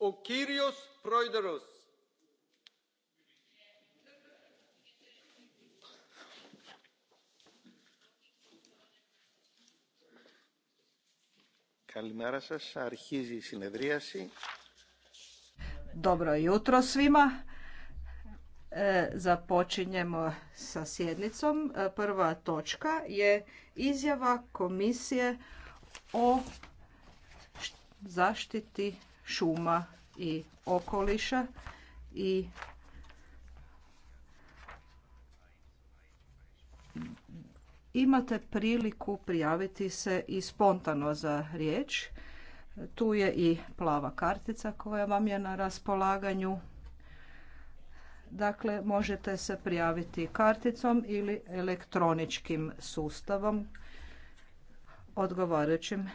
o Kyrios Proideros. Dobro jutro svima. započinjemo sa sjednicom. E, prva točka je izjava komisije o zaštiti šuma i okoliša i imate priliku prijaviti se i spontano za riječ. Tu je i plava kartica koja vam je na raspolaganju. Dakle, možete se prijaviti karticom ili elektroničkim sustavom odgovarajućim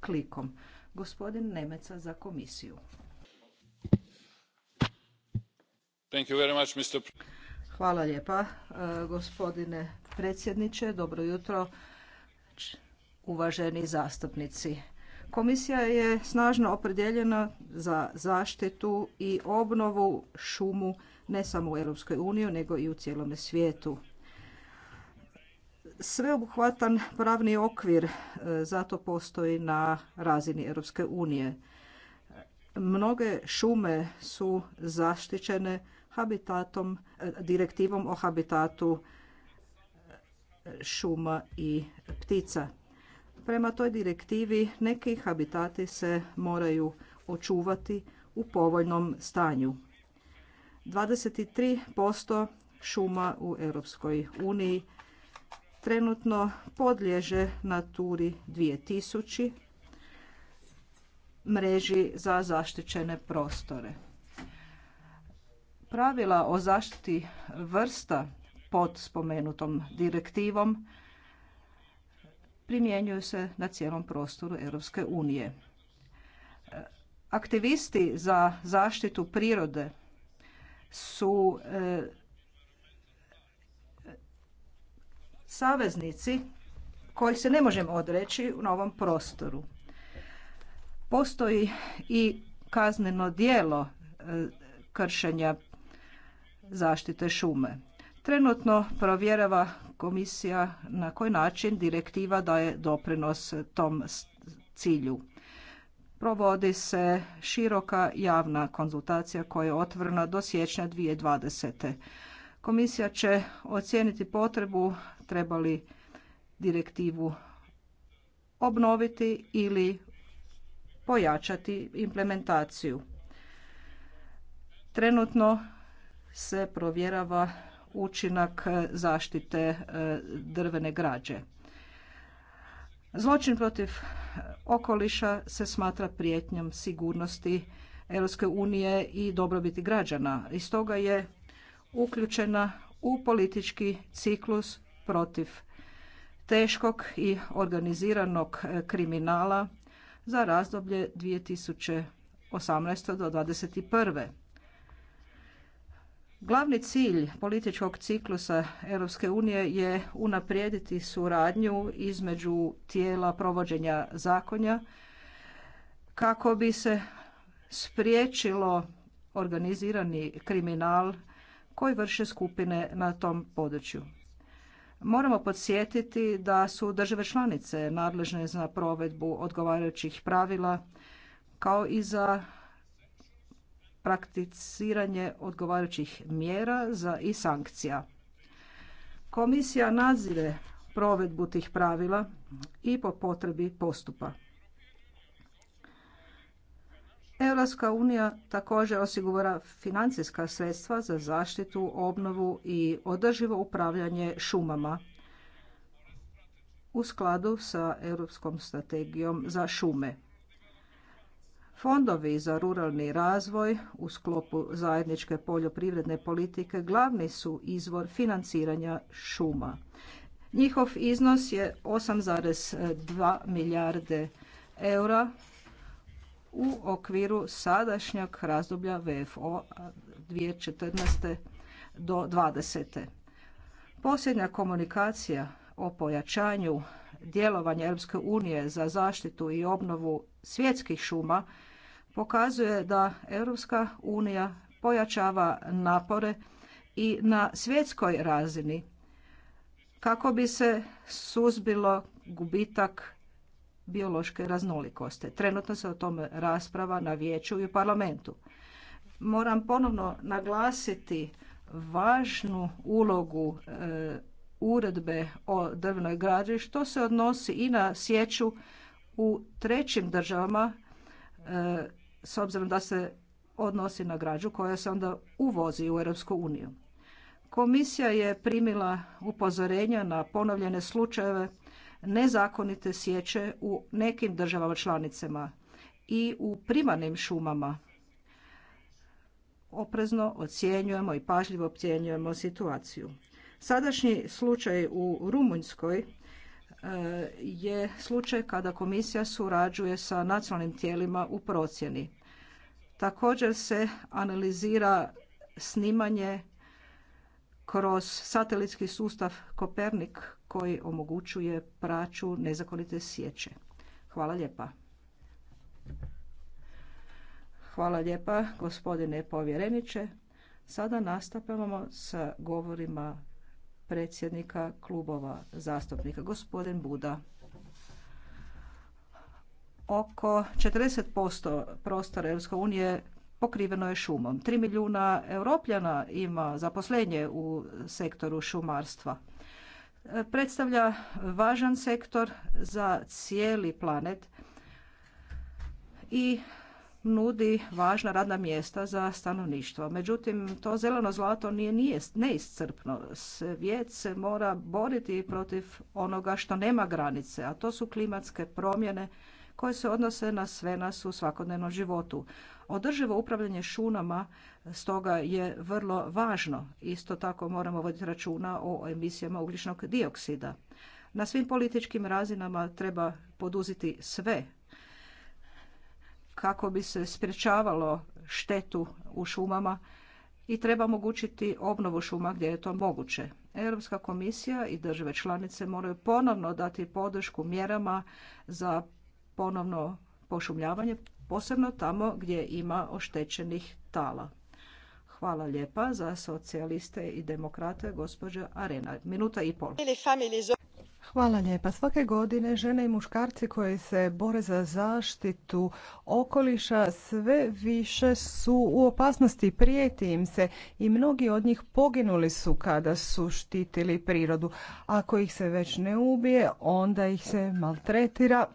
klikom. Gospodin Nemeca za komisiju. Hvala lijepa, e, gospodine predsjedniče. Dobro jutro, uvaženi zastupnici. Komisija je snažno opredjeljena za zaštitu i obnovu šumu ne samo u Europskoj uniji, nego i u cijelome svijetu sveobuhvatan pravni okvir e, zato postoji na razini Europske unije. Mnoge šume su zaštićene habitatom, e, direktivom o habitatu e, šuma i ptica. Prema toj direktivi neki habitati se moraju očuvati u povoljnom stanju. 23% šuma u Europskoj uniji trenutno podliježe Naturi 2000 mreži za zaštićene prostore. Pravila o zaštiti vrsta pod spomenutom direktivom primjenjuju se na cijelom prostoru Europske unije. Aktivisti za zaštitu prirode su e, saveznici koji se ne možemo odreći na ovom prostoru. Postoji i kazneno djelo e, kršenja zaštite šume. Trenutno provjerava komisija na koji način direktiva daje doprinos tom cilju. Provodi se široka javna konzultacija koja je otvorena do siječnja 2020. Komisija će ocijeniti potrebu treba li direktivu obnoviti ili pojačati implementaciju. Trenutno se provjerava učinak zaštite e, drvene građe. Zločin protiv okoliša se smatra prijetnjom sigurnosti Europske unije i dobrobiti građana. I stoga je uključena u politički ciklus protiv teškog i organiziranog kriminala za razdoblje 2018. do 2021. Glavni cilj političkog ciklusa Europske unije je unaprijediti suradnju između tijela provođenja zakonja kako bi se spriječilo organizirani kriminal koji vrše skupine na tom području. Moramo podsjetiti da su države članice nadležne za provedbu odgovarajućih pravila kao i za prakticiranje odgovarajućih mjera za i sankcija. Komisija nadzire provedbu tih pravila i po potrebi postupa. Europska unija također osigura financijska sredstva za zaštitu, obnovu i održivo upravljanje šumama u skladu sa Europskom strategijom za šume. Fondovi za ruralni razvoj u sklopu zajedničke poljoprivredne politike glavni su izvor financiranja šuma. Njihov iznos je 8,2 milijarde eura u okviru sadašnjeg razdoblja VFO 2014. do 2020. Posljednja komunikacija o pojačanju djelovanja Europske unije za zaštitu i obnovu svjetskih šuma pokazuje da Europska unija pojačava napore i na svjetskoj razini kako bi se suzbilo gubitak biološke raznolikosti. Trenutno se o tome rasprava na vijeću i u parlamentu. Moram ponovno naglasiti važnu ulogu e, uredbe o drvnoj građi što se odnosi i na sjeću u trećim državama e, s obzirom da se odnosi na građu koja se onda uvozi u Europsku uniju. Komisija je primila upozorenja na ponovljene slučajeve nezakonite sječe u nekim državama članicama i u primarnim šumama. Oprezno ocjenjujemo i pažljivo ocjenjujemo situaciju. Sadašnji slučaj u Rumunjskoj e, je slučaj kada komisija surađuje sa nacionalnim tijelima u procjeni. Također se analizira snimanje kroz satelitski sustav Kopernik koji omogućuje praću nezakonite sjeće. Hvala lijepa. Hvala lijepa gospodine povjereniče. Sada nastavljamo sa govorima predsjednika klubova zastupnika. Gospodin Buda. Oko 40% prostora Europske unije pokriveno je šumom. 3 milijuna europljana ima zaposlenje u sektoru šumarstva predstavlja važan sektor za cijeli planet i nudi važna radna mjesta za stanovništvo. Međutim, to zeleno zlato nije, neiscrpno. Svijet se mora boriti protiv onoga što nema granice, a to su klimatske promjene koje se odnose na sve nas u svakodnevnom životu. Održivo upravljanje šumama stoga je vrlo važno. Isto tako moramo voditi računa o emisijama ugljičnog dioksida. Na svim političkim razinama treba poduzeti sve kako bi se sprječavalo štetu u šumama i treba omogućiti obnovu šuma gdje je to moguće. Europska komisija i države članice moraju ponovno dati podršku mjerama za ponovno pošumljavanje, posebno tamo gdje ima oštećenih tala. Hvala lijepa za socijaliste i demokrate, gospođa Arena. Minuta i pol. Hvala lijepa. Svake godine žene i muškarci koji se bore za zaštitu okoliša sve više su u opasnosti, prijeti im se i mnogi od njih poginuli su kada su štitili prirodu. Ako ih se već ne ubije, onda ih se maltretira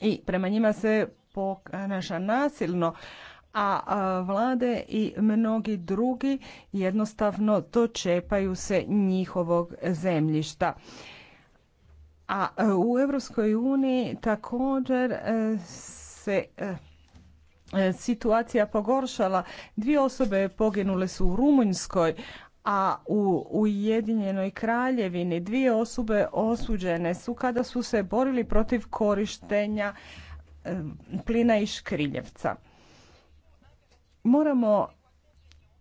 i prema njima se ponaša nasilno, a vlade i mnogi drugi jednostavno dočepaju se njihovog zemljišta. A e, u Europskoj uniji također e, se e, situacija pogoršala. Dvije osobe poginule su u Rumunjskoj, a u Ujedinjenoj kraljevini dvije osobe osuđene su kada su se borili protiv korištenja plina i škriljevca. Moramo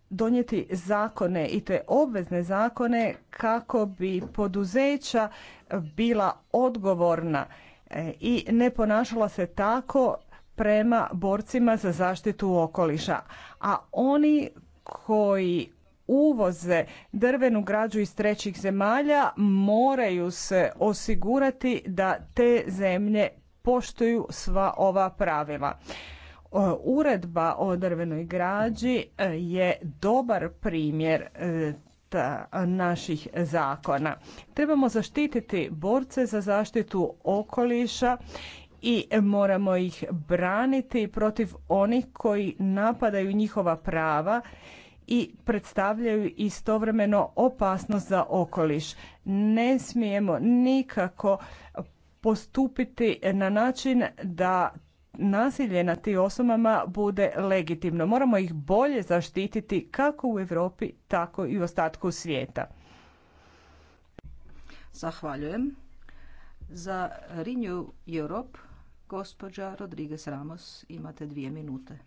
donijeti zakone i te obvezne zakone kako bi poduzeća bila odgovorna e, i ne ponašala se tako prema borcima za zaštitu okoliša. A oni koji uvoze drvenu građu iz trećih zemalja moraju se osigurati da te zemlje poštuju sva ova pravila. Uredba o drvenoj građi e, je dobar primjer e, naših zakona. Trebamo zaštititi borce za zaštitu okoliša i moramo ih braniti protiv onih koji napadaju njihova prava i predstavljaju istovremeno opasnost za okoliš. Ne smijemo nikako postupiti na način da nasilje na tim osobama bude legitimno. Moramo ih bolje zaštititi kako u Europi, tako i u ostatku svijeta. Zahvaljujem. Za Renew Europe, gospođa Rodriguez Ramos, imate dvije minute.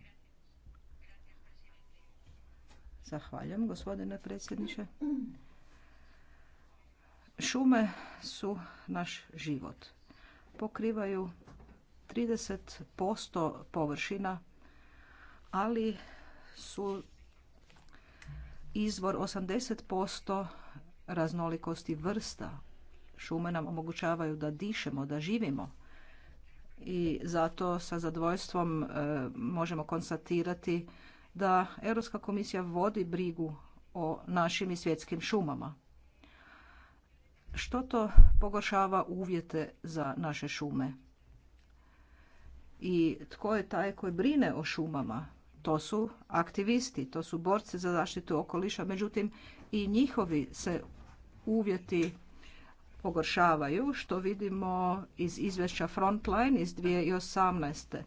Zahvaljujem, gospodine predsjedniče. Šume su naš život. Pokrivaju 30% površina, ali su izvor 80% raznolikosti vrsta. Šume nam omogućavaju da dišemo, da živimo. I zato sa zadvojstvom e, možemo konstatirati da Europska komisija vodi brigu o našim i svjetskim šumama. Što to pogoršava uvjete za naše šume? I tko je taj koji brine o šumama? To su aktivisti, to su borci za zaštitu okoliša, međutim i njihovi se uvjeti pogoršavaju, što vidimo iz izvješća Frontline iz 2018.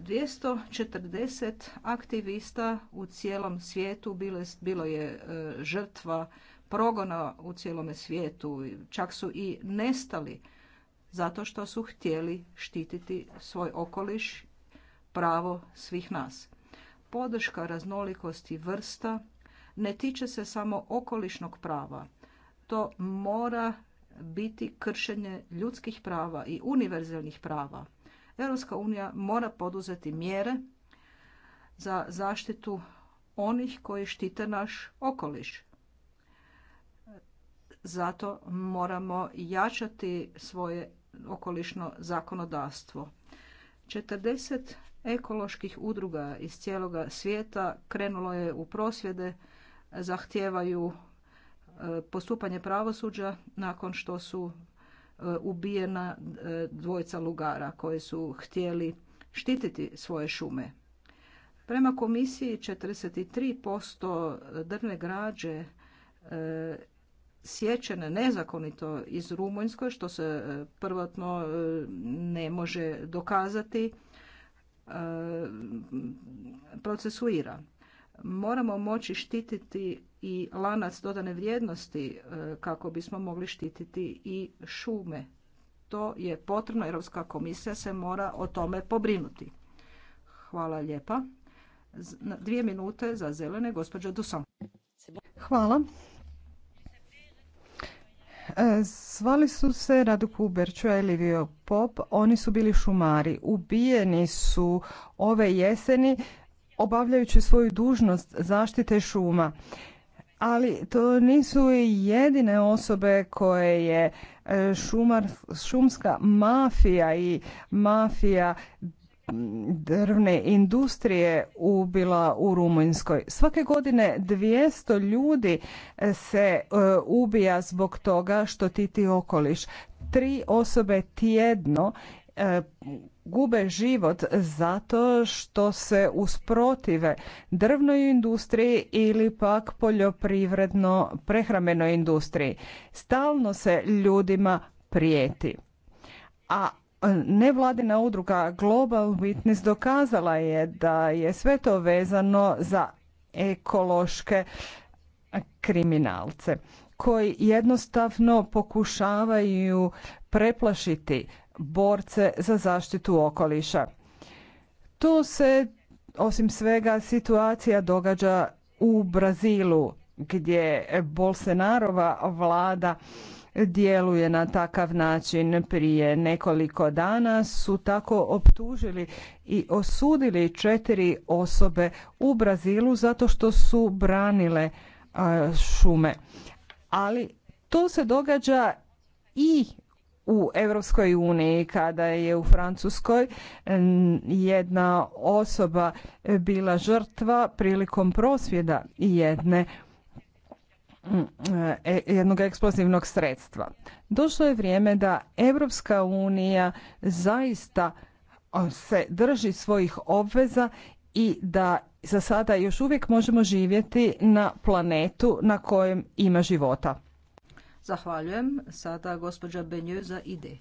240 aktivista u cijelom svijetu bilo je e, žrtva progona u cijelome svijetu, čak su i nestali zato što su htjeli štititi svoj okoliš, pravo svih nas. Podrška raznolikosti vrsta ne tiče se samo okolišnog prava. To mora biti kršenje ljudskih prava i univerzalnih prava Europska unija mora poduzeti mjere za zaštitu onih koji štite naš okoliš. Zato moramo jačati svoje okolišno zakonodavstvo. 40 ekoloških udruga iz cijeloga svijeta krenulo je u prosvjede, zahtijevaju e, postupanje pravosuđa nakon što su E, ubijena e, dvojca lugara koji su htjeli štititi svoje šume. Prema komisiji 43% drvne građe e, sječene nezakonito iz Rumunjskoj, što se prvotno ne može dokazati, procesuira moramo moći štititi i lanac dodane vrijednosti e, kako bismo mogli štititi i šume. To je potrebno, Europska komisija se mora o tome pobrinuti. Hvala lijepa. Dvije minute za zelene, gospođa Duson. Hvala. E, zvali su se Radu Kuberčua i Livio Pop. Oni su bili šumari. Ubijeni su ove jeseni obavljajući svoju dužnost zaštite šuma. Ali to nisu jedine osobe koje je e, šumar, šumska mafija i mafija drvne industrije ubila u Rumunjskoj. Svake godine 200 ljudi e, se e, ubija zbog toga što titi okoliš. Tri osobe tjedno gube život zato što se usprotive drvnoj industriji ili pak poljoprivredno prehramenoj industriji. Stalno se ljudima prijeti. A e, nevladina udruga Global Witness dokazala je da je sve to vezano za ekološke kriminalce koji jednostavno pokušavaju preplašiti borce za zaštitu okoliša. To se osim svega situacija događa u Brazilu gdje Bolsenarova vlada djeluje na takav način. Prije nekoliko dana su tako optužili i osudili četiri osobe u Brazilu zato što su branile šume. Ali to se događa i u Europskoj uniji kada je u Francuskoj jedna osoba bila žrtva prilikom prosvjeda jedne mm, e, jednog eksplozivnog sredstva. Došlo je vrijeme da Europska unija zaista se drži svojih obveza i da za sada još uvijek možemo živjeti na planetu na kojem ima života. Zahvaljujem. Sada gospođa Benjeu za ide.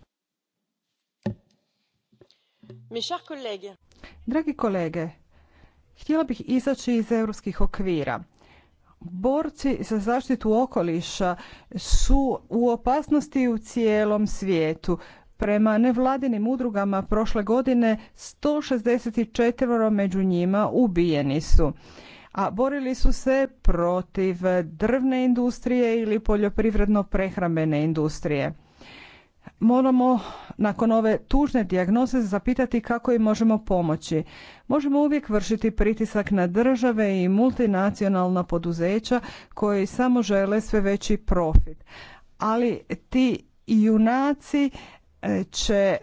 Dragi kolege, htjela bih izaći iz europskih okvira. Borci za zaštitu okoliša su u opasnosti u cijelom svijetu. Prema nevladinim udrugama prošle godine 164 među njima ubijeni su a borili su se protiv drvne industrije ili poljoprivredno-prehrambene industrije. Moramo nakon ove tužne dijagnoze zapitati kako im možemo pomoći. Možemo uvijek vršiti pritisak na države i multinacionalna poduzeća koji samo žele sve veći profit. Ali ti junaci će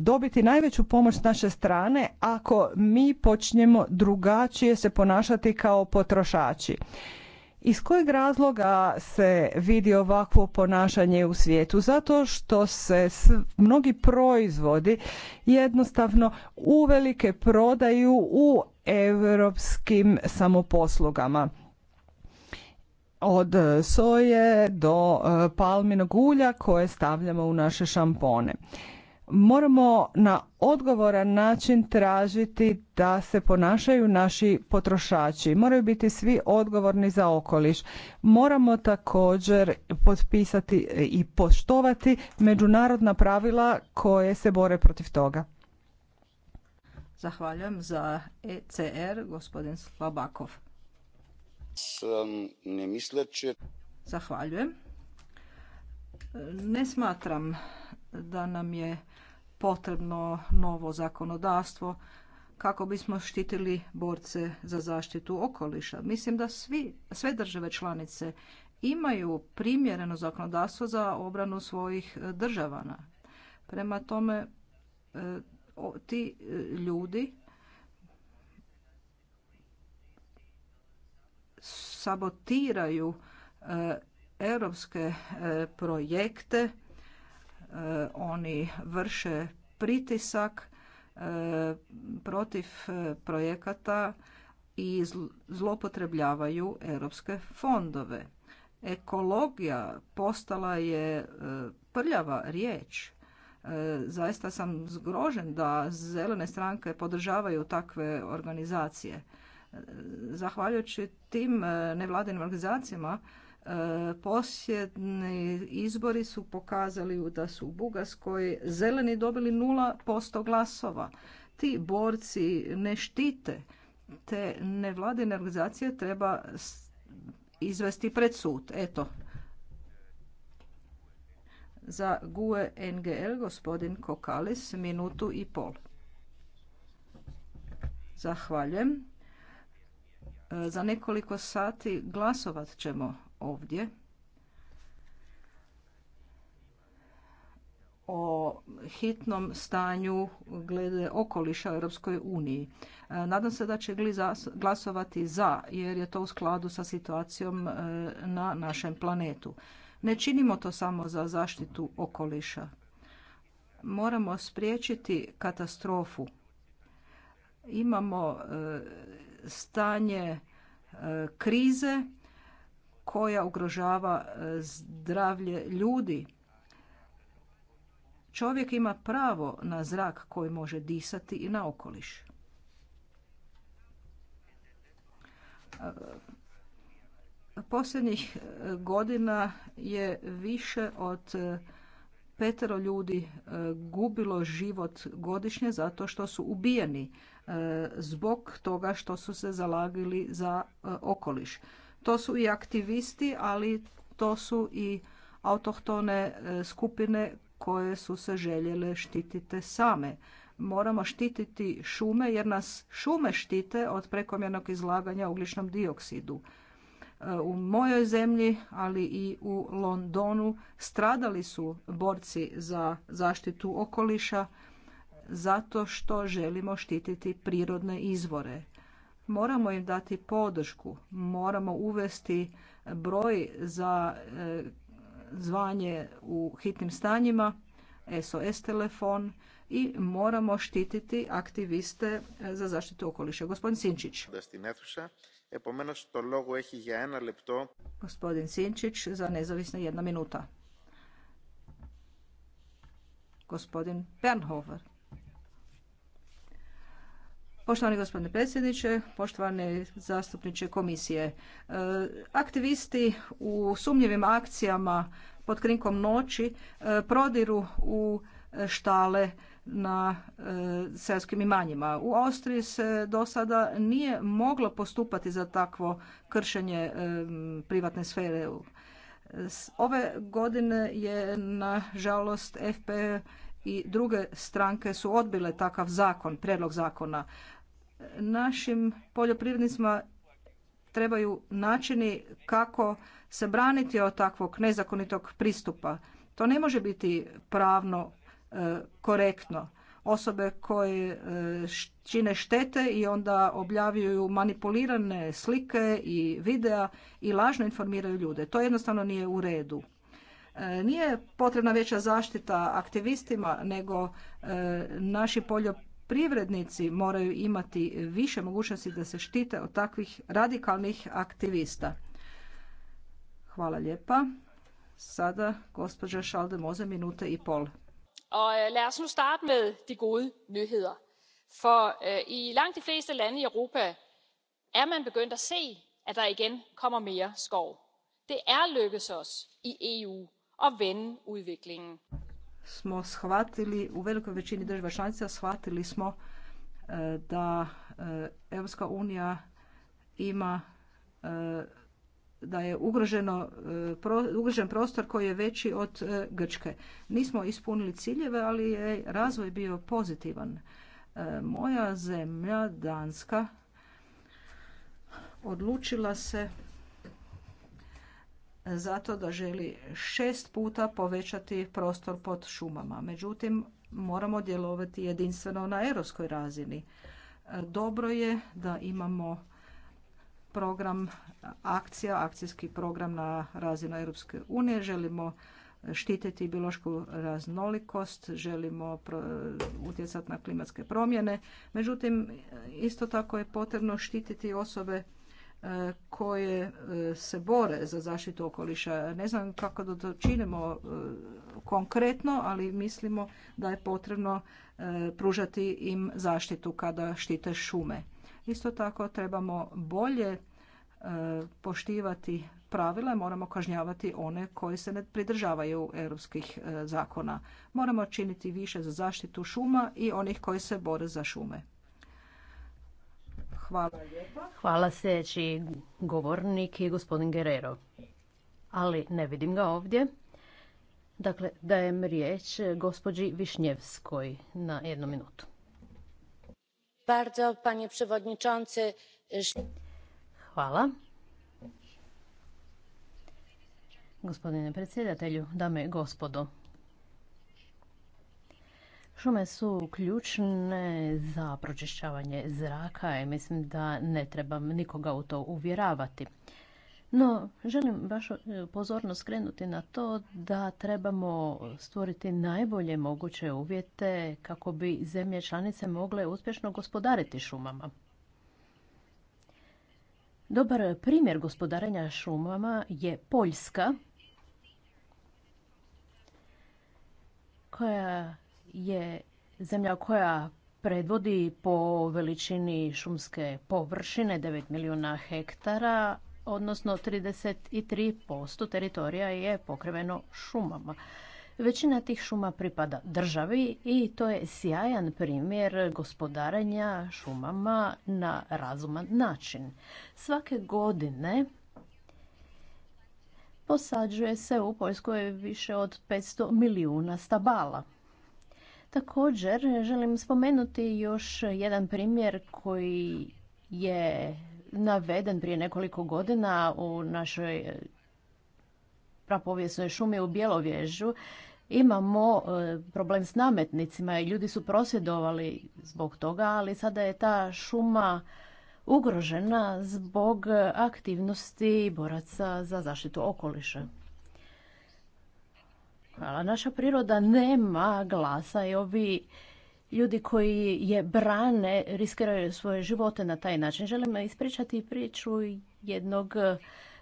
dobiti najveću pomoć s naše strane ako mi počnemo drugačije se ponašati kao potrošači. Iz kojeg razloga se vidi ovakvo ponašanje u svijetu? Zato što se mnogi proizvodi jednostavno uvelike prodaju u europskim samoposlugama od e, soje do e, palminog ulja koje stavljamo u naše šampone. Moramo na odgovoran način tražiti da se ponašaju naši potrošači. Moraju biti svi odgovorni za okoliš. Moramo također potpisati e, i poštovati međunarodna pravila koje se bore protiv toga. Zahvaljujem za ECR, gospodin Slabakov. Zahvaljujem. Ne smatram da nam je potrebno novo zakonodavstvo kako bismo štitili borce za zaštitu okoliša. Mislim da svi, sve države članice imaju primjereno zakonodavstvo za obranu svojih državana. Prema tome, e, ti e, ljudi sabotiraju e, europske e, projekte, e, oni vrše pritisak protiv projekata i zlopotrebljavaju europske fondove. Ekologija postala je prljava riječ. Zaista sam zgrožen da zelene stranke podržavaju takve organizacije. Zahvaljujući tim e, nevladinim organizacijama e, posjedni izbori su pokazali da su u Bugarskoj zeleni dobili 0% glasova. Ti borci ne štite te nevladine organizacije treba izvesti pred sud. Eto, za GUE NGL gospodin Kokalis minutu i pol. Zahvaljujem. E, za nekoliko sati glasovat ćemo ovdje o hitnom stanju glede okoliša u Europskoj uniji. E, nadam se da će glasovati za jer je to u skladu sa situacijom e, na našem planetu. Ne činimo to samo za zaštitu okoliša. Moramo spriječiti katastrofu. Imamo stanje e, krize koja ugrožava e, zdravlje ljudi. Čovjek ima pravo na zrak koji može disati i na okoliš. E, posljednjih godina je više od petero ljudi gubilo život godišnje zato što su ubijeni E, zbog toga što su se zalagili za e, okoliš. To su i aktivisti, ali to su i autohtone e, skupine koje su se željele štititi same. Moramo štititi šume jer nas šume štite od prekomjernog izlaganja ugljičnom dioksidu. U mojoj zemlji, ali i u Londonu stradali su borci za zaštitu okoliša zato što želimo štititi prirodne izvore. Moramo im dati podršku, moramo uvesti broj za e, zvanje u hitnim stanjima, SOS telefon i moramo štititi aktiviste e, za zaštitu okoliša. Gospodin Sinčić. Gospodin Sinčić za nezavisna jedna minuta. Gospodin Bernhofer. Poštovani gospodine predsjedniče, poštovani zastupniče komisije. E, aktivisti u sumnjivim akcijama pod krinkom noći e, prodiru u štale na e, selskim imanjima. U Austriji se do sada nije moglo postupati za takvo kršenje privatne sfere. Ove godine je nažalost FP i druge stranke su odbile takav zakon, prijedlog zakona. Našim poljoprivrednicima trebaju načini kako se braniti od takvog nezakonitog pristupa. To ne može biti pravno e, korektno. Osobe koje e, čine štete i onda objavljuju manipulirane slike i videa i lažno informiraju ljude. To jednostavno nije u redu. E, nije potrebna veća zaštita aktivistima, nego naši poljoprivrednici Privrednici moraju imati više mogućnosti da se štite od takvih radikalnih aktivista. Hvala lijepa. Sada gospođa Moze, minuta i pol. Øh, lad os nu starte med de gode nyheder. For øh, i langt de fleste lande i Europa er man begyndt at se, at der igen kommer mere skov. Det er lykkedes os i EU at vende udviklingen smo shvatili, u velikoj većini država članica shvatili smo e, da e, Europska unija ima e, da je ugroženo, ugrožen prostor koji je veći od Grčke. Nismo ispunili ciljeve, ali je razvoj bio pozitivan. Moja zemlja, Danska, odlučila se zato da želi šest puta povećati prostor pod šumama. Međutim, moramo djelovati jedinstveno na europskoj razini. E, dobro je da imamo program akcija, akcijski program na razinu Europske unije. Želimo štititi biološku raznolikost, želimo utjecati na klimatske promjene. Međutim, isto tako je potrebno štititi osobe E, koje e, se bore za zaštitu okoliša. Ne znam kako da to činimo e, konkretno, ali mislimo da je potrebno pružati im zaštitu kada štite šume. Isto tako trebamo bolje poštivati pravila, moramo kažnjavati one koji se ne pridržavaju europskih zakona. Moramo činiti više za zaštitu šuma i onih koji se bore za šume. Hvala sljedeći govornik i gospodin Guerrero. Ali ne vidim ga ovdje. Dakle, dajem riječ gospođi Višnjevskoj na jednu minutu. Bardzo, Hvala. Gospodine predsjedatelju, dame i gospodo. Šume su ključne za pročišćavanje zraka i mislim da ne trebam nikoga u to uvjeravati. No, želim vašu e, pozornost skrenuti na to da trebamo stvoriti najbolje moguće uvjete kako bi zemlje članice mogle uspješno gospodariti šumama. Dobar primjer gospodarenja šumama je Poljska koja je zemlja koja predvodi po veličini šumske površine 9 milijuna hektara, odnosno 33% teritorija je pokriveno šumama. Većina tih šuma pripada državi i to je sjajan primjer gospodarenja šumama na razuman način. Svake godine posađuje se u Poljskoj više od 500 milijuna stabala. Također želim spomenuti još jedan primjer koji je naveden prije nekoliko godina u našoj e, prapovijesnoj šumi u Bjelovježu. Imamo e, problem s nametnicima i ljudi su prosvjedovali zbog toga, ali sada je ta šuma ugrožena zbog aktivnosti boraca za zaštitu okoliša. Hvala. Naša priroda nema glasa i ovi ljudi koji je brane riskiraju svoje živote na taj način. Želim ispričati priču jednog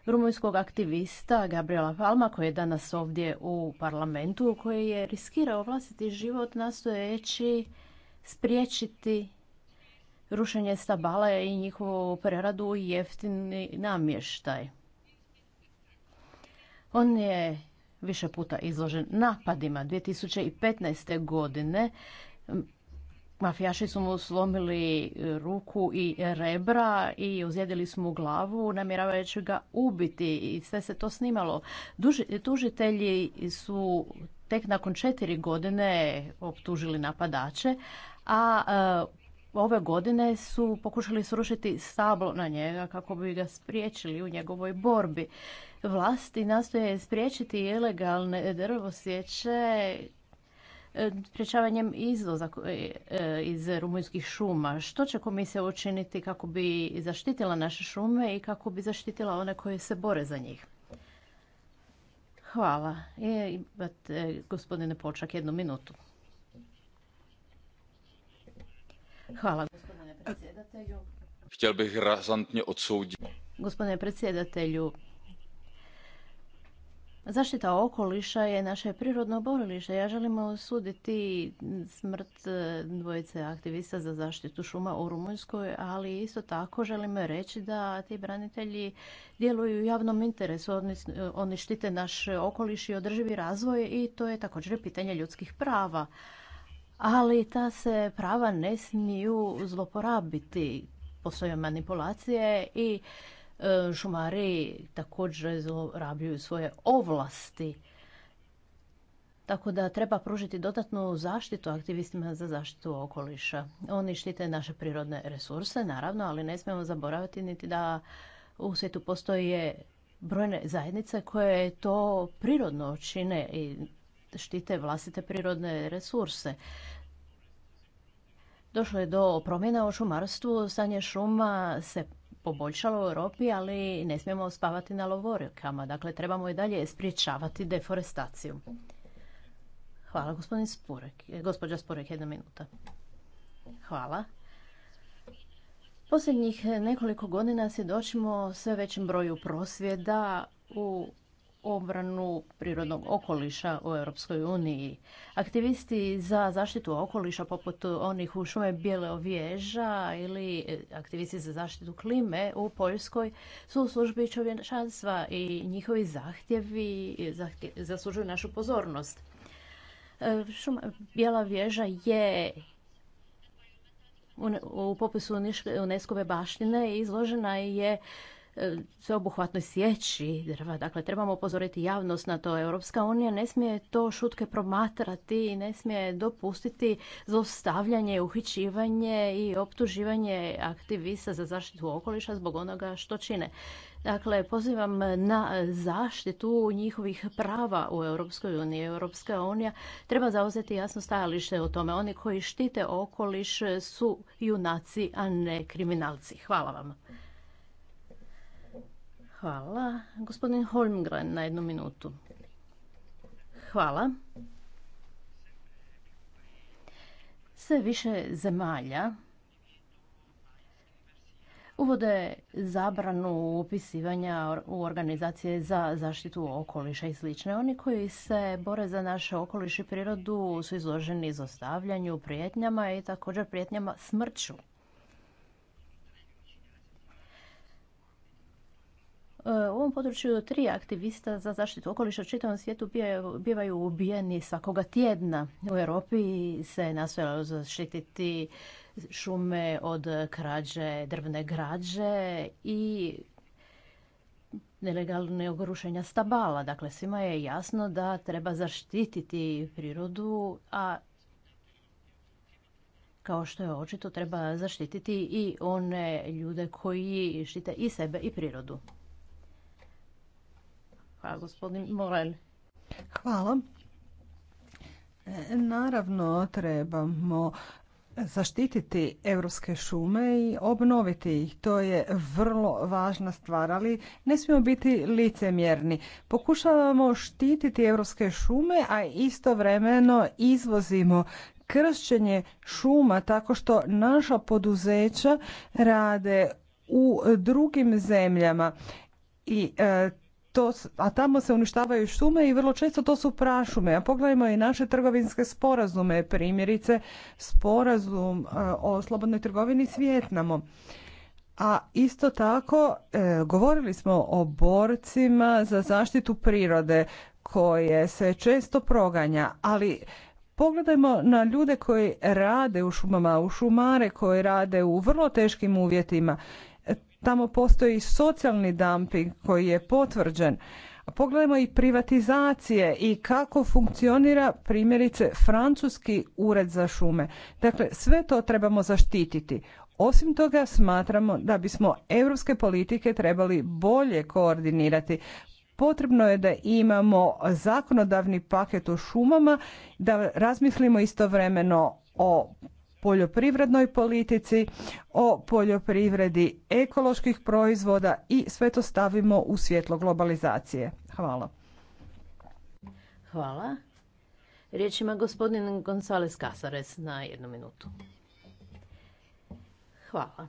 rumunjskog aktivista Gabriela Palma koji je danas ovdje u parlamentu koji je riskirao vlastiti život nastojeći spriječiti rušenje stabala i njihovu preradu u jeftini namještaj. On je više puta izložen napadima. 2015. godine mafijaši su mu slomili e, ruku i rebra i uzjedili su mu glavu namjeravajući ga ubiti i sve se to snimalo. tužitelji su tek nakon četiri godine optužili napadače, a e, ove godine su pokušali srušiti stablo na njega kako bi ga spriječili u njegovoj borbi vlasti nastoje spriječiti ilegalne drvosjeće e, sprječavanjem izvoza e, e, iz rumunjskih šuma. Što će komisija učiniti kako bi zaštitila naše šume i kako bi zaštitila one koje se bore za njih? Hvala. I, imate, gospodine Počak, jednu minutu. Hvala, gospodine predsjedatelju. Htjel bih razantnje odsuditi. Gospodine predsjedatelju, Zaštita okoliša je naše prirodno borilište. Ja želim osuditi smrt e, dvojice aktivista za zaštitu šuma u Rumunjskoj, ali isto tako želim reći da ti branitelji djeluju u javnom interesu. E, oni štite naš okoliš i održivi razvoj i to je također pitanje ljudskih prava. Ali ta se prava ne smiju zloporabiti. Postoje manipulacije i E, šumari također zlorabljuju svoje ovlasti. Tako da treba pružiti dodatnu zaštitu aktivistima za zaštitu okoliša. Oni štite naše prirodne resurse, naravno, ali ne smijemo zaboraviti niti da u svijetu postoje brojne zajednice koje to prirodno čine i štite vlastite prirodne resurse. Došlo je do promjena u šumarstvu, stanje šuma se poboljšalo u Europi, ali ne smijemo spavati na lovorikama. Dakle, trebamo i dalje spriječavati deforestaciju. Hvala, gospodin Spurek. E, gospođa Spurek, jedna minuta. Hvala. Posljednjih nekoliko godina svjedočimo sve većem broju prosvjeda u obranu prirodnog okoliša u Europskoj uniji. Aktivisti za zaštitu okoliša poput onih u šume Bijele ovježa ili aktivisti za zaštitu klime u Poljskoj su u službi čovječanstva i njihovi zahtjevi zaslužuju našu pozornost. E, šuma Bijela vježa je u popisu UNESCO-ve baštine izložena je sveobuhvatnoj sjeći drva. Dakle, trebamo upozoriti javnost na to. Europska unija ne smije to šutke promatrati i ne smije dopustiti zlostavljanje, uhićivanje i optuživanje aktivista za zaštitu okoliša zbog onoga što čine. Dakle, pozivam na zaštitu njihovih prava u Europskoj uniji. Europska unija treba zauzeti jasno stajalište o tome. Oni koji štite okoliš su junaci, a ne kriminalci. Hvala vam. Hvala. Gospodin Holmgren na jednu minutu. Hvala. Sve više zemalja uvode zabranu upisivanja u organizacije za zaštitu okoliša i slične. Oni koji se bore za naše okoliš i prirodu su izloženi izostavljanju, prijetnjama i također prijetnjama smrću. E, u ovom području tri aktivista za zaštitu okoliša u čitavom svijetu bivaju ubijeni svakoga tjedna. U Europi se nastojalo zaštititi šume od krađe, drvne građe i nelegalne ogrušenja stabala. Dakle, svima je jasno da treba zaštititi prirodu, a kao što je očito treba zaštititi i one ljude koji štite i sebe i prirodu gospodin Hvala. E, naravno, trebamo zaštititi europske šume i obnoviti ih. To je vrlo važna stvar, ali ne smijemo biti licemjerni. Pokušavamo štititi europske šume, a istovremeno izvozimo kršćenje šuma tako što naša poduzeća rade u drugim zemljama i e, to, a tamo se uništavaju šume i vrlo često to su prašume. A pogledajmo i naše trgovinske sporazume, primjerice sporazum e, o slobodnoj trgovini s Vjetnamom. A isto tako e, govorili smo o borcima za zaštitu prirode koje se često proganja, ali Pogledajmo na ljude koji rade u šumama, u šumare koji rade u vrlo teškim uvjetima Tamo postoji socijalni dumping koji je potvrđen. Pogledajmo i privatizacije i kako funkcionira primjerice francuski ured za šume. Dakle, sve to trebamo zaštititi. Osim toga smatramo da bismo europske politike trebali bolje koordinirati. Potrebno je da imamo zakonodavni paket o šumama, da razmislimo istovremeno o poljoprivrednoj politici, o poljoprivredi ekoloških proizvoda i sve to stavimo u svjetlo globalizacije. Hvala. Hvala. Riječ ima gospodin Gonzales Casares na jednu minutu. Hvala.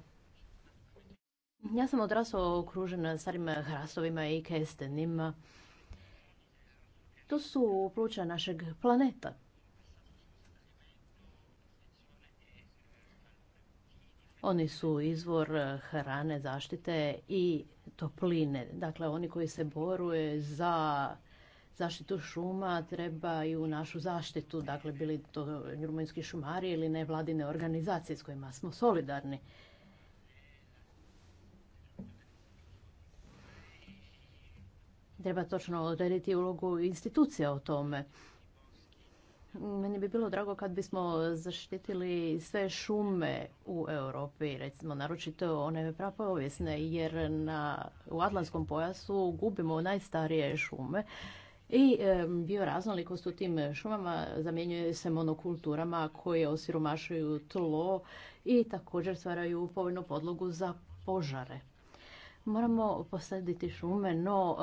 Ja sam odrasla okružena starim hrastovima i kestenima. To su pluća našeg planeta. Oni su izvor eh, hrane, zaštite i topline. Dakle, oni koji se boruje za zaštitu šuma trebaju našu zaštitu, dakle bili to rumunjski šumari ili nevladine organizacije s kojima smo solidarni. Treba točno odrediti ulogu institucija o tome. Meni bi bilo drago kad bismo zaštitili sve šume u Europi, recimo naročito one prapovijesne, jer na, u Atlantskom pojasu gubimo najstarije šume i bioraznolikost u tim šumama zamjenjuje se monokulturama koje osiromašuju tlo i također stvaraju povoljnu podlogu za požare. Moramo posaditi šume, no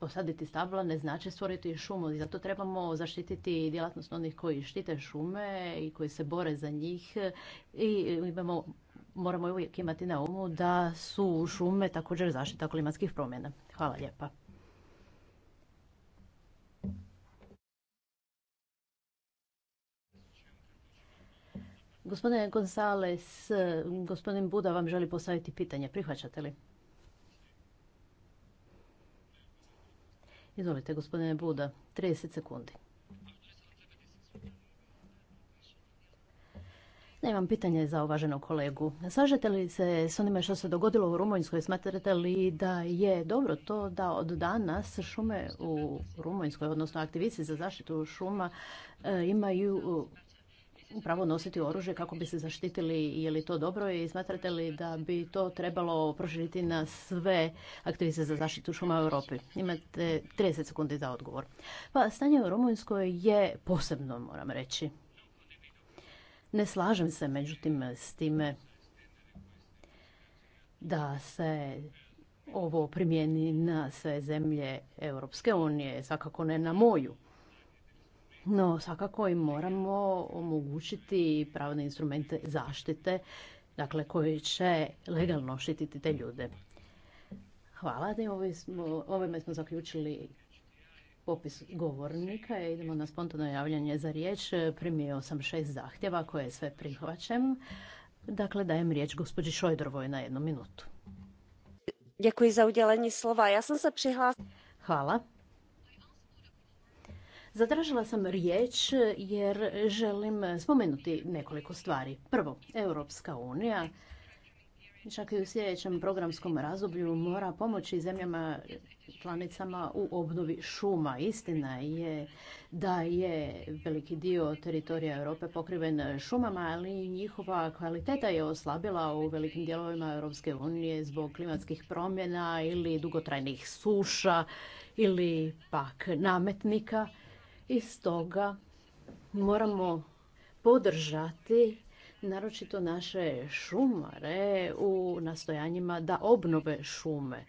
posaditi stabla ne znači stvoriti šumu i zato trebamo zaštititi djelatnost onih koji štite šume i koji se bore za njih i imamo, moramo uvijek imati na umu da su šume također zaštita klimatskih promjena. Hvala lijepa. Gospodine Gonzales, gospodin Buda vam želi postaviti pitanje. Prihvaćate li? Izvolite, gospodine Buda, 30 sekundi. Nemam pitanje za uvaženog kolegu. Slažete li se s onime što se dogodilo u Rumunjskoj? Smatrate li da je dobro to da od danas šume u Rumunjskoj, odnosno aktivisti za zaštitu šuma, e, imaju pravo nositi oružje kako bi se zaštitili. Je li to dobro i smatrate li da bi to trebalo proširiti na sve aktiviste za zaštitu šuma u Europi? Imate 30 sekundi za odgovor. Pa stanje u Rumunjskoj je posebno, moram reći. Ne slažem se, međutim, s time da se ovo primijeni na sve zemlje Europske unije, svakako ne na moju. No, svakako i moramo omogućiti pravne instrumente zaštite, dakle koji će legalno štititi te ljude. Hvala, ovime smo, smo zaključili popis govornika. E, idemo na spontano javljanje za riječ. Primio sam šest zahtjeva koje sve prihvaćam. Dakle, dajem riječ gospođi Šojdrovoj na jednu minutu. Děkuji za udělení slova. Ja sam se Hvala zadržala sam riječ jer želim spomenuti nekoliko stvari. Prvo, Europska unija čak i u sljedećem programskom razdoblju mora pomoći zemljama članicama u obnovi šuma. Istina je da je veliki dio teritorija Europe pokriven šumama, ali njihova kvaliteta je oslabila u velikim dijelovima Europske unije zbog klimatskih promjena ili dugotrajnih suša ili pak nametnika. I stoga moramo podržati naročito naše šumare u nastojanjima da obnove šume.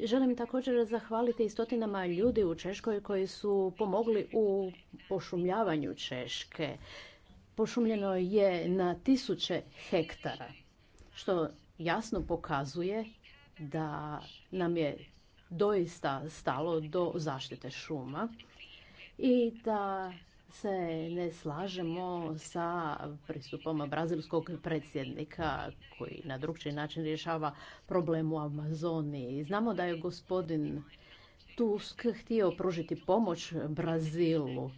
Želim također zahvaliti i stotinama ljudi u Češkoj koji su pomogli u pošumljavanju Češke. Pošumljeno je na tisuće hektara, što jasno pokazuje da nam je doista stalo do zaštite šuma i da se ne slažemo sa pristupom brazilskog predsjednika koji na drugčiji način rješava problem u Amazoniji. Znamo da je gospodin Tusk htio pružiti pomoć Brazilu.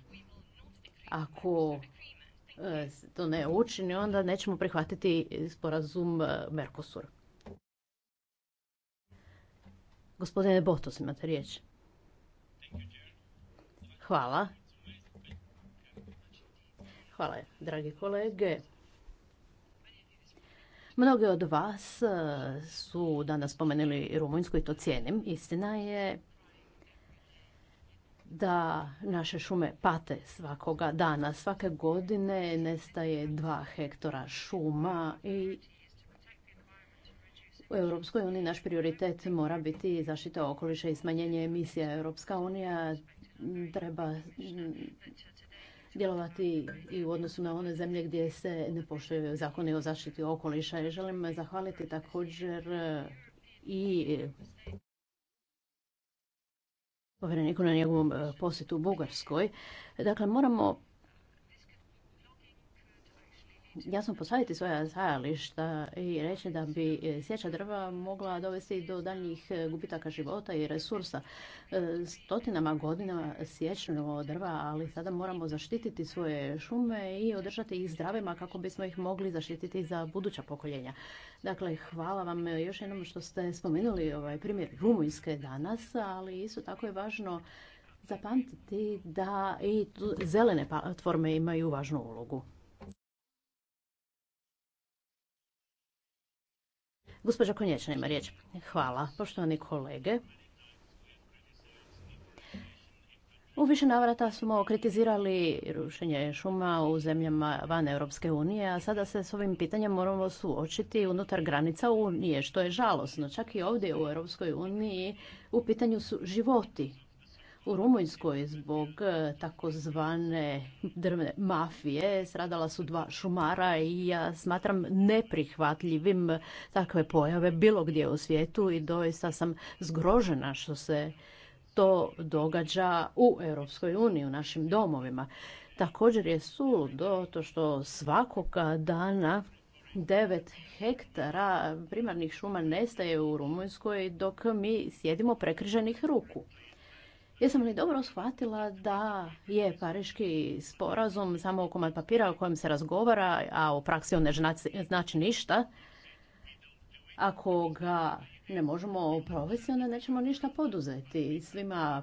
Ako e, to ne učini, onda nećemo prihvatiti sporazum e, Mercosur. Gospodine Botos, imate riječ. Hvala. Hvala, dragi kolege. Mnogi od vas e, su danas spomenuli Rumunjsku i to cijenim. Istina je da naše šume pate svakoga dana. Svake godine nestaje dva hektara šuma i u EU naš prioritet mora biti zaštita okoliša i smanjenje emisija. eu unija treba mm, djelovati i u odnosu na one zemlje gdje se ne poštuju zakoni o zaštiti okoliša. I želim zahvaliti također eh, i eh, povjereniku na njegovom eh, posjetu u Bugarskoj. Dakle, moramo jasno posaditi svoja zajališta i reći da bi e, sjeća drva mogla dovesti do daljnjih e, gubitaka života i resursa. E, stotinama godina sjećamo drva, ali sada moramo zaštititi svoje šume i održati ih zdravima kako bismo ih mogli zaštititi za buduća pokoljenja. Dakle, hvala vam još jednom što ste spomenuli ovaj primjer Rumunjske danas, ali isto tako je važno zapamtiti da i zelene platforme imaju važnu ulogu. Gospođa Konječna ima riječ. Hvala, poštovani kolege. U više navrata smo kritizirali rušenje šuma u zemljama van Europske unije, a sada se s ovim pitanjem moramo suočiti unutar granica Unije, što je žalosno. Čak i ovdje u Europskoj uniji u pitanju su životi u Rumunjskoj zbog e, takozvane drvne mafije sradala su dva šumara i ja smatram neprihvatljivim takve pojave bilo gdje u svijetu i doista sam zgrožena što se to događa u Europskoj uniji, u našim domovima. Također je suludo to što svakoga dana 9 hektara primarnih šuma nestaje u Rumunjskoj dok mi sjedimo prekriženih ruku. Jesam li dobro shvatila da je Pariški sporazum samo komad papira o kojem se razgovara, a u praksi on ne znači ništa? Ako ga ne možemo provesti, onda nećemo ništa poduzeti. Svima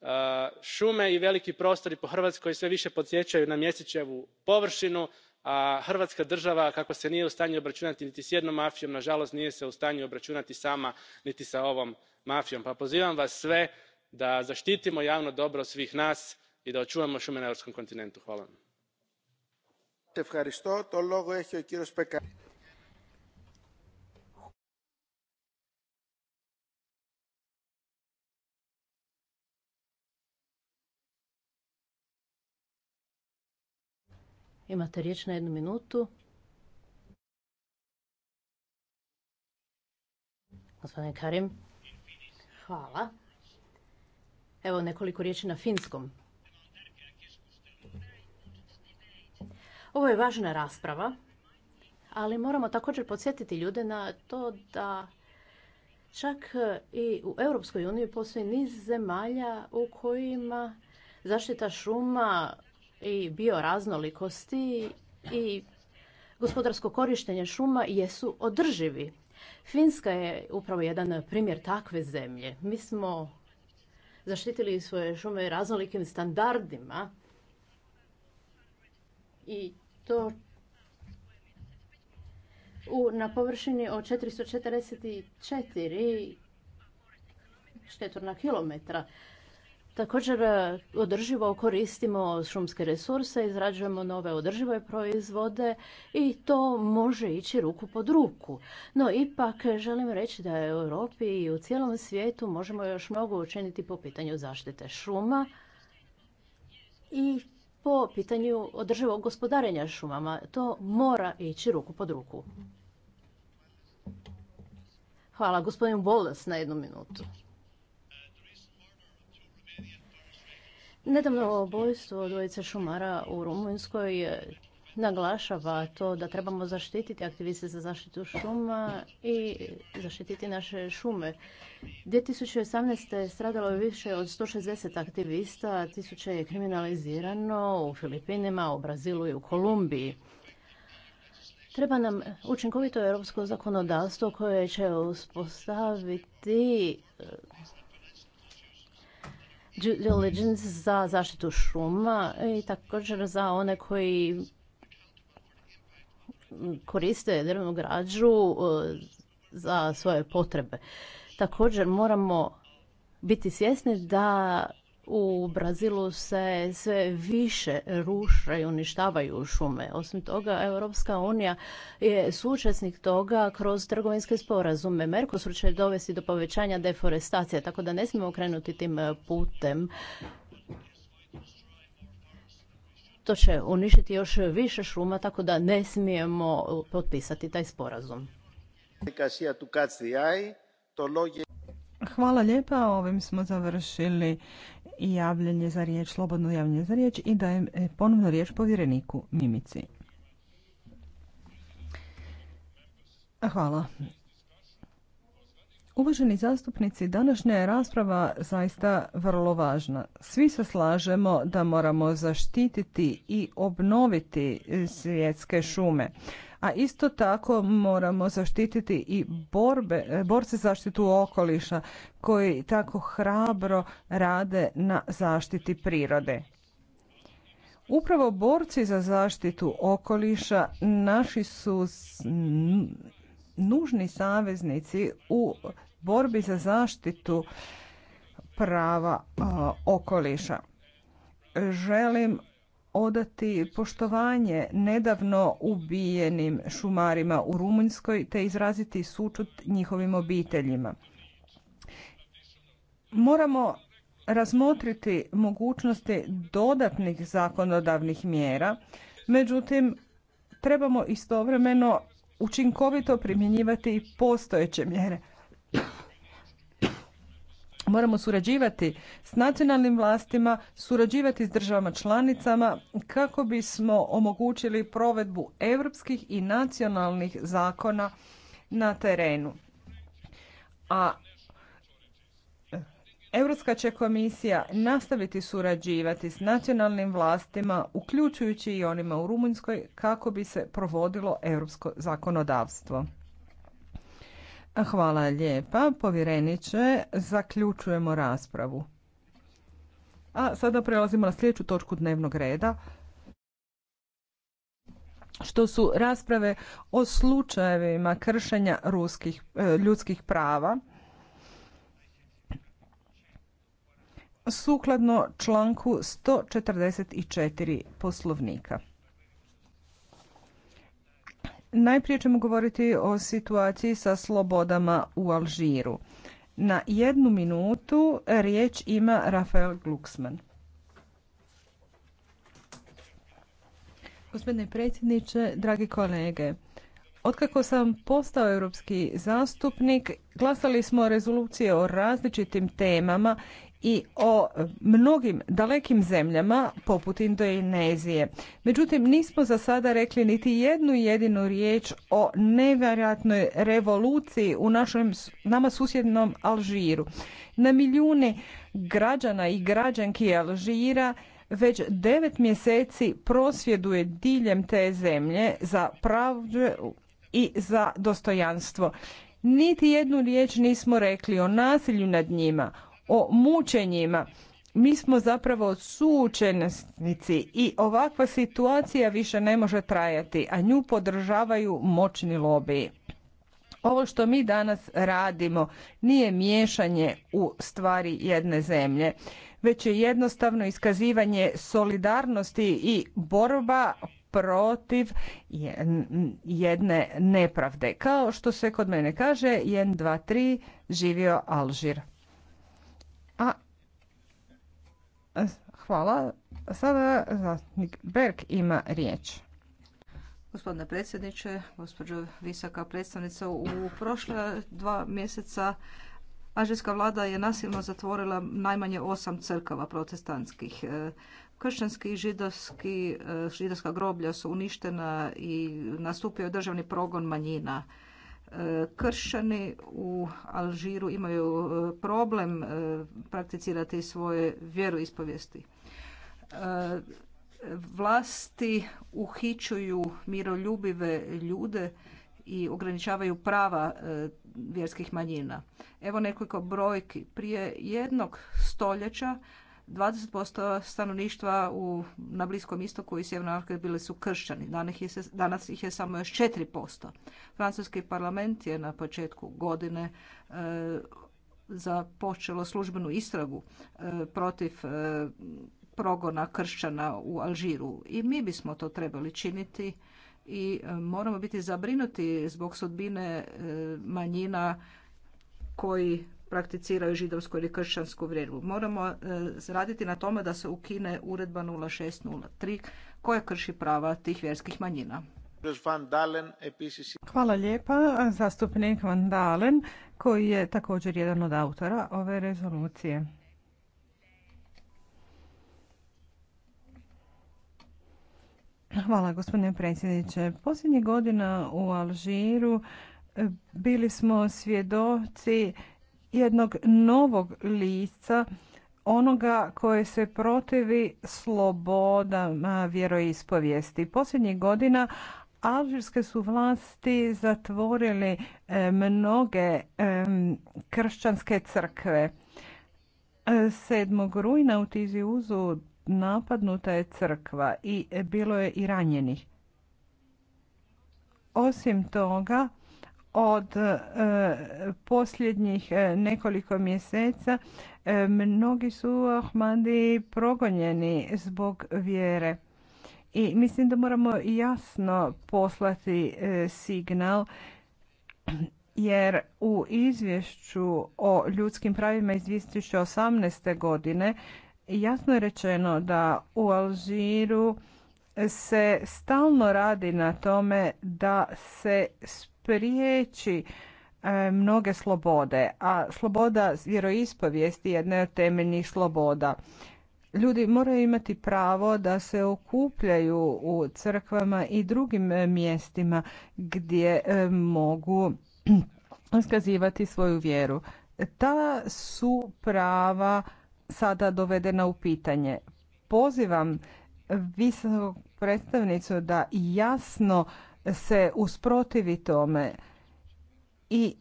Eh, šume i veliki prostori po hrvatskoj sve više podsjećaju na mjesečevu površinu a hrvatska država kako se nije u stanju obračunati niti s jednom mafijom nažalost nije se u stanju obračunati sama niti s ovom mafijom pa pozivam vas sve da zaštitimo javno dobro svih nas i da očuvamo šume na europskom kontinentu. hvala vam. Imate riječ na jednu minutu. Gospodine Karim, hvala. Evo nekoliko riječi na finskom. Ovo je važna rasprava, ali moramo također podsjetiti ljude na to da čak i u Europskoj uniji postoji niz zemalja u kojima zaštita šuma i bioraznolikosti i gospodarsko korištenje šuma jesu održivi. Finska je upravo jedan primjer takve zemlje. Mi smo zaštitili svoje šume raznolikim standardima i to na površini od 444 četvrna kilometra. Također e, održivo koristimo šumske resurse, izrađujemo nove održive proizvode i to može ići ruku pod ruku. No ipak e, želim reći da u Europi i u cijelom svijetu možemo još mnogo učiniti po pitanju zaštite šuma i po pitanju održivog gospodarenja šumama. To mora ići ruku pod ruku. Hvala gospodinu Bolas na jednu minutu. Nedavno obojstvo dvojice šumara u Rumunjskoj naglašava to da trebamo zaštititi aktiviste za zaštitu šuma i zaštititi naše šume. 2018. stradalo je više od 160 aktivista, tisuće je kriminalizirano u Filipinima, u Brazilu i u Kolumbiji. Treba nam učinkovito europsko zakonodavstvo koje će uspostaviti due diligence za zaštitu šuma i također za one koji koriste drvnu građu e, za svoje potrebe. Također moramo biti svjesni da u Brazilu se sve više ruše i uništavaju šume. Osim toga, Europska unija je sučesnik toga kroz trgovinske sporazume. merkosur će dovesti do povećanja deforestacije, tako da ne smijemo krenuti tim e, putem. To će uništiti još više šuma, tako da ne smijemo potpisati taj sporazum. Hvala lijepa, ovim smo završili javljanje za riječ, slobodno javljanje za riječ i dajem e, ponovno riječ povjereniku Mimici. Hvala. Uvaženi zastupnici, današnja je rasprava zaista vrlo važna. Svi se slažemo da moramo zaštititi i obnoviti svjetske šume a isto tako moramo zaštititi i borbe, e, borce zaštitu okoliša koji tako hrabro rade na zaštiti prirode. Upravo borci za zaštitu okoliša naši su nužni saveznici u borbi za zaštitu prava okoliša. Želim odati poštovanje nedavno ubijenim šumarima u Rumunjskoj te izraziti sučut njihovim obiteljima. Moramo razmotriti mogućnosti dodatnih zakonodavnih mjera, međutim trebamo istovremeno učinkovito primjenjivati i postojeće mjere Moramo surađivati s nacionalnim vlastima, surađivati s državama članicama kako bismo omogućili provedbu europskih i nacionalnih zakona na terenu. A Europska će komisija nastaviti surađivati s nacionalnim vlastima, uključujući i onima u Rumunjskoj, kako bi se provodilo europsko zakonodavstvo. Hvala lijepa, povjereniče. Zaključujemo raspravu. A sada prelazimo na sljedeću točku dnevnog reda što su rasprave o slučajevima kršenja ruskih, e, ljudskih prava sukladno članku 144 poslovnika. Najprije ćemo govoriti o situaciji sa slobodama u Alžiru. Na jednu minutu riječ ima Rafael Glucksmann. Gospodine predsjedniče, dragi kolege, Otkako sam postao europski zastupnik, glasali smo rezolucije o različitim temama i o mnogim dalekim zemljama poput Indonezije. Međutim, nismo za sada rekli niti jednu jedinu riječ o nevjerojatnoj revoluciji u našem nama susjednom Alžiru. Na milijune građana i građanki Alžira već devet mjeseci prosvjeduje diljem te zemlje za pravdu i za dostojanstvo. Niti jednu riječ nismo rekli o nasilju nad njima, o mučenjima. Mi smo zapravo suučenici i ovakva situacija više ne može trajati, a nju podržavaju moćni lobiji. Ovo što mi danas radimo nije miješanje u stvari jedne zemlje, već je jednostavno iskazivanje solidarnosti i borba protiv jedne nepravde. Kao što se kod mene kaže, 1, 2, 3, živio Alžir. A hvala. Sada zastupnik Berg ima riječ. Gospodine predsjedniče, gospođo visoka predstavnica, u prošle dva mjeseca ažijska vlada je nasilno zatvorila najmanje osam crkava protestantskih. E, kršćanski i židovski, e, židovska groblja su uništena i nastupio je državni progon manjina. Kršćani u Alžiru imaju e, problem e, prakticirati svoje vjeroispovijesti. E, vlasti uhićuju miroljubive ljude i ograničavaju prava vjerskih manjina. Evo nekoliko brojki. Prije jednog stoljeća 20% stanovništva u, na Bliskom istoku i Sjevernoj Africi bili su kršćani. Danas ih je samo još 4%. Francuski parlament je na početku godine e, započelo službenu istragu e, protiv e, progona kršćana u Alžiru. I mi bismo to trebali činiti i e, moramo biti zabrinuti zbog sudbine manjina koji prakticiraju židovsku ili kršćansku vjeru. Moramo e, raditi na tome da se ukine uredba 0603 koja krši prava tih vjerskih manjina. Hvala lijepa zastupnik Van Dalen koji je također jedan od autora ove rezolucije. Hvala gospodine predsjedniče. Posljednjih godina u Alžiru e, bili smo svjedoci jednog novog lica onoga koje se protivi slobodama vjeroispovijesti. Posljednjih godina Alžirske su vlasti zatvorili e, mnoge e, kršćanske crkve. 7. E, rujna u Tiziuzu napadnuta je crkva i bilo je i ranjenih. Osim toga, od e, posljednjih e, nekoliko mjeseca e, mnogi su Ahmadi progonjeni zbog vjere. I mislim da moramo jasno poslati signal jer u izvješću o ljudskim pravima iz 2018. godine jasno je rečeno da u Alžiru se stalno radi na tome da se riječi e, mnoge slobode, a sloboda vjeroispovijesti jedna je od temeljnih sloboda. Ljudi moraju imati pravo da se okupljaju u crkvama i drugim e, mjestima gdje e, mogu iskazivati svoju vjeru. Ta su prava sada dovedena u pitanje. Pozivam visokog predstavnicu da jasno se usprotivi tome i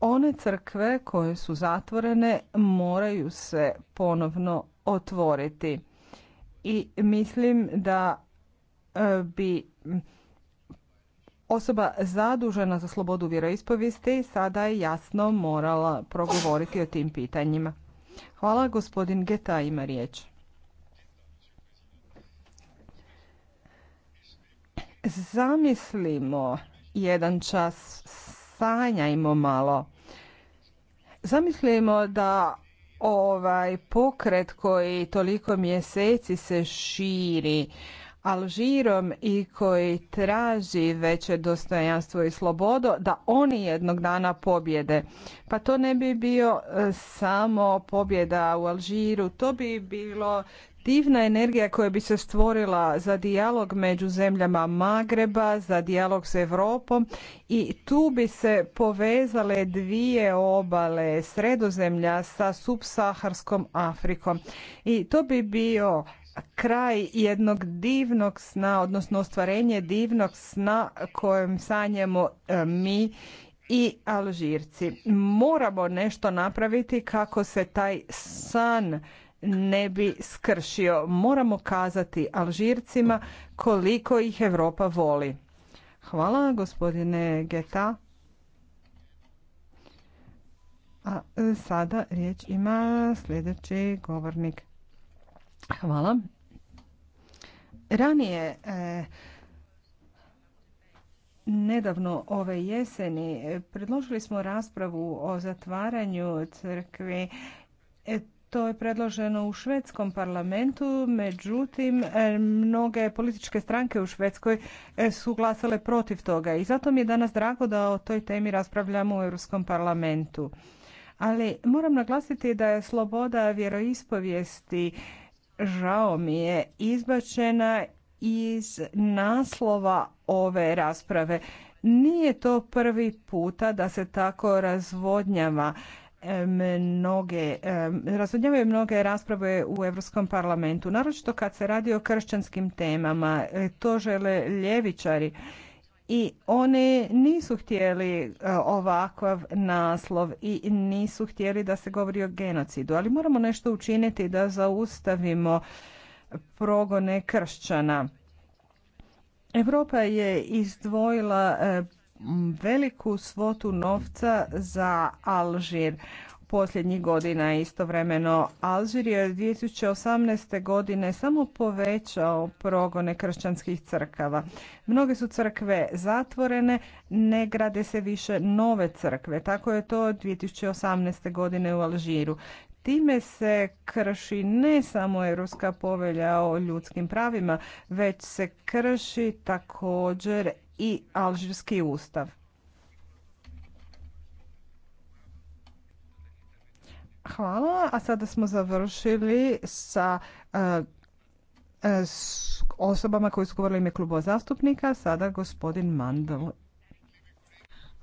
one crkve koje su zatvorene moraju se ponovno otvoriti. I mislim da e, bi osoba zadužena za slobodu vjeroispovijesti sada je jasno morala progovoriti o tim pitanjima. Hvala, gospodin Geta ima riječ. Zamislimo jedan čas, sanjajmo malo. Zamislimo da ovaj pokret koji toliko mjeseci se širi Alžirom i koji traži veće dostojanstvo i slobodu da oni jednog dana pobjede. Pa to ne bi bio e, samo pobjeda u Alžiru, to bi bilo divna energija koja bi se stvorila za dijalog među zemljama Magreba, za dijalog s Europom i tu bi se povezale dvije obale sredozemlja sa subsaharskom Afrikom. I to bi bio kraj jednog divnog sna, odnosno ostvarenje divnog sna kojem sanjamo e, mi i Alžirci. Moramo nešto napraviti kako se taj san ne bi skršio. Moramo kazati Alžircima koliko ih Europa voli. Hvala gospodine Geta. A e, sada riječ ima sljedeći govornik. Hvala. Ranije e, Nedavno ove jeseni predložili smo raspravu o zatvaranju crkvi e, to je predloženo u švedskom parlamentu, međutim e, mnoge političke stranke u Švedskoj e, su glasale protiv toga i zato mi je danas drago da o toj temi raspravljamo u Europskom parlamentu. Ali moram naglasiti da je sloboda vjeroispovijesti, žao mi je, izbačena iz naslova ove rasprave. Nije to prvi puta da se tako razvodnjava mnoge, razvodnjavaju mnoge rasprave u Europskom parlamentu, naročito kad se radi o kršćanskim temama. E, to žele ljevičari i oni nisu htjeli e, ovakav naslov i nisu htjeli da se govori o genocidu, ali moramo nešto učiniti da zaustavimo progone kršćana. Europa je izdvojila e, veliku svotu novca za Alžir posljednjih godina. Istovremeno Alžir je 2018. godine samo povećao progone kršćanskih crkava. Mnoge su crkve zatvorene, ne grade se više nove crkve. Tako je to 2018. godine u Alžiru. Time se krši ne samo Europska povelja o ljudskim pravima, već se krši također i Alžirski ustav. Hvala, a sada smo završili sa e, e, osobama koji su govorili ime klubova zastupnika. Sada gospodin Mandel.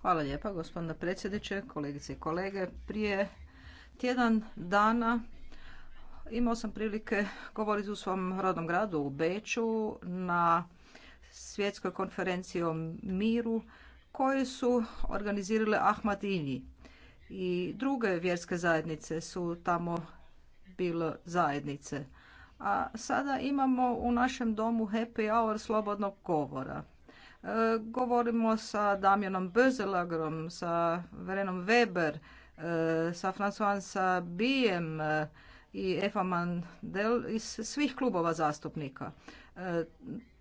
Hvala lijepa gospodine predsjedniče, kolegice i kolege. Prije tjedan dana imao sam prilike govoriti u svom rodnom gradu u Beću na svjetskoj konferenciji o miru koje su organizirale Ahmadini i druge vjerske zajednice su tamo bile zajednice. A sada imamo u našem domu happy hour slobodnog govora. E, govorimo sa Damjanom Bözelagrom, sa Verenom Weber, e, sa Francoansa Bijem e, i Efa Mandel iz svih klubova zastupnika. E,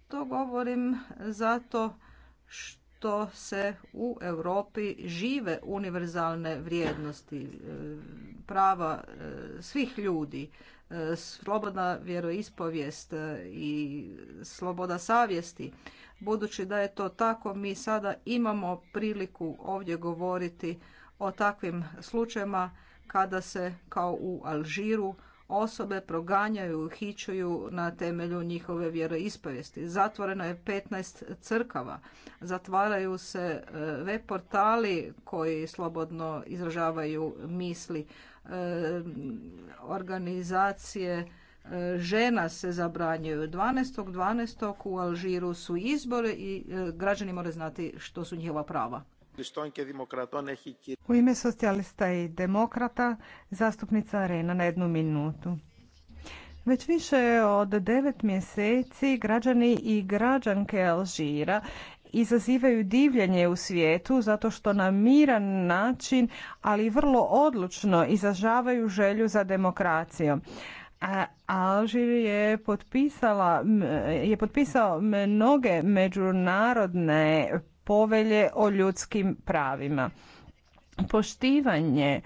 to govorim zato što se u Europi žive univerzalne vrijednosti, e, prava e, svih ljudi, e, slobodna vjeroispovijest i sloboda savjesti. Budući da je to tako, mi sada imamo priliku ovdje govoriti o takvim slučajima kada se kao u Alžiru osobe proganjaju, uhićuju na temelju njihove vjeroispovijesti. Zatvoreno je 15 crkava, zatvaraju se e, web portali koji slobodno izražavaju misli, e, organizacije e, žena se zabranjuju. 12.12. u Alžiru su izbore i građani moraju znati što su njihova prava. U ime socijalista i demokrata, zastupnica Arena na jednu minutu. Već više od devet mjeseci građani i građanke Alžira izazivaju divljenje u svijetu zato što na miran način, ali vrlo odlučno izažavaju želju za demokracijom. Alžir je potpisala je potpisao mnoge međunarodne povelje o ljudskim pravima. Poštivanje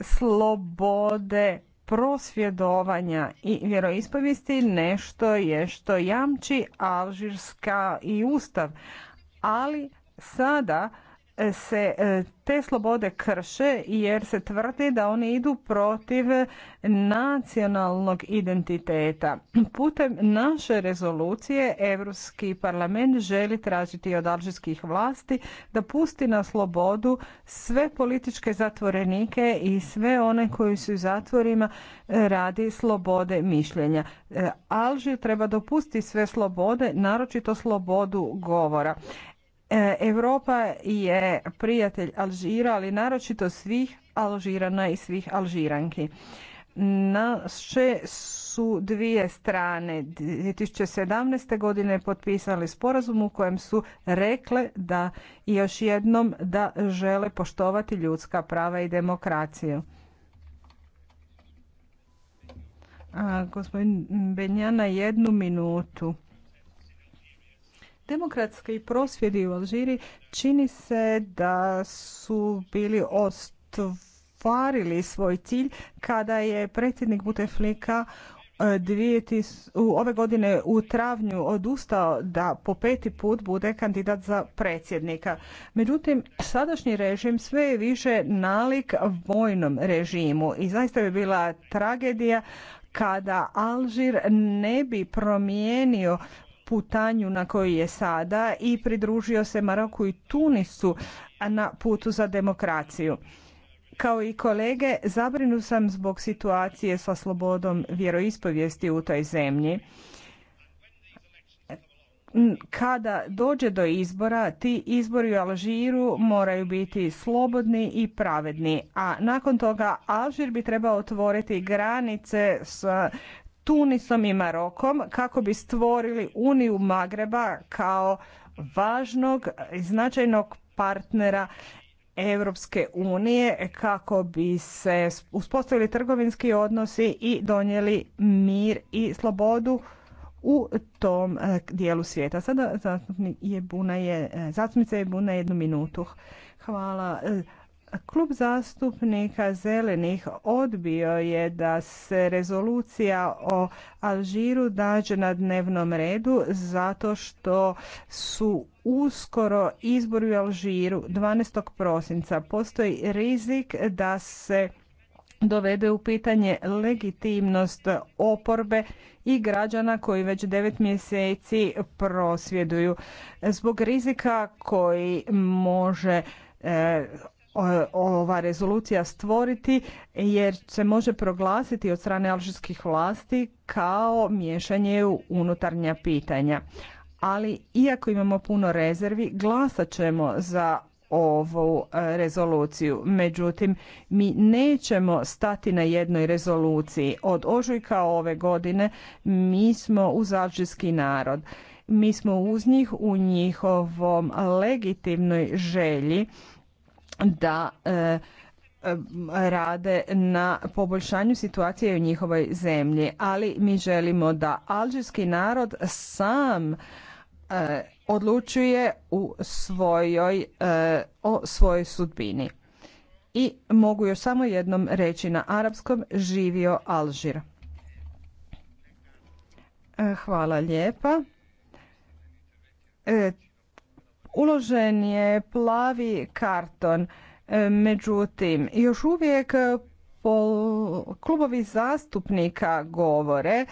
slobode prosvjedovanja i vjeroispovijesti nešto je što jamči Alžirska i Ustav, ali sada se e, te slobode krše jer se tvrdi da oni idu protiv nacionalnog identiteta. Putem naše rezolucije Europski parlament želi tražiti od alžirskih vlasti da pusti na slobodu sve političke zatvorenike i sve one koji su u zatvorima radi slobode mišljenja. E, Alžir treba dopustiti sve slobode, naročito slobodu govora. E, Europa je prijatelj Alžira, ali naročito svih Alžirana i svih Alžiranki. Naše su dvije strane 2017. godine potpisali sporazum u kojem su rekle da još jednom da žele poštovati ljudska prava i demokraciju. gospodin Benjana, jednu minutu. Demokratski prosvjedi u Alžiri čini se da su bili ostvarili svoj cilj kada je predsjednik Buteflika e, u ove godine u travnju odustao da po peti put bude kandidat za predsjednika. Međutim, sadašnji režim sve je više nalik vojnom režimu i zaista bi bila tragedija kada Alžir ne bi promijenio putanju na kojoj je sada i pridružio se Maroku i Tunisu na putu za demokraciju. Kao i kolege, zabrinu sam zbog situacije sa slobodom vjeroispovijesti u toj zemlji. Kada dođe do izbora, ti izbori u Alžiru moraju biti slobodni i pravedni, a nakon toga Alžir bi trebao otvoriti granice sa. Tunisom i Marokom kako bi stvorili Uniju Magreba kao važnog i značajnog partnera Europske unije kako bi se uspostavili trgovinski odnosi i donijeli mir i slobodu u tom e, dijelu svijeta. Sada e, zastupnica je Buna jednu minutu. Hvala. E, Klub zastupnika zelenih odbio je da se rezolucija o Alžiru dađe na dnevnom redu zato što su uskoro izbori u Alžiru 12. prosinca. Postoji rizik da se dovede u pitanje legitimnost oporbe i građana koji već devet mjeseci prosvjeduju. Zbog rizika koji može e, ova rezolucija stvoriti jer se može proglasiti od strane alžirskih vlasti kao miješanje u unutarnja pitanja. Ali iako imamo puno rezervi, glasat ćemo za ovu e, rezoluciju. Međutim, mi nećemo stati na jednoj rezoluciji. Od ožujka ove godine mi smo uz alžirski narod. Mi smo uz njih u njihovom legitimnoj želji da e, e, rade na poboljšanju situacije u njihovoj zemlji, ali mi želimo da alžirski narod sam e, odlučuje u svojoj, o svojoj sudbini. I mogu još samo jednom reći na arapskom živio Alžir. Hvala lijepa. Uložen je plavi karton, e, međutim, još uvijek klubovi zastupnika govore, e,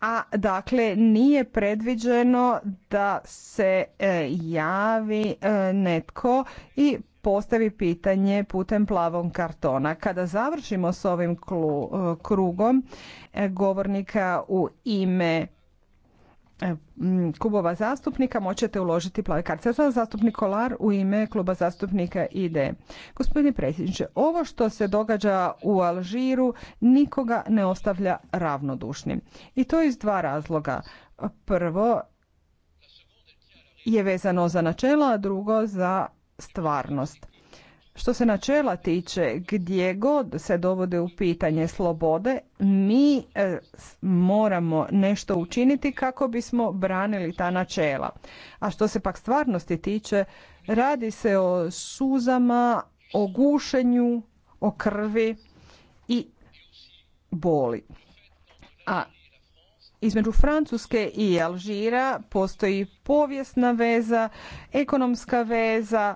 a, dakle nije predviđeno da se e, javi netko i postavi pitanje putem plavog kartona. Kada završimo s ovim krugom govornika u ime E, klubova zastupnika moćete uložiti plave kartice. Sada zastupnik Kolar u ime kluba zastupnika ide. Gospodine predsjedniče, ovo što se događa u Alžiru nikoga ne ostavlja ravnodušnim. I to iz dva razloga. Prvo je vezano za načela, a drugo za stvarnost. Što se načela tiče, gdje god se dovode u pitanje slobode, mi e, moramo nešto učiniti kako bismo branili ta načela. A što se pak stvarnosti tiče, radi se o suzama, o gušenju, o krvi i boli. A između Francuske i Alžira postoji povijesna veza, ekonomska veza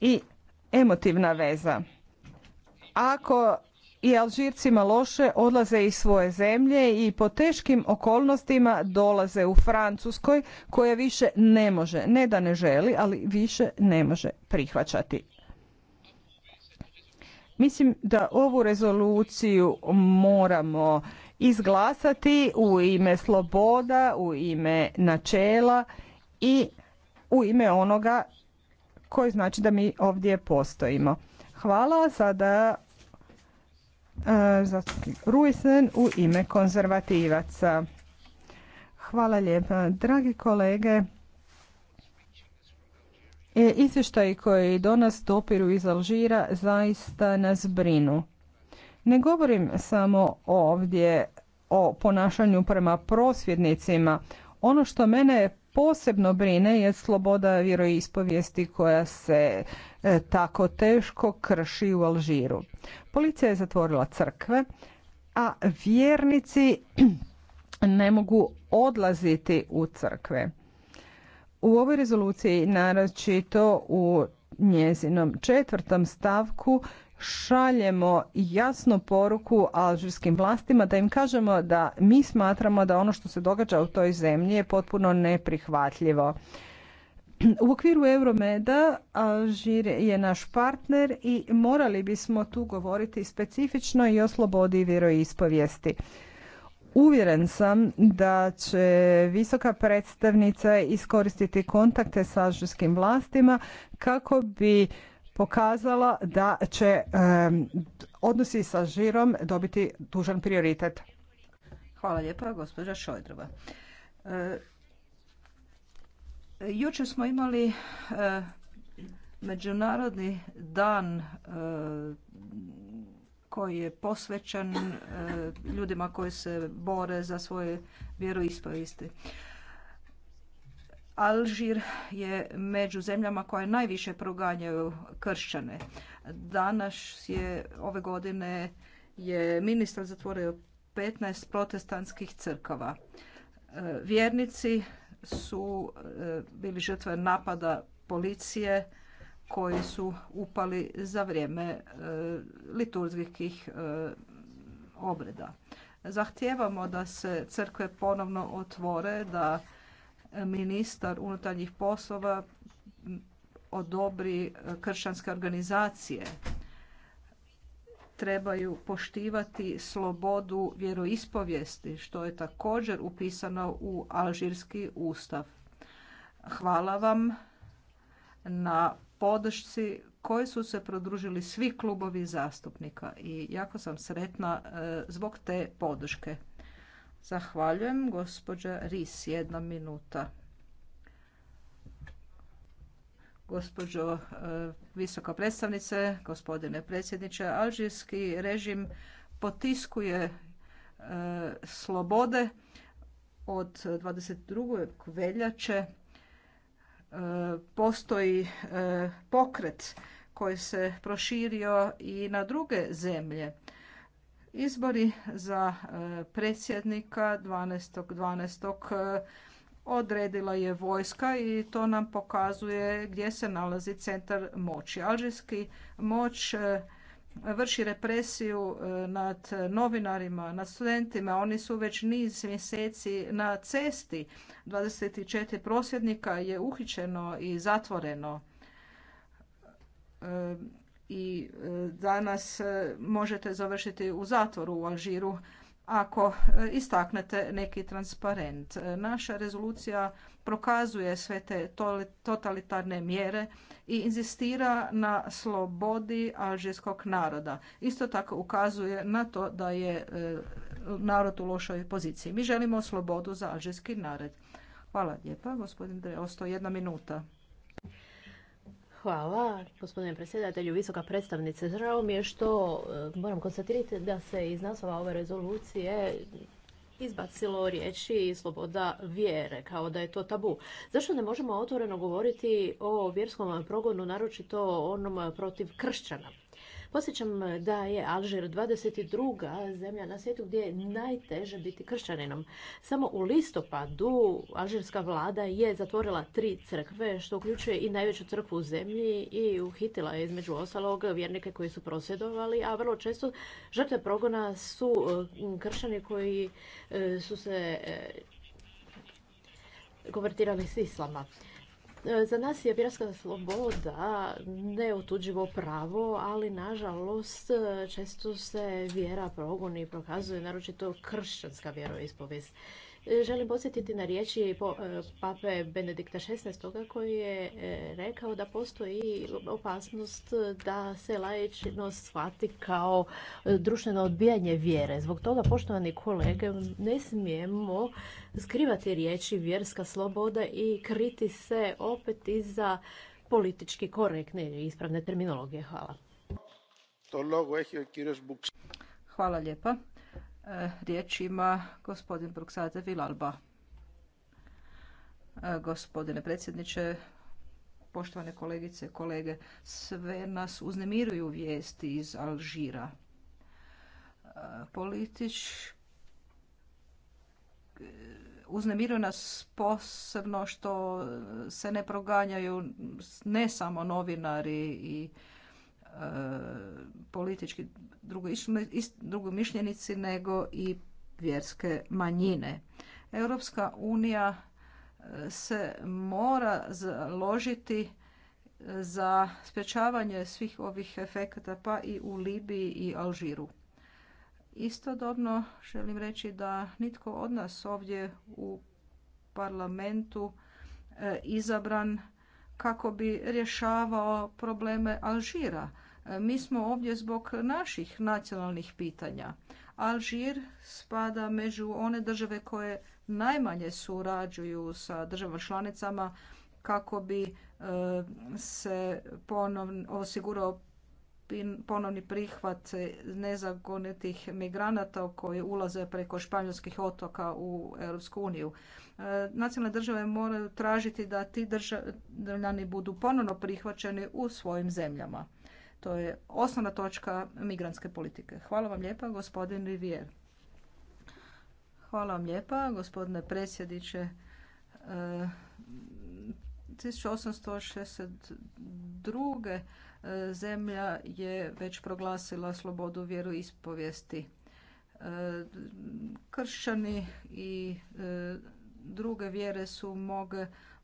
i emotivna veza. Ako i Alžircima loše odlaze iz svoje zemlje i po teškim okolnostima dolaze u Francuskoj koja više ne može, ne da ne želi, ali više ne može prihvaćati. Mislim da ovu rezoluciju moramo izglasati u ime sloboda, u ime načela i u ime onoga koji znači da mi ovdje postojimo. Hvala sada e, zastupnik Ruisen u ime konzervativaca. Hvala lijepa. Dragi kolege, e, izvještaji koji do nas dopiru iz Alžira zaista nas brinu. Ne govorim samo ovdje o ponašanju prema prosvjednicima. Ono što mene posebno brine je sloboda vjeroispovijesti koja se e, tako teško krši u Alžiru. Policija je zatvorila crkve, a vjernici ne mogu odlaziti u crkve. U ovoj rezoluciji naročito u njezinom četvrtom stavku šaljemo jasnu poruku alžirskim vlastima da im kažemo da mi smatramo da ono što se događa u toj zemlji je potpuno neprihvatljivo. U okviru Euromeda Alžir je naš partner i morali bismo tu govoriti specifično i o slobodi i vjeroispovijesti. Uvjeren sam da će visoka predstavnica iskoristiti kontakte sa alžirskim vlastima kako bi pokazala da će odnosi sa Žirom dobiti dužan prioritet. Hvala lijepa, gospođa Šojdrova. E, jučer smo imali e, Međunarodni dan e, koji je posvećen ljudima koji se bore za svoje vjeroispovijesti. Alžir je među zemljama koje najviše proganjaju kršćane. Danas je, ove godine, je ministar zatvorio 15 protestantskih crkava. E, vjernici su e, bili žrtve napada policije koji su upali za vrijeme e, liturgijskih obreda. Zahtijevamo da se crkve ponovno otvore, da ministar unutarnjih poslova odobri e, kršćanske organizacije trebaju poštivati slobodu vjeroispovijesti što je također upisano u alžirski ustav. Hvala vam na podršci koji su se prodružili svi klubovi zastupnika i jako sam sretna e, zbog te podrške. Zahvaljujem. Gospođa Ris, jedna minuta. Gospođo e, visoka predstavnice, gospodine predsjedniče, alžirski režim potiskuje e, slobode od 22. veljače e, postoji pokret koji se proširio i na druge zemlje Izbori za e, predsjednika 12.12. E, odredila je vojska i to nam pokazuje gdje se nalazi centar moći. Alžirski moć e, vrši represiju nad novinarima, nad studentima. Oni su već niz mjeseci na cesti. 24 prosvjednika je uhićeno i zatvoreno i e, danas e, možete završiti u zatvoru u Alžiru ako e, istaknete neki transparent. Naša rezolucija prokazuje sve te totalitarne mjere i inzistira na slobodi alžirskog naroda. Isto tako ukazuje na to da je narod u lošoj poziciji. Mi želimo slobodu za alžirski narod. Hvala lijepa, gospodin Dreosto, jedna minuta. Hvala, gospodine predsjedatelju, visoka predstavnice. Žao mi je što e, moram konstatirati da se iz naslova ove rezolucije izbacilo riječi sloboda vjere, kao da je to tabu. Zašto ne možemo otvoreno govoriti o vjerskom progonu, naročito onom protiv kršćana? Posjećam e, da je Alžir 22. zemlja na svijetu gdje je najteže biti kršćaninom. Samo u listopadu alžirska vlada je zatvorila tri crkve, što uključuje i najveću crkvu u zemlji i uhitila je između ostalog vjernike koji su prosvjedovali, a vrlo često žrtve progona su e, kršćani koji e, su se konvertirali s islama. E, za nas je vjerska sloboda neotuđivo pravo, ali nažalost e, često se vjera progoni i prokazuje, naročito kršćanska vjeroispovijest. Želim posjetiti na riječi e, pape Benedikta XVI. koji je e, rekao da postoji opasnost da se laičnost shvati kao e, društveno odbijanje vjere. Zbog toga, poštovani kolege, ne smijemo skrivati riječi vjerska sloboda i kriti se opet iza politički korektne i ispravne terminologije. Hvala. Hvala lijepa. Riječ ima gospodin Bruksade Vilalba. E, gospodine predsjedniče, poštovane kolegice i kolege, sve nas uznemiruju vijesti iz Alžira. E, politič... Uznemiruju nas posebno što se ne proganjaju ne samo novinari i E, politički drugo mišljenici nego i vjerske manjine. Europska unija e, se mora založiti e, za sprječavanje svih ovih efekata pa i u Libiji i Alžiru. Istodobno želim reći da nitko od nas ovdje u parlamentu izabran kako bi rješavao probleme Alžira. Mi smo ovdje zbog naših nacionalnih pitanja. Alžir spada među one države koje najmanje surađuju sa državama članicama kako bi e, se ponovno osigurao ponovni prihvat nezagonitih migranata koji ulaze preko španjolskih otoka u Europsku uniju. E, nacionalne države moraju tražiti da ti državljani budu ponovno prihvaćeni u svojim zemljama. To je osnovna točka migrantske politike. Hvala vam lijepa, gospodin Rivier. Hvala vam lijepa, gospodine predsjedniče. 1862. E, e, zemlja je već proglasila slobodu vjeru ispovijesti. E, kršćani i druge vjere su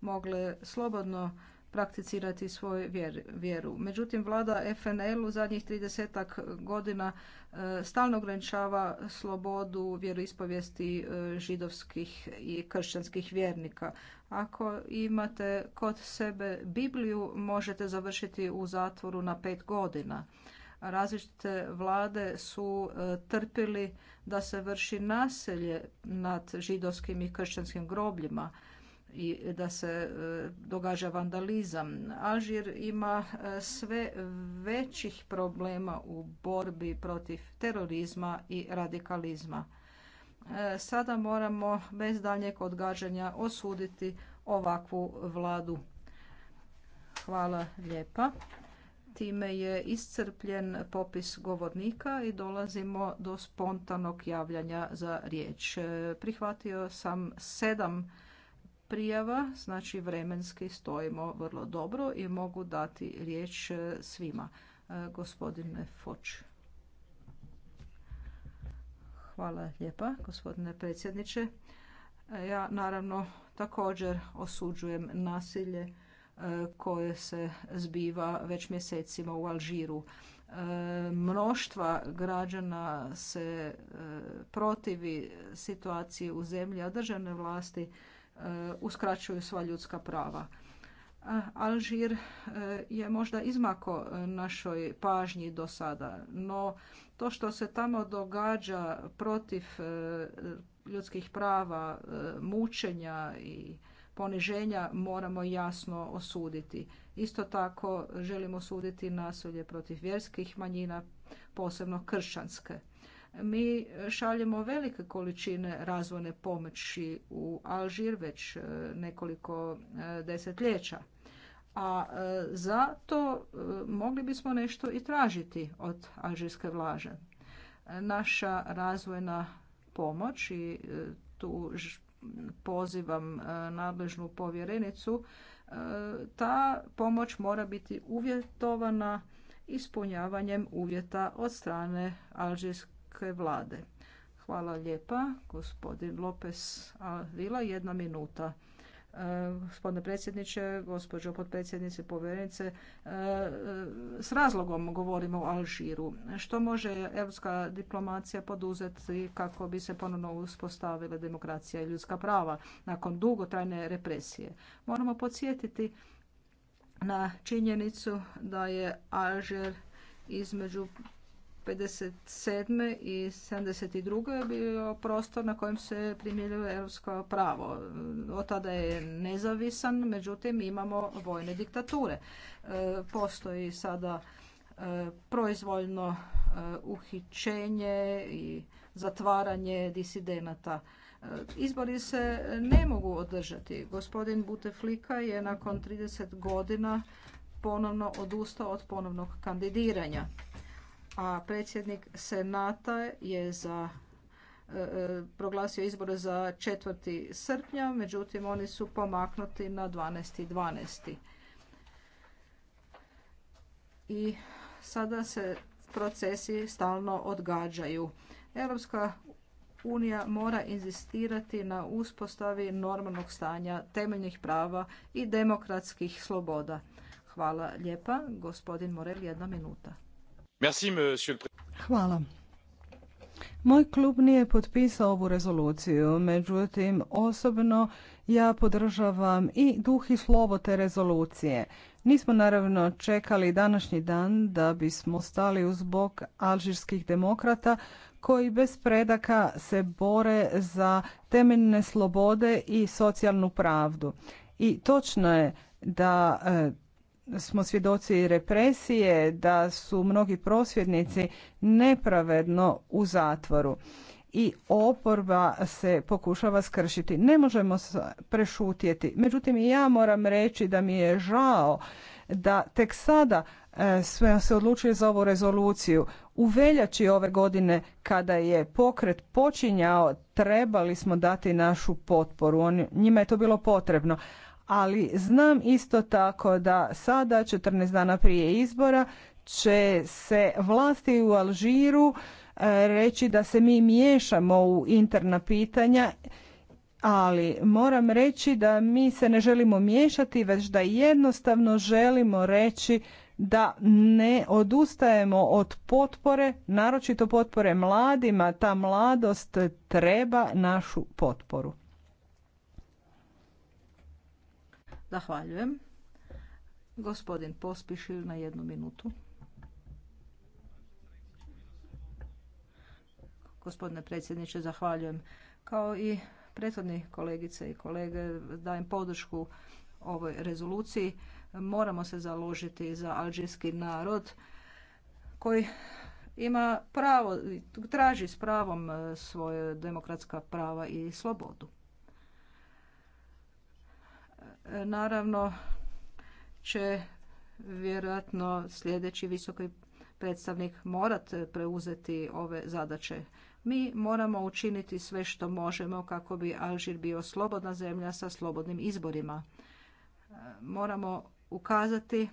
mogle slobodno prakticirati svoju vjeru. Međutim, vlada FNL u zadnjih 30 godina e, stalno ograničava slobodu vjeroispovijesti e, židovskih i kršćanskih vjernika. Ako imate kod sebe Bibliju, možete završiti u zatvoru na pet godina. Različite vlade su e, trpili da se vrši naselje nad židovskim i kršćanskim grobljima i da se e, događa vandalizam. Alžir ima e, sve većih problema u borbi protiv terorizma i radikalizma. E, sada moramo bez daljnjeg odgađanja osuditi ovakvu vladu. Hvala lijepa. Time je iscrpljen popis govornika i dolazimo do spontanog javljanja za riječ. Prihvatio sam sedam prijava, znači vremenski stojimo vrlo dobro i mogu dati riječ e, svima. E, gospodine Foč. Hvala lijepa, gospodine predsjedniče. E, ja naravno također osuđujem nasilje koje se zbiva već mjesecima u Alžiru. Mnoštva građana se protivi situaciji u zemlji, a državne vlasti Eh, uskraćuju sva ljudska prava. Alžir eh, je možda izmako eh, našoj pažnji do sada, no to što se tamo događa protiv ljudskih prava, mučenja i poniženja moramo jasno osuditi. Isto tako želimo osuditi nasilje protiv vjerskih manjina, posebno kršćanske. Mi šaljemo velike količine razvojne pomoći u Alžir već e, nekoliko e, desetljeća. A e, zato mogli bismo nešto i tražiti od alžirske vlaže. Naša razvojna pomoć i tu pozivam nadležnu povjerenicu, ta pomoć mora biti uvjetovana ispunjavanjem uvjeta od strane alžirske vlade. Hvala lijepa. Gospodin Lopes Avila, jedna minuta. E, gospodine predsjedniče, gospođo potpredsjednice, povjerenice, e, s razlogom govorimo o Alžiru. Što može europska diplomacija poduzeti kako bi se ponovno uspostavila demokracija i ljudska prava nakon dugotrajne represije? Moramo podsjetiti na činjenicu da je Alžir između 57. i 72. je bio prostor na kojem se primjenjuje europsko pravo. Od tada je nezavisan, međutim imamo vojne diktature. E, postoji sada e, proizvoljno e, uhićenje i zatvaranje disidenata. Izbori se ne mogu održati. Gospodin Buteflika je nakon 30 godina ponovno odustao od ponovnog kandidiranja a predsjednik Senata je za e, e, proglasio izbore za 4. srpnja, međutim oni su pomaknuti na 12 12. I sada se procesi stalno odgađaju. Europska unija mora inzistirati na uspostavi normalnog stanja temeljnih prava i demokratskih sloboda. Hvala lijepa. Gospodin Morel, jedna minuta. Hvala. Moj klub nije potpisao ovu rezoluciju, međutim osobno ja podržavam i duh i slovo te rezolucije. Nismo naravno čekali današnji dan da bismo stali uz bok alžirskih demokrata koji bez predaka se bore za temeljne slobode i socijalnu pravdu. I točno je da e, smo svjedoci represije, da su mnogi prosvjednici nepravedno u zatvoru i oporba se pokušava skršiti. Ne možemo prešutjeti. Međutim, ja moram reći da mi je žao da tek sada e, sve se odlučuje za ovu rezoluciju. U veljači ove godine kada je pokret počinjao trebali smo dati našu potporu. njima je to bilo potrebno ali znam isto tako da sada 14 dana prije izbora će se vlasti u Alžiru e, reći da se mi miješamo u interna pitanja ali moram reći da mi se ne želimo miješati već da jednostavno želimo reći da ne odustajemo od potpore, naročito potpore mladima, ta mladost treba našu potporu. Zahvaljujem. Gospodin Pospišil na jednu minutu. Gospodine predsjedniče, zahvaljujem. Kao i prethodni kolegice i kolege, dajem podršku ovoj rezoluciji. Moramo se založiti za alžirski narod koji ima pravo, traži s pravom e, svoje demokratska prava i slobodu. Naravno će vjerojatno sljedeći visoki predstavnik morat preuzeti ove zadaće. Mi moramo učiniti sve što možemo kako bi Alžir bio slobodna zemlja sa slobodnim izborima. Moramo ukazati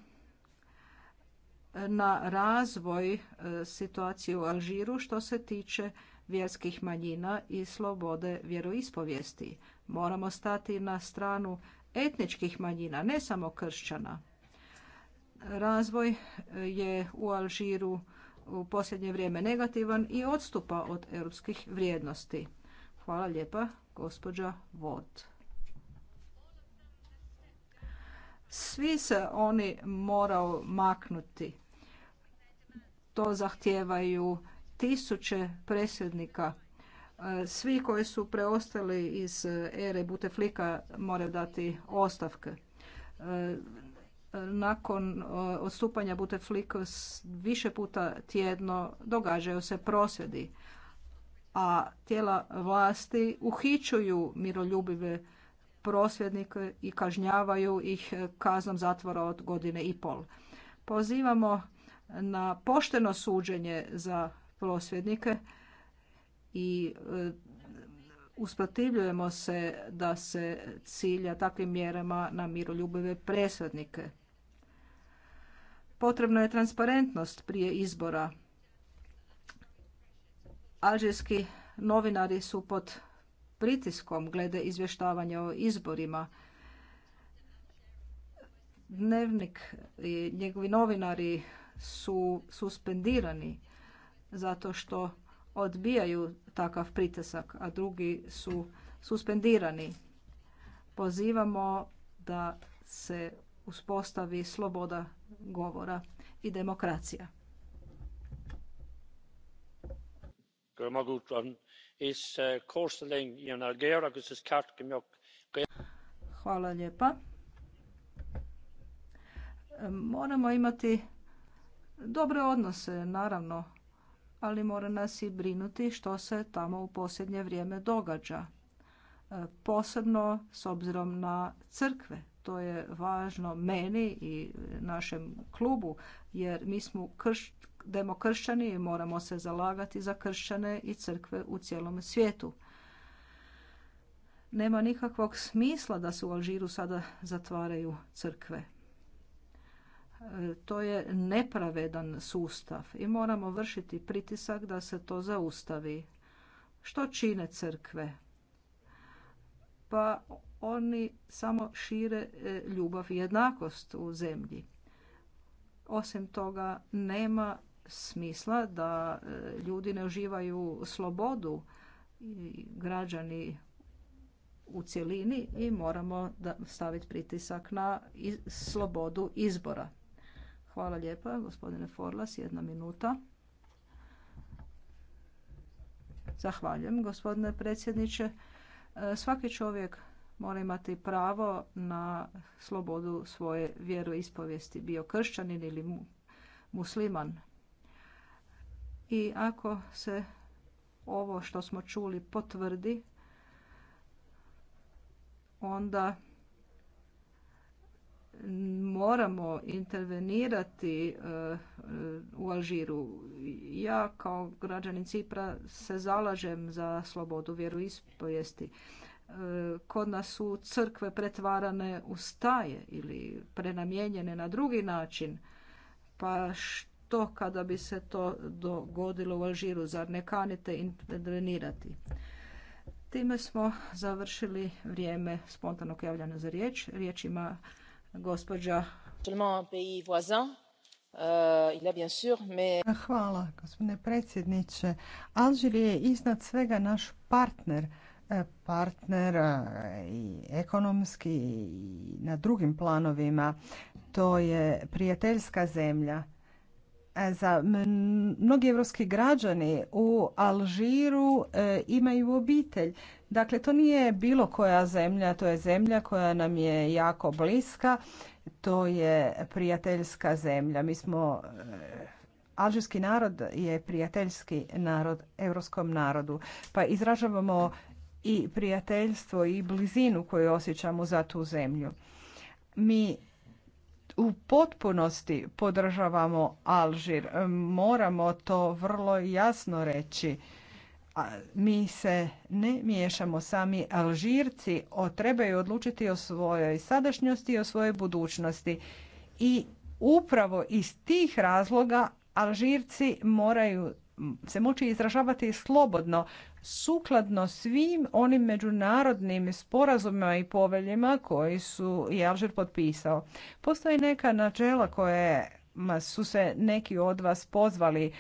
na razvoj e, situacije u Alžiru što se tiče vjerskih manjina i slobode vjeroispovijesti. Moramo stati na stranu etničkih manjina, ne samo kršćana. Razvoj eh, je u Alžiru u posljednje vrijeme negativan i odstupa od europskih vrijednosti. Hvala lijepa, gospođa Vod. Svi se oni morao maknuti. To zahtijevaju tisuće predsjednika svi koji su preostali iz ere Buteflika moraju dati ostavke. E, nakon e, odstupanja Buteflika više puta tjedno događaju se prosvjedi, a tijela vlasti uhićuju miroljubive prosvjednike i kažnjavaju ih kaznom zatvora od godine i pol. Pozivamo na pošteno suđenje za prosvjednike i e, usprotivljujemo se da se cilja takvim mjerama na miroljubive presadnike. Potrebna je transparentnost prije izbora. Alžirski novinari su pod pritiskom glede izvještavanja o izborima. Dnevnik i njegovi novinari su suspendirani zato što odbijaju takav pritisak, a drugi su suspendirani. Pozivamo da se uspostavi sloboda govora i demokracija. Uh, Hvala lijepa. Moramo imati dobre odnose, naravno, ali mora nas i brinuti što se tamo u posljednje vrijeme događa. E, posebno s obzirom na crkve. To je važno meni i našem klubu, jer mi smo krš, demokršćani i moramo se zalagati za kršćane i crkve u cijelom svijetu. Nema nikakvog smisla da se u Alžiru sada zatvaraju crkve to je nepravedan sustav i moramo vršiti pritisak da se to zaustavi. Što čine crkve? Pa oni samo šire e, ljubav i jednakost u zemlji. Osim toga, nema smisla da e, ljudi ne uživaju slobodu i građani u cjelini i moramo staviti pritisak na slobodu izbora. Hvala lijepa, gospodine Forlas, jedna minuta. Zahvaljujem, gospodine predsjedniče. E, svaki čovjek mora imati pravo na slobodu svoje ispovijesti. bio kršćanin ili musliman. I ako se ovo što smo čuli potvrdi, onda moramo intervenirati e, e, u Alžiru. Ja kao građanin Cipra se zalažem za slobodu vjeroispovijesti. E, kod nas su crkve pretvarane u staje ili prenamijenjene na drugi način. Pa što kada bi se to dogodilo u Alžiru? Zar ne kanite intervenirati? Time smo završili vrijeme spontanog javljanja za riječ. Riječ ima gospođa. Euh, Hvala, gospodine predsjedniče. Alžir je iznad svega naš partner e, partner e, i ekonomski i na drugim planovima. To je prijateljska zemlja. E, za mnogi europski građani u Alžiru imaju obitelj. Dakle, to nije bilo koja zemlja, to je zemlja koja nam je jako bliska, to je prijateljska zemlja. Mi smo, eh, alžirski narod je prijateljski narod, europskom narodu, pa izražavamo i prijateljstvo i blizinu koju osjećamo za tu zemlju. Mi u potpunosti podržavamo Alžir. Moramo to vrlo jasno reći mi se ne miješamo sami Alžirci, trebaju odlučiti o svojoj sadašnjosti i o svojoj budućnosti. I upravo iz tih razloga Alžirci moraju se moći izražavati slobodno, sukladno svim onim međunarodnim sporazumima i poveljima koji su i Alžir potpisao. Postoje neka načela koje su se neki od vas pozvali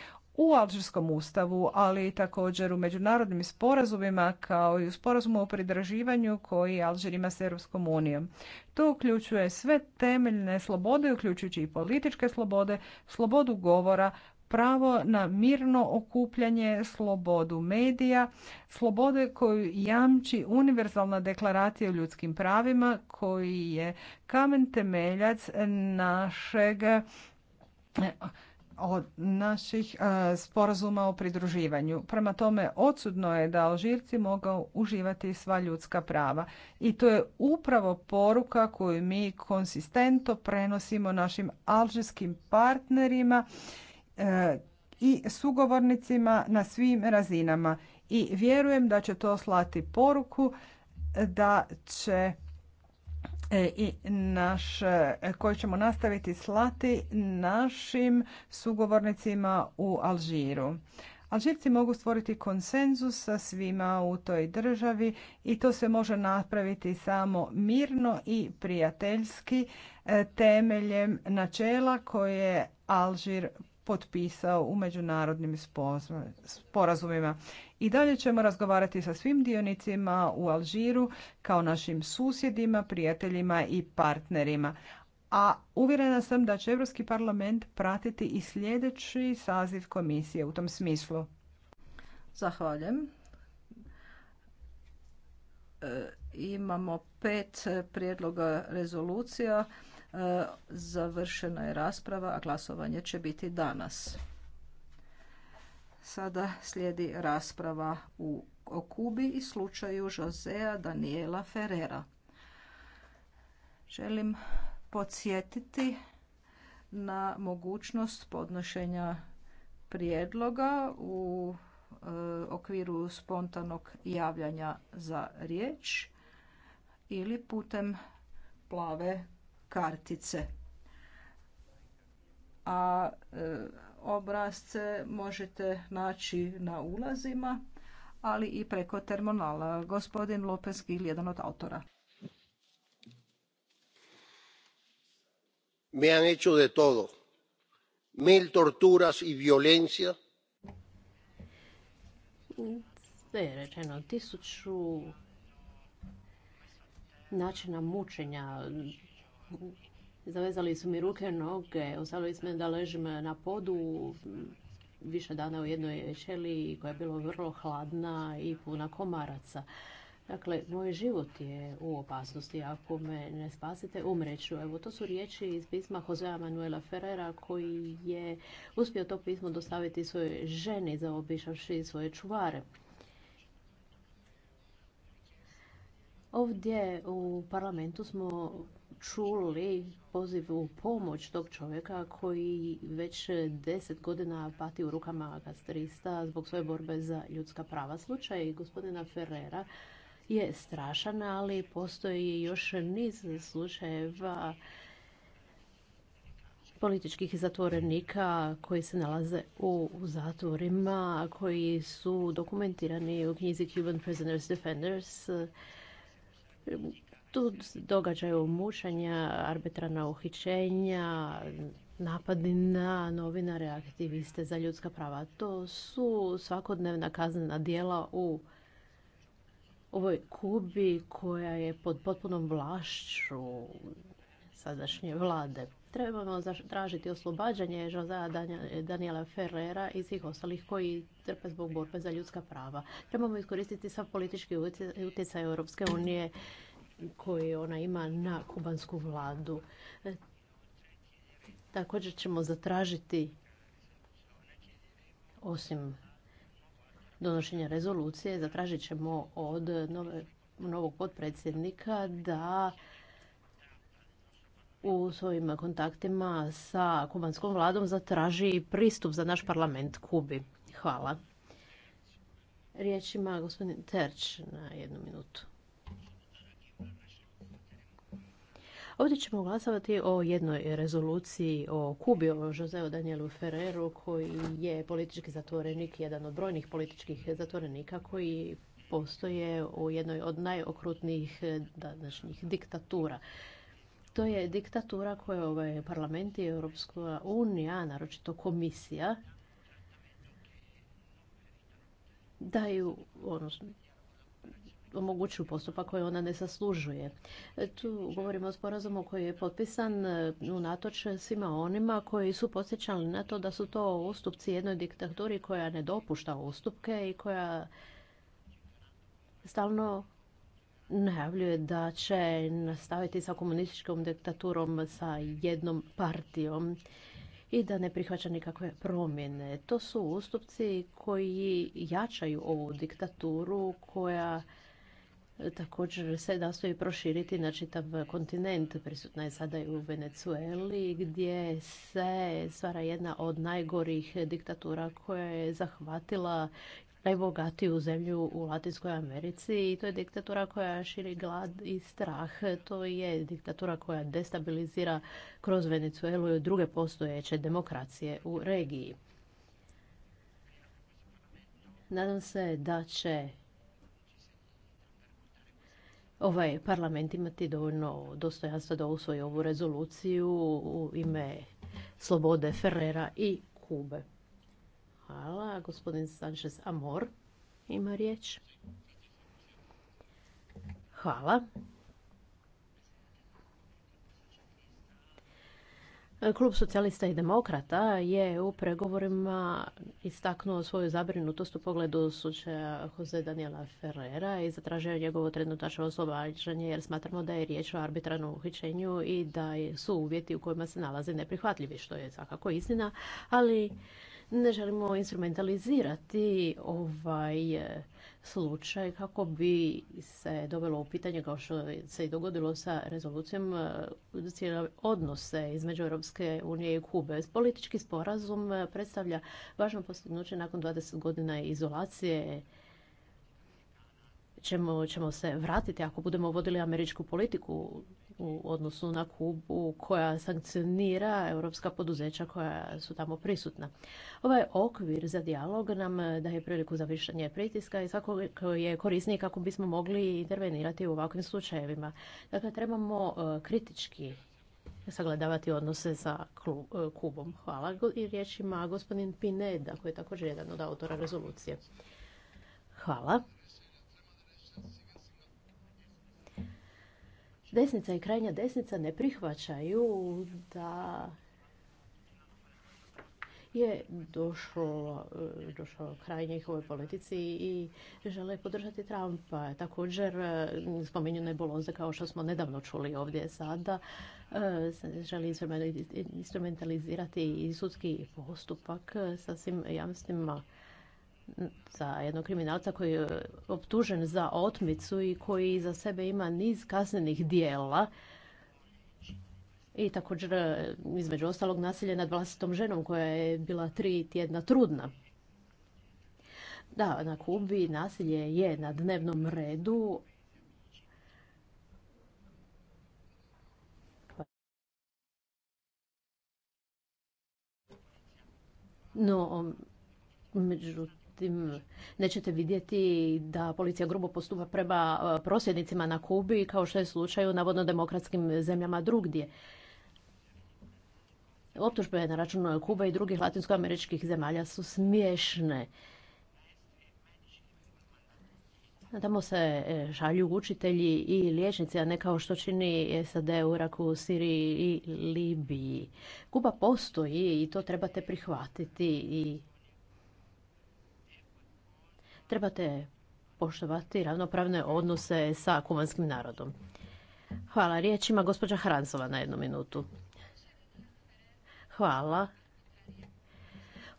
u Alžirskom ustavu, ali i također u međunarodnim sporazumima kao i u sporazumu o pridraživanju koji Alžir ima s Europskom unijom. To uključuje sve temeljne slobode, uključujući i političke slobode, slobodu govora, pravo na mirno okupljanje, slobodu medija, slobode koju jamči univerzalna deklaracija o ljudskim pravima koji je kamen temeljac našeg od naših e, sporazuma o pridruživanju. Prema tome, odsudno je da Alžirci mogu uživati sva ljudska prava. I to je upravo poruka koju mi konsistento prenosimo našim alžirskim partnerima e, i sugovornicima na svim razinama. I vjerujem da će to slati poruku da će E, i naš, koji ćemo nastaviti slati našim sugovornicima u Alžiru. Alžirci mogu stvoriti konsenzus sa svima u toj državi i to se može napraviti samo mirno i prijateljski e, temeljem načela koje Alžir potpisao u međunarodnim sporazumima. I dalje ćemo razgovarati sa svim dionicima u Alžiru kao našim susjedima, prijateljima i partnerima. A uvjerena sam da će Europski parlament pratiti i sljedeći saziv komisije u tom smislu. Zahvaljujem. E, imamo pet prijedloga rezolucija. E, završena je rasprava, a glasovanje će biti danas. Sada slijedi rasprava u, o Kubi i slučaju Josea Daniela Ferrera. Želim podsjetiti na mogućnost podnošenja prijedloga u e, okviru spontanog javljanja za riječ ili putem plave kartice. A e, obrazce možete naći na ulazima, ali i preko terminala. Gospodin Lopez Gil, jedan od autora. Me han hecho de todo. Mil torturas y violencia. Sve je rečeno, tisuću načina mučenja, Zavezali su mi ruke, noge, ostavili smo da ležim na podu više dana u jednoj ćeliji koja je bila vrlo hladna i puna komaraca. Dakle, moj život je u opasnosti. Ako me ne spasite, umreću. Evo, to su riječi iz pisma Josea Manuela Ferrera koji je uspio to pismo dostaviti svojoj ženi zaobišavši svoje čuvare. Ovdje u parlamentu smo čuli poziv u pomoć tog čovjeka koji već deset godina pati u rukama gastrista zbog svoje borbe za ljudska prava. Slučaj gospodina Ferrera je strašan, ali postoji još niz slučajeva političkih zatvorenika koji se nalaze u zatvorima, koji su dokumentirani u knjizi Cuban Prisoners Defenders tu događaju mučenja, arbitrarna uhićenja, napadi na novinare, aktiviste za ljudska prava. To su svakodnevna kaznena dijela u ovoj Kubi koja je pod potpunom vlašću sadašnje vlade. Trebamo tražiti oslobađanje Josea Daniela Ferrera i svih ostalih koji trpe zbog borbe za ljudska prava. Trebamo iskoristiti sav politički utjecaj Europske unije koje ona ima na kubansku vladu. E, također ćemo zatražiti osim donošenja rezolucije, zatražit ćemo od novog potpredsjednika da u svojim kontaktima sa kubanskom vladom zatraži pristup za naš parlament Kubi. Hvala. Riječ ima gospodin Terč na jednu minutu. Ovdje ćemo glasovati o jednoj rezoluciji o Kubi, o Joseu Danielu Ferreru, koji je politički zatvorenik, jedan od brojnih političkih zatvorenika koji postoje u jednoj od najokrutnijih eh, današnjih diktatura. To je diktatura koju ovaj parlament i Europska unija, naročito komisija, daju, odnosno, omogućuju postupak koji ona ne zaslužuje. E, tu govorimo o sporazumu koji je potpisan e, unatoč svima onima koji su posjećali na to da su to ustupci jednoj diktaturi koja ne dopušta ustupke i koja stalno najavljuje da će nastaviti sa komunističkom diktaturom sa jednom partijom i da ne prihvaća nikakve promjene. To su ustupci koji jačaju ovu diktaturu koja također se nastoji proširiti na čitav kontinent. Prisutna je sada i u Venecueli gdje se stvara jedna od najgorih diktatura koja je zahvatila najbogatiju zemlju u Latinskoj Americi i to je diktatura koja širi glad i strah. To je diktatura koja destabilizira kroz Venezuelu i druge postojeće demokracije u regiji. Nadam se da će ovaj parlament imati dovoljno dostojanstva da usvoji ovu rezoluciju u ime Slobode Ferrera i Kube. Hvala. Gospodin Sanchez Amor ima riječ. Hvala. Klub socijalista i demokrata je u pregovorima istaknuo svoju zabrinutost u pogledu slučaja Jose Daniela Ferrera i zatražio njegovo trenutačno oslobađanje jer smatramo da je riječ o arbitranom uhićenju i da su uvjeti u kojima se nalaze neprihvatljivi, što je svakako istina, ali ne želimo instrumentalizirati ovaj slučaj kako bi se dovelo u pitanje, kao što se i dogodilo sa rezolucijom, eh, cijele odnose između Europske unije i Kube. Politički sporazum eh, predstavlja važno postignuće nakon 20 godina izolacije ćemo se vratiti ako budemo vodili američku politiku u odnosu na Kubu koja sankcionira europska poduzeća koja su tamo prisutna. Ovaj okvir za dijalog nam daje priliku za višanje pritiska i svako je korisniji kako bismo mogli intervenirati u ovakvim slučajevima. Dakle, trebamo e, kritički sagledavati odnose sa e, Kubom. Hvala i riječ ima gospodin Pineda koji je također jedan od autora rezolucije. Hvala. desnica i krajnja desnica ne prihvaćaju da je došlo, e, došlo kraj njihovoj politici i žele podržati Trumpa. Također, e, spominju nebuloze kao što smo nedavno čuli ovdje sada, e, želi instrumentalizirati i sudski postupak sa svim jamstvima za jednog kriminalca koji je optužen za otmicu i koji za sebe ima niz kaznenih dijela i također između ostalog nasilje nad vlastitom ženom koja je bila tri tjedna trudna. Da, na Kubi nasilje je na dnevnom redu, No, međutim, Međutim, nećete vidjeti da policija grubo postupa prema e, prosvjednicima na Kubi kao što je slučaj u navodno demokratskim zemljama drugdje. Optužbe na račun Kuba i drugih latinskoameričkih zemalja su smiješne. Tamo se e, šalju učitelji i liječnici, a ne kao što čini SAD u Iraku, Siriji i Libiji. Kuba postoji i to trebate prihvatiti i trebate poštovati ravnopravne odnose sa kubanskim narodom. Hvala. riječima, gospođa Hrancova na jednu minutu. Hvala.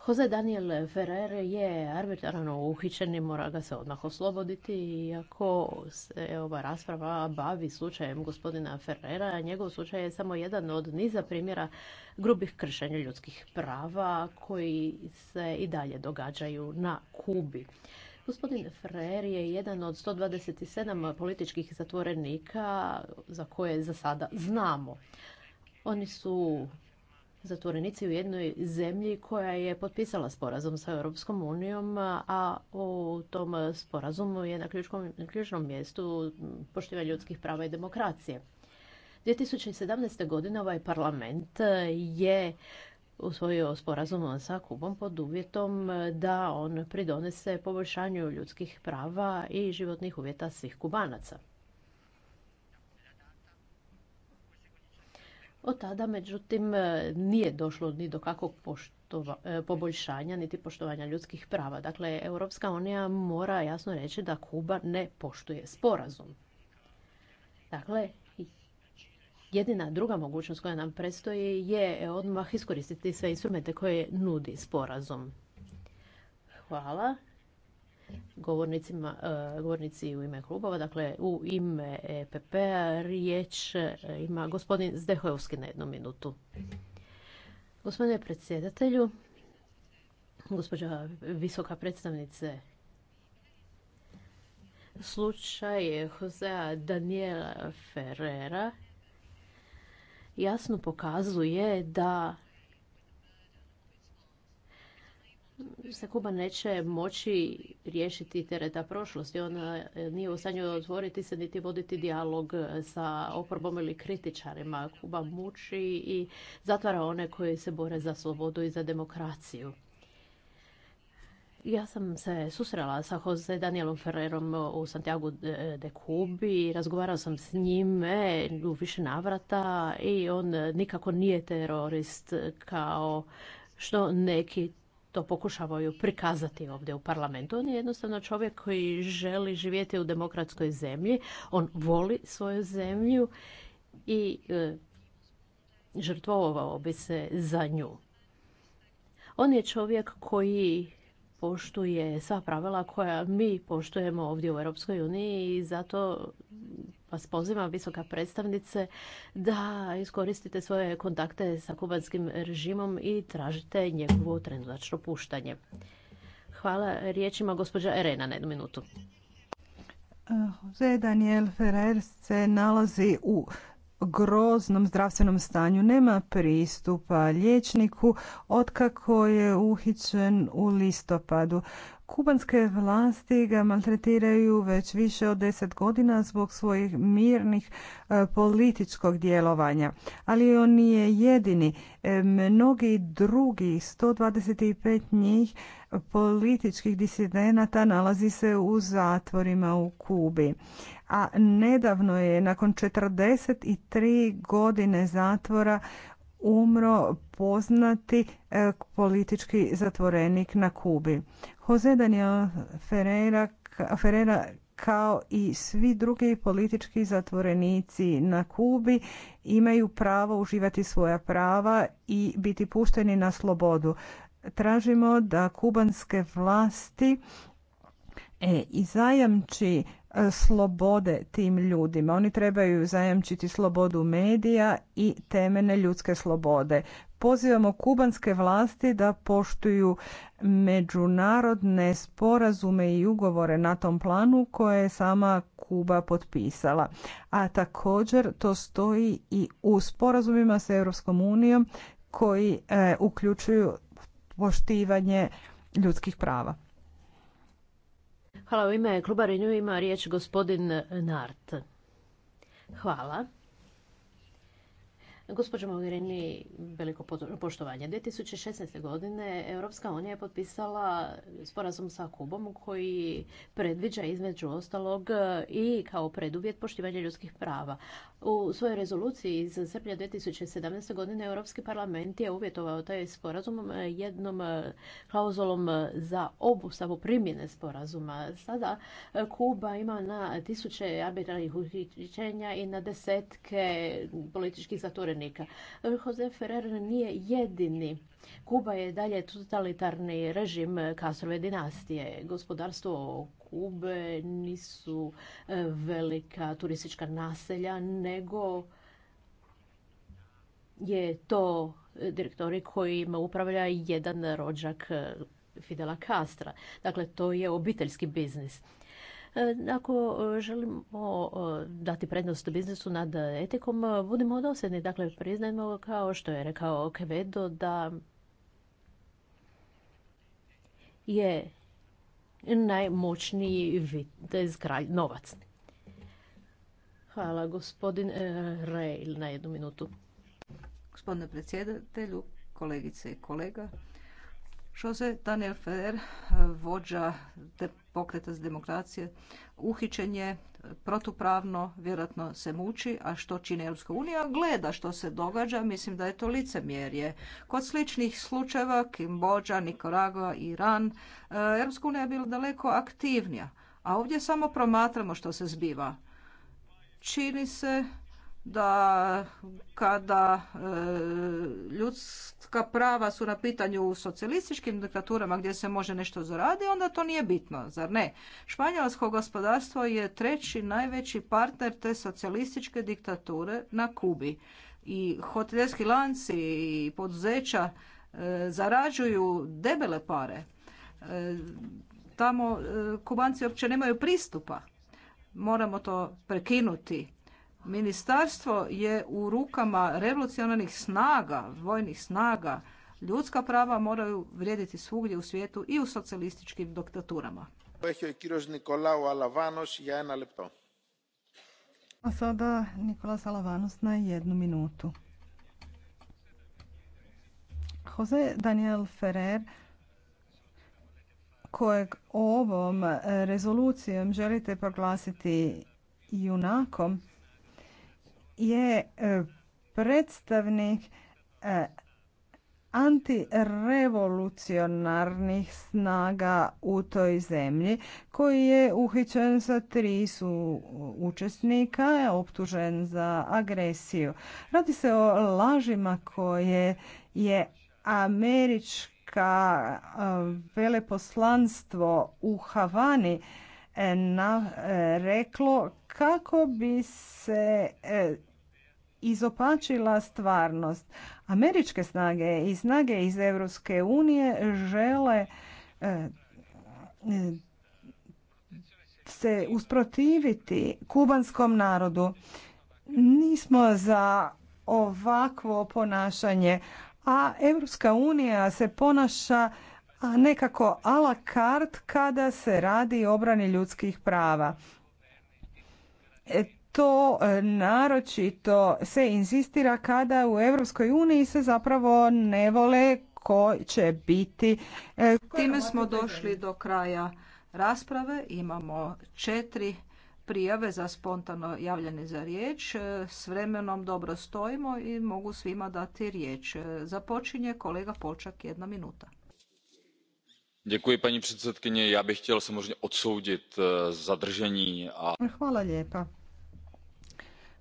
Jose Daniel Ferrer je arbitrarno uhićen i mora ga se odmah osloboditi. Iako se ova rasprava bavi slučajem gospodina Ferrera, njegov slučaj je samo jedan od niza primjera grubih kršenja ljudskih prava koji se i dalje događaju na Kubi. Gospodin Ferrer je jedan od 127 političkih zatvorenika za koje za sada znamo. Oni su zatvorenici u jednoj zemlji koja je potpisala sporazum sa Europskom unijom, a u tom sporazumu je na ključnom mjestu poštivanje ljudskih prava i demokracije. 2017. godine ovaj parlament je usvojio sporazum sa Kubom pod uvjetom e, da on pridonese poboljšanju ljudskih prava i životnih uvjeta svih Kubanaca. Od tada, međutim, e, nije došlo ni do kakvog e, poboljšanja niti poštovanja ljudskih prava. Dakle, Europska unija mora jasno reći da Kuba ne poštuje sporazum. Dakle, Jedina druga mogućnost koja nam predstoji je e, odmah iskoristiti sve instrumente koje nudi sporazum. Hvala e, govornici u ime klubova. Dakle, u ime EPP-a riječ e, ima gospodin Zdehovski na jednu minutu. Gospodine predsjedatelju, gospođa visoka predstavnice slučaj Josea Daniela Ferrera jasno pokazuje da se Kuba neće moći riješiti tereta prošlosti. Ona e, nije u stanju otvoriti se niti voditi dijalog sa oporbom ili kritičarima. Kuba muči i zatvara one koji se bore za slobodu i za demokraciju. Ja sam se susrela sa Jose Danielom Ferrerom u Santiago de Cubi, razgovarao sam s njime u više navrata i on nikako nije terorist kao što neki to pokušavaju prikazati ovdje u parlamentu. On je jednostavno čovjek koji želi živjeti u demokratskoj zemlji, on voli svoju zemlju i e, žrtvovao bi se za nju. On je čovjek koji poštuje sva pravila koja mi poštujemo ovdje u Europskoj uniji i zato vas pozivam, visoka predstavnice, da iskoristite svoje kontakte sa kubanskim režimom i tražite njegovo trenutačno puštanje. Hvala riječima gospođa Erena na jednu minutu. Jose Daniel Ferrer se nalazi u groznom zdravstvenom stanju, nema pristupa liječniku otkako je uhićen u listopadu. Kubanske vlasti ga maltretiraju već više od deset godina zbog svojih mirnih e, političkog djelovanja. Ali on nije jedini. E, mnogi drugi, 125 njih, političkih disidenata nalazi se u zatvorima u Kubi a nedavno je nakon 43 godine zatvora umro poznati e, politički zatvorenik na Kubi. Jose Daniel Ferreira, Ferreira kao i svi drugi politički zatvorenici na Kubi imaju pravo uživati svoja prava i biti pušteni na slobodu. Tražimo da kubanske vlasti e, i zajamči E, slobode tim ljudima. Oni trebaju zajamčiti slobodu medija i temene ljudske slobode. Pozivamo kubanske vlasti da poštuju međunarodne sporazume i ugovore na tom planu koje je sama Kuba potpisala. A također to stoji i u sporazumima sa Europskom unijom koji e, uključuju poštivanje ljudskih prava. Hvala u ime Kluba Renju ima riječ gospodin Nart. Hvala. Gospođo Mogherini, veliko poštovanje. 2016. godine Europska unija je potpisala sporazum sa Kubom koji predviđa između ostalog i kao preduvjet poštivanja ljudskih prava. U svojoj rezoluciji iz srpnja 2017. godine Europski parlament je uvjetovao taj sporazum jednom klauzulom za obustavu primjene sporazuma. Sada Kuba ima na tisuće arbitralnih uhićenja i na desetke političkih zatvorenih Jose Ferrer nije jedini. Kuba je dalje totalitarni režim Kastrove dinastije. Gospodarstvo Kube nisu e, velika turistička naselja, nego je to direktori kojima upravlja jedan rođak e, Fidela Castra. Dakle, to je obiteljski biznis. E, ako e, želimo e, dati prednost biznisu nad etikom, budimo dosljedni. Dakle, priznajmo kao što je rekao Kevedo da je najmoćniji vitez kralj novac. Hvala, gospodin Rejl, na jednu minutu. Gospodine predsjedatelju, kolegice i kolega, Jose Daniel Ferrer, vođa pokreta za demokracije uhićen je protupravno, vjerojatno se muči, a što čini Europska unija? Gleda što se događa, mislim da je to licemjerje. Kod sličnih slučajeva, Kimbođa, Nikaragua, Iran, e, Europska unija je bila daleko aktivnija, a ovdje samo promatramo što se zbiva. Čini se da kada e, ljudska prava su na pitanju u socijalističkim diktaturama gdje se može nešto zaradi, onda to nije bitno, zar ne? Španjolsko gospodarstvo je treći najveći partner te socijalističke diktature na Kubi. I hotelski lanci i poduzeća e, zarađuju debele pare. E, tamo kubanci uopće nemaju pristupa. Moramo to prekinuti Ministarstvo je u rukama revolucionarnih snaga, vojnih snaga. Ljudska prava moraju vrijediti svugdje u svijetu i u socijalističkim diktaturama. A sada Nikolas Alavanos na jednu minutu. Jose Daniel Ferrer kojeg ovom rezolucijom želite proglasiti junakom je e, predstavnik e, antirevolucionarnih snaga u toj zemlji koji je uhićen sa tri su učesnika, optužen za agresiju. Radi se o lažima koje je američka e, veleposlanstvo u Havani na, reklo kako bi se izopačila stvarnost. Američke snage i snage iz Europske unije žele eh, se usprotiviti kubanskom narodu. Nismo za ovakvo ponašanje, a Europska unija se ponaša nekako a la carte kada se radi o obrani ljudskih prava. E, to e, naročito se insistira kada u Europskoj uniji se zapravo ne vole ko će biti. E, Time smo došli do kraja rasprave. Imamo četiri prijave za spontano javljanje za riječ. E, s vremenom dobro stojimo i mogu svima dati riječ. Započinje kolega Polčak jedna minuta. Děkuji, paní předsedkyně. Já bych chtěl samozřejmě odsoudit zadržení a... Hvala lijepa.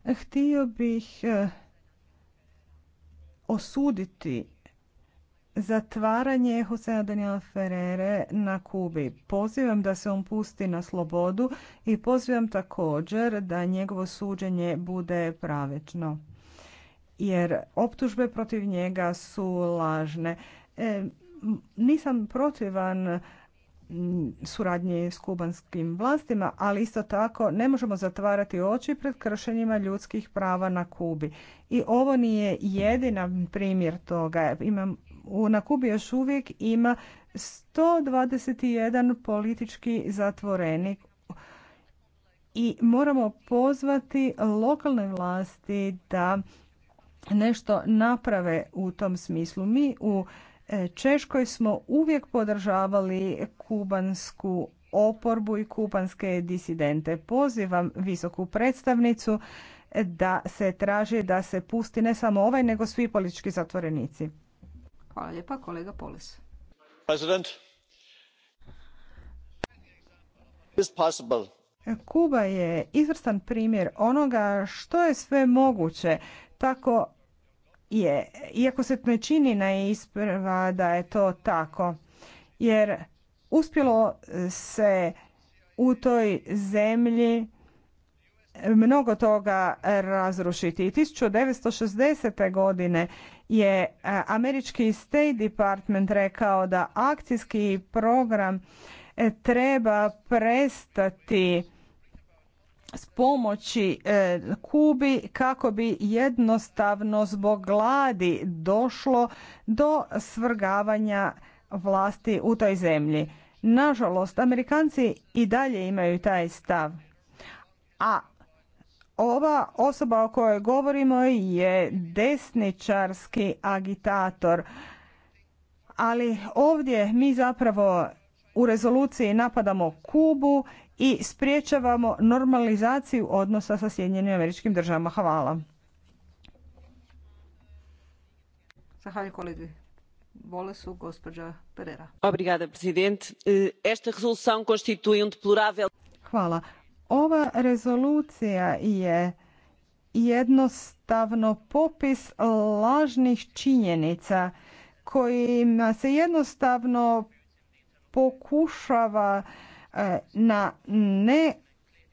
Htio bih e, osuditi zatvaranje Josea Daniela Ferrere na Kubi. Pozivam da se on pusti na slobodu i pozivam također da njegovo suđenje bude pravično. Jer optužbe protiv njega su lažne. E, nisam protivan suradnje s kubanskim vlastima, ali isto tako ne možemo zatvarati oči pred kršenjima ljudskih prava na Kubi. I ovo nije jedina primjer toga. Imam, na Kubi još uvijek ima 121 politički zatvorenik i moramo pozvati lokalne vlasti da nešto naprave u tom smislu. Mi u Češkoj smo uvijek podržavali kubansku oporbu i kubanske disidente. Pozivam visoku predstavnicu da se traži da se pusti ne samo ovaj nego svi politički zatvorenici. Hvala lijepa kolega Polis. Kuba je izvrstan primjer onoga što je sve moguće tako je, iako se ne čini na isprva da je to tako, jer uspjelo se u toj zemlji mnogo toga razrušiti. I 1960. godine je e, američki State Department rekao da akcijski program e, treba prestati s pomoći e, Kubi kako bi jednostavno zbog gladi došlo do svrgavanja vlasti u toj zemlji. Nažalost, Amerikanci i dalje imaju taj stav. A ova osoba o kojoj govorimo je desničarski agitator. Ali ovdje mi zapravo u rezoluciji napadamo Kubu i spriječavamo normalizaciju odnosa sa Sjedinjenim američkim državama. Hvala. Zahvaljujem kolegi Bolesu, gospođa Pereira. Obrigada, presidente. Esta resolução constitui um deplorável... Hvala. Ova rezolucija je jednostavno popis lažnih činjenica kojima se jednostavno pokušava E, na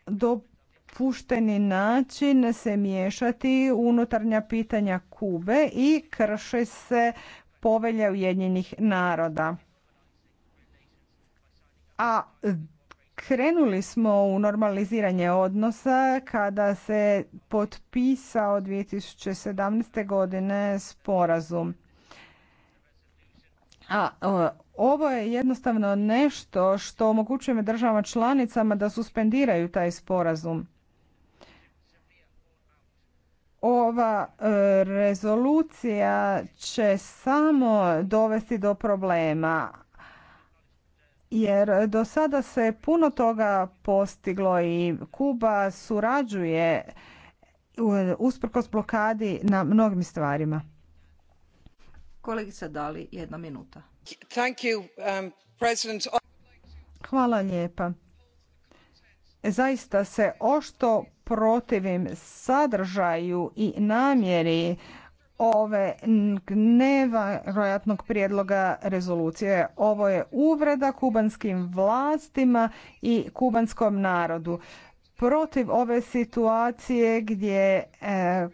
nedopušteni način se miješati unutarnja pitanja Kube i krše se povelja Ujedinjenih naroda. A krenuli smo u normaliziranje odnosa kada se potpisao 2017. godine sporazum. A e, ovo je jednostavno nešto što omogućuje državama članicama da suspendiraju taj sporazum. Ova e, rezolucija će samo dovesti do problema jer do sada se puno toga postiglo i Kuba surađuje e, usprkos blokadi na mnogim stvarima. Kolegica Dali, jedna minuta. Um, Hvala lijepa. Zaista se ošto protivim sadržaju i namjeri ove nevjerojatnog prijedloga rezolucije. Ovo je uvreda kubanskim vlastima i kubanskom narodu. Protiv ove situacije gdje eh,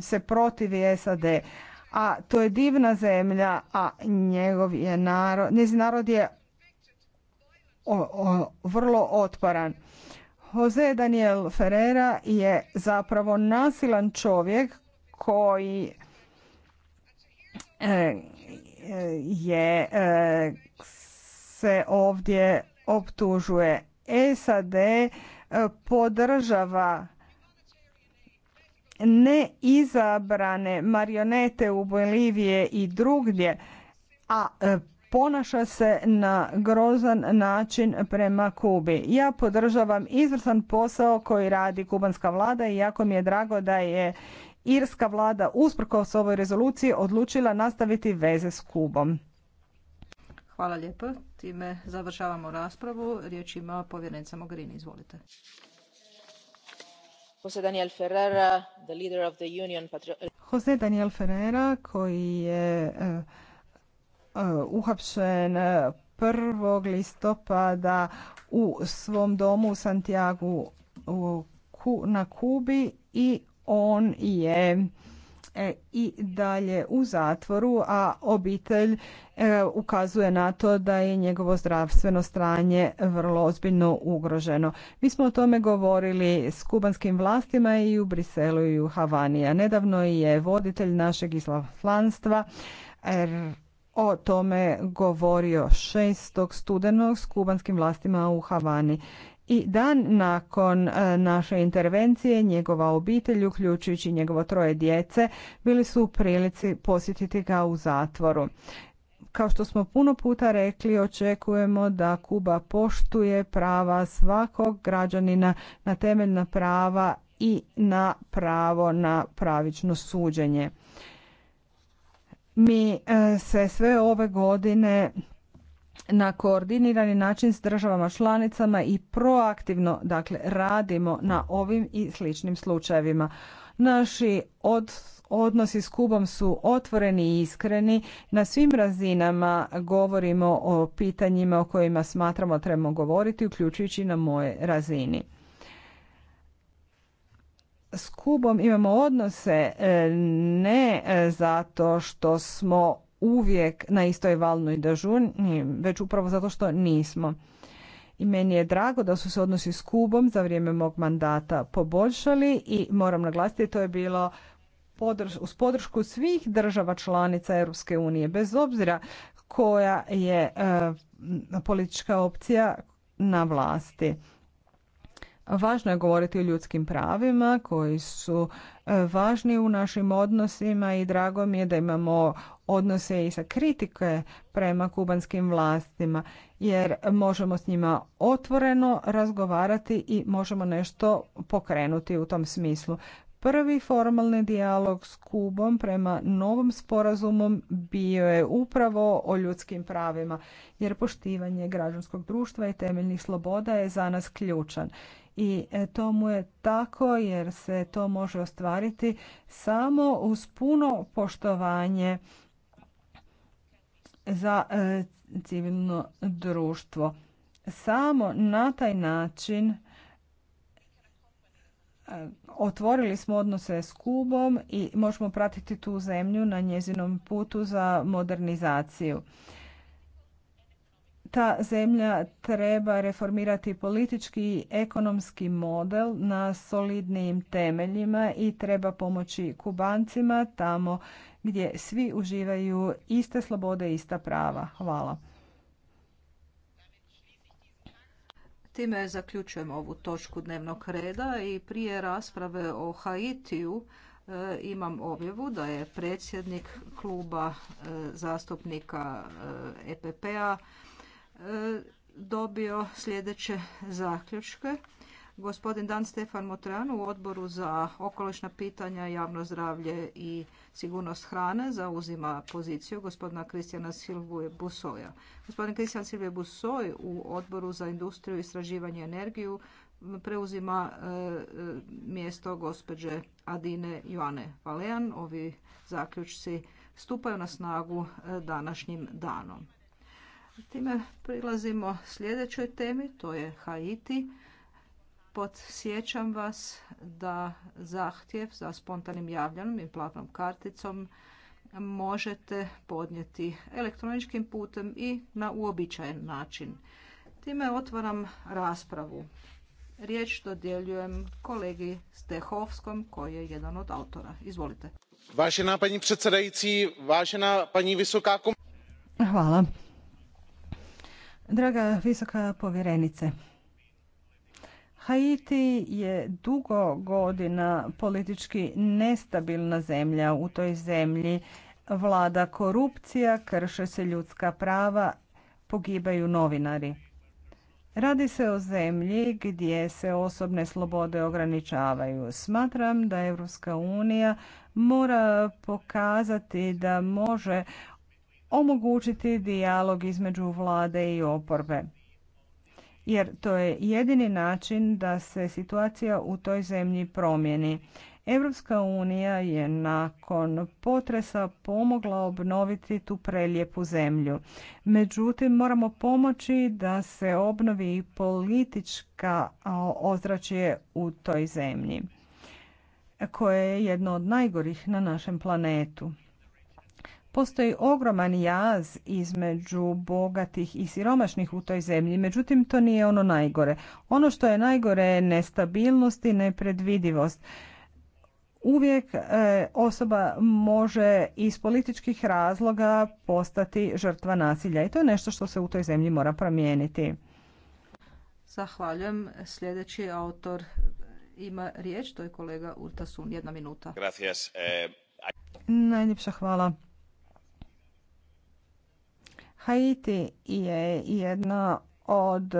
se protivi SAD a to je divna zemlja, a njegov je narod, njezin narod je vrlo otporan. Jose Daniel Ferreira je zapravo nasilan čovjek koji e, je e, se ovdje optužuje. E, SAD podržava neizabrane marionete u Bolivije i drugdje, a e, ponaša se na grozan način prema Kubi. Ja podržavam izvrsan posao koji radi kubanska vlada i jako mi je drago da je irska vlada usprkos ovoj rezoluciji odlučila nastaviti veze s Kubom. Hvala lijepo. Time završavamo raspravu. Riječ ima povjerenica Izvolite. Jose Daniel Ferrera, koji je eh, eh, uhapšen 1. listopada u svom domu u Santiago na Kubi i on je E, i dalje u zatvoru, a obitelj e, ukazuje na to da je njegovo zdravstveno stanje vrlo ozbiljno ugroženo. Mi smo o tome govorili s kubanskim vlastima i u Briselu i u Havani, nedavno je voditelj našeg er, o tome govorio 6. studenog s kubanskim vlastima u Havani i dan nakon e, naše intervencije njegova obitelj, uključujući njegovo troje djece, bili su u prilici posjetiti ga u zatvoru. Kao što smo puno puta rekli, očekujemo da Kuba poštuje prava svakog građanina na temeljna prava i na pravo na pravično suđenje. Mi e, se sve ove godine na koordinirani način s državama članicama i proaktivno dakle radimo na ovim i sličnim slučajevima. Naši odnosi s Kubom su otvoreni i iskreni. Na svim razinama govorimo o pitanjima o kojima smatramo trebamo govoriti, uključujući na moje razini. S Kubom imamo odnose e, ne e, zato što smo uvijek na istoj valnoj dažuni, već upravo zato što nismo. I meni je drago da su se odnosi s Kubom za vrijeme mog mandata poboljšali i moram naglasiti to je bilo podrž, uz podršku svih država članica Europske unije, bez obzira koja je e, politička opcija na vlasti. Važno je govoriti o ljudskim pravima koji su e, važni u našim odnosima i drago mi je da imamo odnose i sa kritike prema kubanskim vlastima jer možemo s njima otvoreno razgovarati i možemo nešto pokrenuti u tom smislu. Prvi formalni dijalog s Kubom prema novom sporazumom bio je upravo o ljudskim pravima, jer poštivanje građanskog društva i temeljnih sloboda je za nas ključan. I e, to mu je tako jer se to može ostvariti samo uz puno poštovanje za e, civilno društvo. Samo na taj način e, otvorili smo odnose s Kubom i možemo pratiti tu zemlju na njezinom putu za modernizaciju. Ta zemlja treba reformirati politički i ekonomski model na solidnim temeljima i treba pomoći Kubancima tamo gdje svi uživaju iste slobode, i ista prava. Hvala. Time zaključujem ovu točku dnevnog reda i prije rasprave o Haitiju e, imam objavu da je predsjednik kluba e, zastupnika EPP-a e dobio sljedeće zaključke. Gospodin Dan Stefan Motran u odboru za okolišna pitanja, javno zdravlje i sigurnost hrane zauzima poziciju gospodina Kristijana Silvuje Busoja. Gospodin Kristijan Silvuje Busoj u odboru za industriju, istraživanje i energiju preuzima e, e, mjesto gospođe Adine Joane Valean. Ovi zaključci stupaju na snagu e, današnjim danom. Time prilazimo sljedećoj temi, to je Haiti. Podsjećam vas da zahtjev za spontanim javljanom i platnom karticom možete podnijeti elektroničkim putem i na uobičajen način. Time otvaram raspravu. Riječ dodjeljujem kolegi Stehovskom koji je jedan od autora. Izvolite. vaši paní předsedající, važena, paní Hvala. Draga visoka povjerenice, Haiti je dugo godina politički nestabilna zemlja. U toj zemlji vlada korupcija, krše se ljudska prava, pogibaju novinari. Radi se o zemlji gdje se osobne slobode ograničavaju. Smatram da Europska unija mora pokazati da može omogućiti dijalog između vlade i oporbe jer to je jedini način da se situacija u toj zemlji promijeni. Europska unija je nakon potresa pomogla obnoviti tu prelijepu zemlju. Međutim, moramo pomoći da se obnovi i politička ozračje u toj zemlji koje je jedno od najgorih na našem planetu. Postoji ogroman jaz između bogatih i siromašnih u toj zemlji, međutim to nije ono najgore. Ono što je najgore je nestabilnost i nepredvidivost. Uvijek e, osoba može iz političkih razloga postati žrtva nasilja i to je nešto što se u toj zemlji mora promijeniti. Zahvaljujem. Sljedeći autor e, ima riječ, to je kolega Urtasun. Jedna minuta. E, Najljepša hvala. Haiti je jedna od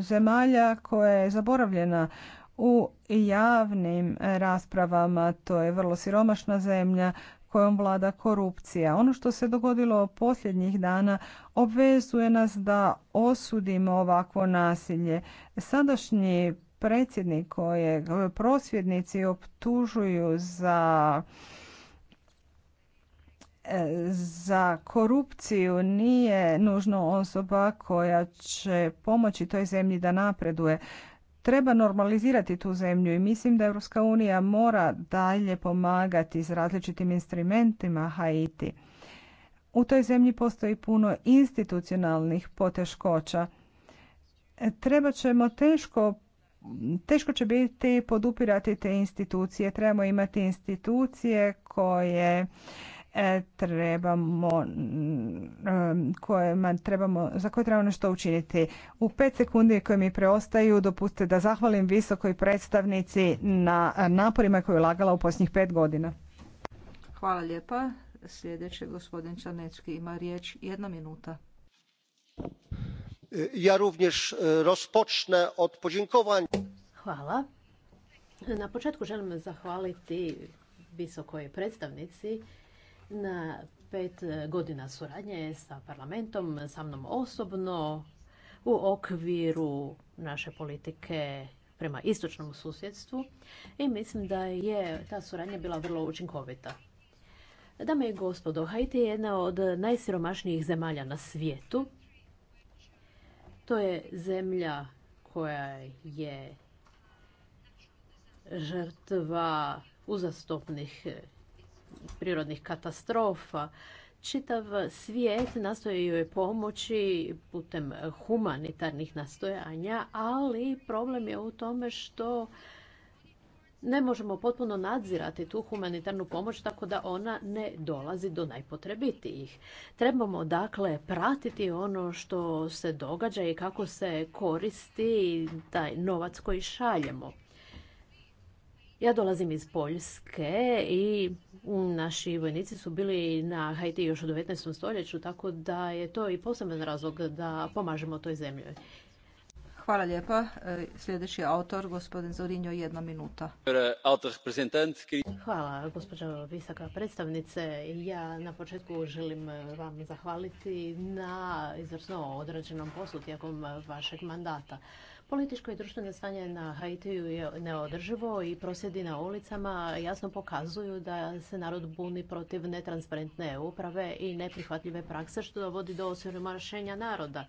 zemalja koja je zaboravljena u javnim raspravama. To je vrlo siromašna zemlja kojom vlada korupcija. Ono što se dogodilo posljednjih dana obvezuje nas da osudimo ovakvo nasilje. Sadašnji predsjednik koje prosvjednici optužuju za za korupciju nije nužno osoba koja će pomoći toj zemlji da napreduje. Treba normalizirati tu zemlju i mislim da Europska unija mora dalje pomagati s različitim instrumentima Haiti. U toj zemlji postoji puno institucionalnih poteškoća. Treba ćemo teško teško će biti podupirati te institucije. Trebamo imati institucije koje E, trebamo, mm, kojima trebamo, za koje trebamo nešto učiniti. U pet sekundi koje mi preostaju dopustite da zahvalim visokoj predstavnici na naporima koje je ulagala u posljednjih pet godina. Hvala lijepa. Sljedeće gospodin Čanecki ima riječ. Jedna minuta. E, ja również e, rozpocznę od podziękowań. Hvala. Na početku želim zahvaliti visokoj predstavnici na pet e, godina suradnje sa parlamentom, sa mnom osobno, u okviru naše politike prema istočnom susjedstvu i mislim da je ta suradnja bila vrlo učinkovita. Dame i gospodo, Haiti je jedna od najsiromašnijih zemalja na svijetu. To je zemlja koja je žrtva uzastopnih prirodnih katastrofa. Čitav svijet nastoji joj pomoći putem humanitarnih nastojanja, ali problem je u tome što ne možemo potpuno nadzirati tu humanitarnu pomoć tako da ona ne dolazi do najpotrebitijih. Trebamo dakle pratiti ono što se događa i kako se koristi taj novac koji šaljemo. Ja dolazim iz Poljske i naši vojnici su bili na Haiti još u 19. stoljeću, tako da je to i poseban razlog da pomažemo toj zemlji. Hvala lijepa. E, sljedeći autor, gospodin Zorinjo, jedna minuta. Hvala, gospođo visoka predstavnice. Ja na početku želim vam zahvaliti na izvrsno odrađenom poslu tijekom vašeg mandata. Političko i društveno stanje na Haitiju je neodrživo i prosjedi na ulicama jasno pokazuju da se narod buni protiv netransparentne uprave i neprihvatljive prakse što dovodi do osiromašenja naroda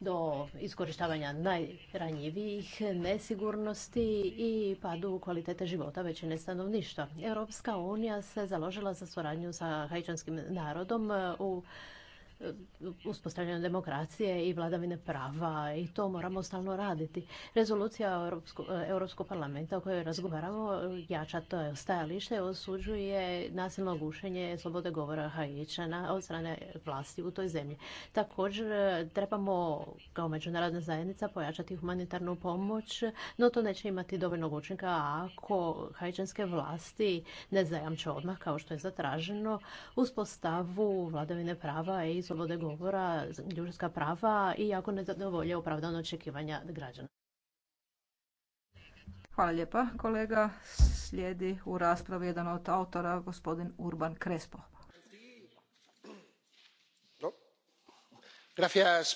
do iskorištavanja najranjivijih, nesigurnosti i padu kvalitete života većine stanovništva. Europska unija se založila za suradnju sa haitijanskim narodom u uspostavljanja demokracije i vladavine prava i to moramo stalno raditi. Rezolucija Europskog parlamenta o kojoj razgovaramo jača to stajalište osuđuje nasilno gušenje slobode govora Hajičana od strane vlasti u toj zemlji. Također trebamo kao međunarodna zajednica pojačati humanitarnu pomoć, no to neće imati dovoljnog učinka ako hajičanske vlasti ne zajamče odmah kao što je zatraženo uspostavu vladavine prava i slobode govora, ljudska prava i jako ne zadovolje opravdano očekivanja građana. Hvala lijepa. Kolega slijedi u raspravi jedan od autora, gospodin Urban Krespo.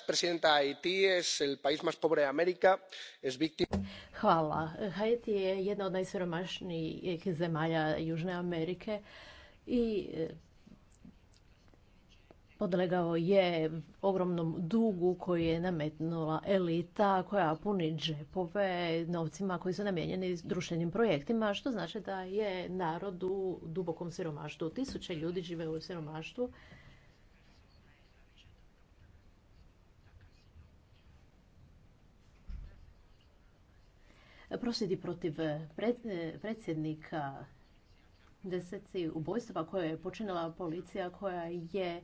presidenta. haiti es el país hvala. haiti je jedna od najsiromašnijih zemalja južne amerike i podlegao je ogromnom dugu koji je nametnula elita koja puni džepove novcima koji su namijenjeni društvenim projektima, što znači da je narod u dubokom siromaštvu. Tisuće ljudi žive u siromaštvu. Prosvjedi protiv predsjednika deseci ubojstva koje je počinila policija koja je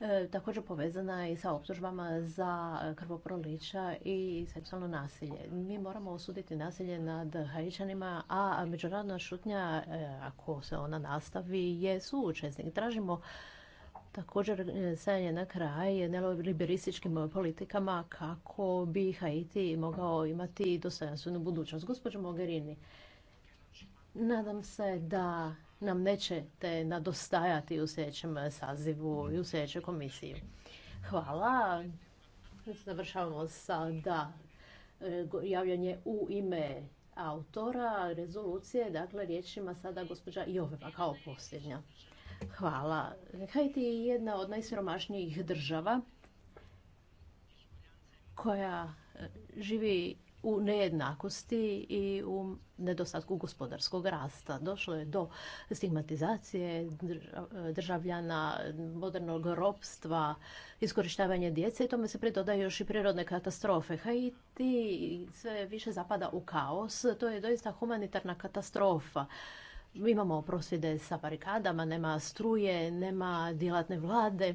E, također povezana i sa optužbama za e, krvoprolića i seksualno nasilje. Mi moramo osuditi nasilje nad Hajičanima, a međunarodna šutnja, e, ako se ona nastavi, je suučesnik. Tražimo također stajanje na kraj neoliberističkim politikama kako bi Haiti mogao imati dostojanstvenu budućnost. Gospođo Mogherini, nadam se da nam nećete nadostajati u sljedećem sazivu i u sljedećoj komisiji. Hvala. Završavamo sada e, javljanje u ime autora rezolucije. Dakle, riječima sada gospođa Joveva kao posljednja. Hvala. Haiti je jedna od najsiromašnijih država koja e, živi u nejednakosti i u nedostatku gospodarskog rasta. Došlo je do stigmatizacije državljana, modernog ropstva, iskorištavanje djece i tome se pridodaju još i prirodne katastrofe. Haiti sve više zapada u kaos. To je doista humanitarna katastrofa. Imamo prosvjede sa barikadama, nema struje, nema djelatne vlade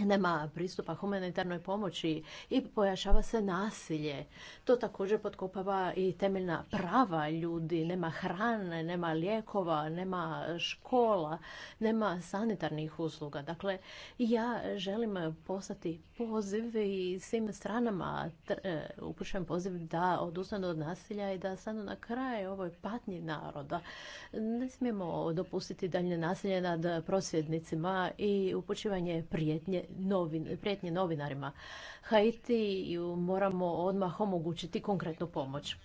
nema pristupa humanitarnoj pomoći i pojašava se nasilje. To također potkopava i temeljna prava ljudi. Nema hrane, nema lijekova, nema škola, nema sanitarnih usluga. Dakle, ja želim poslati poziv i svim stranama e, upućujem poziv da odustanu od nasilja i da stanu na kraj ovoj patnji naroda. Ne smijemo dopustiti daljnje nasilje nad prosvjednicima i upućivanje prijetnje prijetnje, prijetnje novinarima. Haiti moramo odmah omogućiti konkretnu pomoć.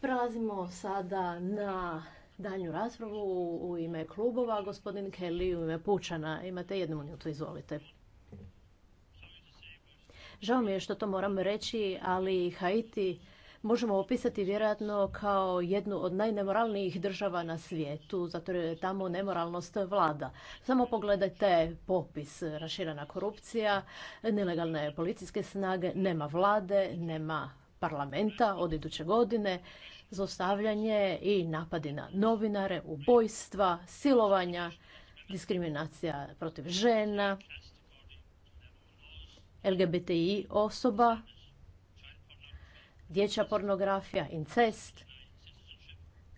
Prelazimo sada na daljnju raspravu u ime klubova. Gospodin Kelly u ime Pučana. Imate jednu minutu, izvolite. Žao mi je što to moram reći, ali Haiti možemo opisati vjerojatno kao jednu od najnemoralnijih država na svijetu, zato jer je tamo nemoralnost vlada. Samo pogledajte popis, raširana korupcija, nelegalne policijske snage, nema vlade, nema parlamenta od iduće godine, zostavljanje i napadi na novinare, ubojstva, silovanja, diskriminacija protiv žena, LGBTI osoba dječja pornografija, incest,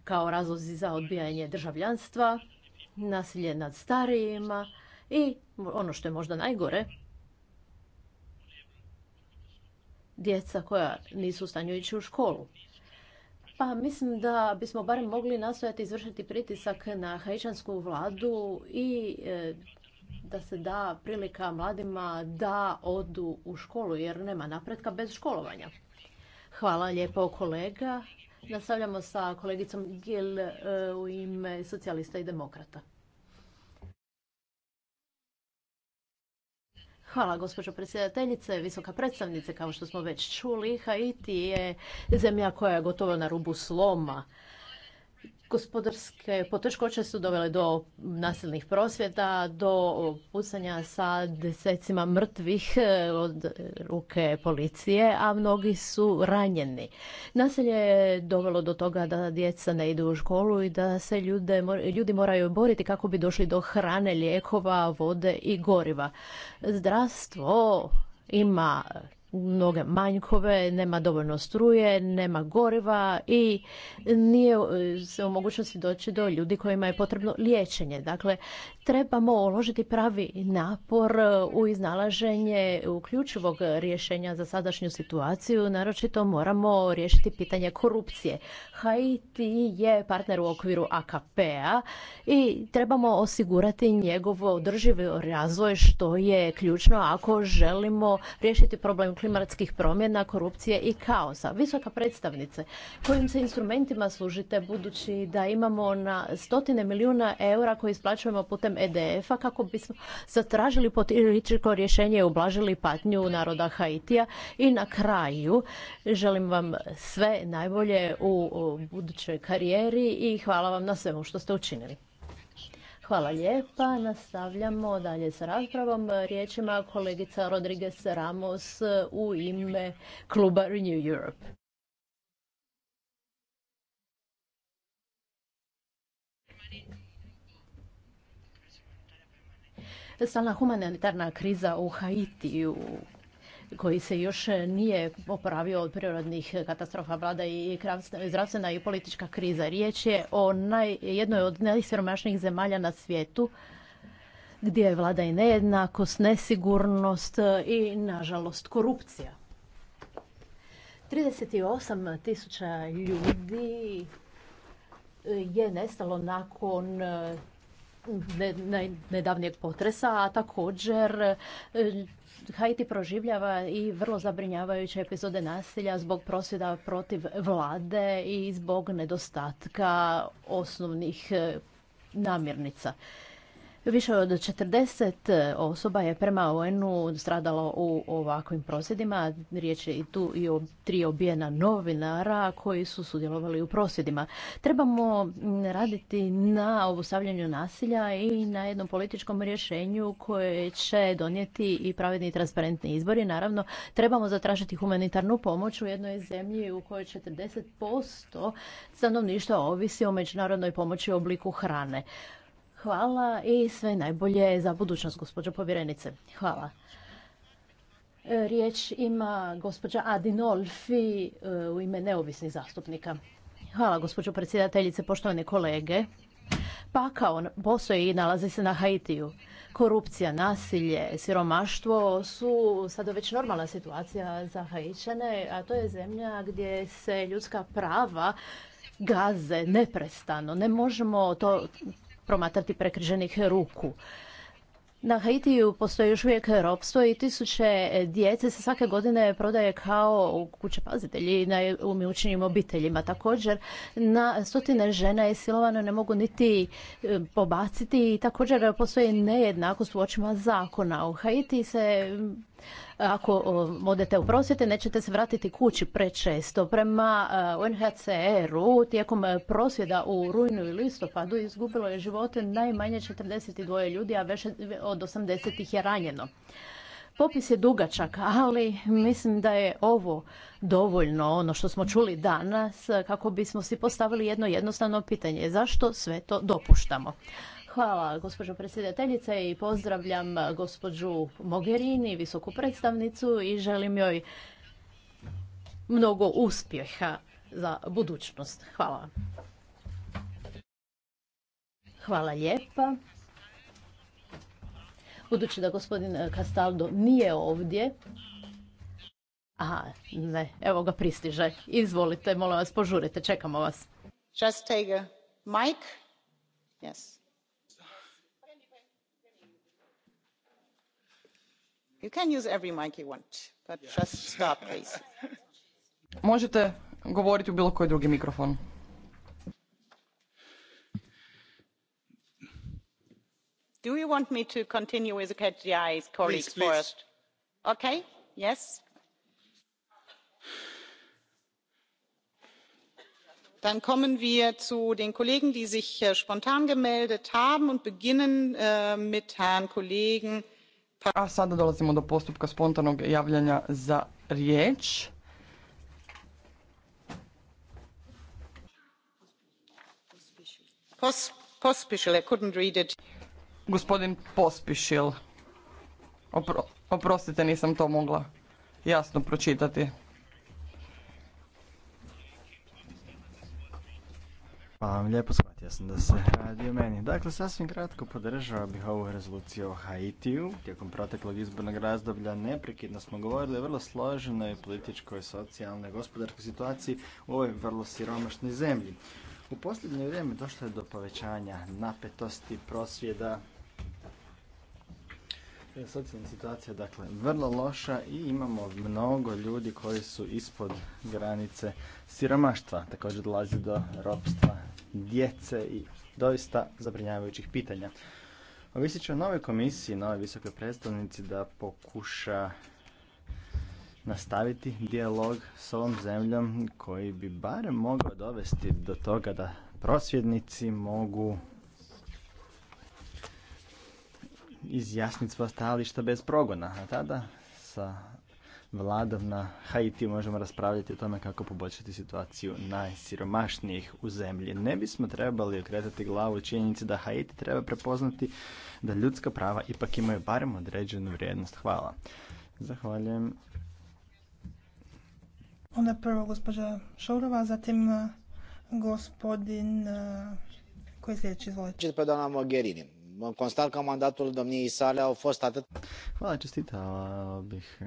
kao razlozi za odbijanje državljanstva, nasilje nad starijima i ono što je možda najgore, djeca koja nisu u stanju ići u školu. Pa mislim da bismo barem mogli nastojati izvršiti pritisak na hajičansku vladu i e, da se da prilika mladima da odu u školu jer nema napretka bez školovanja. Hvala lijepo kolega. Nastavljamo sa kolegicom Gil e, u ime socijalista i demokrata. Hvala gospođo predsjedateljice, visoka predstavnice, kao što smo već čuli, Haiti je zemlja koja je gotovo na rubu sloma. Gospodarske poteškoće su dovele do nasilnih prosvjeta, do pucanja sa desecima mrtvih e, od ruke policije, a mnogi su ranjeni. Nasilje je dovelo do toga da djeca ne idu u školu i da se ljudi moraju boriti kako bi došli do hrane, lijekova, vode i goriva. Zdravstvo ima mnoge manjkove, nema dovoljno struje, nema goriva i nije se u mogućnosti doći do ljudi kojima je potrebno liječenje. Dakle, trebamo uložiti pravi napor e, u iznalaženje uključivog rješenja za sadašnju situaciju, naročito moramo riješiti pitanje korupcije. Haiti je partner u okviru AKP-a i trebamo osigurati njegov održiv razvoj što je ključno ako želimo riješiti problem klimatskih promjena, korupcije i kaosa. Visoka predstavnice, kojim se instrumentima služite budući da imamo na stotine milijuna eura koje isplaćujemo putem EDF-a kako bismo zatražili političko rješenje i ublažili patnju naroda Haitija. I na kraju želim vam sve najbolje u budućoj karijeri i hvala vam na svemu što ste učinili. Hvala lijepa. Nastavljamo dalje sa raspravom. Riječima kolegica Rodriguez Ramos u ime kluba Renew Europe. stalna humanitarna kriza u Haitiju koji se još nije oporavio od prirodnih katastrofa vlada i zdravstvena i politička kriza. Riječ je o jednoj od najsiromašnijih zemalja na svijetu gdje je vlada i nejednakost, nesigurnost i nažalost korupcija. 38 tisuća ljudi je nestalo nakon nedavnijeg potresa, a također e, Haiti proživljava i vrlo zabrinjavajuće epizode nasilja zbog prosvjeda protiv vlade i zbog nedostatka osnovnih e, namirnica. Više od 40 e, osoba je prema un stradalo u ovakvim prosvjedima. Riječ je i tu i o tri obijena novinara koji su sudjelovali u prosvjedima. Trebamo raditi na obustavljanju nasilja i na jednom političkom rješenju koje će donijeti i pravedni i transparentni izbori. Naravno, trebamo zatražiti humanitarnu pomoć u jednoj zemlji u kojoj 40% stanovništva ovisi o međunarodnoj pomoći u obliku hrane. Hvala i sve najbolje za budućnost, gospođo povjerenice. Hvala. E, riječ ima gospođa Adinolfi e, u ime neovisnih zastupnika. Hvala, gospođo predsjedateljice, poštovane kolege. Pakao postoji i nalazi se na Haitiju. Korupcija, nasilje, siromaštvo su sada već normalna situacija za Haitijane, a to je zemlja gdje se ljudska prava gaze neprestano. Ne možemo to promatrati prekriženih ruku. Na Haitiju postoji još uvijek ropstvo i tisuće djece se svake godine prodaje kao u kuće pazitelji na umijućenim obiteljima. Također, na stotine žena je silovano, ne mogu niti e, pobaciti i također postoji nejednakost u očima zakona. U Haiti se ako odete u prosvjete, nećete se vratiti kući prečesto. Prema e, UNHCR-u, tijekom e, prosvjeda u rujnu i listopadu izgubilo je živote najmanje 42 ljudi, a već od 80 ih je ranjeno. Popis je dugačak, ali mislim da je ovo dovoljno, ono što smo čuli danas, kako bismo si postavili jedno jednostavno pitanje. Zašto sve to dopuštamo? Hvala gospođo predsjedateljice i pozdravljam eh, gospođu Mogherini, visoku predstavnicu i želim joj mnogo uspjeha za budućnost. Hvala. Hvala lijepa. Budući da gospodin eh, Castaldo nije ovdje, Aha, ne, evo ga pristiže. Izvolite, molim vas, požurite, čekamo vas. Just take a mic. Yes. Možete govoriti u bilo koji drugi mikrofon. Dann kommen wir zu den Kollegen, die sich äh, spontan gemeldet haben und beginnen äh, mit Herrn Kollegen pa, a sada dolazimo do postupka spontanog javljanja za riječ. pospišil, I couldn't read it. Gospodin Pospišil. oprostite, nisam to mogla jasno pročitati. Hvala vam lijepo, shvatio sam da se radi o meni. Dakle, sasvim kratko podržao bih ovu rezoluciju o Haitiju. Tijekom proteklog izbornog razdoblja neprekidno smo govorili o vrlo složenoj političkoj, socijalnoj, gospodarskoj situaciji u ovoj vrlo siromašnoj zemlji. U posljednje vrijeme došlo je do povećanja napetosti, prosvjeda, socijalna situacija dakle vrlo loša i imamo mnogo ljudi koji su ispod granice siromaštva. Također dolazi do ropstva djece i doista zabrinjavajućih pitanja. Ovisit će o novoj komisiji, novoj visokoj predstavnici da pokuša nastaviti dijalog s ovom zemljom koji bi barem mogao dovesti do toga da prosvjednici mogu izjasniti svoja stajališta bez progona. A tada sa vladom Haiti možemo raspravljati o tome kako poboljšati situaciju najsiromašnijih u zemlji. Ne bismo trebali okretati glavu činjenici da Haiti treba prepoznati da ljudska prava ipak imaju barem određenu vrijednost. Hvala. Zahvaljujem. Onda prvo gospođa Šourova, zatim e, gospodin e, koji je sljedeći, izvolite. Pa Mogherini. Constat că mandatul domniei sale au fost atât... Hvala, čestitao bih e,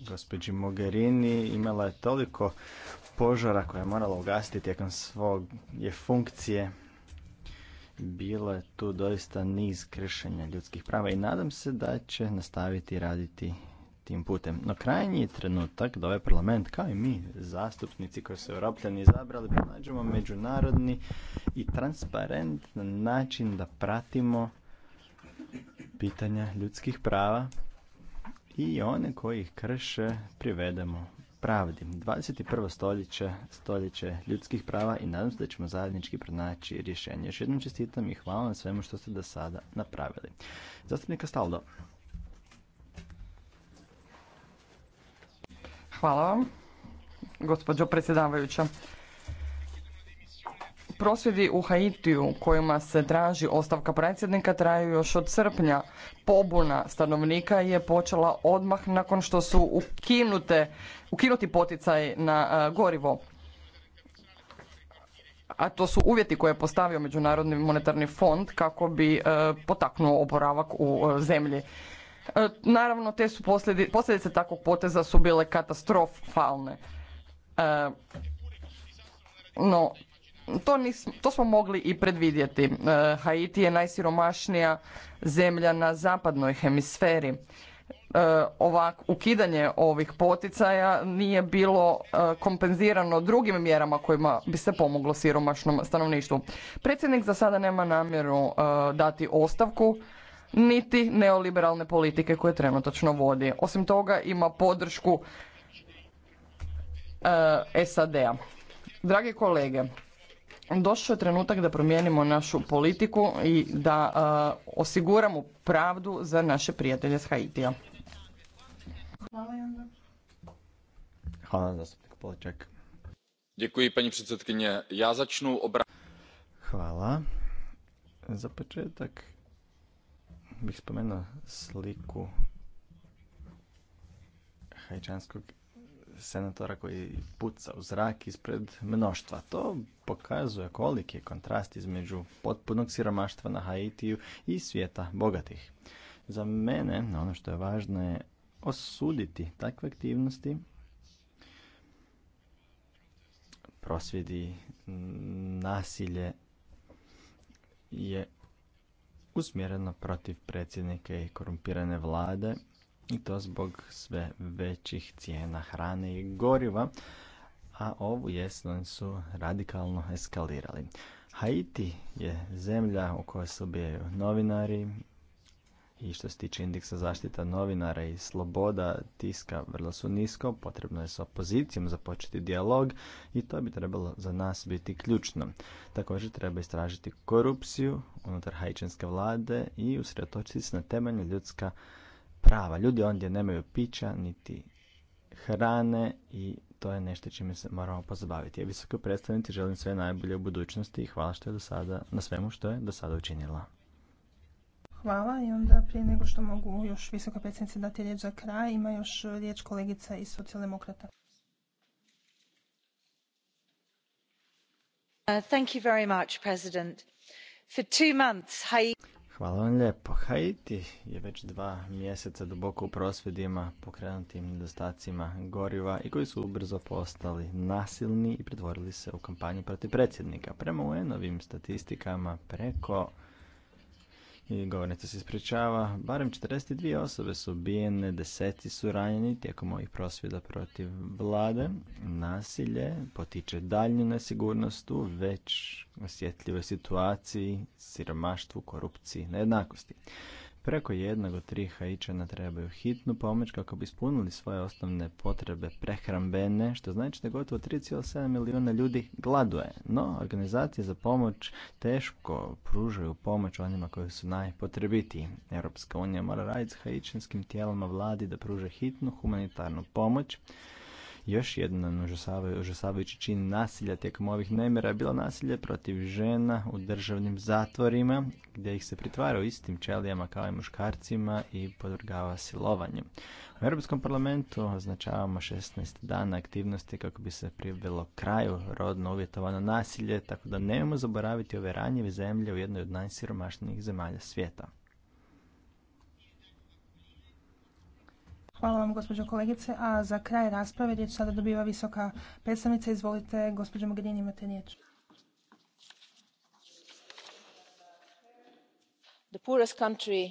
gospođi Mogherini imala je toliko požara koje je morala ugasiti tijekom svog je funkcije. Bilo je tu doista niz kršenja ljudskih prava i nadam se da će nastaviti raditi tim putem. No krajnji je trenutak da ovaj parlament, kao i mi, zastupnici koji su europljani izabrali, pronađemo međunarodni i transparentan način da pratimo pitanja ljudskih prava i one koji ih krše privedemo pravdi. 21. stoljeće, stoljeće ljudskih prava i nadam se da ćemo zajednički pronaći rješenje. Još jednom čestitam i hvala na svemu što ste do sada napravili. Zastupnika Staldo. Hvala vam, gospođo predsjedavajuća. Prosvjedi u Haitiju kojima se traži ostavka predsjednika traju još od srpnja. Pobuna stanovnika je počela odmah nakon što su ukinute, ukinuti poticaj na e, gorivo. A to su uvjeti koje je postavio Međunarodni monetarni fond kako bi e, potaknuo oboravak u e, zemlji. Naravno, te su posljedice, posljedice takvog poteza su bile katastrofalne. No, to, to smo mogli i predvidjeti. E, Haiti je najsiromašnija zemlja na zapadnoj hemisferi. E, ovak, ukidanje ovih poticaja nije bilo e, kompenzirano drugim mjerama kojima bi se pomoglo siromašnom stanovništvu. Predsjednik za sada nema namjeru dati ostavku niti neoliberalne politike koje trenutačno vodi. Osim toga ima podršku SAD-a. Dragi kolege, došao je trenutak da promijenimo našu politiku i da eh, osiguramo pravdu za naše prijatelje s Haitija. Hvala Hvala zastupnik Děkuji, obra... Hvala. Za početak bih spomenuo sliku hajčanskog senatora koji puca u zrak ispred mnoštva. To pokazuje koliki je kontrast između potpunog siromaštva na Haitiju i svijeta bogatih. Za mene, ono što je važno je osuditi takve aktivnosti, prosvjedi, nasilje je usmjereno protiv predsjednika i korumpirane vlade i to zbog sve većih cijena hrane i goriva, a ovu jesen su radikalno eskalirali. Haiti je zemlja u kojoj se ubijaju novinari i što se tiče indeksa zaštita novinara i sloboda tiska vrlo su nisko, potrebno je s opozicijom započeti dijalog i to bi trebalo za nas biti ključno. Također treba istražiti korupciju unutar hajčanske vlade i usredotočiti se na temelju ljudska prava. Ljudi ondje nemaju pića, niti hrane i to je nešto čime se moramo pozabaviti. Ja visoko predstavnici želim sve najbolje u budućnosti i hvala što je do sada, na svemu što je do sada učinila. Hvala i onda prije nego što mogu još visoka predsjednici dati riječ za kraj, ima još riječ kolegica iz socijaldemokrata. Uh, thank you very much, President. Haiti... Hvala vam lijepo. Haiti je već dva mjeseca duboko u prosvjedima pokrenutim nedostacima goriva i koji su ubrzo postali nasilni i pretvorili se u kampanju protiv predsjednika. Prema UN-ovim statistikama preko i govornica se ispričava. Barem 42 osobe su ubijene, deseti su ranjeni tijekom ovih prosvjeda protiv vlade. Nasilje potiče daljnju nesigurnost u već osjetljivoj situaciji, siromaštvu, korupciji, nejednakosti. Preko jednog od tri Haičana trebaju hitnu pomoć kako bi ispunili svoje osnovne potrebe prehrambene, što znači da gotovo 3,7 milijuna ljudi gladuje. No, organizacije za pomoć teško pružaju pomoć onima koji su najpotrebitiji. Europska unija mora raditi s haičanskim tijelama vladi da pruže hitnu humanitarnu pomoć još jedan užasavajući čin nasilja tijekom ovih nemira je bilo nasilje protiv žena u državnim zatvorima gdje ih se pritvara u istim čelijama kao i muškarcima i podvrgava silovanjem. U Europskom parlamentu označavamo 16 dana aktivnosti kako bi se privelo kraju rodno uvjetovano nasilje, tako da nemojmo zaboraviti ove ranjive zemlje u jednoj od najsiromašnijih zemalja svijeta. Hvala vam gospođo kolegice. A za kraj rasprave riječ sada dobiva visoka predstavnica. Izvolite gospođo Mogherini imate riječ. The poorest country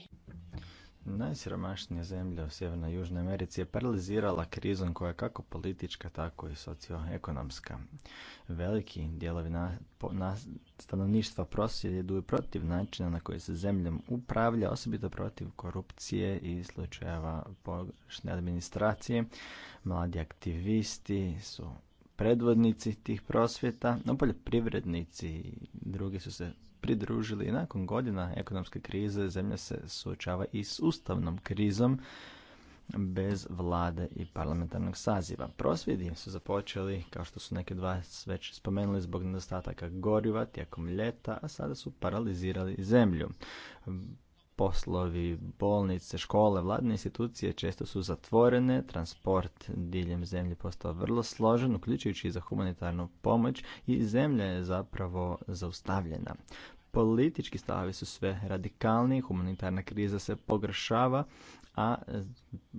Najsiromašnija zemlja u Sjevernoj i Južnoj Americi je paralizirala krizom koja je kako politička, tako i socioekonomska. Veliki dijelovi na, stanovništva prosvjeduju protiv načina na koji se zemljom upravlja, osobito protiv korupcije i slučajeva pogrešne administracije. Mladi aktivisti su predvodnici tih prosvjeta, no poljoprivrednici i drugi su se pridružili i nakon godina ekonomske krize zemlja se suočava i s ustavnom krizom bez vlade i parlamentarnog saziva. Prosvjedi su započeli, kao što su neke dva već spomenuli, zbog nedostataka goriva tijekom ljeta, a sada su paralizirali zemlju. Poslovi, bolnice, škole, vladne institucije često su zatvorene, transport diljem zemlje postao vrlo složen, uključujući i za humanitarnu pomoć i zemlja je zapravo zaustavljena politički stavi su sve radikalni, humanitarna kriza se pogrešava, a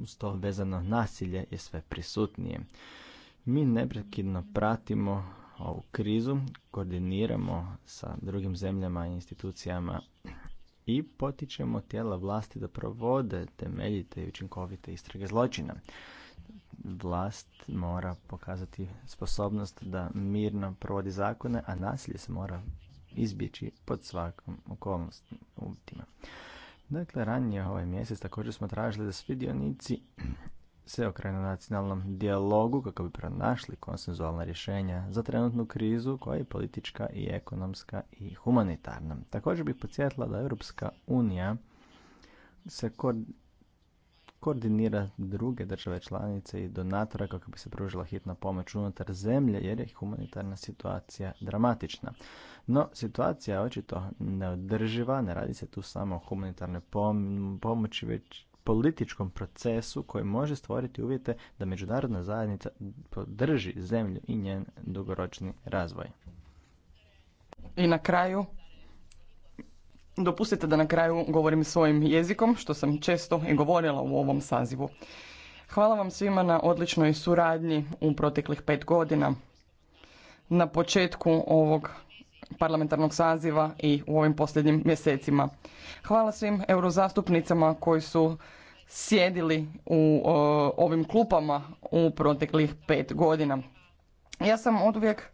s to vezano nasilje je sve prisutnije. Mi neprekidno pratimo ovu krizu, koordiniramo sa drugim zemljama i institucijama i potičemo tijela vlasti da provode temeljite i učinkovite istrage zločina. Vlast mora pokazati sposobnost da mirno provodi zakone, a nasilje se mora izbjeći pod svakom uvjetima. Dakle, ranije ovaj mjesec također smo tražili da svi dionici se okrenu nacionalnom dijalogu kako bi pronašli konsenzualna rješenja za trenutnu krizu koja je politička i ekonomska i humanitarna. Također bih podsjetila da Europska unija se koordinira druge države članice i donatora kako bi se pružila hitna pomoć unutar zemlje jer je humanitarna situacija dramatična. No, situacija je očito neodrživa, ne radi se tu samo o humanitarnoj pomoći, već političkom procesu koji može stvoriti uvjete da međunarodna zajednica podrži zemlju i njen dugoročni razvoj. I na kraju, Dopustite da na kraju govorim svojim jezikom, što sam često i govorila u ovom sazivu. Hvala vam svima na odličnoj suradnji u proteklih pet godina. Na početku ovog parlamentarnog saziva i u ovim posljednjim mjesecima. Hvala svim eurozastupnicama koji su sjedili u ovim klupama u proteklih pet godina. Ja sam oduvijek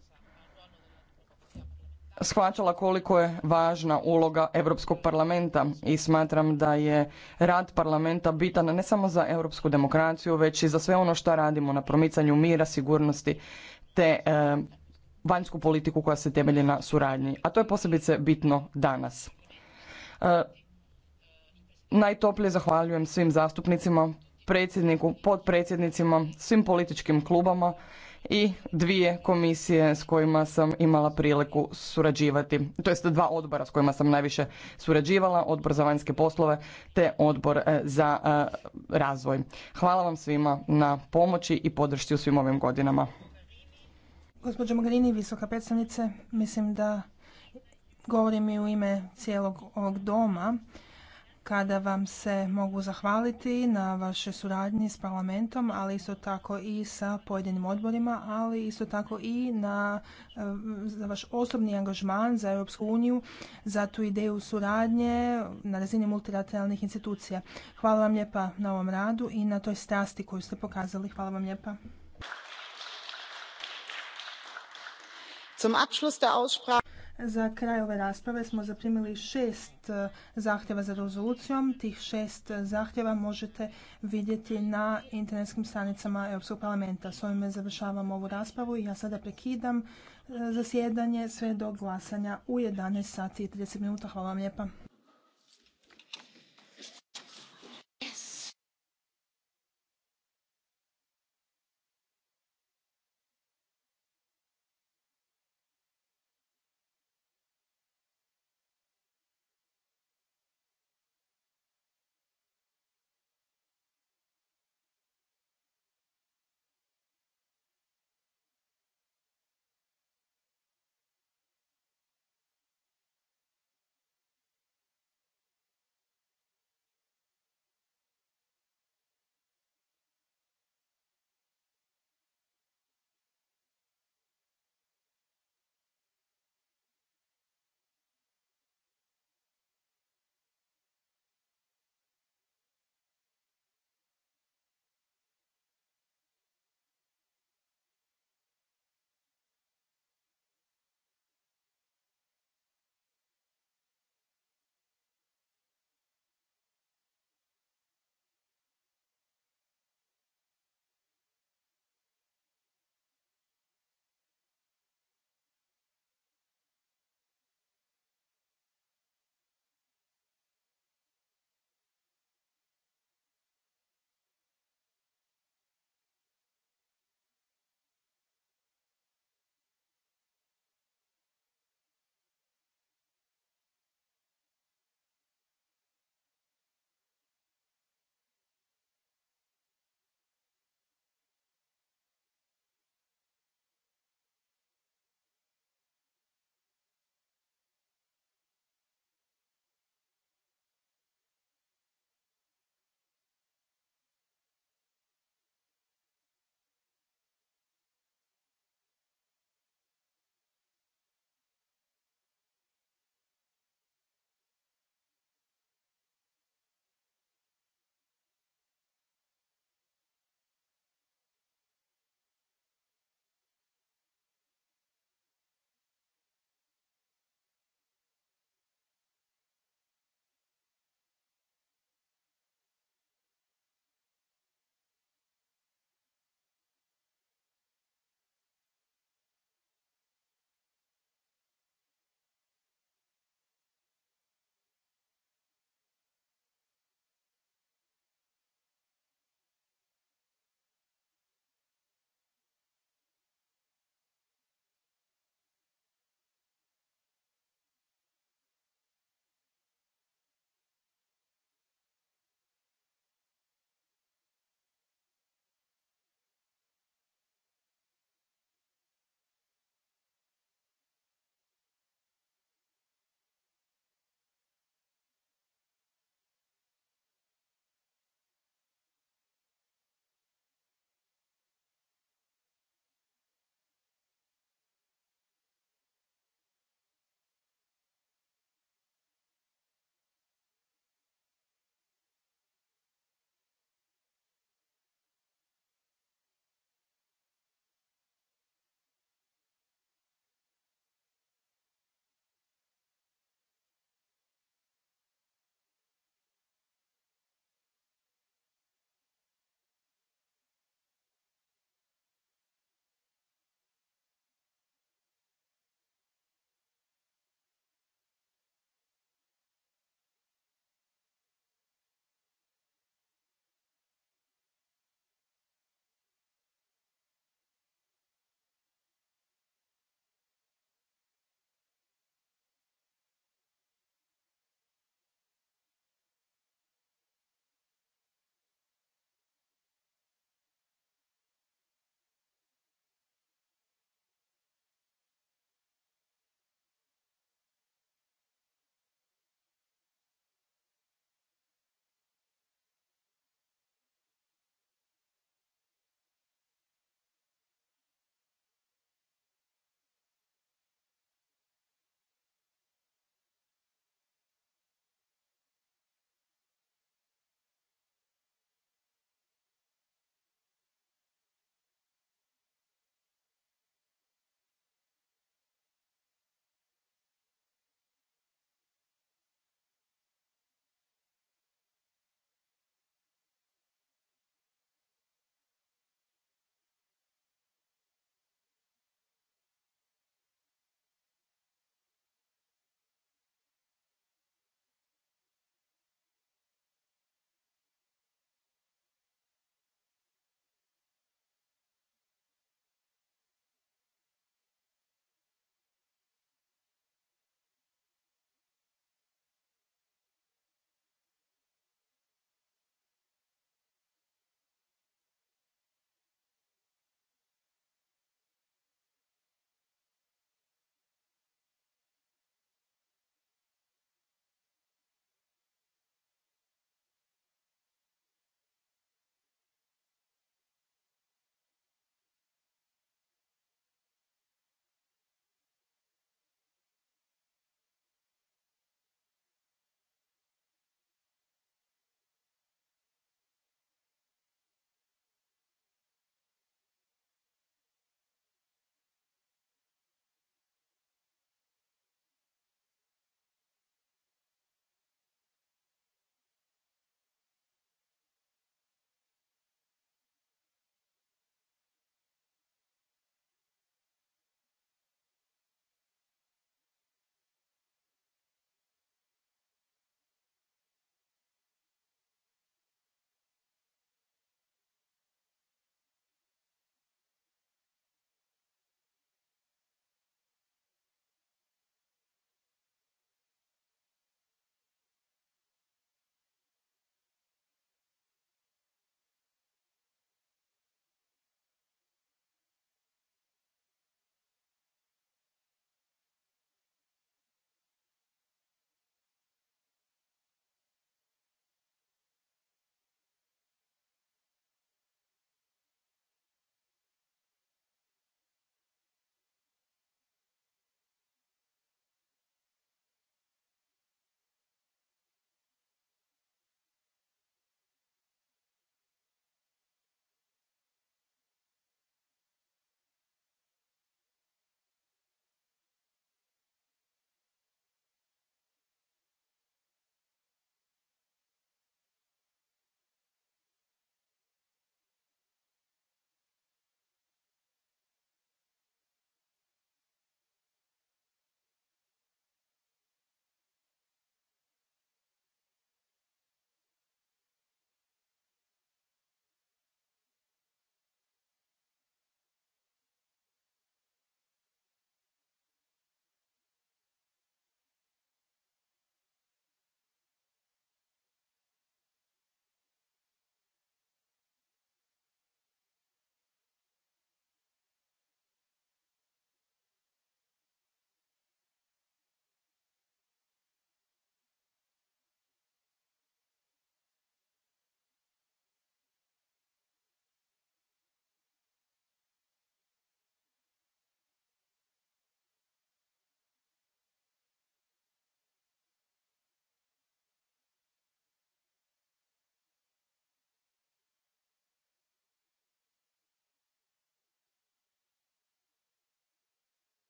shvaćala koliko je važna uloga Europskog parlamenta i smatram da je rad parlamenta bitan ne samo za europsku demokraciju, već i za sve ono što radimo na promicanju mira, sigurnosti te e, vanjsku politiku koja se temelji na suradnji. A to je posebice bitno danas. E, najtoplije zahvaljujem svim zastupnicima, predsjedniku, potpredsjednicima, svim političkim klubama i dvije komisije s kojima sam imala priliku surađivati, to jest dva odbora s kojima sam najviše surađivala, odbor za vanjske poslove te odbor e, za e, razvoj. Hvala vam svima na pomoći i podršci u svim ovim godinama. Gospođo Mogherini, visoka predstavnice, mislim da govorim i u ime cijelog ovog doma kada vam se mogu zahvaliti na vašoj suradnji s parlamentom, ali isto tako i sa pojedinim odborima, ali isto tako i na eh, za vaš osobni angažman za Europsku uniju, za tu ideju suradnje na razini multilateralnih institucija. Hvala vam lijepa na ovom radu i na toj strasti koju ste pokazali. Hvala vam lijepa. Zum Abschluss za kraj ove rasprave smo zaprimili šest e, zahtjeva za rezolucijom. Tih šest e, zahtjeva možete vidjeti na internetskim stranicama Europskog parlamenta. S ovime završavam ovu raspravu i ja sada prekidam e, zasjedanje sve do glasanja u 11 i 30 minuta. Hvala vam lijepa.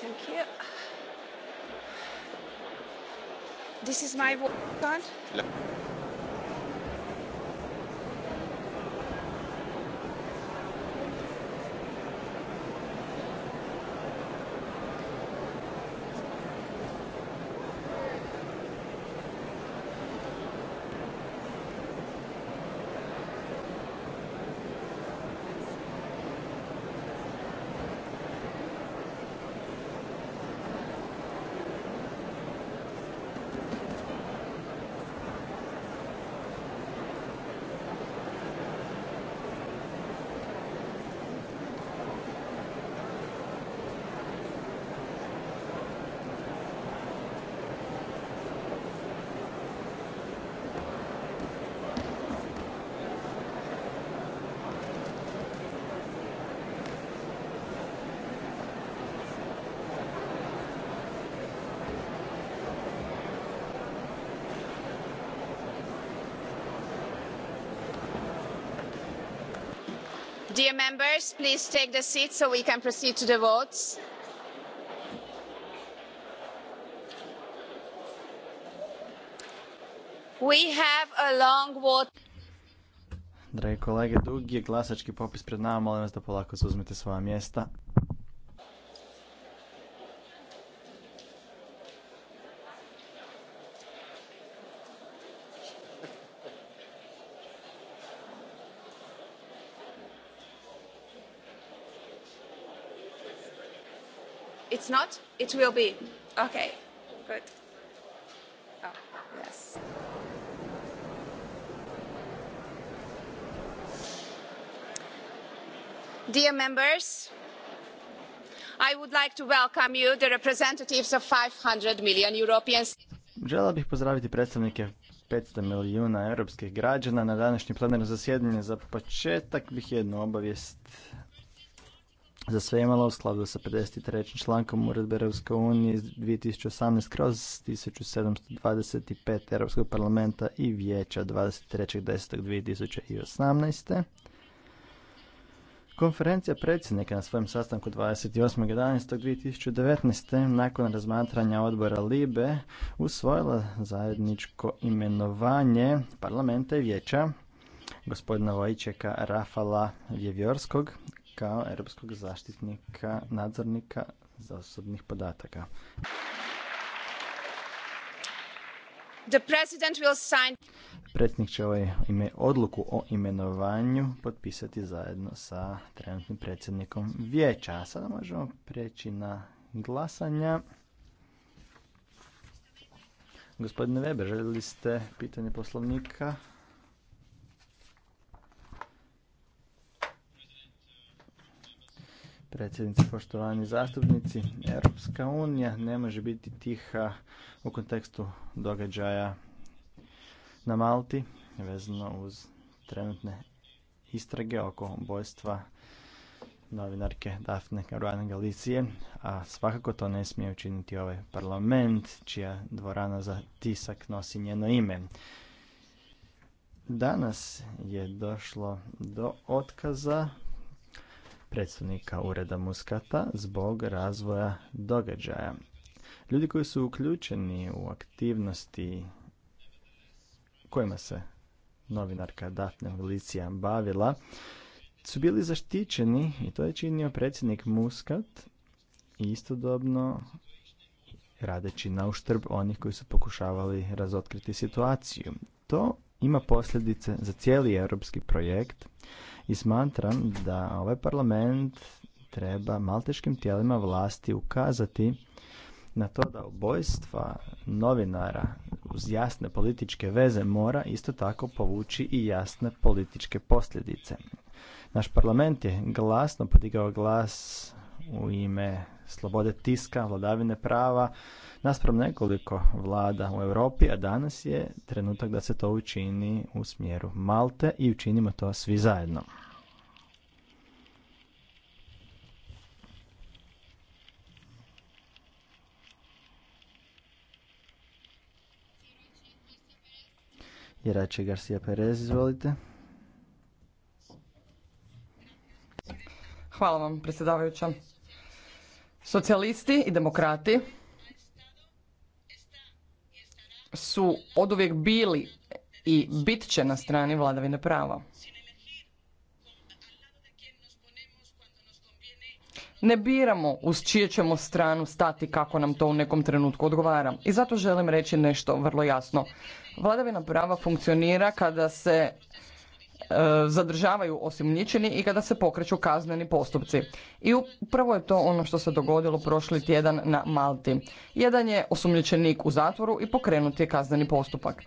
Thank you. This is my work members please take the seat so we can proceed to the votes. We have a long vote. Dragi kolege, dugi je glasački popis pred nama, molim vas da polako zauzmete svoja mjesta. It will be. Okay. Good. Oh, yes. Dear members, I would like to welcome you, the representatives of 500 million Europeans. Žela bih pozdraviti predstavnike 500 milijuna europskih građana na današnji plenarno zasjedanje. Za početak bih jednu obavijest za sve imala u skladu sa 53. člankom uredbe Europske unije iz 2018 kroz 1725 Europskog parlamenta i vijeća 23.10.2018. Konferencija predsjednika na svojem sastanku 28.11.2019. nakon razmatranja odbora Libe usvojila zajedničko imenovanje parlamenta i vijeća gospodina Vojčeka Rafala Vjevjorskog kao europskog zaštitnika nadzornika za osobnih podataka. Predsjednik će ovaj ime, odluku o imenovanju potpisati zajedno sa trenutnim predsjednikom vijeća. A sada možemo preći na glasanja. Gospodine Weber, željeli ste pitanje poslovnika? predsjednice, poštovani zastupnici. Europska unija ne može biti tiha u kontekstu događaja na Malti vezano uz trenutne istrage oko ubojstva novinarke Dafne Caruana Galicije, a svakako to ne smije učiniti ovaj parlament, čija dvorana za tisak nosi njeno ime. Danas je došlo do otkaza predstavnika ureda Muskata zbog razvoja događaja. Ljudi koji su uključeni u aktivnosti kojima se novinarka Daphne Licija bavila, su bili zaštićeni i to je činio predsjednik Muskat i istodobno radeći na uštrb onih koji su pokušavali razotkriti situaciju. To ima posljedice za cijeli europski projekt i smatram da ovaj parlament treba malteškim tijelima vlasti ukazati na to da ubojstva novinara uz jasne političke veze mora isto tako povući i jasne političke posljedice. Naš parlament je glasno podigao glas u ime slobode tiska, vladavine prava, naspram nekoliko vlada u Europi, a danas je trenutak da se to učini u smjeru Malte i učinimo to svi zajedno. Jerače Garcia Perez, izvolite. Hvala vam, predsjedavajuća. Socijalisti i demokrati su oduvijek bili i bit će na strani vladavine prava. Ne biramo uz čije ćemo stranu stati kako nam to u nekom trenutku odgovara. I zato želim reći nešto vrlo jasno. Vladavina prava funkcionira kada se E, zadržavaju osumnjičeni i kada se pokreću kazneni postupci. I upravo je to ono što se dogodilo prošli tjedan na Malti. Jedan je osumnjičenik u zatvoru i pokrenut je kazneni postupak.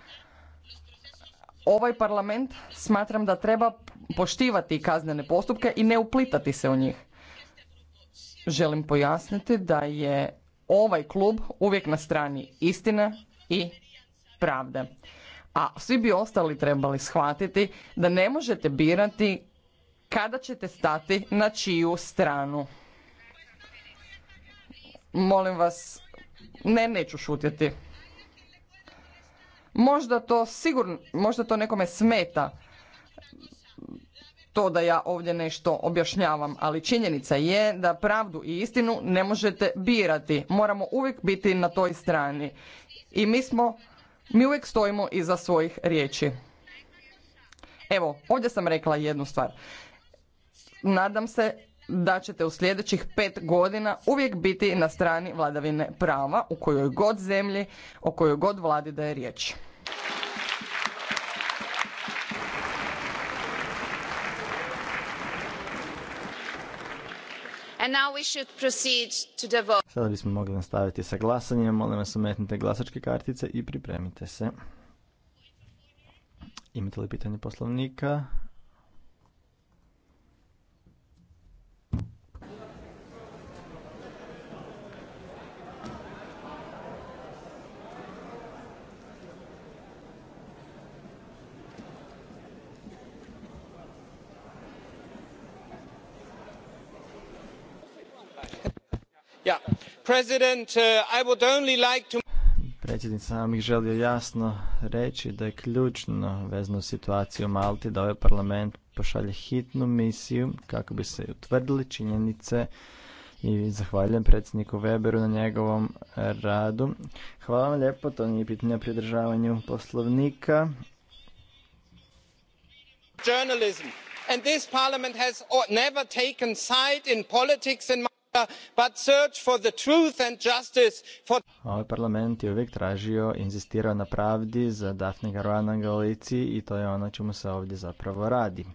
Ovaj parlament smatram da treba poštivati kaznene postupke i ne uplitati se u njih. Želim pojasniti da je ovaj klub uvijek na strani istine i pravde a svi bi ostali trebali shvatiti da ne možete birati kada ćete stati na čiju stranu. Molim vas, ne, neću šutjeti. Možda to sigurno, možda to nekome smeta to da ja ovdje nešto objašnjavam, ali činjenica je da pravdu i istinu ne možete birati. Moramo uvijek biti na toj strani. I mi smo mi uvijek stojimo iza svojih riječi. Evo, ovdje sam rekla jednu stvar. Nadam se da ćete u sljedećih pet godina uvijek biti na strani vladavine prava u kojoj god zemlji, o kojoj god vladi da je riječ. Sada bismo mogli nastaviti sa glasanjem. Molim vas umetnite glasačke kartice i pripremite se. Imate li pitanje poslovnika? Yeah. President, uh, I Predsjednica ih želio jasno reći da je ključno vezno situaciju u Malti da ovaj parlament pošalje hitnu misiju kako bi se utvrdili činjenice i zahvaljujem predsjedniku Weberu na njegovom radu. Hvala vam lijepo, to nije pitanje o pridržavanju poslovnika. Journalism. And this parliament has never taken side in politics but search Ovaj parlament je uvijek tražio, inzistirao na pravdi za Daphne Caruana Galici i to je ono čemu se ovdje zapravo radi.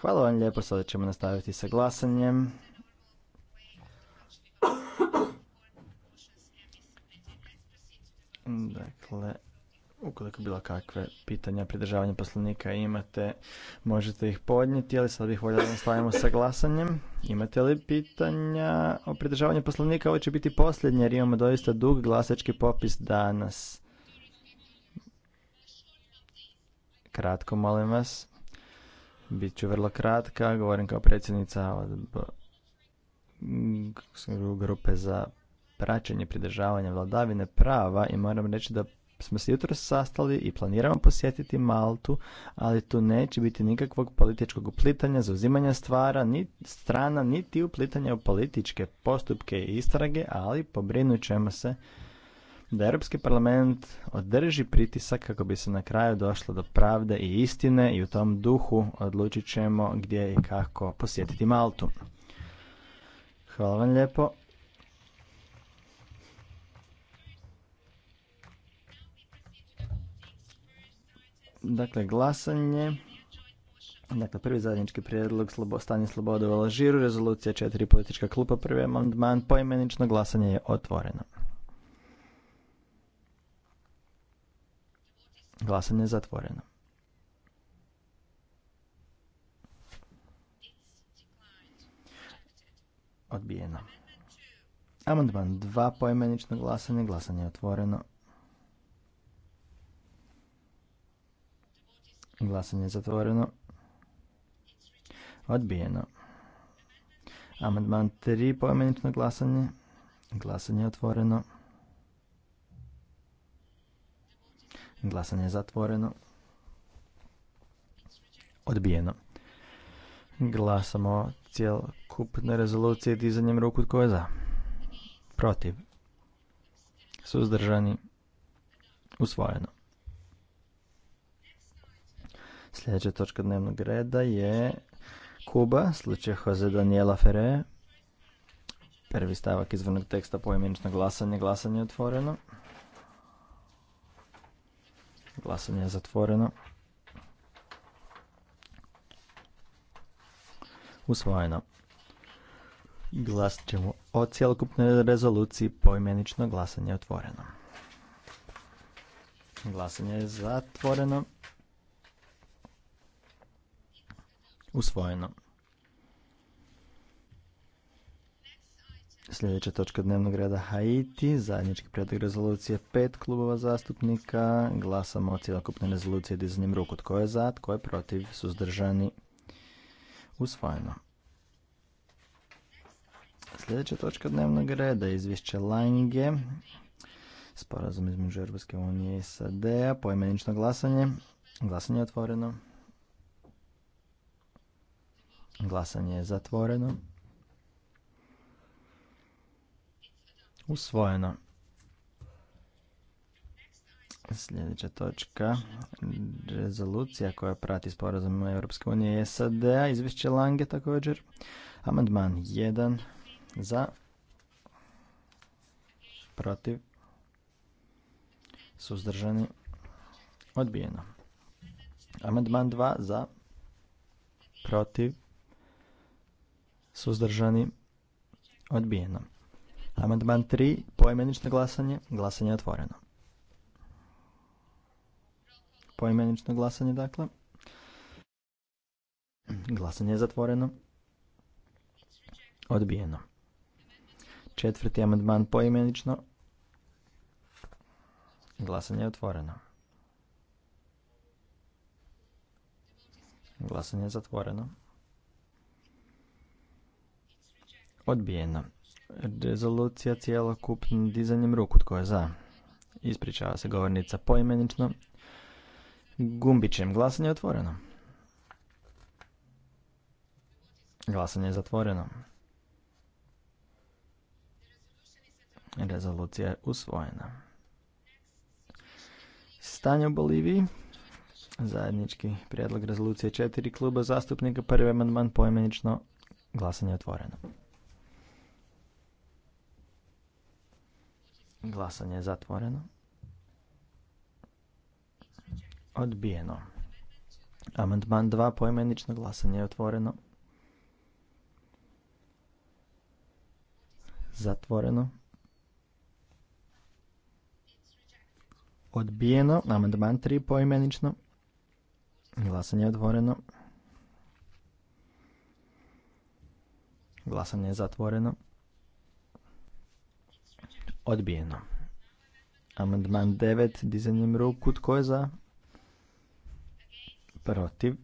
Hvala vam lijepo, sada ćemo nastaviti sa glasanjem. Dakle, Ukoliko bilo kakve pitanja pridržavanja poslovnika imate, možete ih podnijeti, ali sad bih voljela da nastavimo sa glasanjem. Imate li pitanja o pridržavanju poslovnika? Ovo će biti posljednje jer imamo doista dug glasački popis danas. Kratko, molim vas. Bit ću vrlo kratka, govorim kao predsjednica grupe za praćenje pridržavanja vladavine prava i moram reći da smo se jutro sastali i planiramo posjetiti Maltu, ali tu neće biti nikakvog političkog uplitanja, zauzimanja stvara, ni strana, niti uplitanja u političke postupke i istrage, ali pobrinut ćemo se da Europski parlament održi pritisak kako bi se na kraju došlo do pravde i istine i u tom duhu odlučit ćemo gdje i kako posjetiti Maltu. Hvala vam lijepo. Dakle, glasanje. Dakle, prvi zajednički prijedlog slobo, stanje slobode u Alžiru, rezolucija četiri politička klupa, prvi amandman, poimenično glasanje je otvoreno. Glasanje je zatvoreno. Odbijeno. Amandman dva, poimenično glasanje, glasanje je otvoreno. Glasanje je zatvoreno. Odbijeno. Amandman 3, pojmenično glasanje. Glasanje je otvoreno. Glasanje je zatvoreno. Odbijeno. Glasamo cijelokupne rezolucije dizanjem ruku tko je za. Protiv. Suzdržani. Usvojeno. Sljedeća točka dnevnog reda je Kuba, slučaj Jose Daniela Ferre. Prvi stavak izvornog teksta poimenično glasanje. Glasanje je otvoreno. Glasanje je zatvoreno. Usvojeno. Glasit ćemo o cjelokupnoj rezoluciji poimenično glasanje otvoreno. Glasanje je zatvoreno. Usvojeno. Sljedeća točka dnevnog reda Haiti, zajednički predlog rezolucije pet klubova zastupnika, glasamo o cjelokupnoj rezoluciji dizanjem ruku. Tko je za, tko je protiv, suzdržani, usvojeno. Sljedeća točka dnevnog reda je izvješće Lange, sporazum između Europske unije i SAD-a, poimenično glasanje, glasanje je otvoreno. Glasanje je zatvoreno. Usvojeno. Sljedeća točka, rezolucija koja prati sporazum Europske unije i SAD-a, izvješće Lange također. Amandman 1 za, protiv, suzdržani, odbijeno. Amandman 2 za, protiv, Suzdržani? Odbijeno. Amandman 3. Poimenično glasanje. Glasanje je otvoreno. Poimenično glasanje, dakle. Glasanje je zatvoreno. Odbijeno. Četvrti amandman poimenično. Glasanje je otvoreno. Glasanje je zatvoreno. Odbijeno. Rezolucija cijelokupnim dizanjem ruku. Tko je za? Ispričava se govornica poimenično. Gumbićem glasanje je otvoreno. Glasanje je zatvoreno. Rezolucija je usvojena. Stanje u Boliviji. Zajednički prijedlog rezolucije četiri kluba zastupnika. Prvi amandman poimenično. Glasanje je otvoreno. Glasanje je zatvoreno. Odbijeno. Amandman 2 poimenično glasanje je otvoreno. Zatvoreno. Odbijeno. Amandman 3 poimenično. Glasanje je otvoreno. Glasanje je zatvoreno. Odbijeno. Amandman 9, dizanjem ruku, tko je za? Protiv.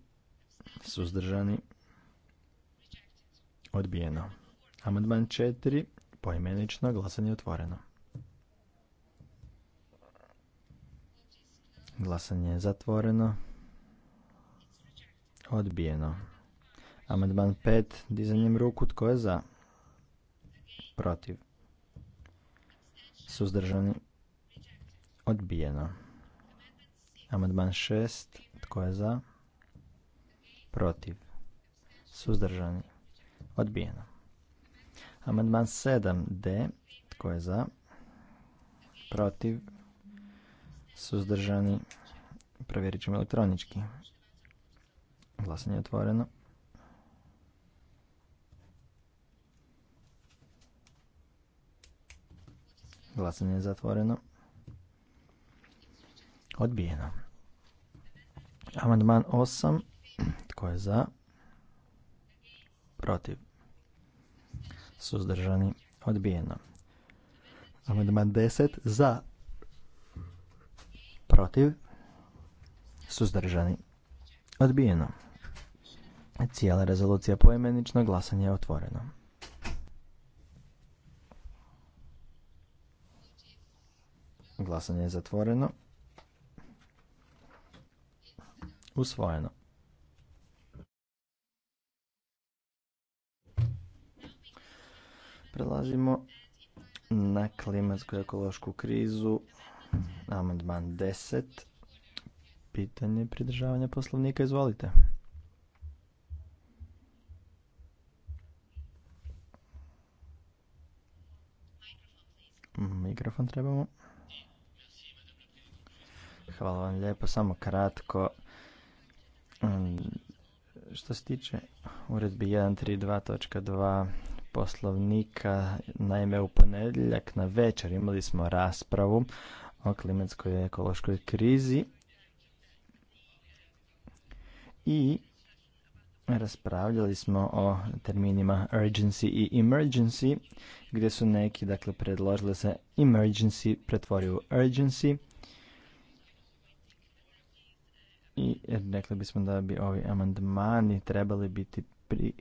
Suzdržani. Odbijeno. Amandman 4, poimenično, glasanje otvoreno. Glasanje je zatvoreno. Odbijeno. Amandman 5, dizanjem ruku, tko je za? Protiv. Suzdržani. Odbijeno. Amandman 6. Tko je za? Protiv. Suzdržani. Odbijeno. Amandman 7D. Tko je za? Protiv. Suzdržani. Provjerit ćemo elektronički. Glasanje je otvoreno. Glasanje je zatvoreno. Odbijeno. Amandman 8. Tko je za? Protiv. Suzdržani. Odbijeno. Amandman 10. Za. Protiv. Suzdržani. Odbijeno. Cijela rezolucija poimenično glasanje je otvoreno. Glasanje je zatvoreno. Usvojeno. Prelazimo na klimatsku i ekološku krizu. Amandman 10. Pitanje pridržavanja poslovnika. Izvolite. Mikrofon trebamo. Hvala vam lijepo, samo kratko. Mm, što se tiče uredbi 132.2 poslovnika, naime u ponedjeljak na večer imali smo raspravu o klimatskoj i ekološkoj krizi i raspravljali smo o terminima urgency i emergency, gdje su neki dakle predložili se emergency pretvori u urgency, i rekli bismo da bi ovi amandmani trebali biti pri,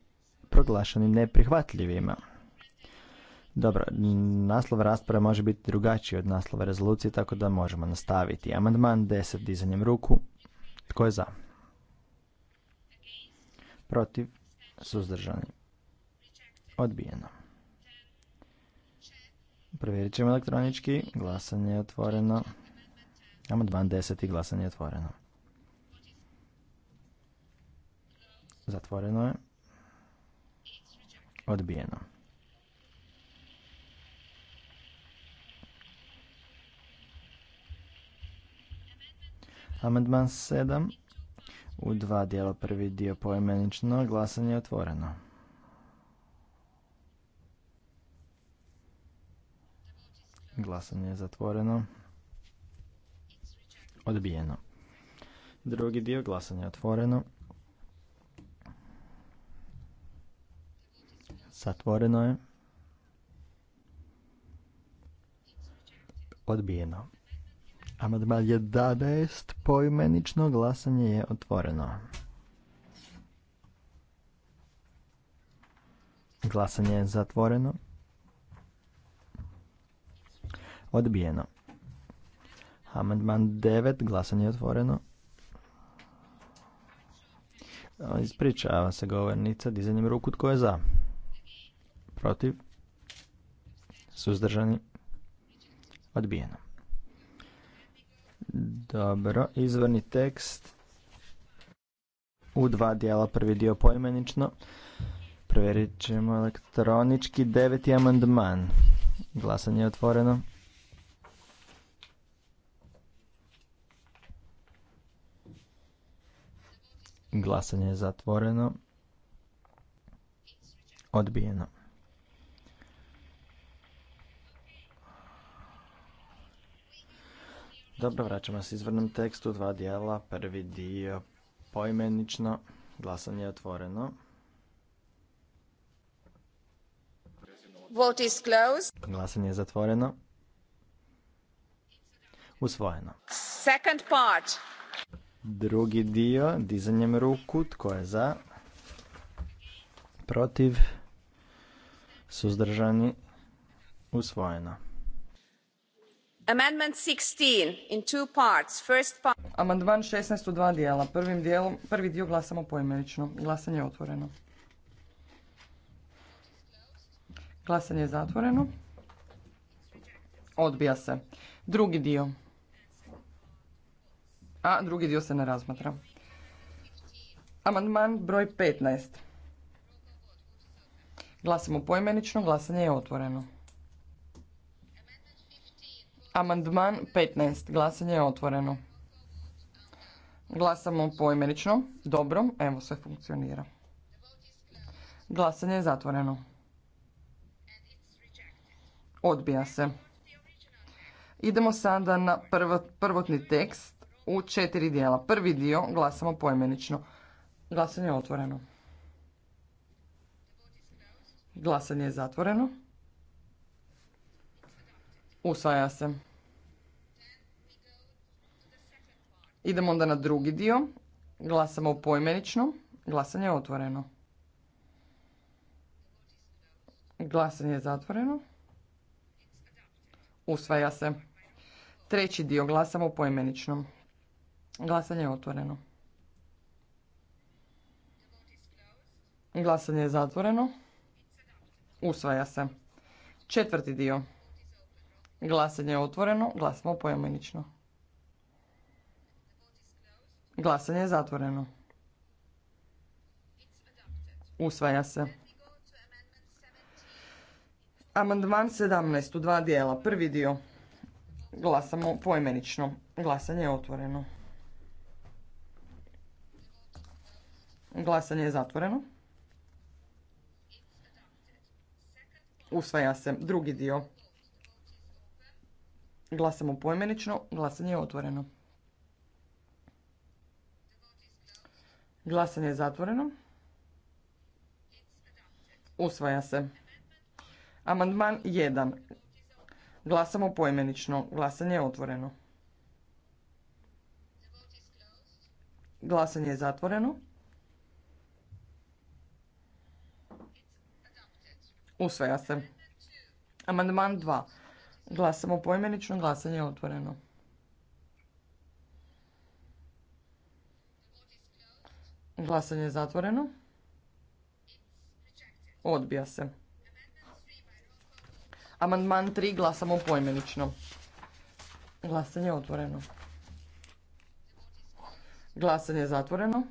proglašeni neprihvatljivima. Dobro, naslov rasprave može biti drugačiji od naslova rezolucije, tako da možemo nastaviti. Amandman 10, dizanjem ruku. Tko je za? Protiv? Suzdržani? Odbijeno. Provjerit ćemo elektronički. Glasanje je otvoreno. Amandman 10 i glasanje je otvoreno. Zatvoreno je. Odbijeno. Amandman 7. U dva dijela prvi dio poimenično glasanje je otvoreno. Glasanje je zatvoreno. Odbijeno. Drugi dio glasanje je otvoreno. Zatvoreno je. Odbijeno. Amandman 11. Poimenično glasanje je otvoreno. Glasanje je zatvoreno. Odbijeno. Amandman 9. Glasanje je otvoreno. Ispričava se govornica dizanjem ruku tko je za protiv, suzdržani, odbijeno. Dobro, izvorni tekst u dva dijela, prvi dio poimenično. Provjerit ćemo elektronički deveti amandman. Glasanje je otvoreno. Glasanje je zatvoreno. Odbijeno. Dobro, vraćamo se izvornom tekstu, dva dijela, prvi dio poimenično, glasanje je otvoreno. Glasanje je zatvoreno. Usvojeno. Second Drugi dio, dizanjem ruku, tko je za? Protiv? Suzdržani? Usvojeno. Amendment 16 Amandman šesnaest u dva dijela. Prvim prvi dio glasamo poimenično. Glasanje je otvoreno. Glasanje je zatvoreno. Odbija se. Drugi dio. A drugi dio se ne razmatra. Amandman broj petnaest. Glasamo poimenično, glasanje je otvoreno. Amandman 15. Glasanje je otvoreno. Glasamo poimenično. Dobro, evo sve funkcionira. Glasanje je zatvoreno. Odbija se. Idemo sada na prvotni tekst u četiri dijela. Prvi dio glasamo poimenično. Glasanje je otvoreno. Glasanje je zatvoreno. Usvaja se. Idemo onda na drugi dio. Glasamo u poimenično. Glasanje je otvoreno. Glasanje je zatvoreno. Usvaja se. Treći dio glasamo u poimenično. Glasanje je otvoreno. Glasanje je zatvoreno. Usvaja se. Četvrti dio. Glasanje je otvoreno. Glasamo pojamenično. Glasanje je zatvoreno. Usvaja se. Amandman 17 u dva dijela. Prvi dio. Glasamo pojmenično. Glasanje je otvoreno. Glasanje je zatvoreno. Usvaja se drugi dio. Glasamo poimenično. Glasanje je otvoreno. Glasanje je zatvoreno. Usvaja se. Amandman 1. Glasamo poimenično. Glasanje je otvoreno. Glasanje je zatvoreno. Usvaja se. Amandman 2. Glasamo poimenično, glasanje je otvoreno. Glasanje je zatvoreno. Odbija se. Amandman 3 glasamo poimenično. Glasanje je otvoreno. Glasanje je zatvoreno.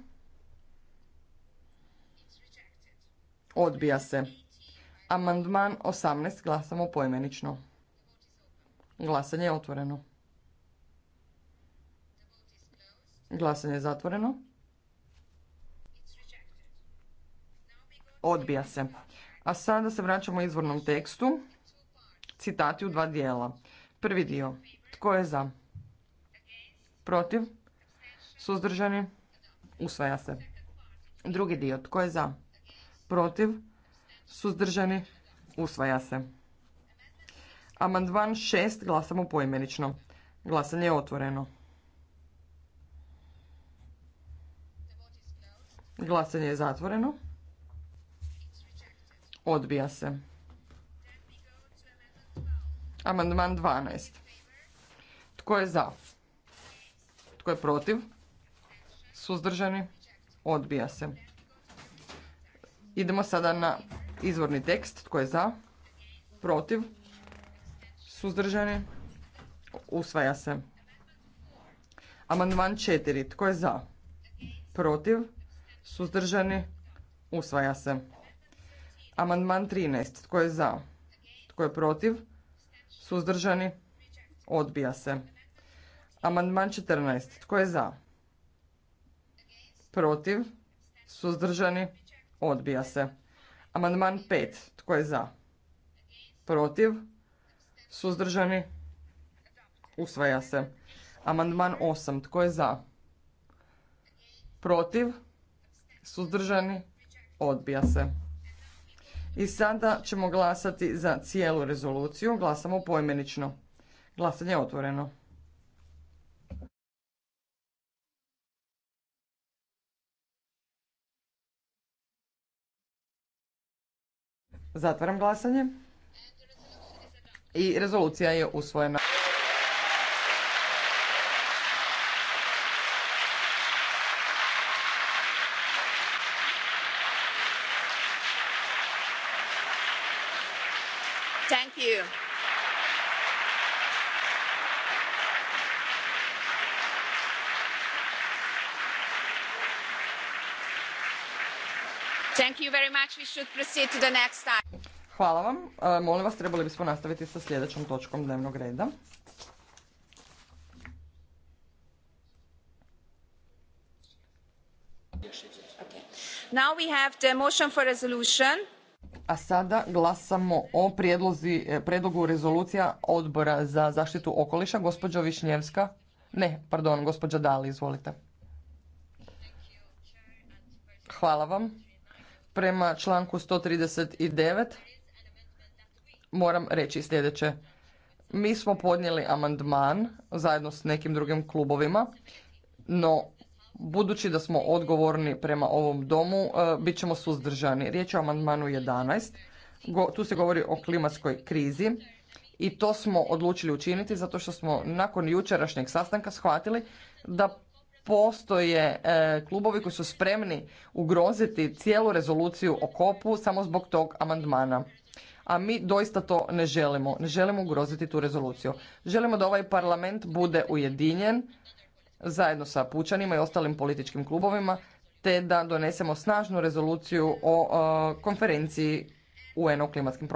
Odbija se. Amandman 18 glasamo poimenično. Glasanje je otvoreno. Glasanje je zatvoreno. Odbija se. A sada se vraćamo izvornom tekstu. Citati u dva dijela. Prvi dio. Tko je za? Protiv? Suzdržani? Usvaja se. Drugi dio. Tko je za? Protiv? Suzdržani? Usvaja se. Amandman 6 glasamo poimenično. Glasanje je otvoreno. Glasanje je zatvoreno. Odbija se. Amandman 12. Tko je za? Tko je protiv? Suzdržani? Odbija se. Idemo sada na izvorni tekst. Tko je za? Protiv? Suzdržani? Usvaja se. Amandman 4. Tko je za? Protiv? Suzdržani? Usvaja se. Amandman 13. Tko je za? Tko je protiv? Suzdržani? Odbija se. Amandman 14. Tko je za? Protiv? Suzdržani? Odbija se. Amandman 5. Tko je za? Protiv? Suzdržani? Usvaja se. Amandman 8. Tko je za? Protiv? Suzdržani? Odbija se. I sada ćemo glasati za cijelu rezoluciju. Glasamo poimenično. Glasanje je otvoreno. Zatvaram glasanje i rezolucija je usvojena. Thank you. Thank you very much. We should proceed to the next time. Hvala vam. E, molim vas, trebali bismo nastaviti sa sljedećom točkom dnevnog reda. have A sada glasamo o prijedlozi, e, prijedlogu rezolucija odbora za zaštitu okoliša. Gospođo Višnjevska, ne, pardon, gospođa Dali, izvolite. Hvala vam. Prema članku 139 moram reći sljedeće. Mi smo podnijeli amandman zajedno s nekim drugim klubovima, no budući da smo odgovorni prema ovom domu, e, bit ćemo suzdržani. Riječ je o amandmanu 11. Tu se govori o klimatskoj krizi i to smo odlučili učiniti zato što smo nakon jučerašnjeg sastanka shvatili da postoje e, klubovi koji su spremni ugroziti cijelu rezoluciju o kopu samo zbog tog amandmana a mi doista to ne želimo. Ne želimo ugroziti tu rezoluciju. Želimo da ovaj parlament bude ujedinjen zajedno sa pučanima i ostalim političkim klubovima te da donesemo snažnu rezoluciju o, e, konferenciji UN o klimatskim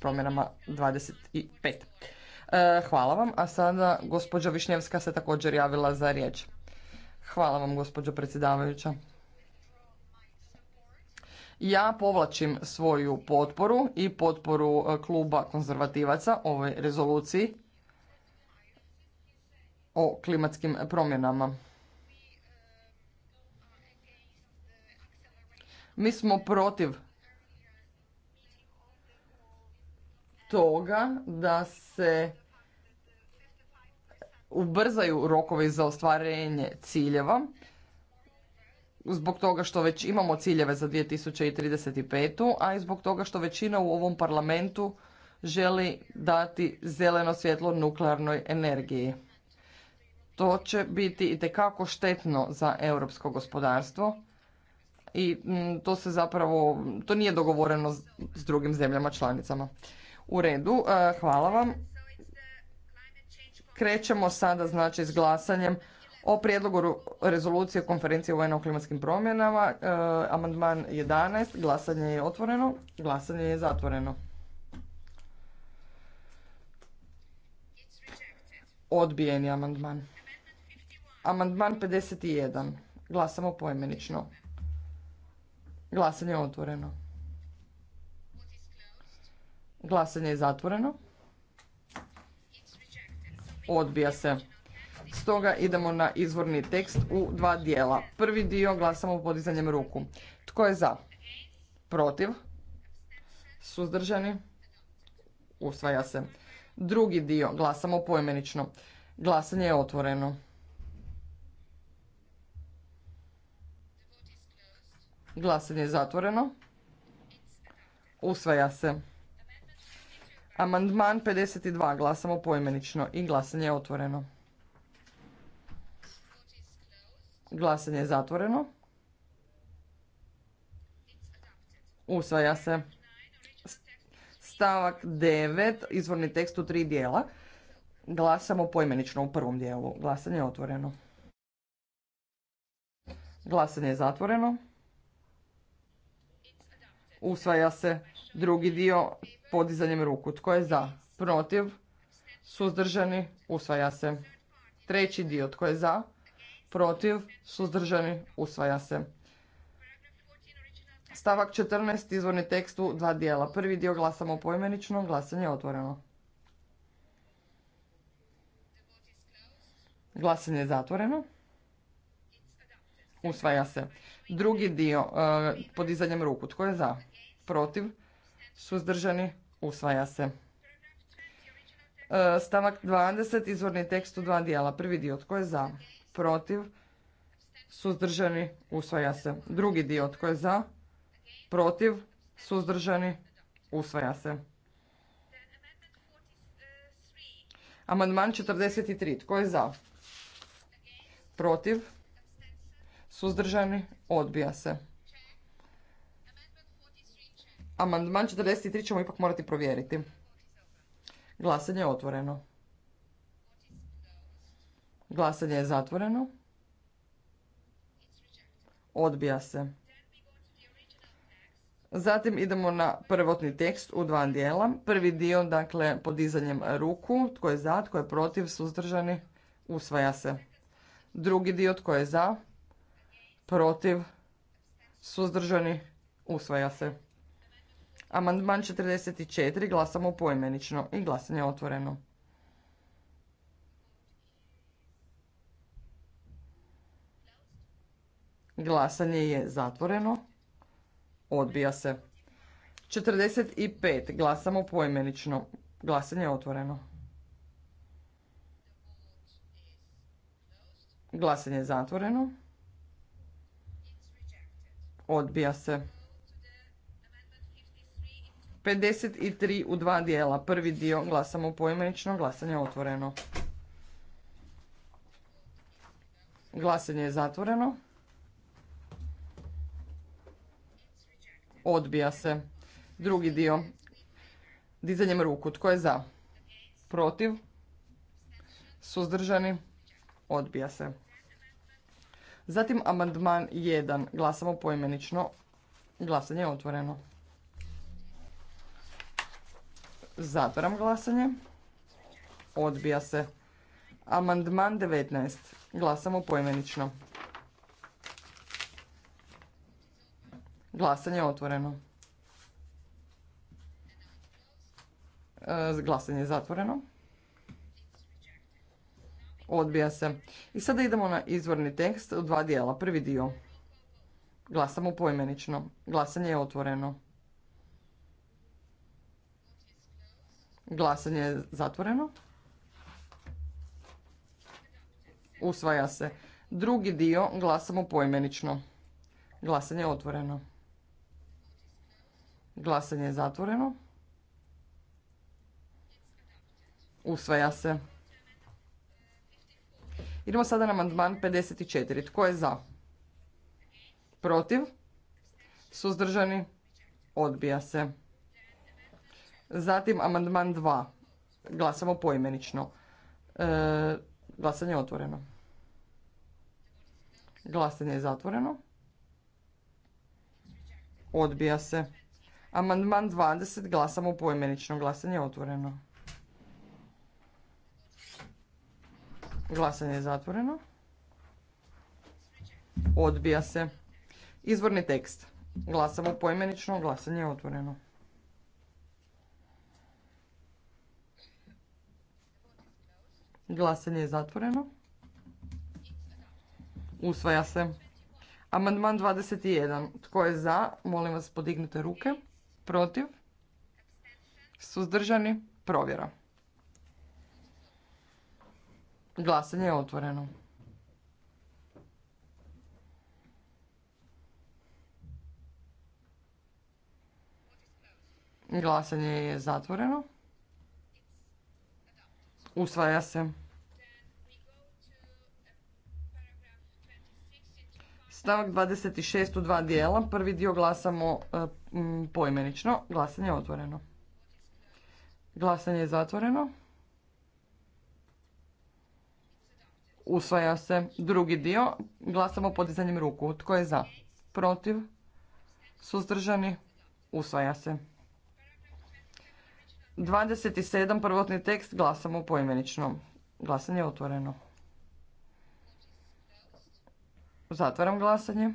promjenama 25. E, hvala vam, a sada gospođa Višnjevska se također javila za riječ. Hvala vam gospođo predsjedavajuća. Ja povlačim svoju potporu i potporu e, kluba konzervativaca ovoj rezoluciji o klimatskim promjenama. Mi smo protiv toga da se ubrzaju rokovi za ostvarenje ciljeva zbog toga što već imamo ciljeve za 2035. a i zbog toga što većina u ovom parlamentu želi dati zeleno svjetlo nuklearnoj energiji. To će biti i tekako štetno za europsko gospodarstvo i mm, to se zapravo, to nije dogovoreno s drugim zemljama članicama. U redu, e, hvala vam. Krećemo sada znači s glasanjem o prijedlogu rezolucije konferencije UN o klimatskim promjenama, e, amandman 11, glasanje je otvoreno, glasanje je zatvoreno. Odbijen amandman. Amandman 51. Glasamo poimenično. Glasanje je otvoreno. Glasanje je zatvoreno. Odbija se. Stoga idemo na izvorni tekst u dva dijela. Prvi dio glasamo podizanjem ruku. Tko je za? Protiv? Suzdržani? Usvaja se. Drugi dio glasamo poimenično. Glasanje je otvoreno. Glasanje je zatvoreno. Usvaja se. Amandman 52 glasamo poimenično i glasanje je otvoreno. Glasanje je zatvoreno. Usvaja se stavak 9, izvorni tekst u tri dijela. Glasamo poimenično u prvom dijelu. Glasanje je otvoreno. Glasanje je zatvoreno. Usvaja se drugi dio podizanjem ruku. Tko je za? Protiv? Suzdržani? Usvaja se. Treći dio. Tko je za? protiv, suzdržani, usvaja se. Stavak 14, izvorni tekst u dva dijela. Prvi dio glasamo poimenično, glasanje je otvoreno. Glasanje je zatvoreno. Usvaja se. Drugi dio, e, podizanjem ruku. Tko je za? Protiv? Suzdržani? Usvaja se. E, stavak 20, izvorni tekst u dva dijela. Prvi dio, tko je za? protiv, suzdržani, usvaja se. Drugi dio tko je za, protiv, suzdržani, usvaja se. Amandman 43. Tko je za? Protiv? Suzdržani? Odbija se. Amandman 43 ćemo ipak morati provjeriti. Glasanje je otvoreno. Glasanje je zatvoreno. Odbija se. Zatim idemo na prvotni tekst u dva dijela. Prvi dio, dakle, podizanjem ruku. Tko je za, tko je protiv, suzdržani, usvaja se. Drugi dio, tko je za, protiv, suzdržani, usvaja se. Amandman 44 glasamo poimenično i glasanje je otvoreno. Glasanje je zatvoreno. Odbija se. 45. Glasamo poimenično. Glasanje je otvoreno. Glasanje je zatvoreno. Odbija se. 53 u dva dijela. Prvi dio glasamo poimenično. Glasanje je otvoreno. Glasanje je zatvoreno. Odbija se. Drugi dio. Dizanjem ruku. Tko je za? Protiv? Suzdržani? Odbija se. Zatim amandman 1. Glasamo poimenično. Glasanje je otvoreno. Zatvaram glasanje. Odbija se. Amandman 19. Glasamo poimenično. Glasanje je otvoreno. E, glasanje je zatvoreno. Odbija se. I sada idemo na izvorni tekst u dva dijela. Prvi dio. Glasamo poimenično. Glasanje je otvoreno. Glasanje je zatvoreno. Usvaja se. Drugi dio glasamo poimenično. Glasanje je otvoreno. Glasanje je zatvoreno. Usvaja se. Idemo sada na amandman 54. Tko je za? Protiv? Suzdržani? Odbija se. Zatim amandman 2. Glasamo poimenično. E, glasanje je otvoreno. Glasanje je zatvoreno. Odbija se. Amandman 20 glasamo poimenično. Glasanje je otvoreno. Glasanje je zatvoreno. Odbija se. Izvorni tekst. Glasamo poimenično. Glasanje je otvoreno. Glasanje je zatvoreno. Usvaja se. Amandman 21. Tko je za? Molim vas podignite ruke protiv, suzdržani, provjera. Glasanje je otvoreno. Glasanje je zatvoreno. Usvaja se. Stavak 26 u dva dijela. Prvi dio glasamo e, Mm, poimenično. Glasanje je otvoreno. Glasanje je zatvoreno. Usvaja se drugi dio. Glasamo podizanjem ruku. Tko je za? Protiv? Suzdržani? Usvaja se. 27. prvotni tekst glasamo poimenično. Glasanje je otvoreno. Zatvaram glasanje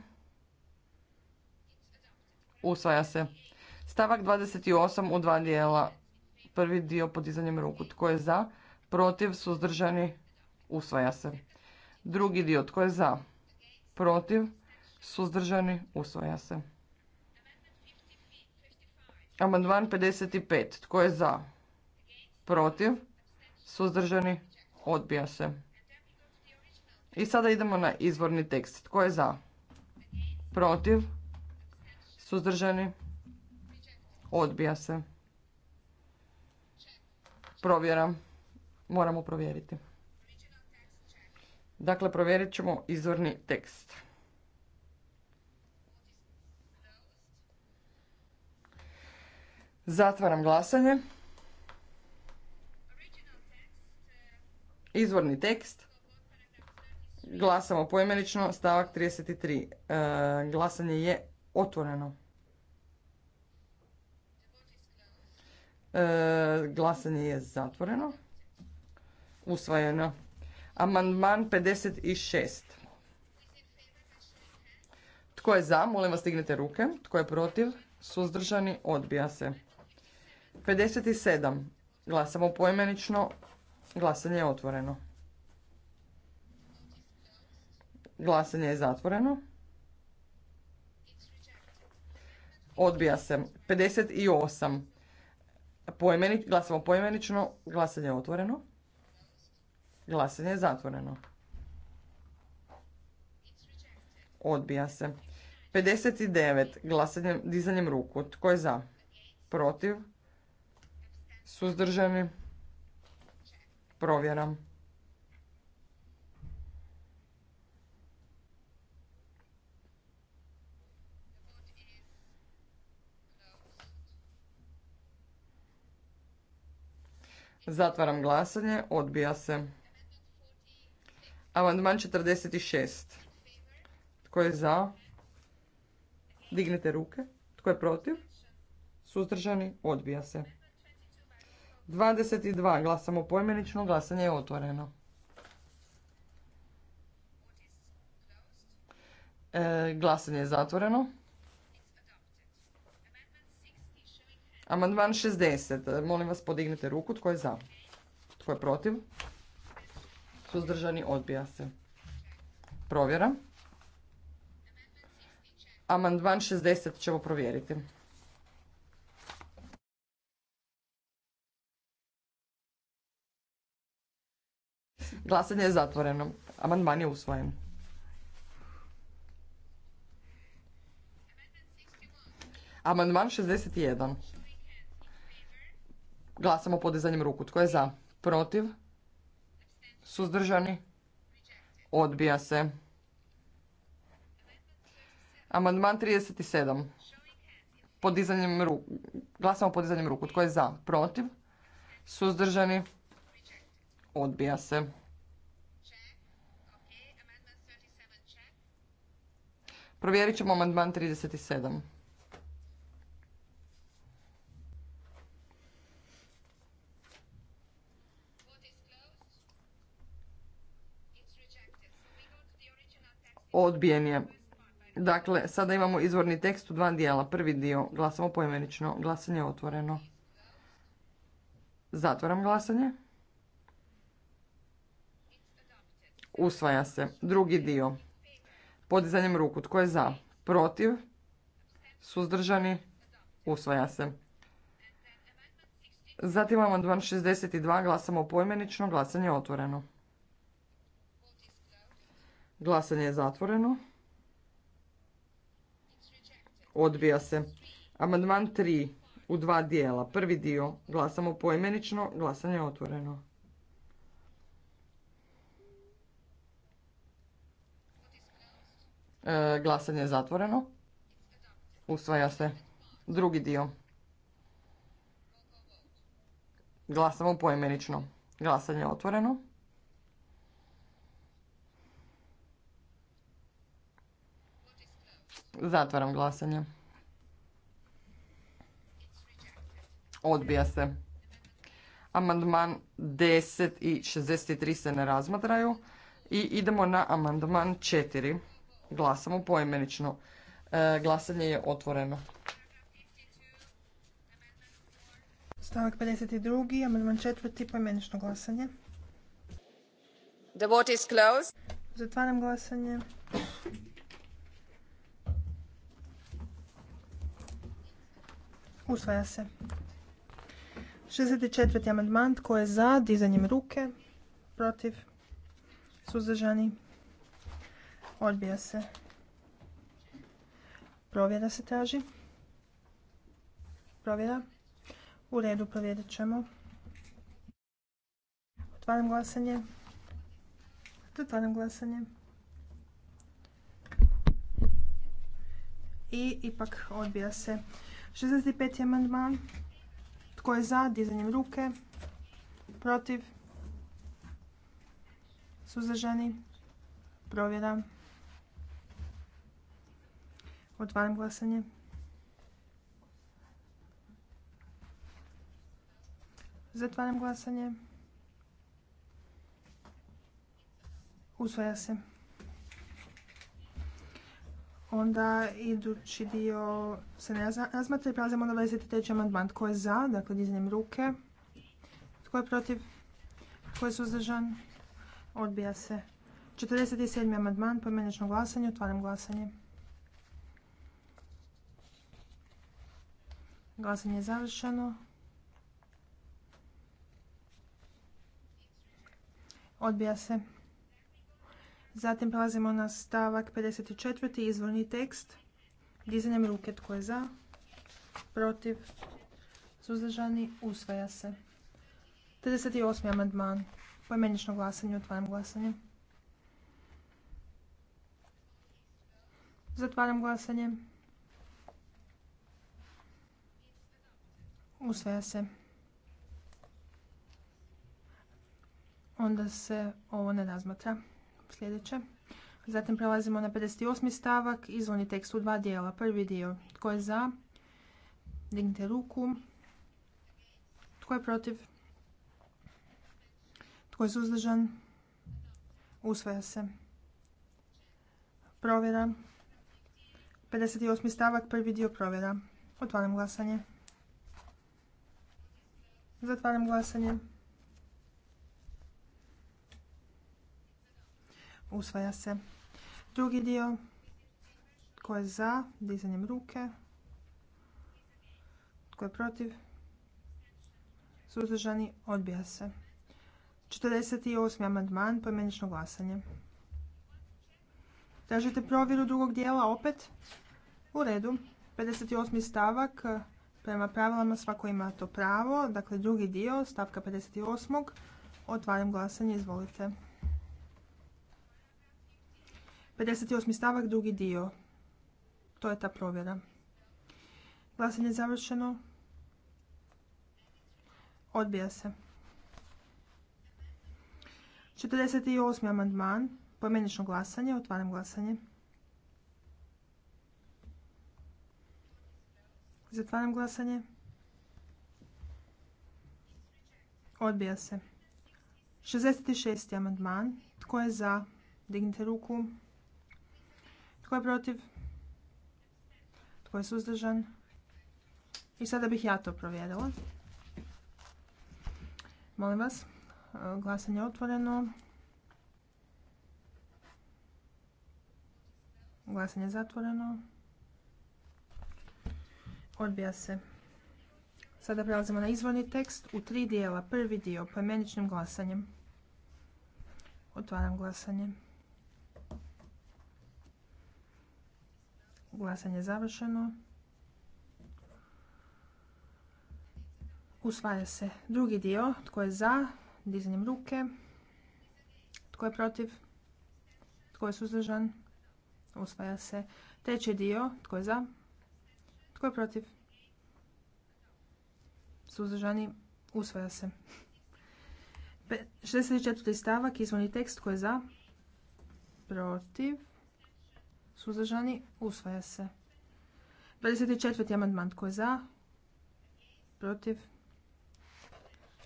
usvaja se. Stavak 28 u dva dijela. Prvi dio podizanjem ruku. Tko je za? Protiv, suzdržani, usvaja se. Drugi dio. Tko je za? Protiv, suzdržani, usvaja se. Amandman 55. Tko je za? Protiv, suzdržani, odbija se. I sada idemo na izvorni tekst. Tko je za? Protiv, Suzdržani? Odbija se. Provjera. Moramo provjeriti. Dakle, provjerit ćemo izvorni tekst. Zatvaram glasanje. Izvorni tekst. Glasamo poimenično, stavak 33. E, glasanje je Otvoreno. E, glasanje je zatvoreno. Usvojeno. Amandman 56. Tko je za? Molim vas stignete ruke. Tko je protiv? Suzdržani? Odbija se. 57. Glasamo poimenično. Glasanje je otvoreno. Glasanje je zatvoreno. Odbija se. 58. osam glasamo poimenično. Glasanje je otvoreno. Glasanje je zatvoreno. Odbija se. 59. Glasanjem, dizanjem ruku. Tko je za? Protiv? Suzdržani? Provjeram. Zatvaram glasanje. Odbija se. Amandman 46. Tko je za? Dignite ruke. Tko je protiv? Suzdržani? Odbija se. 22. Glasamo poimenično. Glasanje je otvoreno. E, glasanje je zatvoreno. Amandman 60. Molim vas podignite ruku. Tko je za? Tko je protiv? Suzdržani odbija se. Provjera. Amandman 60 ćemo provjeriti. Glasanje je zatvoreno. Amandman je usvojen. Amandman 61. Glasamo podizanjem ruku. Tko je za? Protiv? Suzdržani? Odbija se. Amandman 37. Podizanjem ruku. Glasamo podizanjem ruku. Tko je za? Protiv? Suzdržani? Odbija se. Provjerit ćemo amandman 37. Odbijen je. Dakle, sada imamo izvorni tekst u dva dijela. Prvi dio glasamo poimenično. Glasanje je otvoreno. Zatvaram glasanje. Usvaja se. Drugi dio. Podizanjem ruku. Tko je za? Protiv? Suzdržani? Usvaja se. Zatim amandman 62. Glasamo poimenično. Glasanje je otvoreno. Glasanje je zatvoreno. Odbija se. Amandman 3 u dva dijela. Prvi dio glasamo poimenično, glasanje je otvoreno. E, glasanje je zatvoreno. Usvaja se. Drugi dio. Glasamo poimenično. Glasanje je otvoreno. Zatvaram glasanje. Odbija se. Amandman 10 i 63 se ne razmatraju. I idemo na amandman 4. Glasamo poimenično. E, glasanje je otvoreno. Stavak 52. Amandman 4. poimenično glasanje. The vote is closed. Zatvaram glasanje. Usvaja se. 64. amandman. Tko je za? Dizanjem ruke. Protiv. Suzdržani. Odbija se. Provjera se traži. Provjera. U redu provjerit ćemo. Otvaram glasanje. otvaram glasanje. I ipak odbija se. 65. amandman. Tko je za? Dizanjem ruke. Protiv? Suzdržani? Provjera. Otvaram glasanje. Zatvaram glasanje. Usvaja se. Onda idući dio se ne razmatra i prelazimo na 23. amandman. Tko je za? Dakle, dizanjem ruke. Tko je protiv? Tko je suzdržan? Odbija se. 47. amandman, pojmenično glasanje. Otvaram glasanje. Glasanje je završeno. Odbija se. Zatim prelazimo na stavak 54. izvorni tekst. Dizanjem ruke tko je za, protiv, suzdržani, usvaja se. 38. amandman. Pojmenično glasanje, otvaram glasanje. Zatvaram glasanje. Usvaja se. Onda se ovo ne razmatra. Sljedeće. Zatim prelazimo na 58. stavak, Izvoni tekst u dva dijela. Prvi dio, tko je za? Dignite ruku. Tko je protiv? Tko je suzdržan? Usvaja se. Provjera. 58. stavak, prvi dio provjera. Otvaram glasanje. Zatvaram glasanje. Usvaja se. Drugi dio. Tko je za? Dizanjem ruke. Tko je protiv? Suzdržani odbija se. 48. amandman pojmenično glasanje. Tražite provjeru drugog dijela opet? U redu. 58. stavak eh, prema pravilama svako ima to pravo. Dakle, drugi dio stavka 58. Otvaram glasanje. Izvolite. 58. stavak, drugi dio. To je ta provjera. Glasanje je završeno. Odbija se. 48. amandman. Pojmenično glasanje. Otvaram glasanje. Zatvaram glasanje. Odbija se. 66. amandman. Tko je za? Dignite ruku je protiv? Tko je suzdržan? I sada bih ja to provjerila. Molim vas, glasanje je otvoreno. Glasanje je zatvoreno. Odbija se. Sada prelazimo na izvorni tekst u tri dijela. Prvi dio poimeničnim glasanjem. Otvaram glasanje. Glasanje je završeno. Usvaja se drugi dio. Tko je za? Dizanjem ruke. Tko je protiv? Tko je suzdržan? Usvaja se. Treći dio. Tko je za? Tko je protiv? Suzdržani. Usvaja se. 64. stavak. Izvorni tekst. Tko je za? Protiv. Suzdržani? Usvaja se. 24. amandman. Tko je za? Protiv?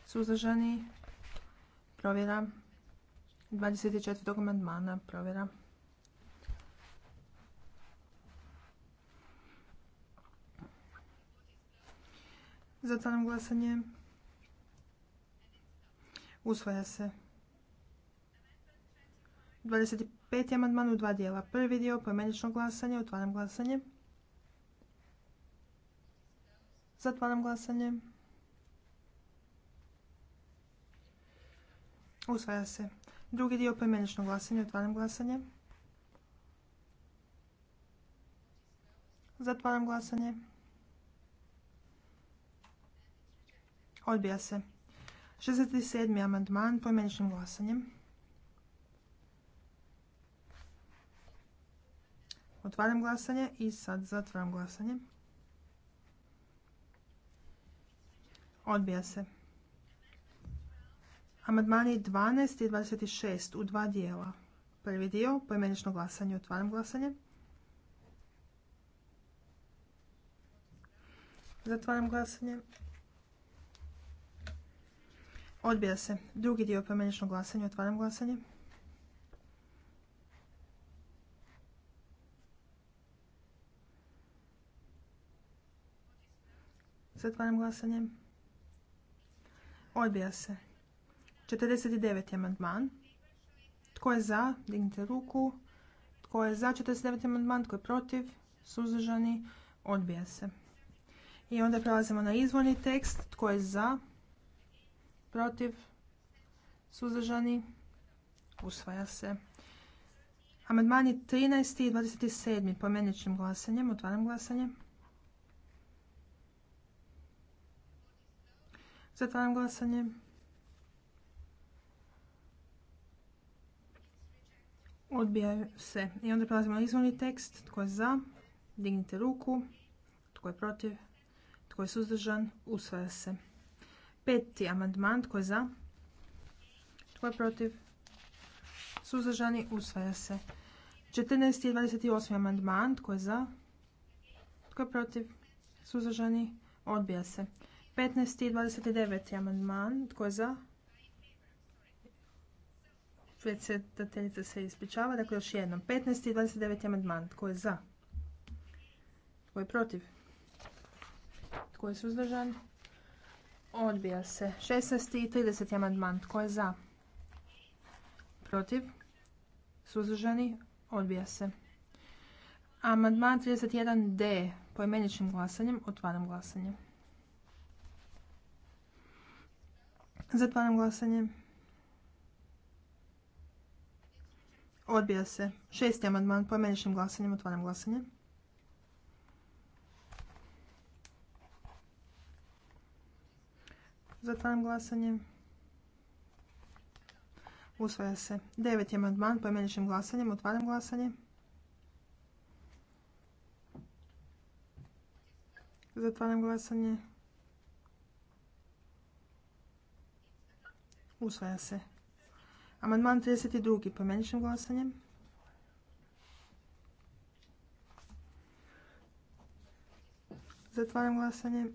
Suzdržani? Provjera. 24. amandmana. Provjera. Zatvaram glasanje. Usvaja se. 25. Peti amandman u dva dijela. Prvi dio poimenično glasanje. Otvaram glasanje. Zatvaram glasanje. Usvaja se. Drugi dio poimenično glasanje. Otvaram glasanje. Zatvaram glasanje. Odbija se. 67. amandman poimeničnim glasanjem. Otvaram glasanje i sad zatvaram glasanje. Odbija se. Amandmani 12 i 26 u dva dijela. Prvi dio, poimenično glasanje, otvaram glasanje. Zatvaram glasanje. Odbija se. Drugi dio poimenično glasanje, otvaram glasanje. Zatvaram glasanje. Odbija se. 49. amandman. Tko je za? Dignite ruku. Tko je za 49. amandman? Tko je protiv? Suzdržani? Odbija se. I onda prelazimo na izvorni tekst. Tko je za? Protiv? Suzdržani? Usvaja se. Amandmani 13. i 27. pomeničnim glasanjem. Otvaram glasanje. Zatvaram glasanje. Odbija se. I onda prelazimo na izvorni tekst. Tko je za? Dignite ruku. Tko je protiv? Tko je suzdržan? Usvaja se. Peti amandman. Tko je za? Tko je protiv? Suzdržani? Usvaja se. 14. i 28. amandman. Tko je za? Tko je protiv? Suzdržani? Odbija se. 15. i 29. amandman. Tko je za? Predsjedateljica se ispričava. Dakle, još jednom. 15. i 29. amandman. Tko je za? Tko je protiv? Tko je suzdržan? Odbija se. 16. i 30. amandman. Tko je za? Protiv? Suzdržani? Odbija se. Amandman 31d. Poimeničnim glasanjem otvaram glasanje. Zatvaram glasanje. Odbija se. Šesti amandman po glasanjem. Otvaram glasanje. Zatvaram glasanje. Usvaja se. Deveti amandman po glasanjem. Otvaram glasanje. Zatvaram glasanje. Usvaja se. Amandman 32. Pomeničnim glasanjem. Zatvaram glasanje.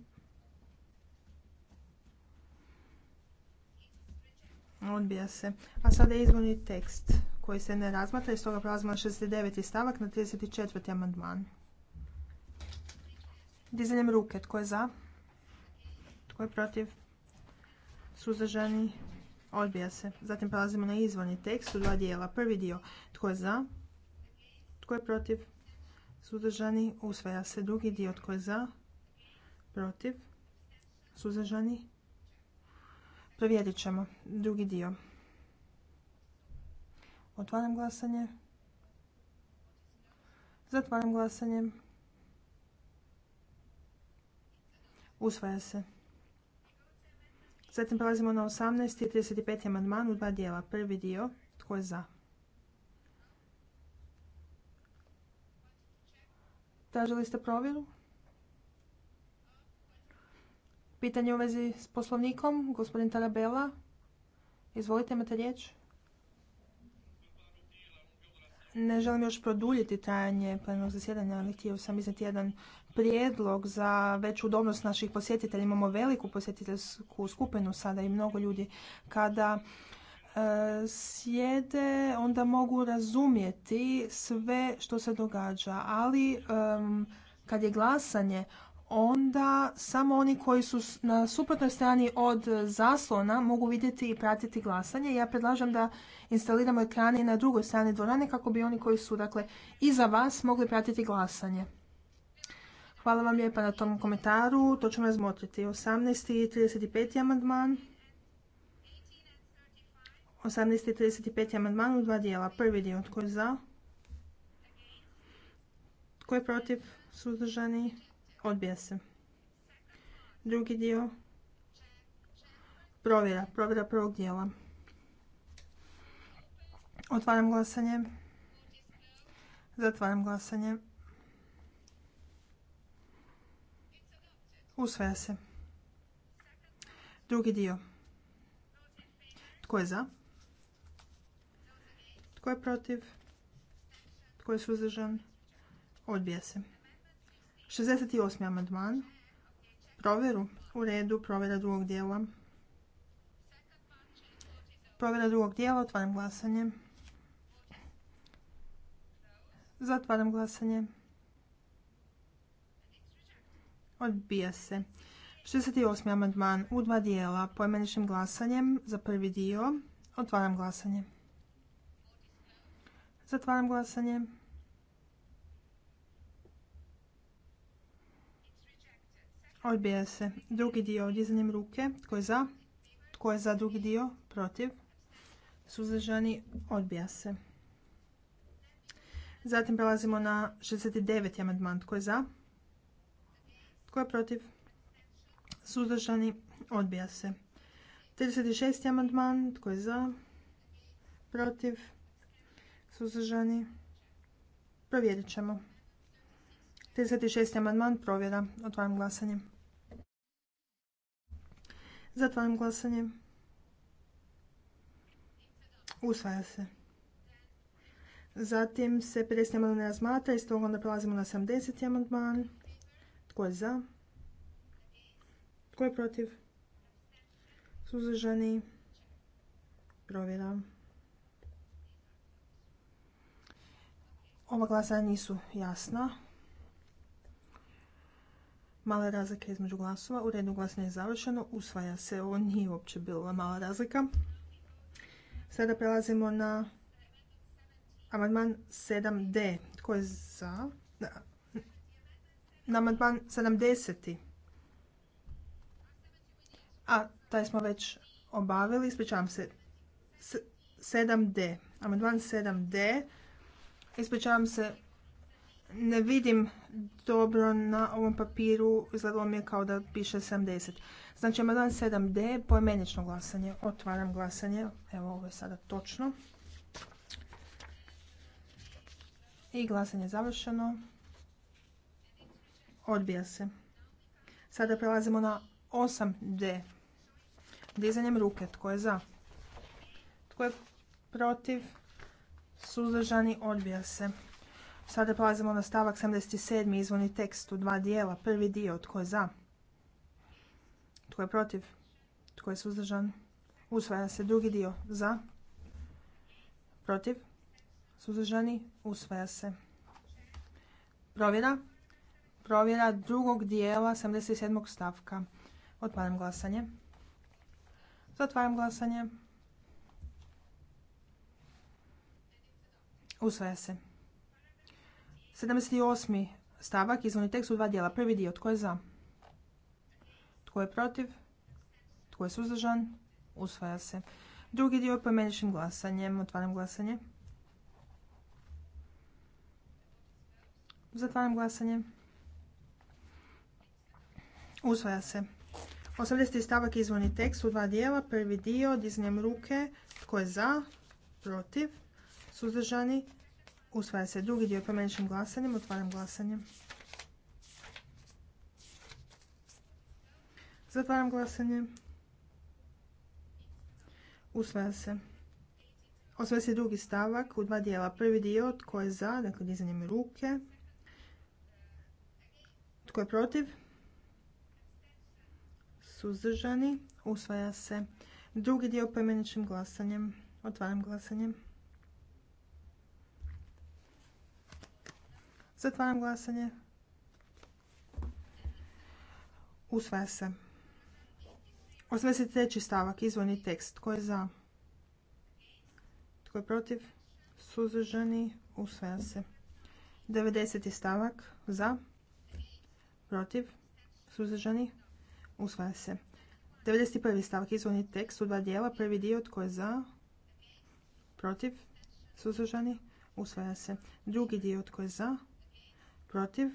Odbija se. A sada je izvorni tekst koji se ne razmatra i toga prelazimo na 69. stavak na 34. amandman. Dizanjem ruke. Tko je za? Tko je protiv? Suzdržani? Odbija se. Zatim prelazimo na izvorni tekst u dva dijela. Prvi dio. Tko je za? Tko je protiv? Suzdržani. Usvaja se. Drugi dio. Tko je za? Protiv? Suzdržani. Provjerit ćemo. Drugi dio. Otvaram glasanje. Zatvaram glasanje. Usvaja se. Zatim prelazimo na 18. i 35. amandman u dva dijela. Prvi dio, tko je za? Tražili ste provjeru? Pitanje u vezi s poslovnikom, gospodin Tarabela. Izvolite, imate riječ. Ne želim još produljiti trajanje plenog zasjedanja, ali htio sam izneti jedan prijedlog za veću udobnost naših posjetitelja. Imamo veliku posjetiteljsku skupinu sada i mnogo ljudi. Kada e, sjede, onda mogu razumjeti sve što se događa, ali kad je glasanje, onda samo oni koji su na suprotnoj strani od zaslona mogu vidjeti i pratiti glasanje. Ja predlažem da instaliramo ekrane na drugoj strani dvorane kako bi oni koji su dakle iza vas mogli pratiti glasanje. Hvala vam lijepa na tom komentaru. To ćemo razmotriti. 18. i 35. amandman. 18. i 35. amandman u dva dijela. Prvi dio tko je za? Tko je protiv? Suzdržani? Odbija se. Drugi dio. Provjera. Provjera prvog dijela. Otvaram glasanje. Zatvaram glasanje. Usvaja se. Drugi dio. Tko je za? Tko je protiv? Tko je suzdržan? Odbija se. 68. amandman. Provjeru. U redu, provjera drugog dijela. Provera drugog dijela, otvaram glasanje. Zatvaram glasanje. Odbija se. 68. amandman u dva dijela pojmeničnim glasanjem za prvi dio. Otvaram glasanje. Zatvaram glasanje. Odbija se. Drugi dio dizanjem ruke. Tko je za? Tko je za drugi dio? Protiv. Suzdržani. Odbija se. Zatim prelazimo na 69. amandman. Tko je za? Tko je protiv? Suzdržani. Odbija se. 36. amandman. Tko je za? Protiv. Suzdržani. Provjerit ćemo. 36. amandman. Provjera. Otvaram glasanje. Zatvaram glasanje. Usvaja se. Zatim se 50. amandman ne razmatra i stoga onda prelazimo na 70. amandman. Tko je za? Tko je protiv? Suzdržani? Provjera. Ova glasanja nisu jasna. Mala razlika između glasova. U redu glasanje je završeno. Usvaja se. Ovo nije uopće bila mala razlika. Sada prelazimo na amandman 7D. Tko je za? Na amandman 70. A, taj smo već obavili. Ispričavam se. 7D. Amandman 7D. Ispričavam se, ne vidim dobro na ovom papiru, izgledalo mi je kao da piše 70. Znači, amandman 7D, poimenično glasanje. Otvaram glasanje, evo ovo je sada točno. I glasanje je završeno. Odbija se. Sada prelazimo na 8D. Dizanjem ruke. Tko je za? Tko je protiv? Suzdržani odbija se. Sada prelazimo na stavak 77. izvorni tekst u dva dijela. Prvi dio, tko je za? Tko je protiv? Tko je suzdržan? Usvaja se drugi dio, za? Protiv? Suzdržani? Usvaja se. Provjera. Provjera drugog dijela 77. stavka. Otvaram glasanje. Zatvaram glasanje. Usvaja se. 78. stavak, izvorni tekst u dva dijela. Prvi dio, tko je za? Tko je protiv? Tko je suzdržan? Usvaja se. Drugi dio pojmeničnim glasanjem. Otvaram glasanje. Zatvaram glasanje. Usvaja se. 80. stavak izvorni tekst u dva dijela. Prvi dio, Diznem ruke. Tko je za? Protiv? Suzdržani? Usvaja se drugi dio pomeničnim glasanjem. Otvaram glasanje. Zatvaram glasanje. Usvaja se. se drugi stavak u dva dijela. Prvi dio tko je za, dakle dizanjem ruke. Tko je protiv? Suzdržani. Usvaja se. Drugi dio poimeničnim glasanjem. Otvaram glasanje. Zatvaram glasanje. Usvaja se. 83. stavak, izvorni tekst. Tko je za? Tko je protiv? Suzdržani. Usvaja se. 90. stavak, za? Protiv? Suzdržani. Usvaja se. 91. stavak, izvorni tekst u dva dijela. Prvi dio, tko je za? Protiv? Suzdržani. Usvaja se. Drugi dio, tko je za? protiv,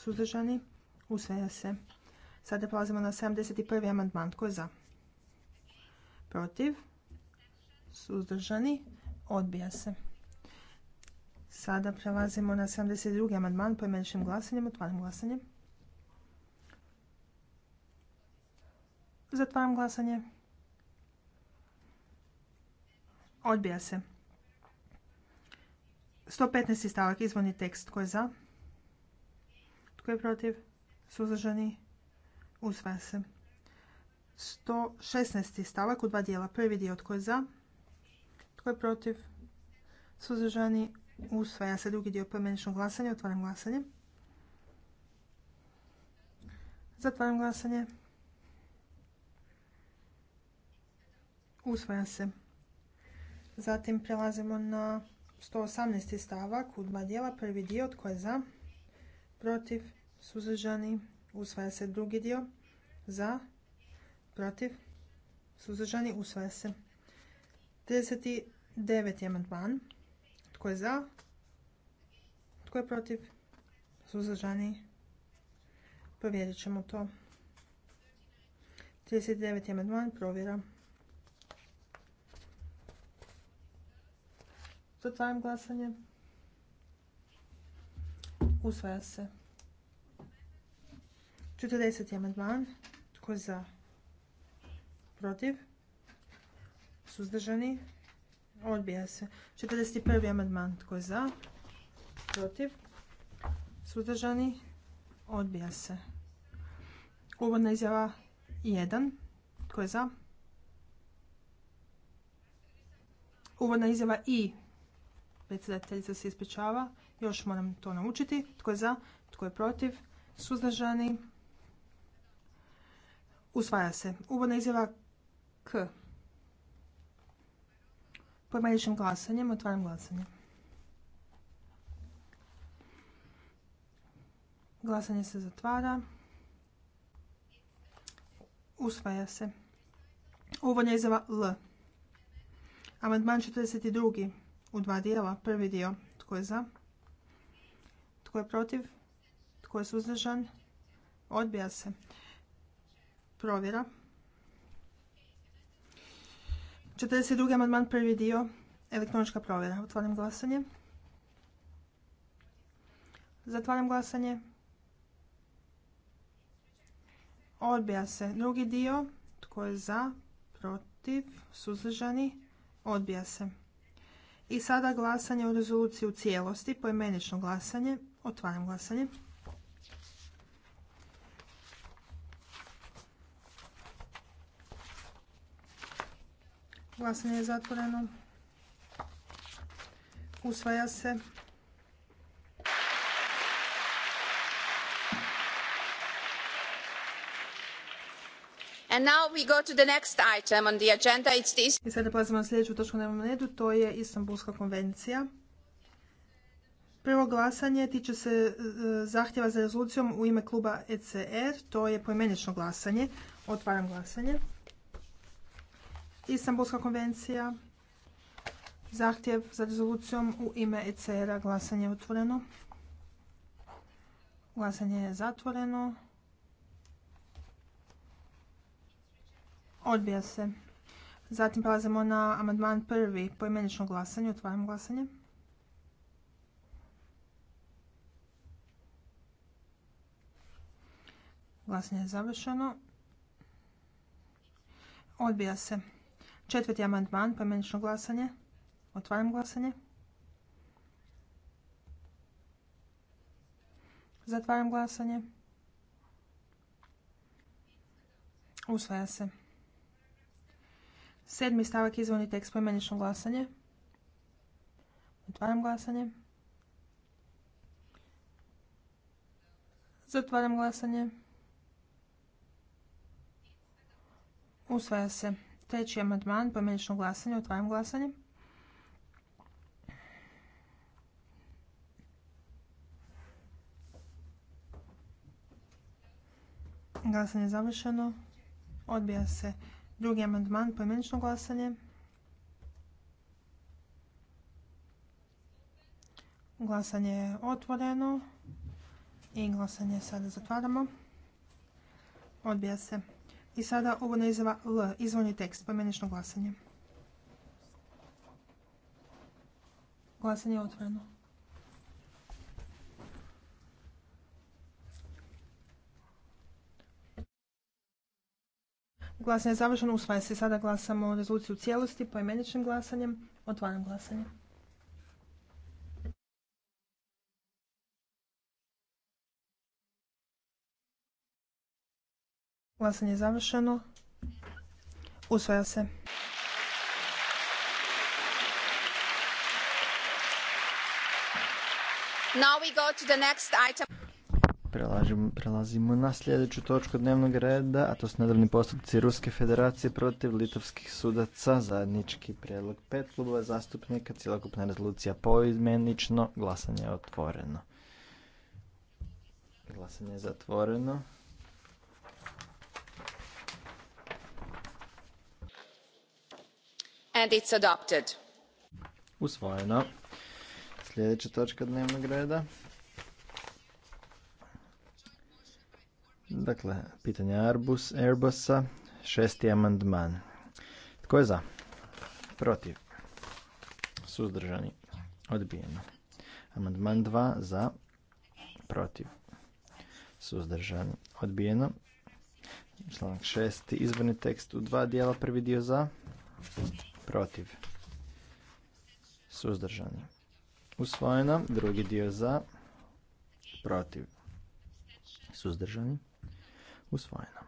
suzdržani, usvaja se. Sada prelazimo na 71. amandman. Tko je za? Protiv, suzdržani, odbija se. Sada prelazimo na 72. amandman poimeničnim glasanjem. Otvaram glasanje. Zatvaram glasanje. Odbija se. 115. stavak, izvodni tekst. Tko je za? Tko je protiv? Suzdržani? Usvaja se. 116. stavak u dva dijela. Prvi dio tko je za? Tko je protiv? Suzdržani? Usvaja se. Drugi dio pojmeničnog glasanja. Otvaram glasanje. Zatvaram glasanje. Usvaja se. Zatim prelazimo na 118. stavak u dva dijela. Prvi dio tko je za? Protiv? suzdržani, usvaja se drugi dio, za, protiv, suzdržani, usvaja se. 39. amandman, tko je za, tko je protiv, suzdržani, provjerit ćemo to. 39. amandman, provjera. Zatvaram glasanje. Usvaja se. 40. amandman. Tko je za? Protiv? Suzdržani? Odbija se. 41. amandman. Tko je za? Protiv? Suzdržani? Odbija se. Uvodna izjava 1. Tko je za? Uvodna izjava i. Predsjedateljica se ispričava. Još moram to naučiti. Tko je za? Tko je protiv? Suzdržani? Usvaja se. Uvodna izjava K. Pojmaničnim glasanjem otvaram glasanje. Glasanje se zatvara. Usvaja se. Uvodna izjava L. Amandman 42. u dva dijela. Prvi dio. Tko je za? Tko je protiv? Tko je suzdržan? Odbija se. Provjera. 42. amandman, prvi dio. Elektronička provjera. Otvaram glasanje. Zatvaram glasanje. Odbija se drugi dio. Tko je za? Protiv? Suzdržani? Odbija se. I sada glasanje o rezoluciji u cijelosti, poimenično glasanje. Otvaram glasanje. Glasanje je zatvoreno. Usvaja se. And now we go to the next item on the agenda. It's I sada prelazimo na sljedeću točku na dnevnom redu, to je Istanbulska konvencija. Prvo glasanje tiče se e, zahtjeva za rezolucijom u ime kluba ECR, to je poimenično glasanje. Otvaram glasanje. Istanbulska konvencija, zahtjev za rezolucijom u ime ECR-a, glasanje je otvoreno. Glasanje je zatvoreno. Odbija se. Zatim prelazimo na amandman prvi, poimenično glasanje, otvaram glasanje. Glasanje je završeno. Odbija se. Četvrti amandman, pojmenično glasanje. Otvaram glasanje. Zatvaram glasanje. Usvaja se. Sedmi stavak izvorni tekst pojmenično glasanje. Otvaram glasanje. Zatvaram glasanje. Usvaja se. Treći amandman, pojmenično glasanje, otvaram glasanje. Glasanje je završeno. Odbija se drugi amandman, pojmenično glasanje. Glasanje je otvoreno i glasanje sada zatvaramo. Odbija se. I sada ovo izjava L, izvorni tekst, pojmenično glasanje. Glasanje je otvoreno. Glasanje je završeno, usvaja se. Sada glasamo rezoluciju u cijelosti, poimeničnim glasanjem. Otvaram glasanje. Glasanje je završeno. Usvaja se. prelazimo na sljedeću točku dnevnog reda, a to su nedavni postupci Ruske federacije protiv litovskih sudaca, zajednički prijedlog pet klubova zastupnika, cjelokupna rezolucija poizmenično, glasanje je otvoreno. Glasanje je zatvoreno. Usvojeno. Sljedeća točka dnevnog reda. Dakle, pitanje arbus Airbusa, šesti amandman. Tko je za? Protiv. Suzdržani. Odbijeno. Amandman 2 za. Protiv. Suzdržani. Odbijeno. Članak 6. izborni tekst u dva dijela. Prvi dio za protiv, suzdržani. Usvojeno, drugi dio za, protiv, suzdržani, usvojeno.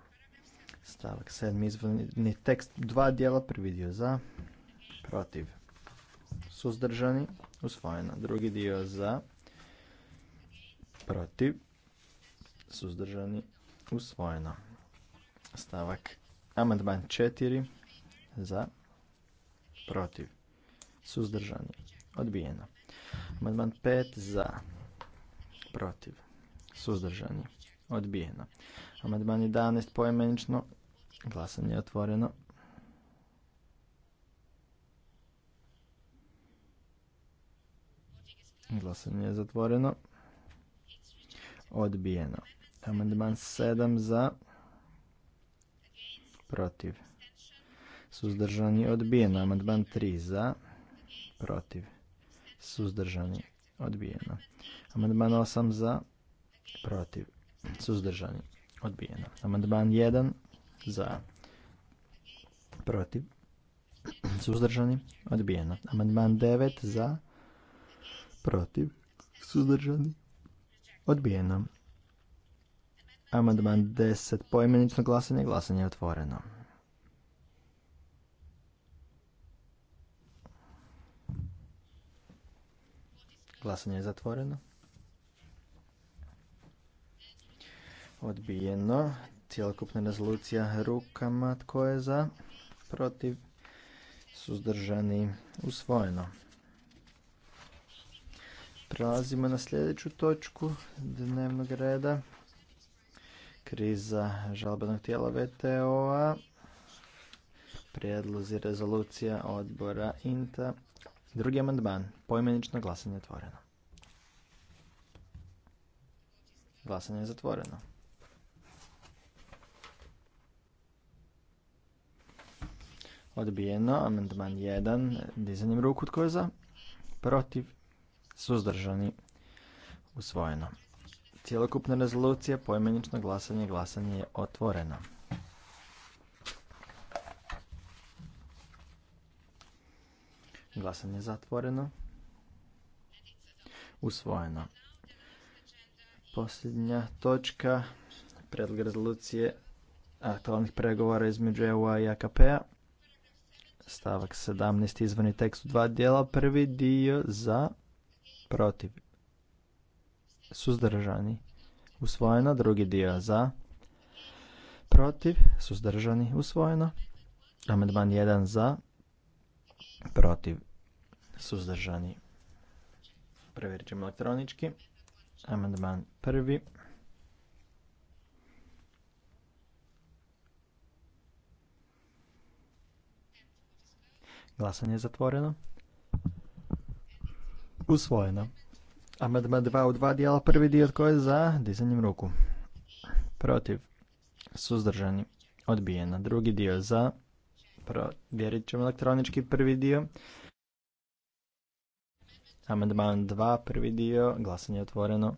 Stavak 7. ni tekst, dva dijela, prvi dio za, protiv, suzdržani, usvojeno. Drugi dio za, protiv, suzdržani, usvojeno. Stavak amandman 4 za, protiv, suzdržani, odbijeno. Amandman 5 za, protiv, suzdržani, odbijeno. Amandman 11 poimenično, glasanje je otvoreno. Glasanje je zatvoreno. Odbijeno. Amandman 7 za, protiv, Suzdržani odbijeno. Amandman 3 za. Protiv. Suzdržani odbijeno. Amandman 8 za. Protiv. Suzdržani odbijeno. Amandman 1 za. Protiv. Suzdržani odbijeno. Amandman 9 za. Protiv. Suzdržani odbijeno. Amandman 10 poimenično glasanje. Glasanje je otvoreno. Glasanje je zatvoreno. Odbijeno. Cijelokupna rezolucija rukama. Tko je za? Protiv. Suzdržani. Usvojeno. Prelazimo na sljedeću točku dnevnog reda. Kriza žalbenog tijela VTO-a. Prijedlozi rezolucija odbora INTA. Drugi amandman. Poimenično glasanje je otvoreno. Glasanje je zatvoreno. Odbijeno. Amendman 1. Dizanjem ruku tko je za? Protiv. Suzdržani. Usvojeno. Cijelokupna rezolucija, poimenično glasanje, glasanje je otvoreno. Glasanje je zatvoreno usvojeno. Posljednja točka, predlog rezolucije aktualnih pregovora između EU-a i AKP-a. Stavak 17. izvorni tekst u dva dijela. Prvi dio za protiv. Suzdržani. Usvojeno. Drugi dio za protiv. Suzdržani. Usvojeno. Amandman 1 za protiv. Suzdržani. Provjerit ćemo elektronički. Amandman prvi. Glasanje je zatvoreno. Usvojeno. Amandman 2 u dva dijela. Prvi dio tko je za? Dizanjem ruku. Protiv. Suzdržani. Odbijeno. Drugi dio za. Provjerit ćemo elektronički prvi dio. Amandman 2, prvi dio, glasanje otvoreno.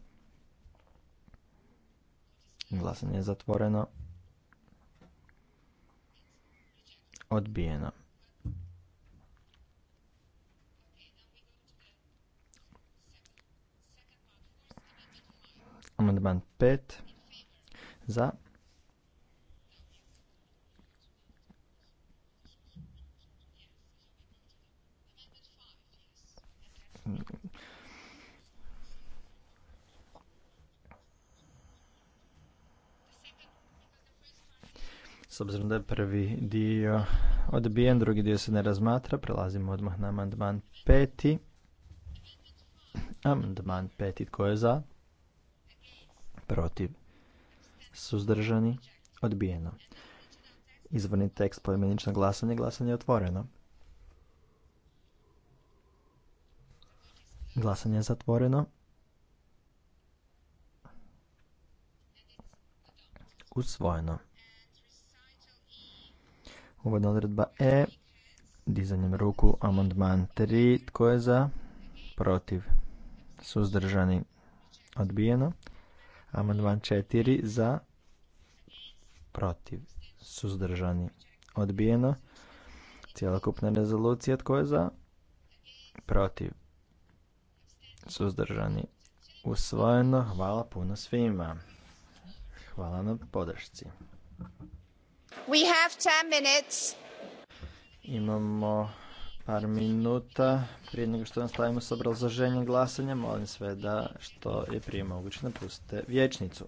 Glasanje je zatvoreno. Odbijeno. Amandman 5. Za. S obzirom da je prvi dio odbijen, drugi dio se ne razmatra, prelazimo odmah na amandman peti. Amandman peti, tko je za? Protiv. Suzdržani? Odbijeno. Izvorni tekst poimenično glasanje, glasanje je otvoreno. Glasanje je zatvoreno. Usvojeno. Uvodna odredba E. Dizanjem ruku. Amandman 3. Tko je za? Protiv. Suzdržani. Odbijeno. Amandman 4. Za? Protiv. Suzdržani. Odbijeno. Cijelokupna rezolucija. Tko je za? Protiv suzdržani, usvojeno. Hvala puno svima. Hvala na podršci. minutes. Imamo par minuta prije nego što nastavimo s obrazloženjem glasanja. Molim sve da što je prije moguće napustite vječnicu.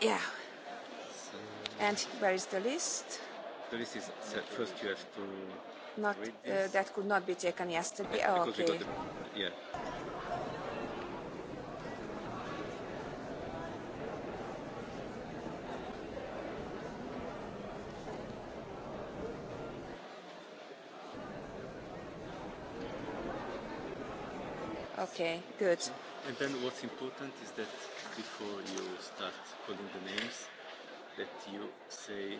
Yeah. And where is the list? The list is set. Uh, first, you have to. Not Uh, that could not be taken yesterday. Oh, okay. yeah. Okay, good. And then what's important is that before you start calling the names that you say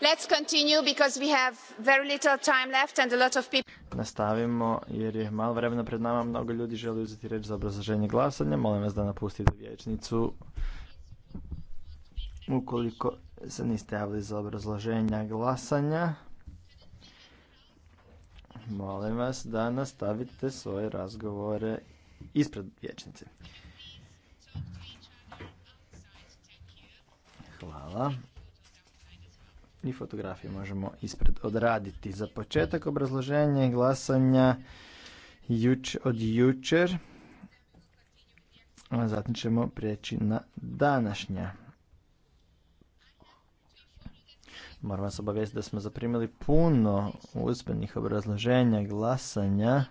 Let's continue because we have very little time left and a lot of people Nastavimo jer je malo vremena pred nama, mnogo ljudi želi uzeti reč za obrazloženje glasanja. Molim vas da napustite vječnicu ukoliko se niste javili za obrazloženja glasanja vas da nastavite svoje razgovore ispred vječnice. Hvala. I fotografije možemo ispred odraditi. Za početak obrazloženje glasanja juč, od jučer. Zatim ćemo prijeći na današnja Moram vas obavijestiti da smo zaprimili puno uspjenih obrazloženja, glasanja,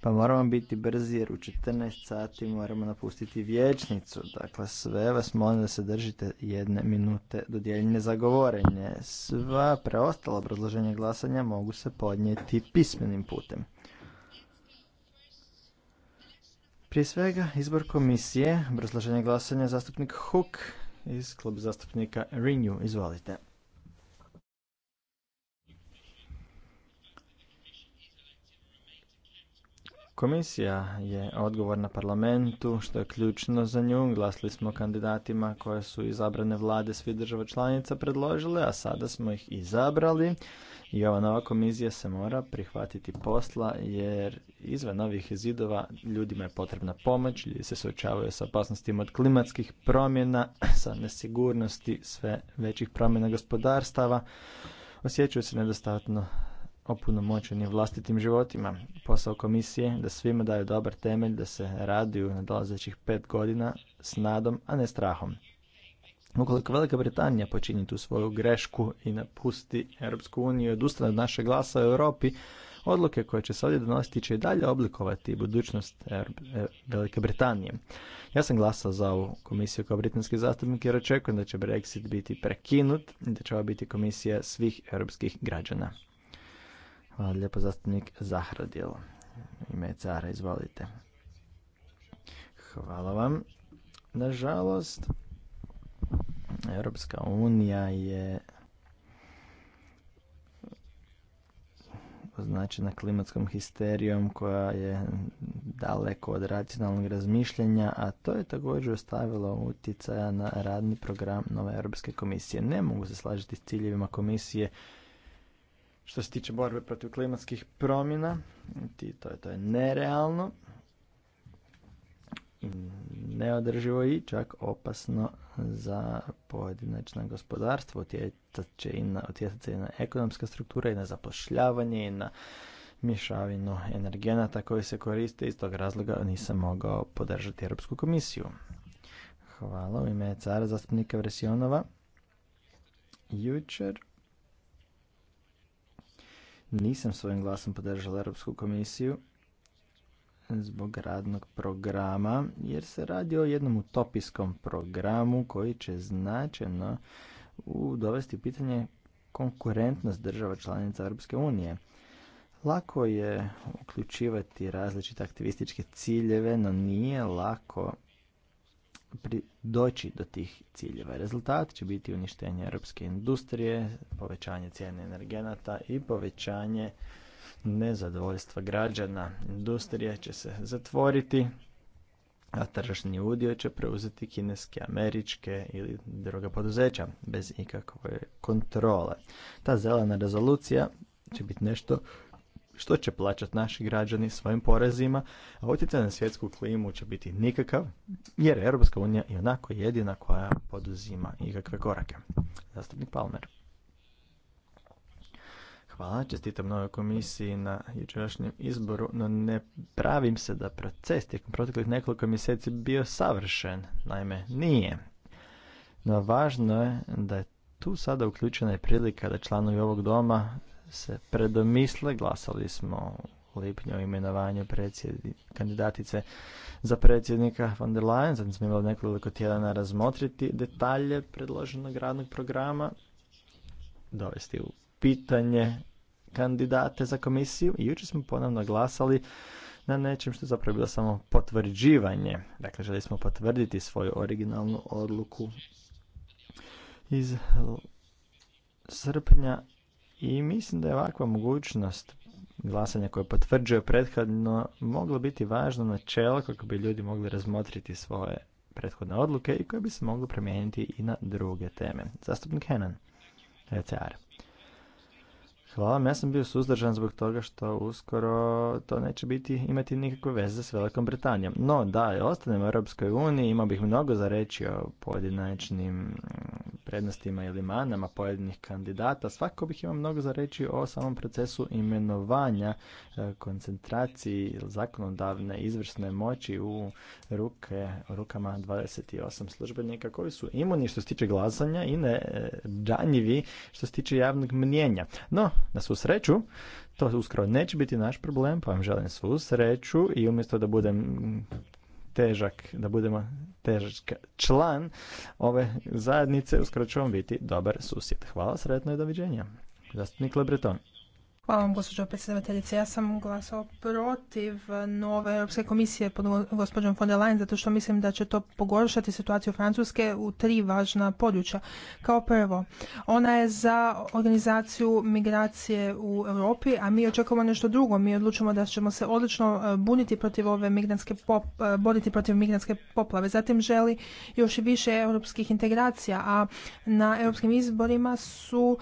pa moramo biti brzi jer u 14 sati moramo napustiti vječnicu. Dakle, sve vas molim da se držite jedne minute dodijeljene za govorenje. Sva preostala obrazloženja glasanja mogu se podnijeti pismenim putem. Prije svega, izbor komisije, obrazloženje glasanja, zastupnik Huk iz klub zastupnika Renew. Izvolite. Komisija je odgovorna parlamentu, što je ključno za nju. Glasili smo kandidatima koje su izabrane vlade svi država članica predložile, a sada smo ih izabrali. I ova nova komisija se mora prihvatiti posla jer izvan ovih zidova ljudima je potrebna pomoć, ljudi se suočavaju sa opasnostima od klimatskih promjena, sa nesigurnosti sve većih promjena gospodarstava, osjećaju se nedostatno opunomoćeni vlastitim životima. Posao komisije da svima daju dobar temelj da se radi na dolazećih pet godina s nadom, a ne strahom. Ukoliko Velika Britanija počini tu svoju grešku i napusti Europsku uniju i odustane od našeg glasa u Europi, odluke koje će se ovdje donositi će i dalje oblikovati budućnost e, Velike Britanije. Ja sam glasao za ovu komisiju kao britanski zastupnik jer očekujem da će Brexit biti prekinut i da će ova biti komisija svih europskih građana. Hvala lijepo zastupnik Zahradil. Ime je cara, izvolite. Hvala vam. Nažalost, Europska unija je označena klimatskom histerijom koja je daleko od racionalnog razmišljanja, a to je također ostavilo utjecaja na radni program nove Europske komisije. Ne mogu se slažiti s ciljevima komisije što se tiče borbe protiv klimatskih promjena. To je, to je nerealno neodrživo i čak opasno za pojedinačno gospodarstvo. Utjecat će i na, utjecat i na ekonomska struktura i na zapošljavanje i na mješavinu energenata koji se koriste. Iz tog razloga nisam mogao podržati Europsku komisiju. Hvala u ime cara zastupnika Vresionova. Jučer nisam svojim glasom podržala Europsku komisiju zbog radnog programa jer se radi o jednom utopijskom programu koji će značajno dovesti u pitanje konkurentnost država članica Europske unije. Lako je uključivati različite aktivističke ciljeve, no nije lako doći do tih ciljeva. Rezultat će biti uništenje europske industrije, povećanje cijene energenata i povećanje nezadovoljstva građana. Industrija će se zatvoriti, a tržni udio će preuzeti kineske, američke ili druga poduzeća bez ikakve kontrole. Ta zelena rezolucija će biti nešto što će plaćati naši građani svojim porezima, a utjecaj na svjetsku klimu će biti nikakav, jer Europska unija je onako jedina koja poduzima ikakve korake. Zastupnik Palmer. Hvala, čestitam novoj komisiji na jučerašnjem izboru, no ne pravim se da proces tijekom proteklih nekoliko mjeseci bio savršen, naime nije. No važno je da je tu sada uključena je prilika da članovi ovog doma se predomisle. Glasali smo u lipnju o imenovanju kandidatice za predsjednika von der Leyen. Zatim smo imali nekoliko tjedana razmotriti detalje predloženog radnog programa, dovesti u pitanje kandidate za komisiju i jučer smo ponovno glasali na nečem što je zapravo bilo samo potvrđivanje. Dakle, želi smo potvrditi svoju originalnu odluku iz srpnja i mislim da je ovakva mogućnost glasanja koje potvrđuje prethodno moglo biti važno načelo kako bi ljudi mogli razmotriti svoje prethodne odluke i koje bi se mogle promijeniti i na druge teme. Zastupnik Henan, ECR. Hvala ja sam bio suzdržan zbog toga što uskoro to neće biti imati nikakve veze s Velikom Britanijom. No da, ostanem u Europskoj uniji, imao bih mnogo za reći o pojedinačnim mm, prednostima ili manama pojedinih kandidata. Svako bih imao mnogo za reći o samom procesu imenovanja, e, koncentraciji zakonodavne izvrsne moći u ruke, rukama 28 službenika koji su imuni što se tiče glasanja i ne e, džanjivi što se tiče javnog mnjenja. No, na svu sreću, to uskoro neće biti naš problem, pa vam želim svu sreću i umjesto da budem težak, da budemo težak član ove zajednice, uskoro ću vam biti dobar susjed. Hvala, sretno i doviđenja. Zastupnik Lebreton. Hvala vam, gospođo predsjedavateljice. Ja sam glasao protiv nove Europske komisije pod gospođom von der Leyen zato što mislim da će to pogoršati situaciju Francuske u tri važna područja. Kao prvo, ona je za organizaciju migracije u Europi, a mi očekujemo nešto drugo. Mi odlučujemo da ćemo se odlično e, buniti protiv ove migranske e, boriti protiv migrantske poplave. Zatim želi još i više europskih integracija, a na europskim izborima su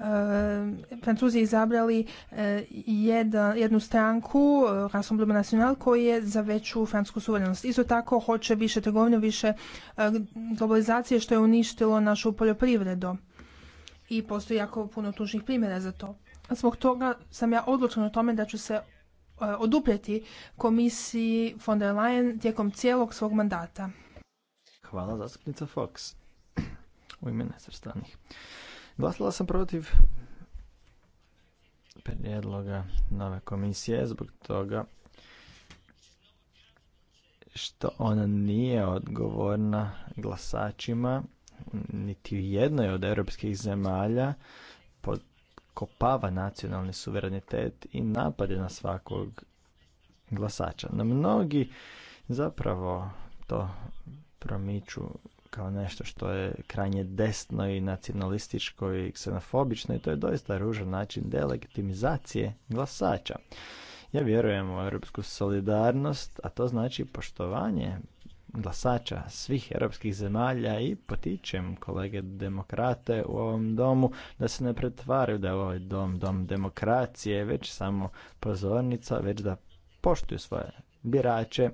Ehm, Francuzi izabrali eh, jednu stranku, eh, Rassemblement National, koji je za veću francusku suverenost. Isto tako hoće više trgovinu, više eh, globalizacije što je uništilo našu poljoprivredu. I postoji jako puno tužnih primjera za to. Zbog toga sam ja odlučena o tome da ću se oduprijeti komisiji von der Leyen tijekom cijelog svog mandata. Hvala zastupnica Fox. U ime Glasala sam protiv prijedloga nove komisije zbog toga što ona nije odgovorna glasačima niti u jednoj od europskih zemalja podkopava nacionalni suverenitet i napade na svakog glasača. Na mnogi zapravo to promiču kao nešto što je krajnje desno i nacionalističko i ksenofobično i to je doista ružan način delegitimizacije glasača. Ja vjerujem u europsku solidarnost, a to znači poštovanje glasača svih europskih zemalja i potičem kolege demokrate u ovom domu da se ne pretvaraju da je ovaj dom dom demokracije, već samo pozornica, već da poštuju svoje birače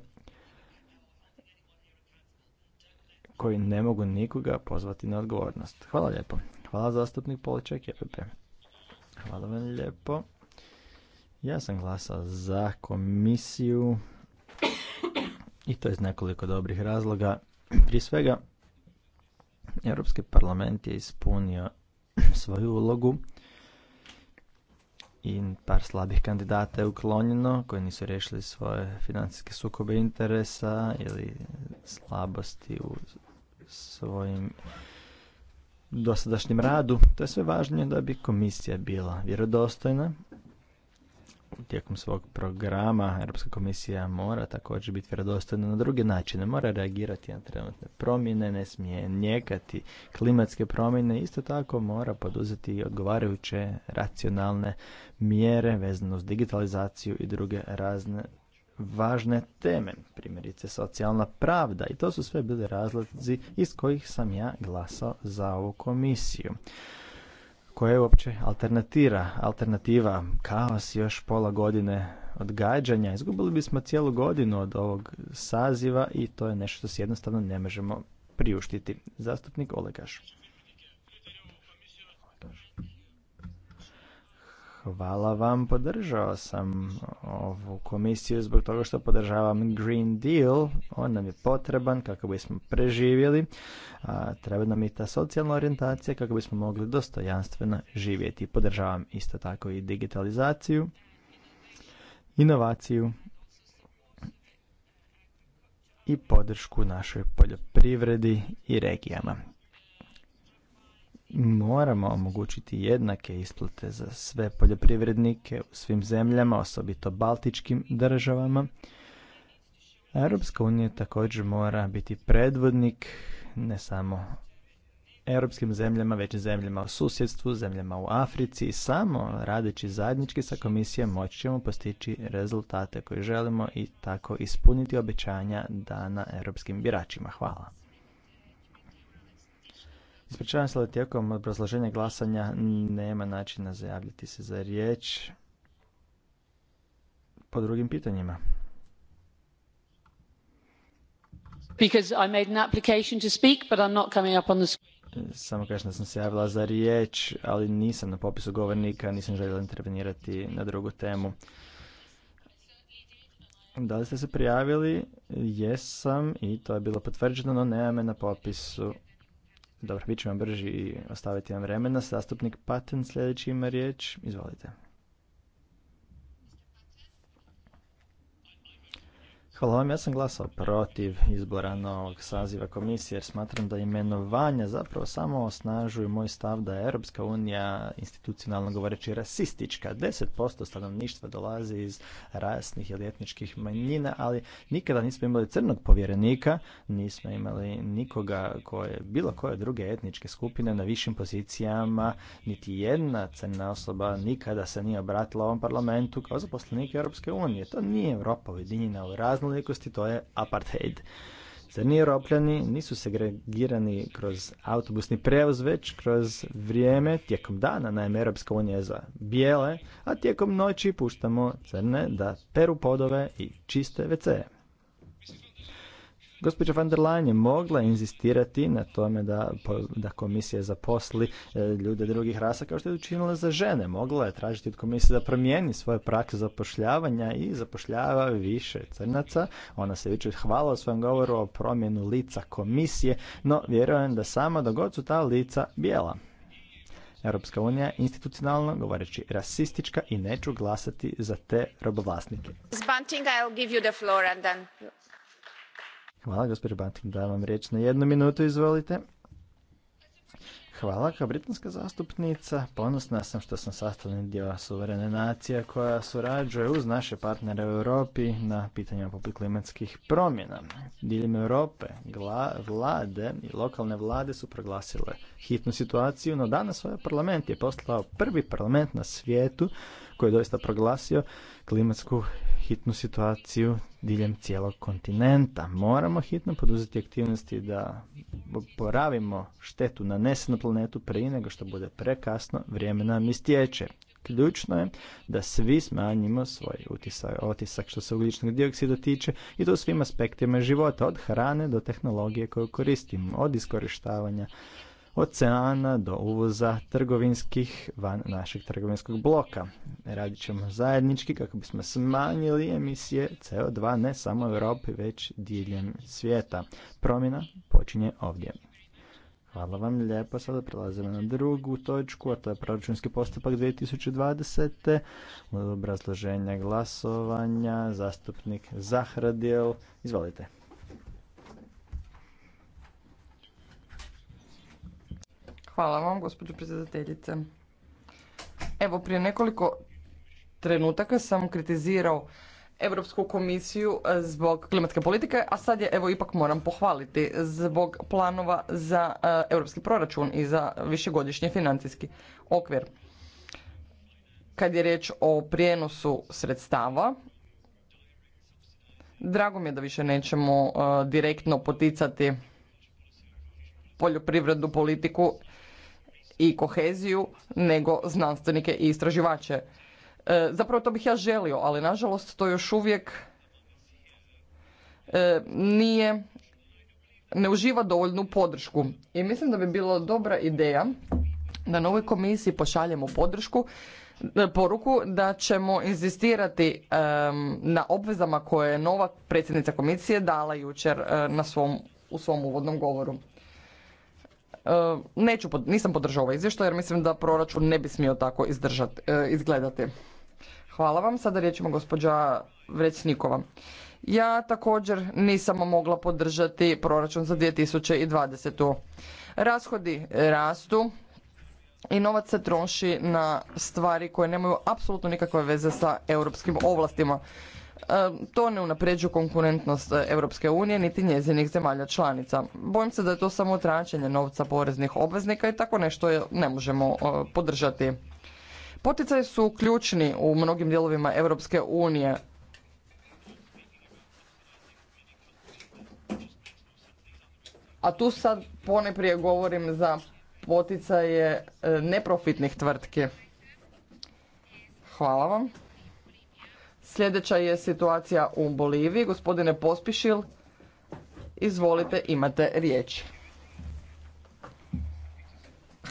koji ne mogu nikoga pozvati na odgovornost. Hvala lijepo. Hvala zastupnik Poliček EPP. Hvala vam lijepo. Ja sam glasao za komisiju i to iz nekoliko dobrih razloga. Prije svega, Europski parlament je ispunio svoju ulogu i par slabih kandidata je uklonjeno koji nisu riješili svoje financijske sukobe interesa ili slabosti u svojim dosadašnjem radu, to je sve važnije da bi komisija bila vjerodostojna. Tijekom svog programa Europska komisija mora također biti vjerodostojna na druge načine. Mora reagirati na trenutne promjene, ne smije njekati klimatske promjene. Isto tako mora poduzeti odgovarajuće racionalne mjere vezano uz digitalizaciju i druge razne važne teme, primjerice socijalna pravda i to su sve bili razlozi iz kojih sam ja glasao za ovu komisiju. Koja je uopće alternativa? alternativa, kaos još pola godine odgađanja, izgubili bismo cijelu godinu od ovog saziva i to je nešto što si jednostavno ne možemo priuštiti. Zastupnik Olegaš. Hvala vam, podržao sam ovu komisiju zbog toga što podržavam Green Deal. On nam je potreban kako bismo preživjeli. A, treba nam i ta socijalna orijentacija kako bismo mogli dostojanstveno živjeti. Podržavam isto tako i digitalizaciju, inovaciju i podršku našoj poljoprivredi i regijama moramo omogućiti jednake isplate za sve poljoprivrednike u svim zemljama, osobito baltičkim državama. Europska unija također mora biti predvodnik ne samo europskim zemljama, već i zemljama u susjedstvu, zemljama u Africi. Samo radeći zajednički sa komisijom moći ćemo postići rezultate koje želimo i tako ispuniti obećanja dana europskim biračima. Hvala. Ispričavam se da tijekom obrazloženja glasanja nema načina zajavljati se za riječ po drugim pitanjima. Samo kažem da sam se javila za riječ, ali nisam na popisu govornika, nisam željela intervenirati na drugu temu. Da li ste se prijavili? Jesam i to je bilo potvrđeno, no nema me na popisu dobro, bit ću brži i ostaviti vam vremena. Zastupnik Patent sljedeći ima riječ. Izvolite. Hvala vam, ja sam glasao protiv izbora novog saziva komisije jer smatram da imenovanja zapravo samo osnažuju moj stav da je Europska unija institucionalno govoreći rasistička. 10% stanovništva dolazi iz rasnih ili etničkih manjina, ali nikada nismo imali crnog povjerenika, nismo imali nikoga koje, bilo koje druge etničke skupine na višim pozicijama, niti jedna crna osoba nikada se nije obratila ovom parlamentu kao zaposlenik Europske unije. To nije Europa ujedinjena u razno raznolikosti, to je apartheid. Crni ropljani nisu segregirani kroz autobusni prevoz, već kroz vrijeme tijekom dana, naime Europska unija za bijele, a tijekom noći puštamo crne da peru podove i čiste WC-e. Gospođa van der Leyen je mogla inzistirati na tome da, da komisija zaposli e, ljude drugih rasa kao što je učinila za žene. Mogla je tražiti od komisije da promijeni svoje prakse zapošljavanja i zapošljava više crnaca. Ona se više hvala u svojem govoru o promjenu lica komisije, no vjerujem da samo da god su ta lica bijela. Europska unija institucionalno govoreći rasistička i neću glasati za te robovlasnike. Hvala, gospođo Batin, da vam riječ na jednu minutu, izvolite. Hvala, kao britanska zastupnica. Ponosna sam što sam sastavljen dio suverene nacije koja surađuje uz naše partnere u Europi na pitanjima poput klimatskih promjena. Diljem Europe vlade i lokalne vlade su proglasile hitnu situaciju, no danas ovaj parlament je poslao prvi parlament na svijetu koji je doista proglasio klimatsku hitnu situaciju diljem cijelog kontinenta. Moramo hitno poduzeti aktivnosti da poravimo štetu nanesenu planetu prije nego što bude prekasno, vrijeme nam istječe. Ključno je da svi smanjimo svoj utisak, otisak što se ugljičnog dioksida tiče i to u svim aspektima života, od hrane do tehnologije koju koristimo, od iskorištavanja oceana do uvoza trgovinskih van našeg trgovinskog bloka. Radit ćemo zajednički kako bismo smanjili emisije CO2 ne samo u Europi već diljem svijeta. Promjena počinje ovdje. Hvala vam lijepo. Sada prelazimo na drugu točku, a to je proračunski postupak 2020. U obrazloženja glasovanja, zastupnik Zahradil. Izvolite. Hvala vam, gospođo predsjedateljice. Evo, prije nekoliko trenutaka sam kritizirao Europsku komisiju zbog klimatske politike, a sad je, evo, ipak moram pohvaliti zbog planova za e, europski proračun i za višegodišnji financijski okvir. Kad je riječ o prijenosu sredstava, drago mi je da više nećemo e, direktno poticati poljoprivrednu politiku i koheziju nego znanstvenike i istraživače. E, zapravo to bih ja želio, ali nažalost to još uvijek e, nije, ne uživa dovoljnu podršku. I mislim da bi bila dobra ideja da na ovoj komisiji pošaljemo podršku, e, poruku da ćemo inzistirati na obvezama koje je nova predsjednica komisije dala jučer na svom, u svom uvodnom govoru. E, neću, nisam podržao ovaj izvještaj jer mislim da proračun ne bi smio tako izdržati, e, izgledati. Hvala vam. Sada riječ ima gospođa Vrećnikova. Ja također nisam mogla podržati proračun za 2020. Rashodi rastu i novac se troši na stvari koje nemaju apsolutno nikakve veze sa europskim ovlastima. To ne unapređuje konkurentnost Europske unije niti njezinih zemalja članica. Bojim se da je to samo tračenje novca poreznih obveznika i tako nešto ne možemo e, podržati. Poticaj su ključni u mnogim dijelovima Europske unije. A tu sad poneprije govorim za poticaje e, neprofitnih tvrtki. Hvala vam. Sljedeća je situacija u Boliviji. Gospodine Pospišil, izvolite, imate riječ.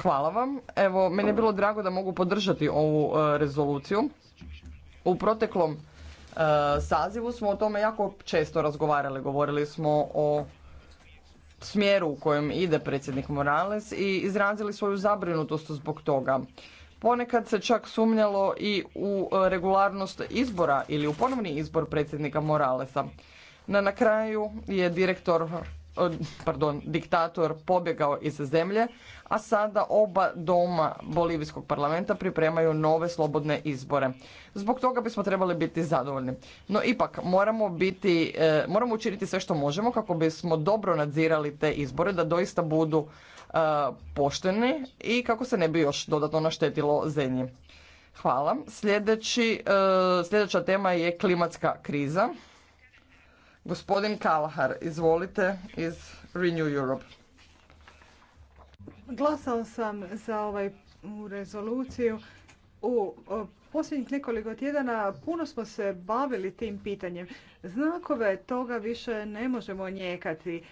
Hvala vam. Evo, meni je bilo drago da mogu podržati ovu e, rezoluciju. U proteklom e, sazivu smo o tome jako često razgovarali. Govorili smo o smjeru u kojem ide predsjednik Morales i izrazili svoju zabrinutost zbog toga. Ponekad se čak sumnjalo i u e, regularnost izbora ili u ponovni izbor predsjednika Moralesa. Na, na kraju je direktor e, pardon, diktator pobjegao iz zemlje, a sada oba doma Bolivijskog parlamenta pripremaju nove slobodne izbore. Zbog toga bismo trebali biti zadovoljni. No ipak, moramo, biti, e, moramo učiniti sve što možemo kako bismo dobro nadzirali te izbore, da doista budu E, pošteni i kako se ne bi još dodatno naštetilo zemlji. Hvala. Sljedeći, e, sljedeća tema je klimatska kriza. Gospodin Kalahar, izvolite iz Renew Europe. Glasao sam za ovaj rezoluciju. U posljednjih nekoliko tjedana puno smo se bavili tim pitanjem. Znakove toga više ne možemo njekati.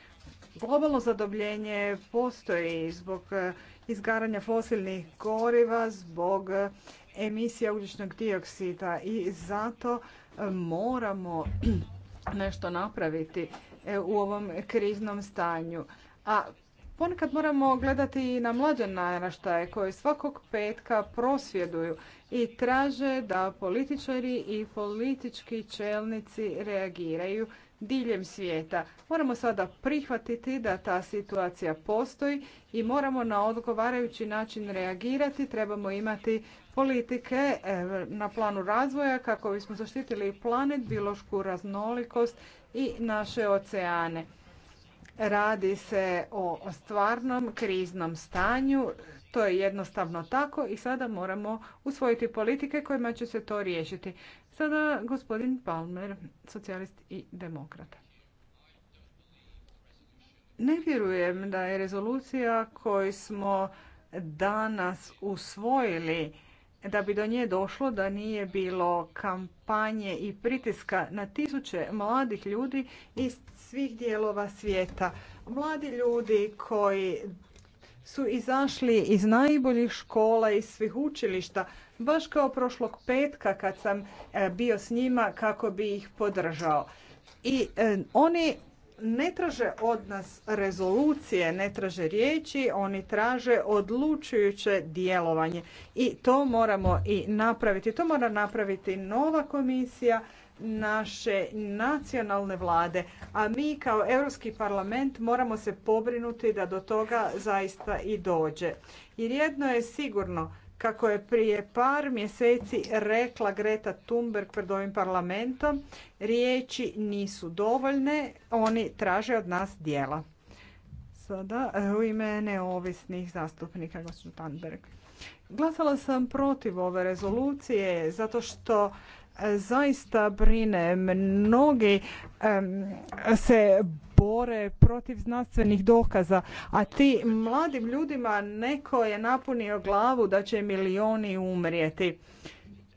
Globalno zadobljenje postoji zbog eh, izgaranja fosilnih goriva, zbog eh, emisija ugljičnog dioksida i zato eh, moramo nešto napraviti u ovom kriznom stanju. A ponekad moramo gledati i na mlađe naraštaje koje svakog petka prosvjeduju i traže da političari i politički čelnici reagiraju diljem svijeta. Moramo sada prihvatiti da ta situacija postoji i moramo na odgovarajući način reagirati. Trebamo imati politike e, na planu razvoja kako bismo zaštitili planet, biološku raznolikost i naše oceane. Radi se o stvarnom kriznom stanju, to je jednostavno tako i sada moramo usvojiti politike kojima će se to riješiti. Sada gospodin Palmer, socijalist i demokrat. Ne vjerujem da je rezolucija koju smo danas usvojili da bi do nje došlo da nije bilo kampanje i pritiska na tisuće mladih ljudi iz svih dijelova svijeta. Mladi ljudi koji su izašli iz najboljih škola i svih učilišta, baš kao prošlog petka kad sam e, bio s njima kako bi ih podržao. I e, oni ne traže od nas rezolucije, ne traže riječi, oni traže odlučujuće djelovanje. I to moramo i napraviti. To mora napraviti nova komisija naše nacionalne vlade, a mi kao Europski parlament moramo se pobrinuti da do toga zaista i dođe. Jer jedno je sigurno, kako je prije par mjeseci rekla Greta Thunberg pred ovim parlamentom, riječi nisu dovoljne, oni traže od nas dijela. Sada e, u ime neovisnih zastupnika, gospođo Thunberg. Glasala sam protiv ove rezolucije zato što zaista brine. Mnogi se bore protiv znanstvenih dokaza, a ti mladim ljudima neko je napunio glavu da će milioni umrijeti.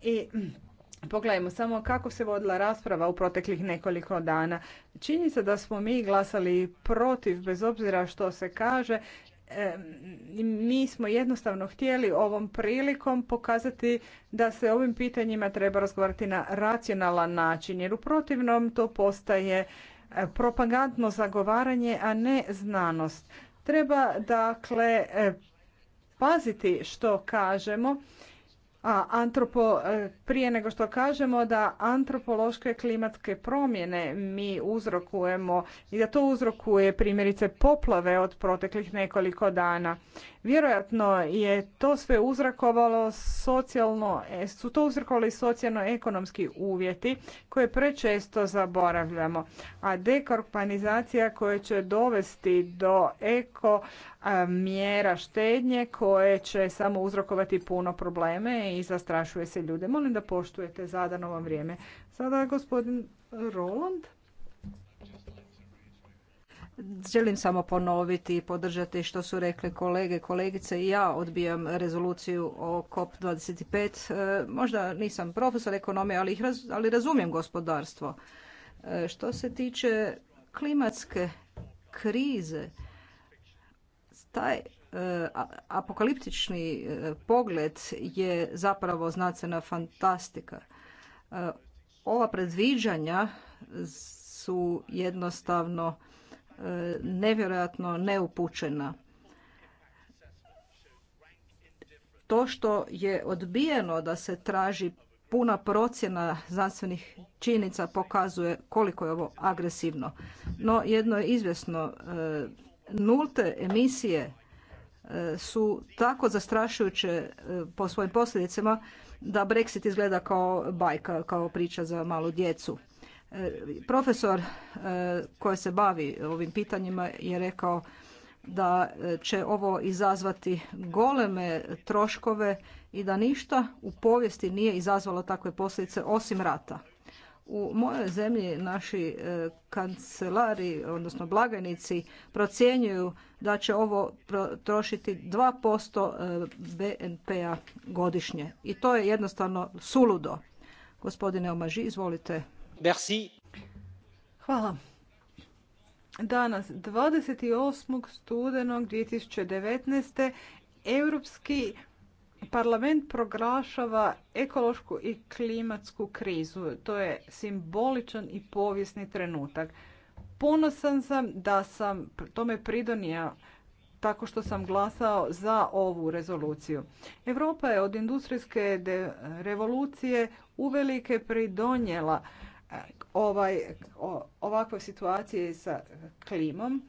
I Pogledajmo samo kako se vodila rasprava u proteklih nekoliko dana. Čini se da smo mi glasali protiv, bez obzira što se kaže, mi smo jednostavno htjeli ovom prilikom pokazati da se ovim pitanjima treba razgovarati na racionalan način, jer u protivnom to postaje e, propagandno zagovaranje, a ne znanost. Treba dakle e, paziti što kažemo a antropo, e, prije nego što kažemo da antropološke klimatske promjene mi uzrokujemo i da to uzrokuje primjerice poplave od proteklih nekoliko dana. Vjerojatno je to sve uzrakovalo socijalno, su to uzrokovali socijalno-ekonomski uvjeti koje prečesto zaboravljamo. A dekorpanizacija koja će dovesti do eko mjera štednje koje će samo uzrokovati puno probleme i zastrašuje se ljude. Molim da poštujete zadano vam vrijeme. Sada gospodin Roland. Želim samo ponoviti i podržati što su rekle kolege, kolegice i ja odbijam rezoluciju o COP25. E, možda nisam profesor ekonomije, ali, ali razumijem gospodarstvo. E, što se tiče klimatske krize, taj e, apokaliptični pogled je zapravo znacena fantastika. Ova predviđanja su jednostavno nevjerojatno neupućena. To što je odbijeno da se traži puna procjena znanstvenih činjenica pokazuje koliko je ovo agresivno. No jedno je izvjesno, e, nulte emisije e, su tako zastrašujuće e, po svojim posljedicama da Brexit izgleda kao bajka, kao priča za malu djecu. Profesor e, koji se bavi ovim pitanjima je rekao da će ovo izazvati goleme troškove i da ništa u povijesti nije izazvalo takve posljedice osim rata. U mojoj zemlji naši e, kancelari, odnosno blagajnici, procjenjuju da će ovo trošiti 2% e, BNP-a godišnje. I to je jednostavno suludo. Gospodine Omaži, izvolite. Hvala. Danas, 28. studenog 2019. Europski parlament proglašava ekološku i klimatsku krizu. To je simboličan i povijesni trenutak. Ponosan sam da sam tome pridonija tako što sam glasao za ovu rezoluciju. Europa je od industrijske revolucije uvelike pridonjela ovaj, ovakve situacije sa klimom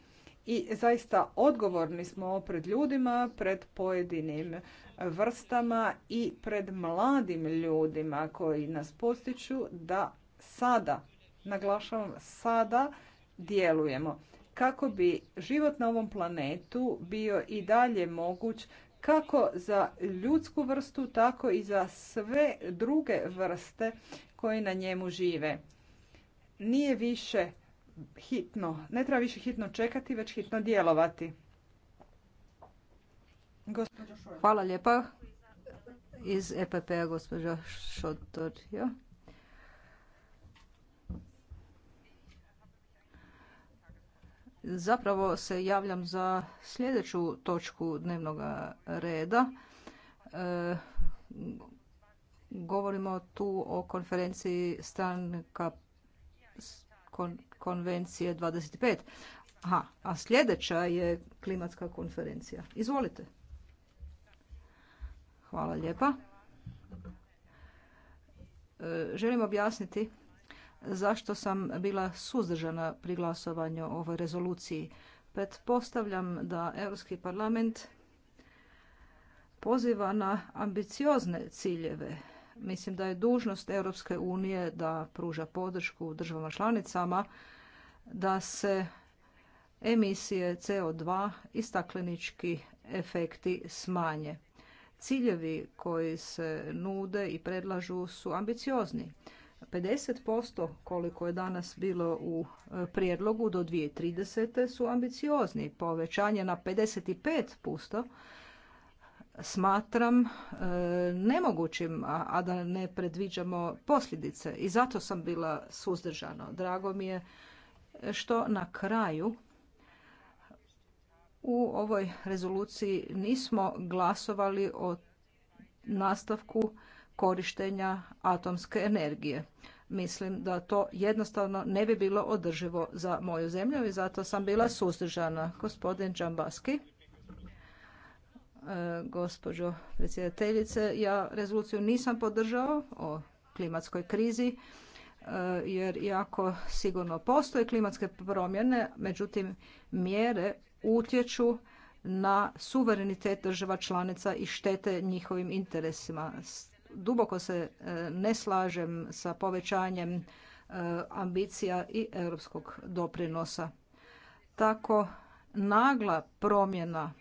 i zaista odgovorni smo pred ljudima, pred pojedinim vrstama i pred mladim ljudima koji nas postiču da sada, naglašavam sada, djelujemo kako bi život na ovom planetu bio i dalje moguć kako za ljudsku vrstu, tako i za sve druge vrste koji na njemu žive. Nije više hitno, ne treba više hitno čekati, već hitno djelovati. Hvala lijepa iz EPP-a gospođa Zapravo se javljam za sljedeću točku dnevnog reda. E, Govorimo tu o konferenciji stranka konvencije 25. Aha, a sljedeća je klimatska konferencija. Izvolite. Hvala lijepa. E, želim objasniti zašto sam bila suzdržana pri glasovanju ovoj rezoluciji. Pretpostavljam da Europski parlament poziva na ambiciozne ciljeve Mislim da je dužnost Europske unije da pruža podršku državama članicama da se emisije CO2 i staklenički efekti smanje. Ciljevi koji se nude i predlažu su ambiciozni. 50% koliko je danas bilo u e, prijedlogu do 2030. su ambiciozni. Povećanje na 55% smatram e, nemogućim, a da ne predviđamo posljedice. I zato sam bila suzdržana. Drago mi je što na kraju u ovoj rezoluciji nismo glasovali o nastavku korištenja atomske energije. Mislim da to jednostavno ne bi bilo održivo za moju zemlju i zato sam bila suzdržana. Gospodin Džambaski gospođo predsjedateljice. Ja rezoluciju nisam podržao o klimatskoj krizi e, jer jako sigurno postoje klimatske promjene, međutim mjere utječu na suverenitet država članica i štete njihovim interesima. Duboko se e, ne slažem sa povećanjem e, ambicija i europskog doprinosa. Tako nagla promjena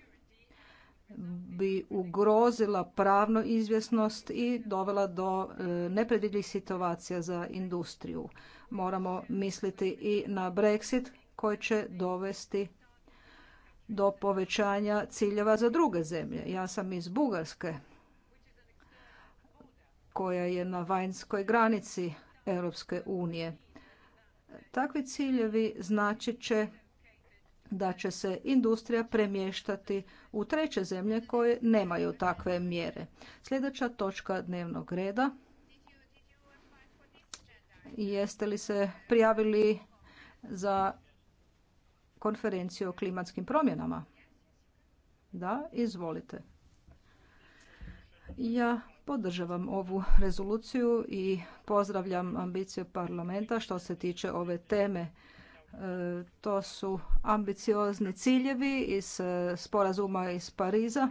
bi ugrozila pravnu izvjesnost i dovela do e, nepredvidljivih situacija za industriju. Moramo misliti i na Brexit koji će dovesti do povećanja ciljeva za druge zemlje. Ja sam iz Bugarske koja je na vanjskoj granici Europske unije. Takvi ciljevi značit će da će se industrija premještati u treće zemlje koje nemaju takve mjere. Sljedeća točka dnevnog reda. Jeste li se prijavili za konferenciju o klimatskim promjenama? Da, izvolite. Ja podržavam ovu rezoluciju i pozdravljam ambicije parlamenta što se tiče ove teme. To su ambiciozni ciljevi iz e, sporazuma iz Pariza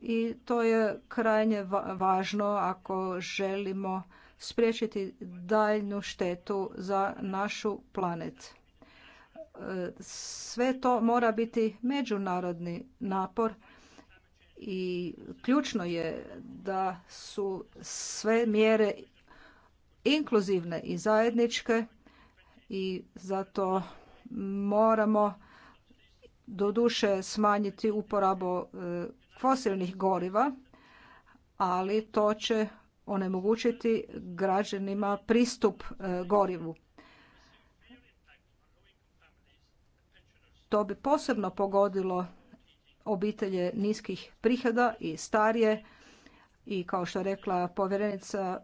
i to je krajnje važno ako želimo spriječiti daljnju štetu za našu planet. E, sve to mora biti međunarodni napor i ključno je da su sve mjere inkluzivne i zajedničke i zato moramo doduše smanjiti uporabu e, fosilnih goriva, ali to će onemogućiti građanima pristup e, gorivu. To bi posebno pogodilo obitelje niskih prihoda i starije i kao što je rekla povjerenica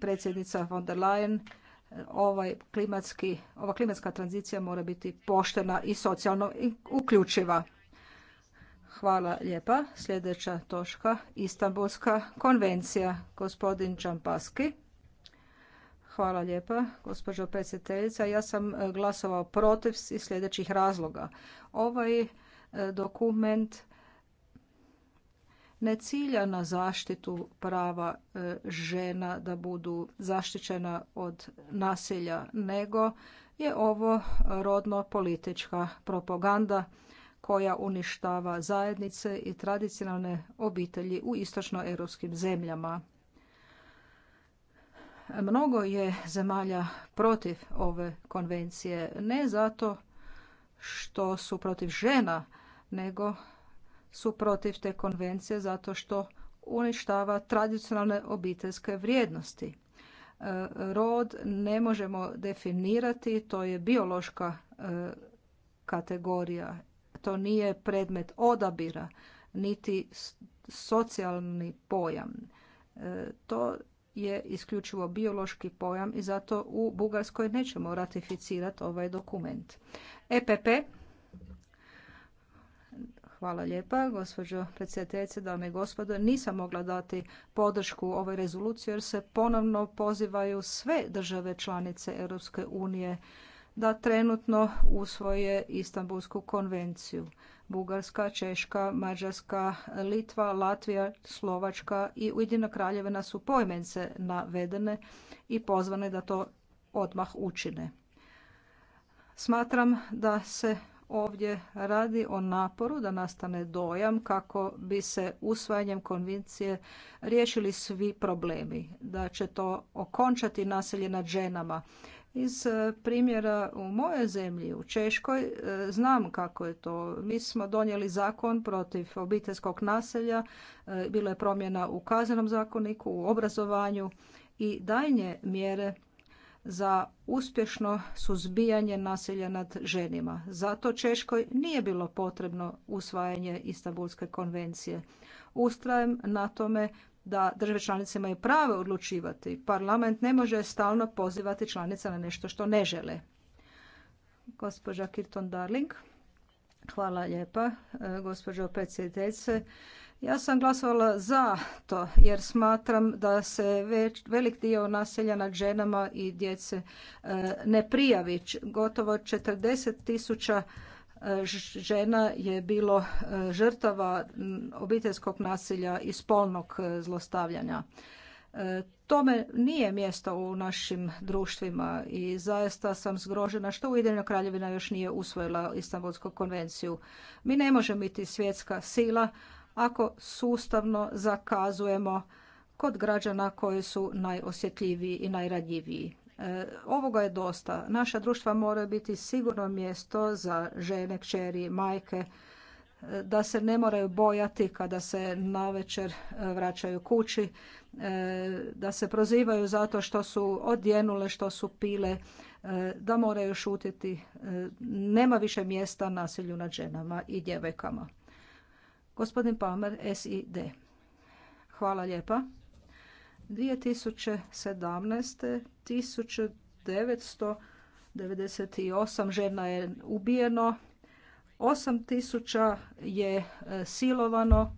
predsjednica von der Leyen, ovaj klimatski, ova klimatska tranzicija mora biti poštena i socijalno uključiva. Hvala lijepa. Sljedeća točka, Istanbulska konvencija, gospodin Čampaski. Hvala lijepa, gospođo predsjedateljica. Ja sam e, glasovao protiv iz sljedećih razloga. Ovaj e, dokument ne cilja na zaštitu prava e, žena da budu zaštićena od nasilja, nego je ovo rodno politička propaganda koja uništava zajednice i tradicionalne obitelji u istočnoeuropskim zemljama. Mnogo je zemalja protiv ove konvencije, ne zato što su protiv žena, nego su protiv te konvencije zato što uništava tradicionalne obiteljske vrijednosti. E, rod ne možemo definirati, to je biološka e, kategorija. To nije predmet odabira, niti socijalni pojam. E, to je isključivo biološki pojam i zato u Bugarskoj nećemo ratificirati ovaj dokument. EPP Hvala lijepa, gospođo predsjedateljice, dame i gospodo. Nisam mogla dati podršku ovoj rezoluciji jer se ponovno pozivaju sve države članice Europske unije da trenutno usvoje Istanbulsku konvenciju. Bugarska, Češka, Mađarska, Litva, Latvija, Slovačka i Ujedina Kraljevina su pojmence navedene i pozvane da to odmah učine. Smatram da se ovdje radi o naporu da nastane dojam kako bi se usvajanjem konvencije riješili svi problemi, da će to okončati nasilje nad ženama. Iz e, primjera u mojoj zemlji, u Češkoj, e, znam kako je to. Mi smo donijeli zakon protiv obiteljskog nasilja, e, bilo je promjena u kaznenom zakoniku, u obrazovanju i daljnje mjere za uspješno suzbijanje nasilja nad ženama. Zato Češkoj nije bilo potrebno usvajanje Istanbulske konvencije. Ustrajem na tome da države članice imaju pravo odlučivati. Parlament ne može stalno pozivati članice na nešto što ne žele. Gospođa Kirton Darling. Hvala lijepa, e, gospođo predsjedateljice ja sam glasovala za to jer smatram da se već velik dio nasilja nad ženama i djece e, ne prijavi. Gotovo 40 tisuća e, žena je bilo e, žrtava obiteljskog nasilja i spolnog zlostavljanja. Tome nije mjesto u našim društvima i zaista sam zgrožena što Ujedinjena kraljevina još nije usvojila Istanbulsku konvenciju. Mi ne možemo biti svjetska sila ako sustavno zakazujemo kod građana koji su najosjetljiviji i najradljiviji. E, ovoga je dosta. Naša društva moraju biti sigurno mjesto za žene, kćeri, majke, e, da se ne moraju bojati kada se navečer e, vraćaju kući, da se prozivaju zato što su odjenule, što su pile, da moraju šutiti. Nema više mjesta nasilju nad ženama i djevojkama. Gospodin Palmer, SID. Hvala lijepa. 2017. 1998 žena je ubijeno, 8000 je e, silovano,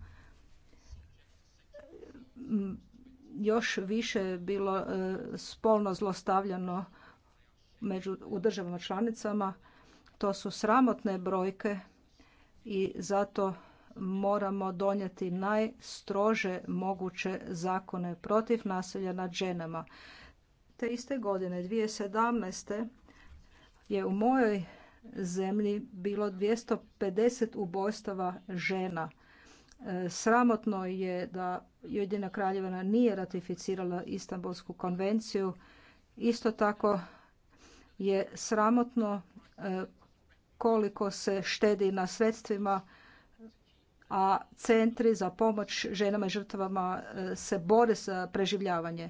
još više je bilo e, spolno zlostavljano među, u državama članicama. To su sramotne brojke i zato moramo donijeti najstrože moguće zakone protiv nasilja nad ženama. Te iste godine, 2017. je u mojoj zemlji bilo 250 ubojstava žena. E, sramotno je da Ujedina Kraljevina nije ratificirala Istanbulsku konvenciju. Isto tako je sramotno e, koliko se štedi na sredstvima a centri za pomoć ženama i žrtvama e, se bore za preživljavanje.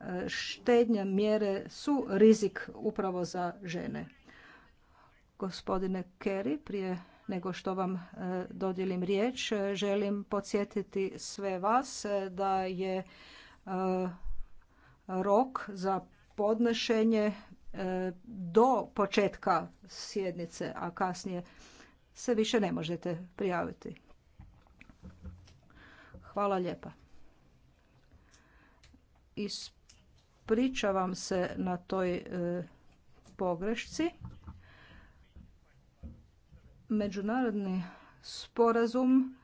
E, štednja mjere su rizik upravo za žene. Gospodine Kerry, prije nego što vam e, dodijelim riječ, želim podsjetiti sve vas da je rok za podnošenje do početka sjednice, a kasnije se više ne možete prijaviti. Hvala lijepa. Ispričavam se na toj e, pogrešci. Međunarodni sporazum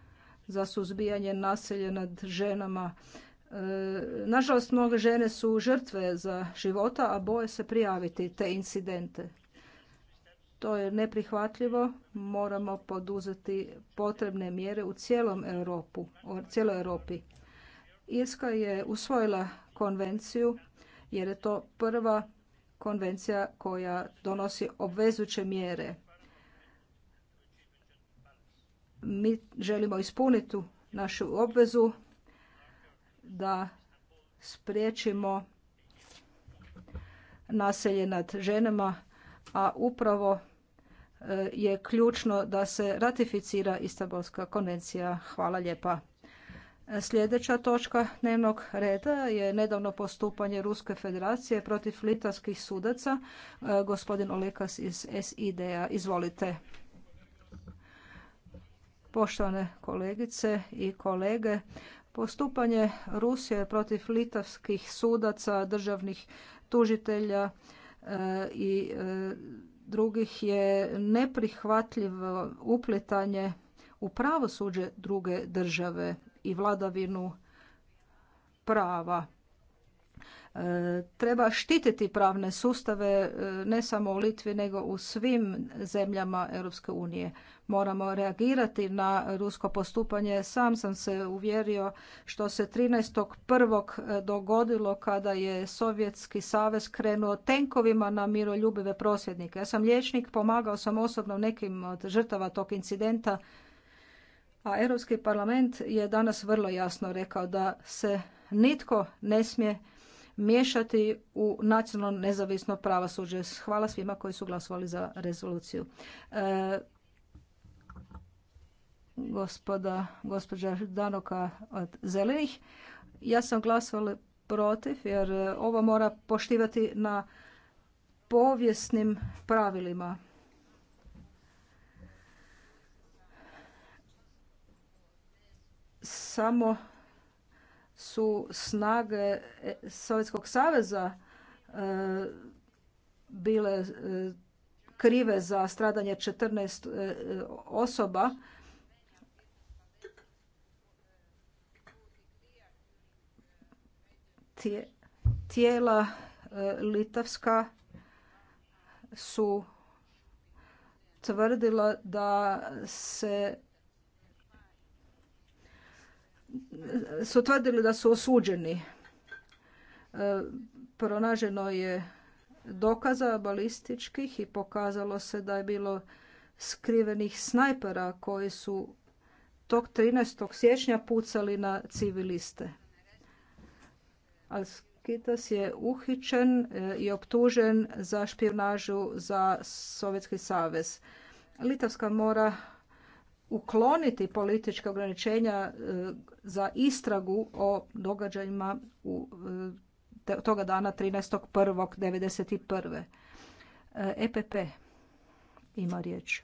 za suzbijanje nasilja nad ženama. E, nažalost, mnoge žene su žrtve za života, a boje se prijaviti te incidente. To je neprihvatljivo. Moramo poduzeti potrebne mjere u cijelom Europu, u cijeloj Europi. Irska je usvojila konvenciju jer je to prva konvencija koja donosi obvezujuće mjere. Mi želimo ispuniti našu obvezu da spriječimo naselje nad ženama, a upravo Eh, je ključno da se ratificira Istanbulska konvencija. Hvala lijepa. Sljedeća točka dnevnog reda je nedavno postupanje Ruske federacije protiv litavskih sudaca. Eh, gospodin Olekas iz SID-a, izvolite. Poštovane kolegice i kolege, postupanje Rusije protiv litavskih sudaca, državnih tužitelja eh, i drugih je neprihvatljivo upletanje u pravosuđe druge države i vladavinu prava Treba štititi pravne sustave e, ne samo u Litvi nego u svim zemljama Europske unije. Moramo reagirati na rusko postupanje. Sam sam se uvjerio što se 13.1. E, dogodilo kada je Sovjetski savez krenuo tenkovima na miroljubive prosvjednike. Ja sam liječnik, pomagao sam osobno nekim od žrtava tog incidenta. A Europski parlament je danas vrlo jasno rekao da se nitko ne smije miješati u nacionalno nezavisno pravosuđe. Hvala svima koji su glasovali za rezoluciju. E, gospoda, gospođa Danoka od Zelenih. Ja sam glasovala protiv jer ovo mora poštivati na povijesnim pravilima. Samo su snage e, Sovjetskog saveza e, bile e, krive za stradanje 14 osoba. Tijela litavska su tvrdila da se su tvrdili da su osuđeni. E, pronaženo je dokaza balističkih i pokazalo se da je bilo skrivenih snajpera koji su tog 13. siječnja pucali na civiliste. Alskitas je uhićen e, i optužen za špijunažu za Sovjetski savez. Litavska mora ukloniti politička ograničenja e, za istragu o događajima u e, toga dana 13.1.1991. EPP e ima riječ.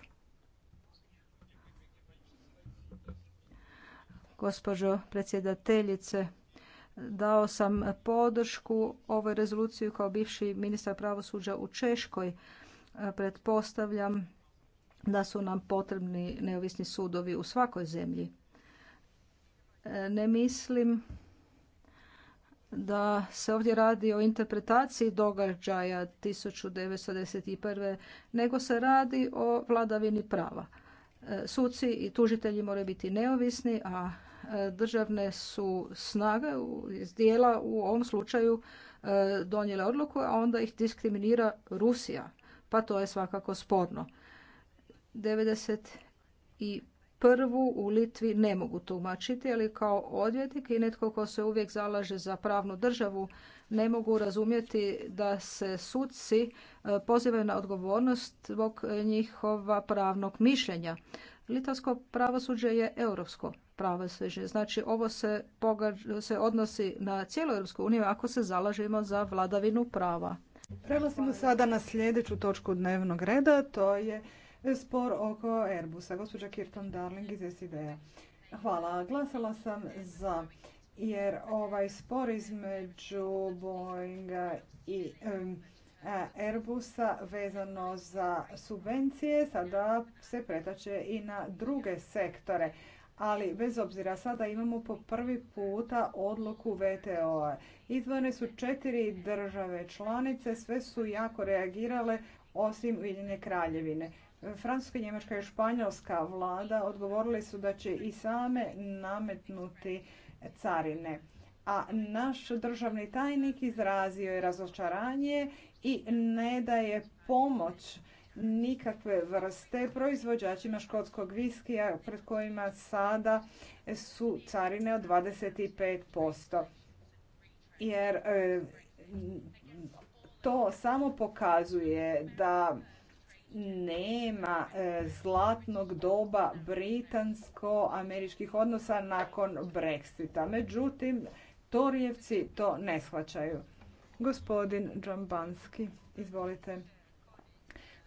Gospođo predsjedateljice, dao sam podršku ovoj rezoluciji kao bivši ministar pravosuđa u Češkoj. Pretpostavljam da su nam potrebni neovisni sudovi u svakoj zemlji. E, ne mislim da se ovdje radi o interpretaciji događaja 1991. nego se radi o vladavini prava. E, suci i tužitelji moraju biti neovisni, a e, državne su snage iz dijela u ovom slučaju donijele odluku, a onda ih diskriminira Rusija. Pa to je svakako sporno. 1991. u Litvi ne mogu tumačiti, ali kao odvjetnik i netko ko se uvijek zalaže za pravnu državu ne mogu razumjeti da se sudci e, pozivaju na odgovornost zbog njihova pravnog mišljenja. Litavsko pravosuđe je europsko pravosuđe. Znači ovo se, pogađa, se odnosi na cijelu Europsku uniju ako se zalažemo za vladavinu prava. Prelazimo sada na sljedeću točku dnevnog reda, to je spor oko Airbusa. Gospođa Kirtan Darling iz SID-a. Hvala. Glasala sam za jer ovaj spor između Boeinga i Airbusa vezano za subvencije sada se pretače i na druge sektore. Ali bez obzira sada imamo po prvi puta odluku VTO-a. Izvane su četiri države članice, sve su jako reagirale osim Ujedinjene kraljevine. Francuska, Njemačka i Španjolska vlada odgovorili su da će i same nametnuti carine. A naš državni tajnik izrazio je razočaranje i ne daje pomoć nikakve vrste proizvođačima škotskog viskija pred kojima sada su carine od 25%. Jer e, to samo pokazuje da nema e, zlatnog doba britansko-američkih odnosa nakon Brexita. Međutim, Torijevci to ne shvaćaju. Gospodin Džambanski, izvolite.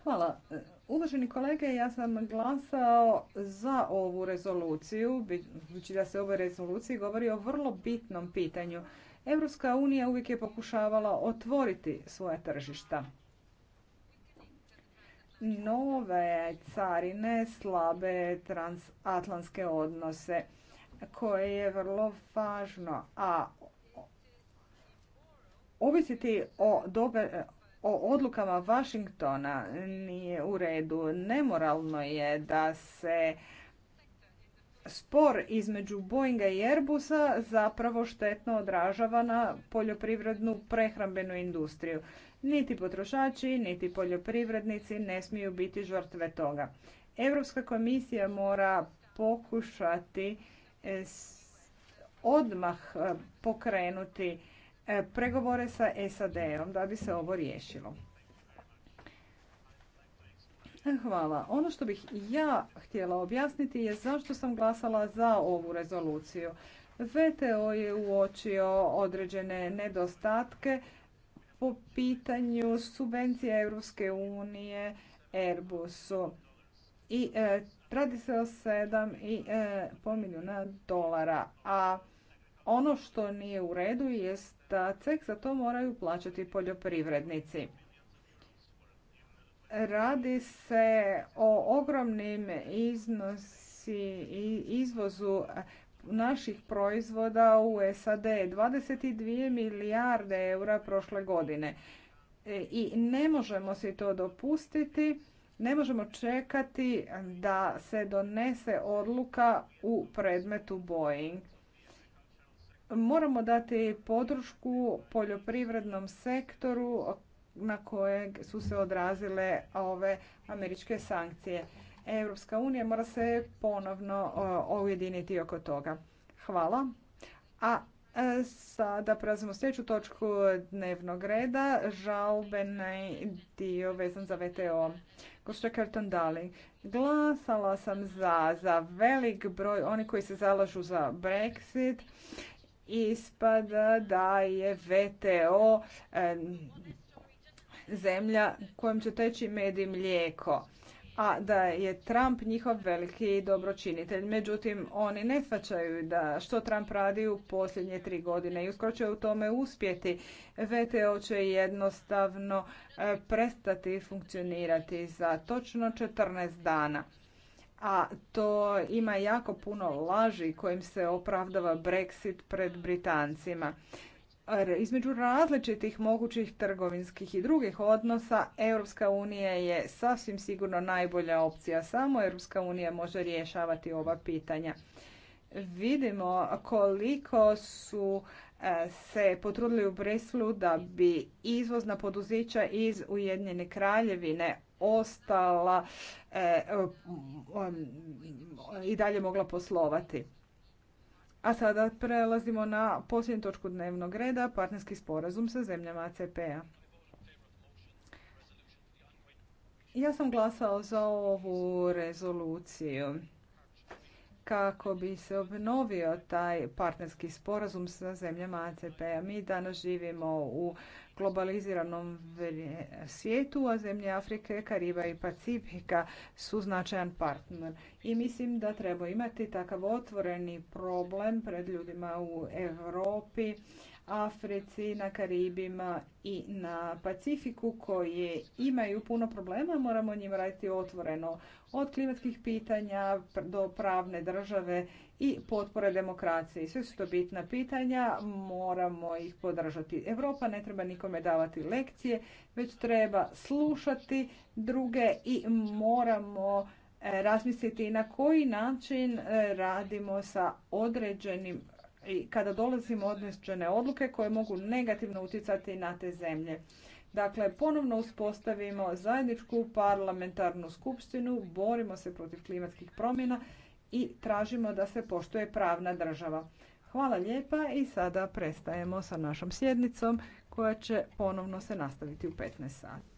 Hvala. Uvaženi kolege, ja sam glasao za ovu rezoluciju, budući da se o ovoj rezoluciji govori o vrlo bitnom pitanju. Europska unija uvijek je pokušavala otvoriti svoje tržišta nove carine slabe transatlantske odnose koje je vrlo važno. A ovisiti o, o odlukama Vašingtona nije u redu. Nemoralno je da se spor između Boeinga i Airbusa zapravo štetno odražava na poljoprivrednu prehrambenu industriju. Niti potrošači, niti poljoprivrednici ne smiju biti žrtve toga. Europska komisija mora pokušati e, odmah e, pokrenuti e, pregovore sa SAD-om da bi se ovo riješilo. Hvala. Ono što bih ja htjela objasniti je zašto sam glasala za ovu rezoluciju. VTO je uočio određene nedostatke po pitanju subvencija Europske unije Airbusu. I e, radi se o 7 i e, milijuna dolara, a ono što nije u redu jest da cek za to moraju plaćati poljoprivrednici. Radi se o ogromnim iznosi i izvozu naših proizvoda u SAD. 22 milijarde eura prošle godine. E, I ne možemo si to dopustiti. Ne možemo čekati da se donese odluka u predmetu Boeing. Moramo dati podršku poljoprivrednom sektoru na kojeg su se odrazile ove američke sankcije. Europska unija mora se ponovno ujediniti oko toga. Hvala. A e, sada prelazimo sljedeću točku dnevnog reda, žalbeni dio vezan za VTO. Gospođa Kerton dali. glasala sam za, velik broj oni koji se zalažu za Brexit. Ispada da je VTO e, zemlja kojom će teći med i mlijeko a da je Trump njihov veliki dobročinitelj. Međutim, oni ne shvaćaju da što Trump radi u posljednje tri godine i uskoro će u tome uspjeti. VTO će jednostavno e, prestati funkcionirati za točno 14 dana. A to ima jako puno laži kojim se opravdava Brexit pred Britancima između različitih mogućih trgovinskih i drugih odnosa Europska unija je sasvim sigurno najbolja opcija. Samo Europska unija može rješavati ova pitanja. Vidimo koliko su e, se potrudili u Breslu da bi izvozna poduzeća iz Ujedinjene kraljevine ostala e, i dalje mogla poslovati. A sada prelazimo na posljednju točku dnevnog reda, partnerski sporazum sa zemljama ACP-a. Ja sam glasao za ovu rezoluciju kako bi se obnovio taj partnerski sporazum sa zemljama ACP-a. Mi danas živimo u globaliziranom svijetu, a zemlje Afrike, Kariba i Pacifika su značajan partner. I mislim da treba imati takav otvoreni problem pred ljudima u Europi, Africi, na Karibima i na Pacifiku koje imaju puno problema, moramo njim raditi otvoreno od klimatskih pitanja do pravne države i potpore demokracije. Sve su to bitna pitanja, moramo ih podržati. Europa ne treba nikome davati lekcije, već treba slušati druge i moramo e, razmisliti na koji način e, radimo sa određenim i kada dolazimo određene odluke koje mogu negativno utjecati na te zemlje. Dakle, ponovno uspostavimo zajedničku parlamentarnu skupštinu, borimo se protiv klimatskih promjena i tražimo da se poštuje pravna država. Hvala lijepa i sada prestajemo sa našom sjednicom koja će ponovno se nastaviti u 15 sati.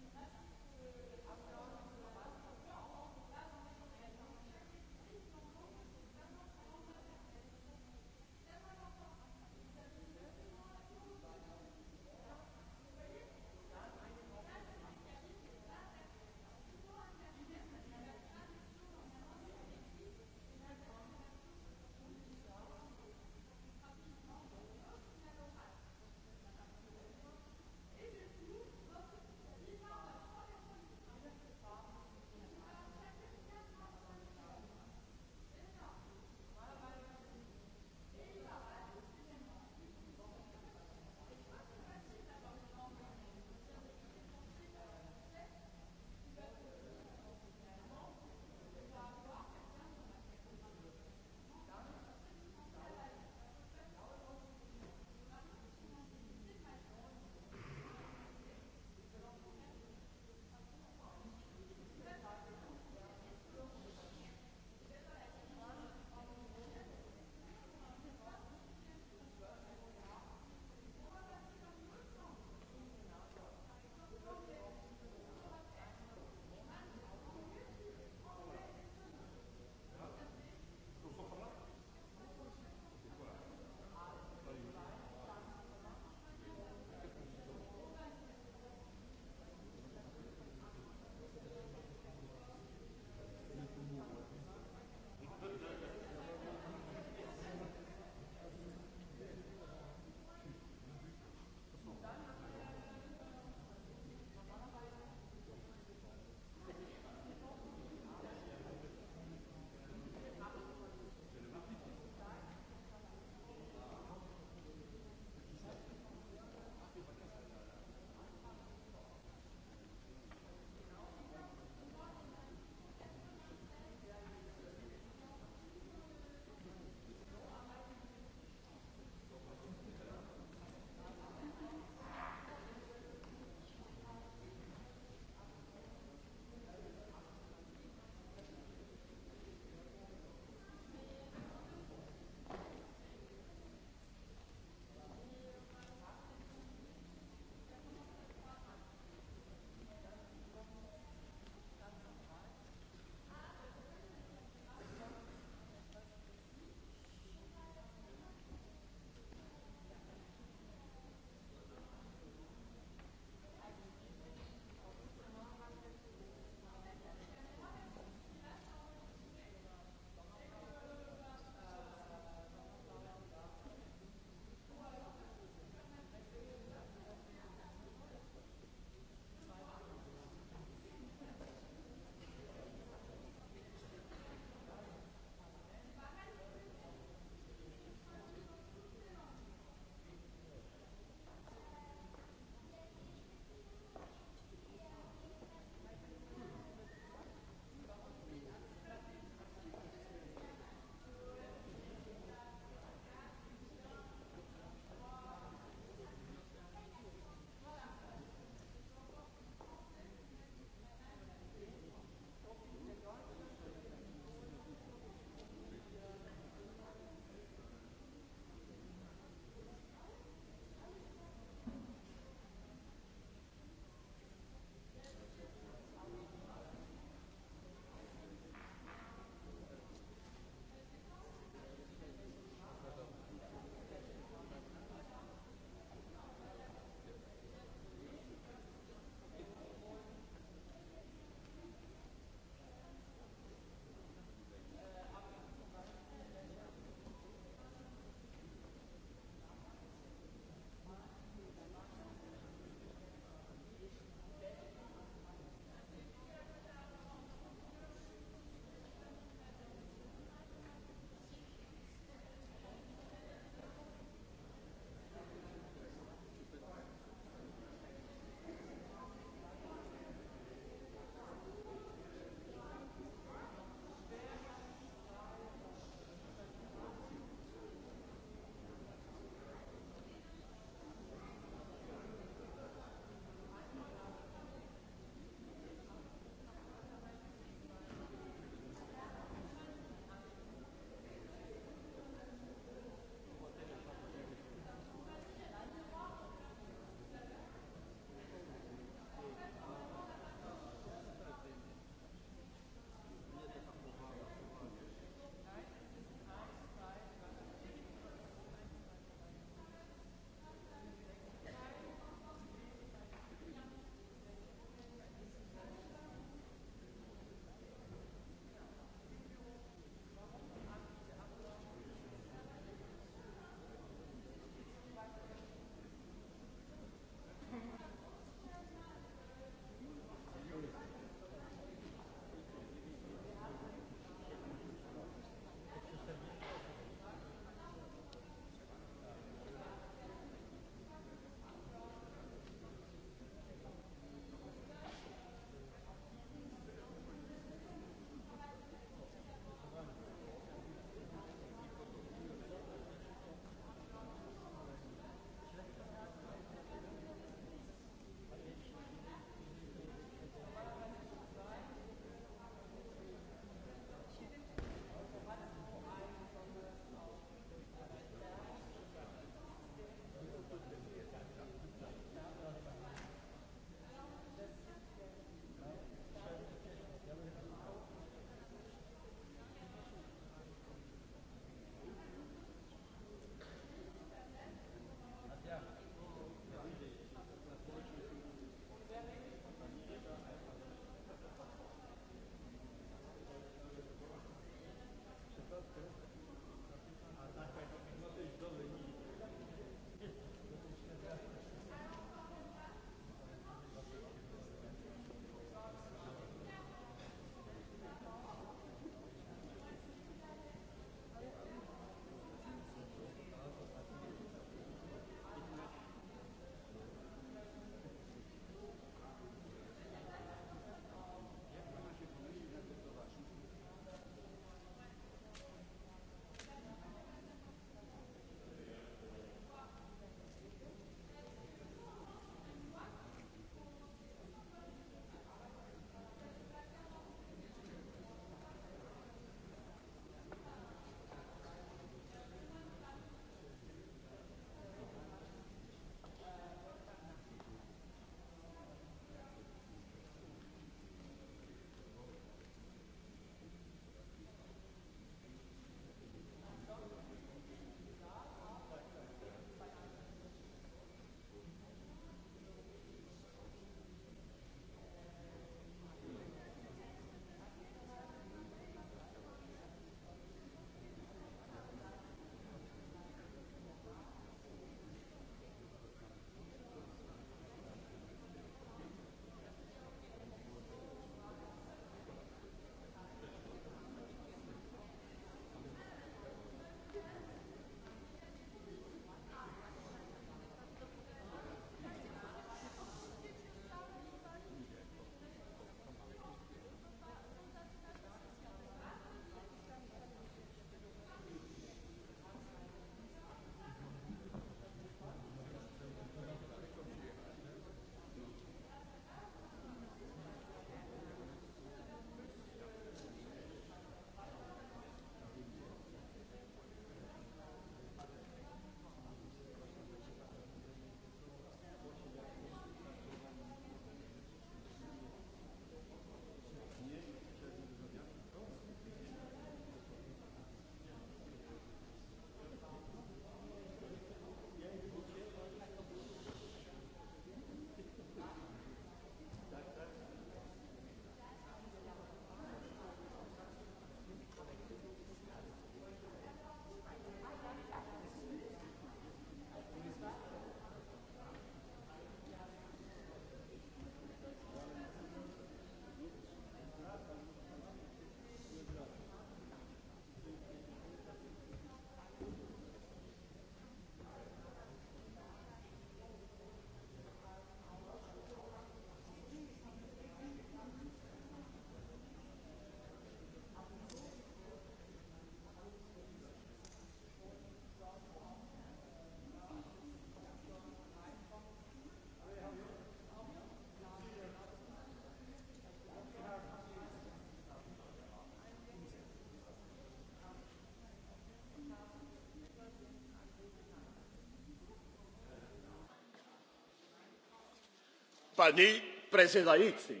pani predsjedavajući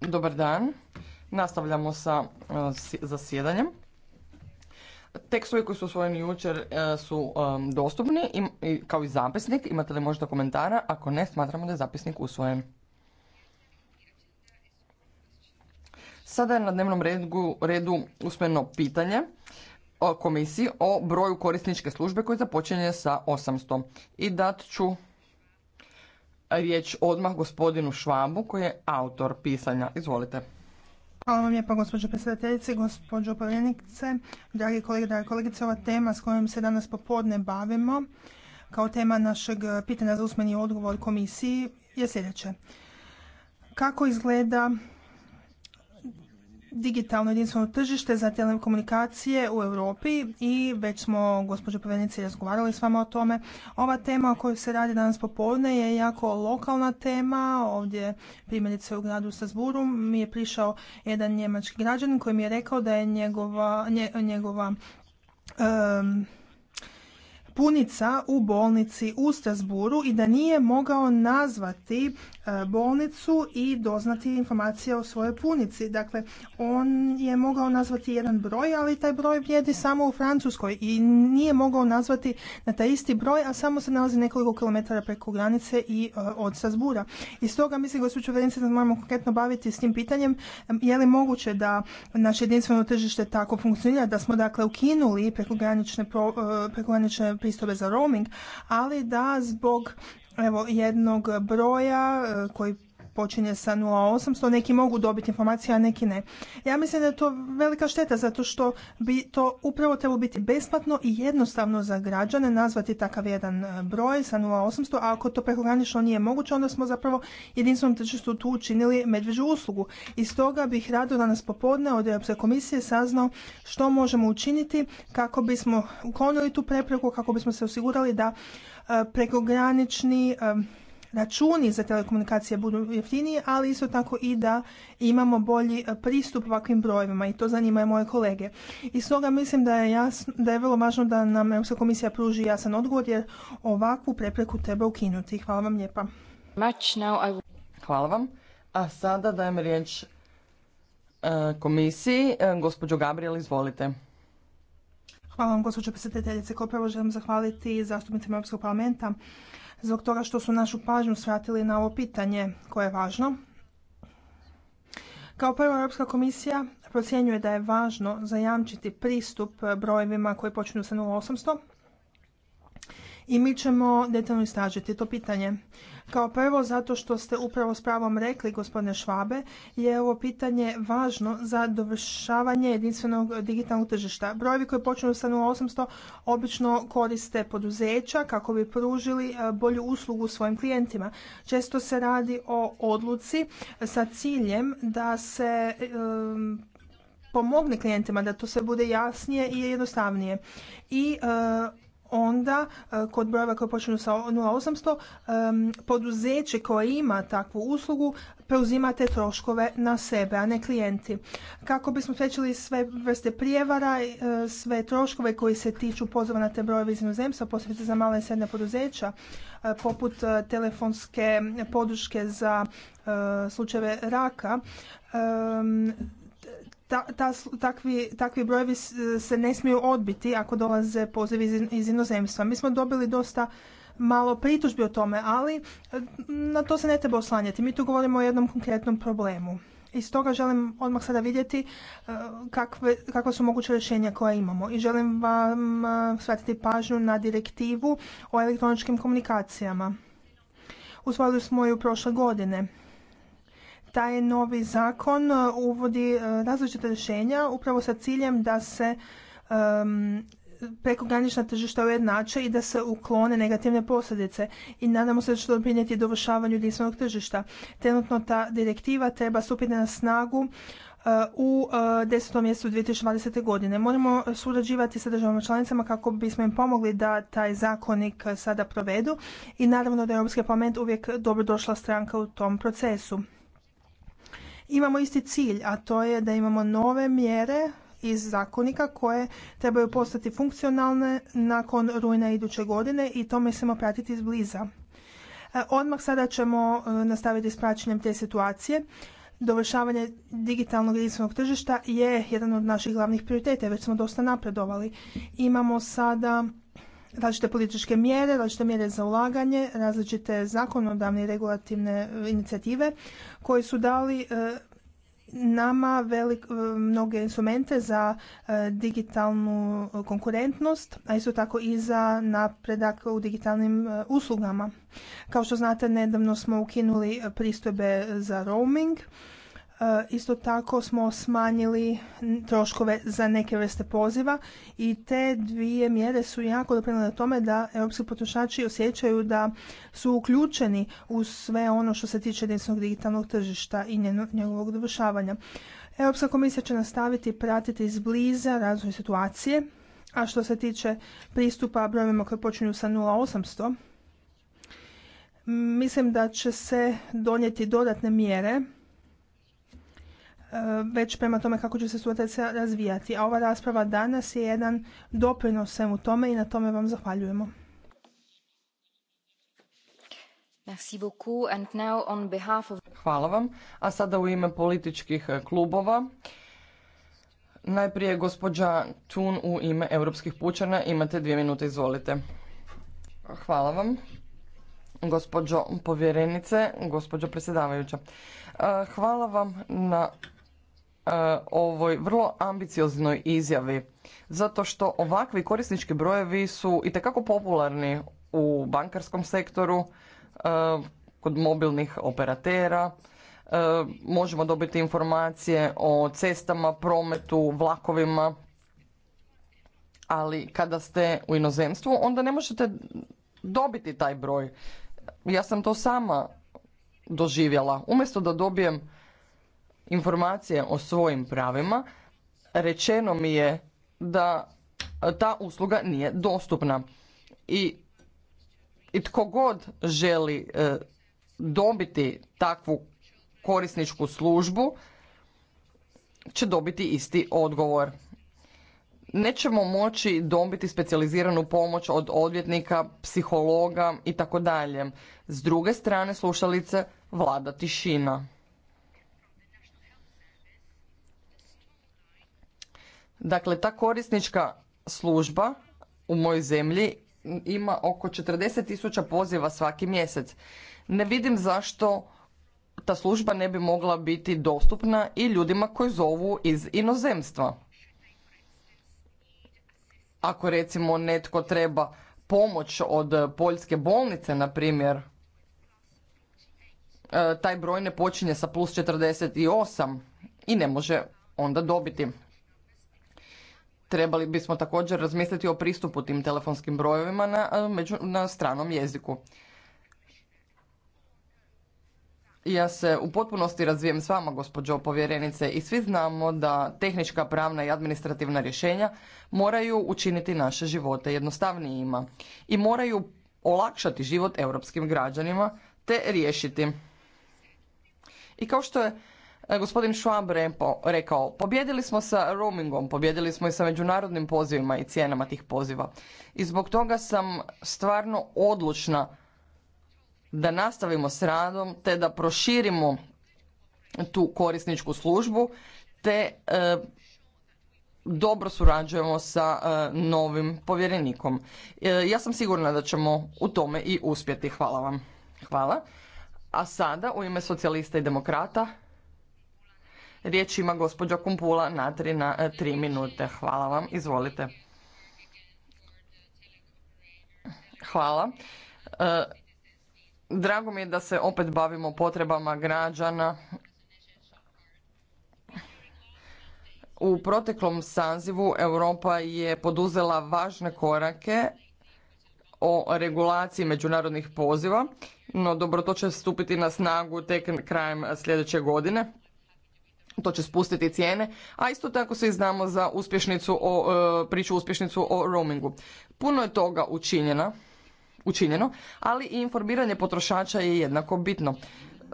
dobar dan nastavljamo sa e, zasjedanjem tekstovi koji su usvojeni jučer e, su e, dostupni kao i zapisnik imate li možda komentara ako ne smatramo da je zapisnik usvojen Sada je na dnevnom redu, redu usmeno pitanje komisiji o broju korisničke službe koji započinje sa 800. I dat ću riječ odmah gospodinu Švabu koji je autor pisanja. Izvolite. Hvala vam lijepa gospođo predsjedateljice, gospođo povjerenice, dragi kolege, dragi kolegice. Ova tema s kojom se danas popodne bavimo kao tema našeg pitanja za usmeni odgovor komisiji je sljedeće. Kako izgleda digitalno jedinstveno tržište za telekomunikacije u Europi i već smo, gospođo povjerenice, razgovarali s vama o tome. Ova tema o kojoj se radi danas popodne je jako lokalna tema. Ovdje, primjerice u gradu Sazburu, mi je prišao jedan njemački građanin koji mi je rekao da je njegova, nje, punica u bolnici u Strasburu i da nije mogao nazvati e, bolnicu i doznati informacije o svojoj punici. Dakle, on je mogao nazvati jedan broj, ali taj broj vrijedi samo u Francuskoj i nije mogao nazvati na taj isti broj, a samo se nalazi nekoliko kilometara preko granice i e, od Strasbura. I stoga mislim, gospođo Verenice, da moramo konkretno baviti s tim pitanjem. Je li moguće da naše jedinstveno tržište tako funkcionira, da smo dakle ukinuli prekogranične, pro, e, pristobe za roaming, ali da zbog evo, jednog broja e, koji počinje sa 0800, neki mogu dobiti informacije, a neki ne. Ja mislim da je to velika šteta zato što bi to upravo trebalo biti besplatno i jednostavno za građane nazvati takav jedan e, broj sa 0800, a ako to prekogranično nije moguće, onda smo zapravo jedinstvenom tržištu tu učinili medveđu uslugu. I stoga bih rado danas popodne od Europske komisije saznao što možemo učiniti kako bismo uklonili tu prepreku, kako bismo se osigurali da e, prekogranični e, računi za telekomunikacije budu jeftiniji, ali isto tako i da imamo bolji eh, pristup ovakvim brojevima i to zanima moje kolege. I stoga mislim da je, jasno, da je vrlo važno da nam Europska komisija pruži jasan odgovor jer ovakvu prepreku treba ukinuti. Hvala vam lijepa. Hvala vam. A sada dajem riječ eh, komisiji. Eh, gospođo Gabriel, izvolite. Hvala vam, gospođo predsjedateljice. Kao prvo želim zahvaliti zastupnicima Europskog parlamenta zbog toga što su našu pažnju svratili na ovo pitanje koje je važno. Kao prvo, Europska komisija procjenjuje da je važno zajamčiti pristup brojevima koji počinju sa 0800 i mi ćemo detaljno istražiti to pitanje. Kao prvo, zato što ste upravo s pravom rekli, gospodine Švabe, je ovo pitanje važno za dovršavanje jedinstvenog digitalnog tržišta. Brojevi koji počinju sa 0800 obično koriste poduzeća kako bi pružili e, bolju uslugu svojim klijentima. Često se radi o odluci sa ciljem da se pomogne klijentima da to sve bude jasnije i jednostavnije. I e, onda e, kod brojeva koje počinju sa 0800 poduzeće koje ima takvu uslugu preuzima te troškove na sebe, a ne klijenti. Kako bismo svećili sve vrste prijevara, e, sve troškove koji se tiču pozova na te brojeve iz inozemstva, posebice za male i srednja poduzeća, e, poput telefonske podrške za slučajeve raka, takvi, takvi brojevi se ne smiju odbiti ako dolaze pozivi iz, inozemstva. Mi smo dobili dosta malo pritužbi o tome, ali e, na to se ne treba oslanjati. Mi tu govorimo o jednom konkretnom problemu. I stoga želim odmah sada vidjeti e, kakve, kakva su moguća rješenja koja imamo. I želim vam e, shvatiti pažnju na direktivu o elektroničkim komunikacijama. Usvojili smo ju prošle godine taj novi zakon e, uvodi e, različite rješenja upravo sa ciljem da se prekogranična tržišta ujednače i da se uklone negativne posljedice i nadamo se da će doprinijeti dovršavanju jedinstvenog tržišta. Trenutno ta direktiva treba stupiti na snagu e, u 10. mjesecu 2020. godine. Moramo surađivati sa državama članicama kako bismo im pomogli da taj zakonik sada provedu i naravno da je Europski parlament uvijek dobrodošla stranka u tom procesu imamo isti cilj, a to je da imamo nove mjere iz zakonika koje trebaju postati funkcionalne nakon rujna iduće godine i to mislimo pratiti izbliza. E, odmah sada ćemo e, nastaviti s praćenjem te situacije. Dovršavanje digitalnog jedinstvenog tržišta je jedan od naših glavnih prioriteta, već smo dosta napredovali. Imamo sada različite političke mjere, različite mjere za ulaganje, različite zakonodavne i regulativne e, inicijative koji su dali e, nama velik, e, mnoge instrumente za digitalnu konkurentnost, a isto tako i za napredak u digitalnim uslugama. Kao što znate, nedavno smo ukinuli pristojbe za roaming E, isto tako smo smanjili troškove za neke vrste poziva i te dvije mjere su jako doprinijele tome da europski potrošači osjećaju da su uključeni u sve ono što se tiče jedinstvenog digitalnog tržišta i njegovog dovršavanja. Europska komisija će nastaviti pratiti izbliza razvoj situacije, a što se tiče pristupa brojevima koji počinju sa 0800, mislim da će se donijeti dodatne mjere već prema tome kako će se sutec razvijati. A ova rasprava danas je jedan doprinos svemu tome i na tome vam zahvaljujemo. Hvala vam. A sada u ime političkih e, klubova. Najprije gospođa Tun u ime Europskih pučana. Imate dvije minute, izvolite. Hvala vam. Gospođo povjerenice, gospođo predsjedavajuća. E, hvala vam na E, ovoj vrlo ambicioznoj izjavi zato što ovakvi korisnički brojevi su itekako popularni u bankarskom sektoru e, kod mobilnih operatera e, možemo dobiti informacije o cestama prometu vlakovima ali kada ste u inozemstvu onda ne možete dobiti taj broj ja sam to sama doživjela umjesto da dobijem informacije o svojim pravima, rečeno mi je da ta usluga nije dostupna. I, i tko god želi e, dobiti takvu korisničku službu će dobiti isti odgovor. Nećemo moći dobiti specijaliziranu pomoć od odvjetnika, psihologa i tako dalje. S druge strane slušalice vlada tišina. Dakle, ta korisnička služba u mojoj zemlji ima oko 40.000 tisuća poziva svaki mjesec. Ne vidim zašto ta služba ne bi mogla biti dostupna i ljudima koji zovu iz inozemstva. Ako recimo netko treba pomoć od poljske bolnice, na primjer, e, taj broj ne počinje sa plus 48 i ne može onda dobiti. Trebali bismo također razmisliti o pristupu tim telefonskim brojevima na, e, na stranom jeziku. Ja se u potpunosti razvijem s vama, gospođo povjerenice, i svi znamo da tehnička, pravna i administrativna rješenja moraju učiniti naše živote jednostavnijima i moraju olakšati život europskim građanima te riješiti. I kao što je E, gospodin Schwab rekao, pobjedili smo sa roamingom, pobjedili smo i sa međunarodnim pozivima i cijenama tih poziva. I zbog toga sam stvarno odlučna da nastavimo s radom te da proširimo tu korisničku službu te e, dobro surađujemo sa e, novim povjerenikom. ja sam sigurna da ćemo u tome i uspjeti. Hvala vam. Hvala. A sada u ime socijalista i demokrata Riječ ima gospođa Kumpula na na e, tri minute. Hvala vam, izvolite. Hvala. E, drago mi je da se opet bavimo potrebama građana. U proteklom sazivu Europa je poduzela važne korake o regulaciji međunarodnih poziva, no dobro to će stupiti na snagu tek krajem sljedeće godine to će spustiti cijene, a isto tako svi znamo za uspješnicu o, e, priču uspješnicu o roamingu. Puno je toga učinjena, učinjeno, ali i informiranje potrošača je jednako bitno.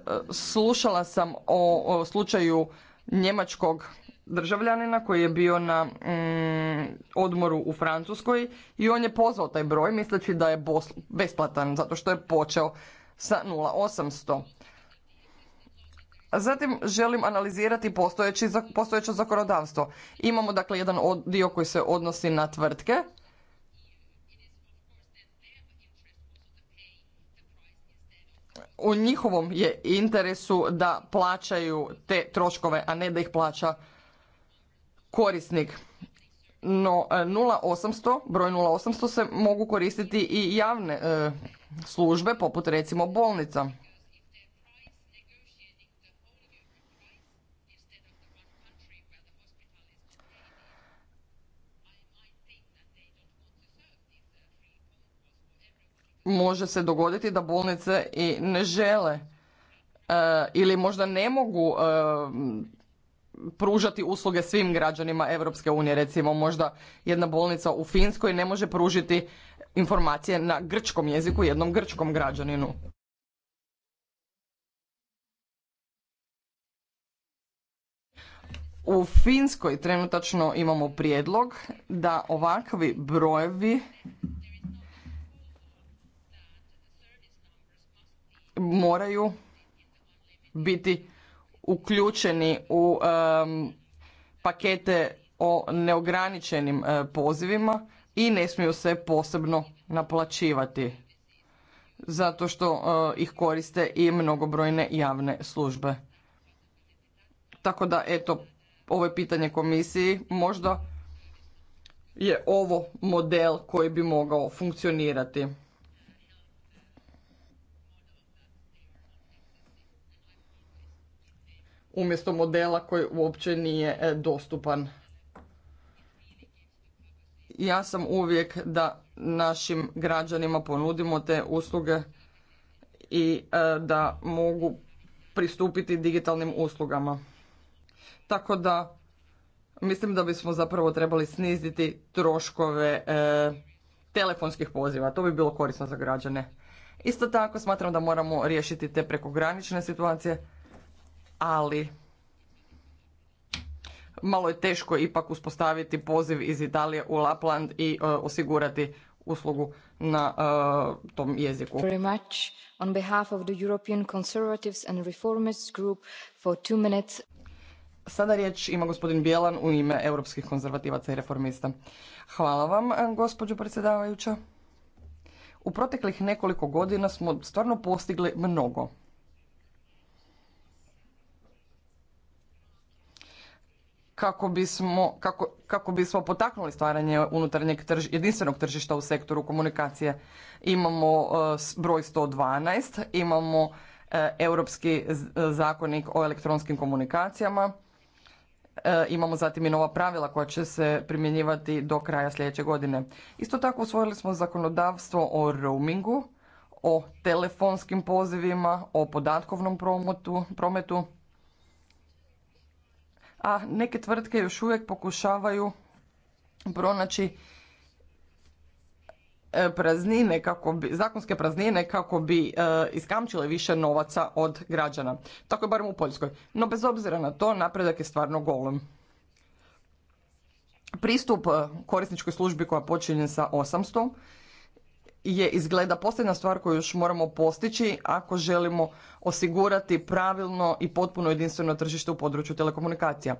E, slušala sam o, slučaju njemačkog državljanina koji je bio na mm, odmoru u Francuskoj i on je pozvao taj broj misleći da je besplatan zato što je počeo sa 0800. Zatim želim analizirati postojeće zakonodavstvo. Imamo dakle jedan dio koji se odnosi na tvrtke. U njihovom je interesu da plaćaju te troškove, a ne da ih plaća korisnik. No 0800, e, broj 0800 se mogu koristiti i javne e, službe poput recimo bolnica. može se dogoditi da bolnice i ne žele e, ili možda ne mogu e, pružati usluge svim građanima Europske unije. Recimo možda jedna bolnica u Finskoj ne može pružiti informacije na grčkom jeziku jednom grčkom građaninu. U Finskoj trenutačno imamo prijedlog da ovakvi brojevi moraju biti uključeni u pakete o neograničenim e, pozivima i ne smiju se posebno naplaćivati zato što e, ih koriste i mnogobrojne javne službe. Tako da eto ovo je pitanje komisiji možda je ovo model koji bi mogao funkcionirati. umjesto modela koji uopće nije e, dostupan. Ja sam uvijek da našim građanima ponudimo te usluge i e, da mogu pristupiti digitalnim uslugama. Tako da mislim da bismo zapravo trebali sniziti troškove e, telefonskih poziva. To bi bilo korisno za građane. Isto tako smatram da moramo riješiti te prekogranične situacije ali malo je teško ipak uspostaviti poziv iz Italije u Lapland i e, osigurati uslugu na e, tom jeziku. Very On behalf of the European Conservatives and Reformists group for two minutes. Sada riječ ima gospodin Bjelan u ime europskih konzervativaca i reformista. Hvala vam, e, gospođo predsjedavajuća. U proteklih nekoliko godina smo stvarno postigli mnogo. kako bismo, kako, kako bismo potaknuli stvaranje unutarnjeg trž, jedinstvenog tržišta u sektoru komunikacije. Imamo e, broj 112, imamo e, Europski zakonik o elektronskim komunikacijama, e, imamo zatim i nova pravila koja će se primjenjivati do kraja sljedeće godine. Isto tako usvojili smo zakonodavstvo o roamingu, o telefonskim pozivima, o podatkovnom prometu, a neke tvrtke još uvijek pokušavaju pronaći e, praznine kako bi, zakonske praznine kako bi e, iskamčile više novaca od građana. Tako je barem u Poljskoj. No bez obzira na to, napredak je stvarno golem. Pristup e, korisničkoj službi koja počinje sa 800 je izgleda posljedna stvar koju još moramo postići ako želimo osigurati pravilno i potpuno jedinstveno tržište u području telekomunikacija.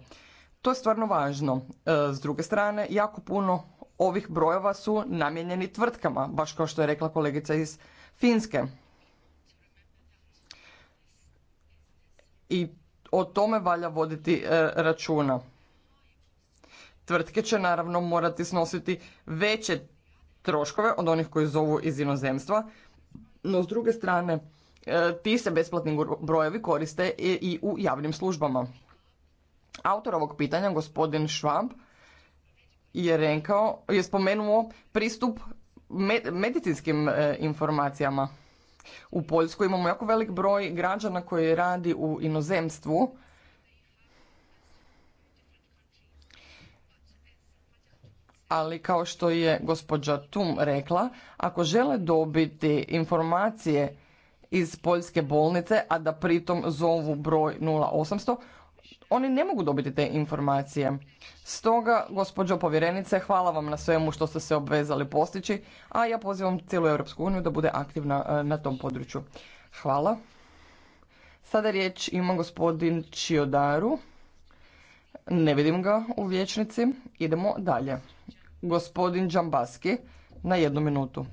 To je stvarno važno. E, s druge strane, jako puno ovih brojeva su namijenjeni tvrtkama, baš kao što je rekla kolegica iz Finske. I o tome valja voditi e, računa. Tvrtke će naravno morati snositi veće troškove od onih koji zovu iz inozemstva, no s druge strane e, ti se besplatni brojevi koriste i u javnim službama. Autor ovog pitanja, gospodin Schwab, je rekao, je spomenuo pristup medicinskim e, informacijama. U Poljskoj imamo jako velik broj građana koji radi u inozemstvu ali kao što je gospođa Tum rekla, ako žele dobiti informacije iz poljske bolnice, a da pritom zovu broj 0800, oni ne mogu dobiti te informacije. Stoga, gospođo povjerenice, hvala vam na svemu što ste se obvezali postići, a ja pozivam cijelu Europsku uniju da bude aktivna e, na tom području. Hvala. Sada riječ ima gospodin Čiodaru. Ne vidim ga u vječnici. Idemo dalje. Gospodin Džambaski na jednu minutu.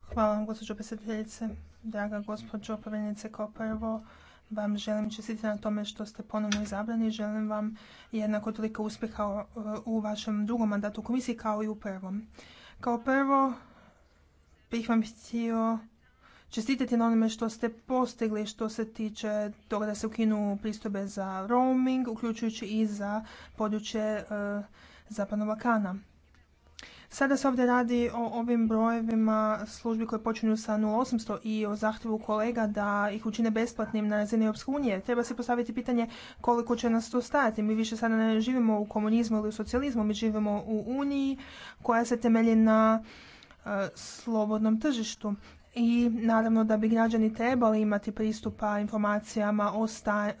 Hvala vam, gospođo predsjedateljice. Draga gospođo povjerenice, kao prvo vam želim čestiti na tome što ste ponovno izabrani želim vam jednako toliko uspjeha u vašem drugom mandatu komisiji kao i u prvom. Kao prvo bih vam htio čestitati na onome što ste postigli što se tiče toga da se ukinu pristobe za roaming, uključujući i za područje eh, Zapadnog Balkana. Sada se ovdje radi o ovim brojevima službi koje počinju sa 0800 i o zahtjevu kolega da ih učine besplatnim na razini Europske unije. Treba se postaviti pitanje koliko će nas to stajati. Mi više sada ne živimo u komunizmu ili u socijalizmu, mi živimo u Uniji koja se temelji na eh, slobodnom tržištu i naravno da bi građani trebali imati pristupa informacijama o sta,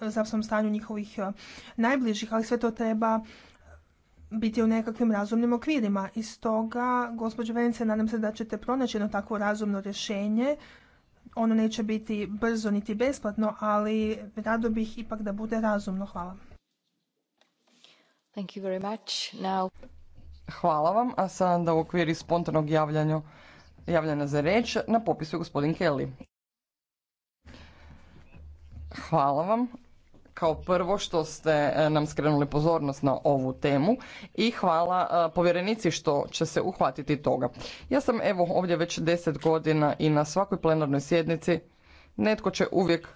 stanju njihovih e, najbližih, ali sve to treba biti u nekakvim razumnim okvirima. I stoga, gospođo Vence, nadam se da ćete pronaći jedno takvo razumno rješenje. Ono neće biti brzo niti besplatno, ali rado bih ipak da bude razumno. Hvala. Hvala vam, a sada u okviru spontanog javljanja javljena za reč Na popisu gospodin Kelly. Hvala vam kao prvo što ste e, nam skrenuli pozornost na ovu temu i hvala e, povjerenici što će se uhvatiti toga. Ja sam evo ovdje već deset godina i na svakoj plenarnoj sjednici netko će uvijek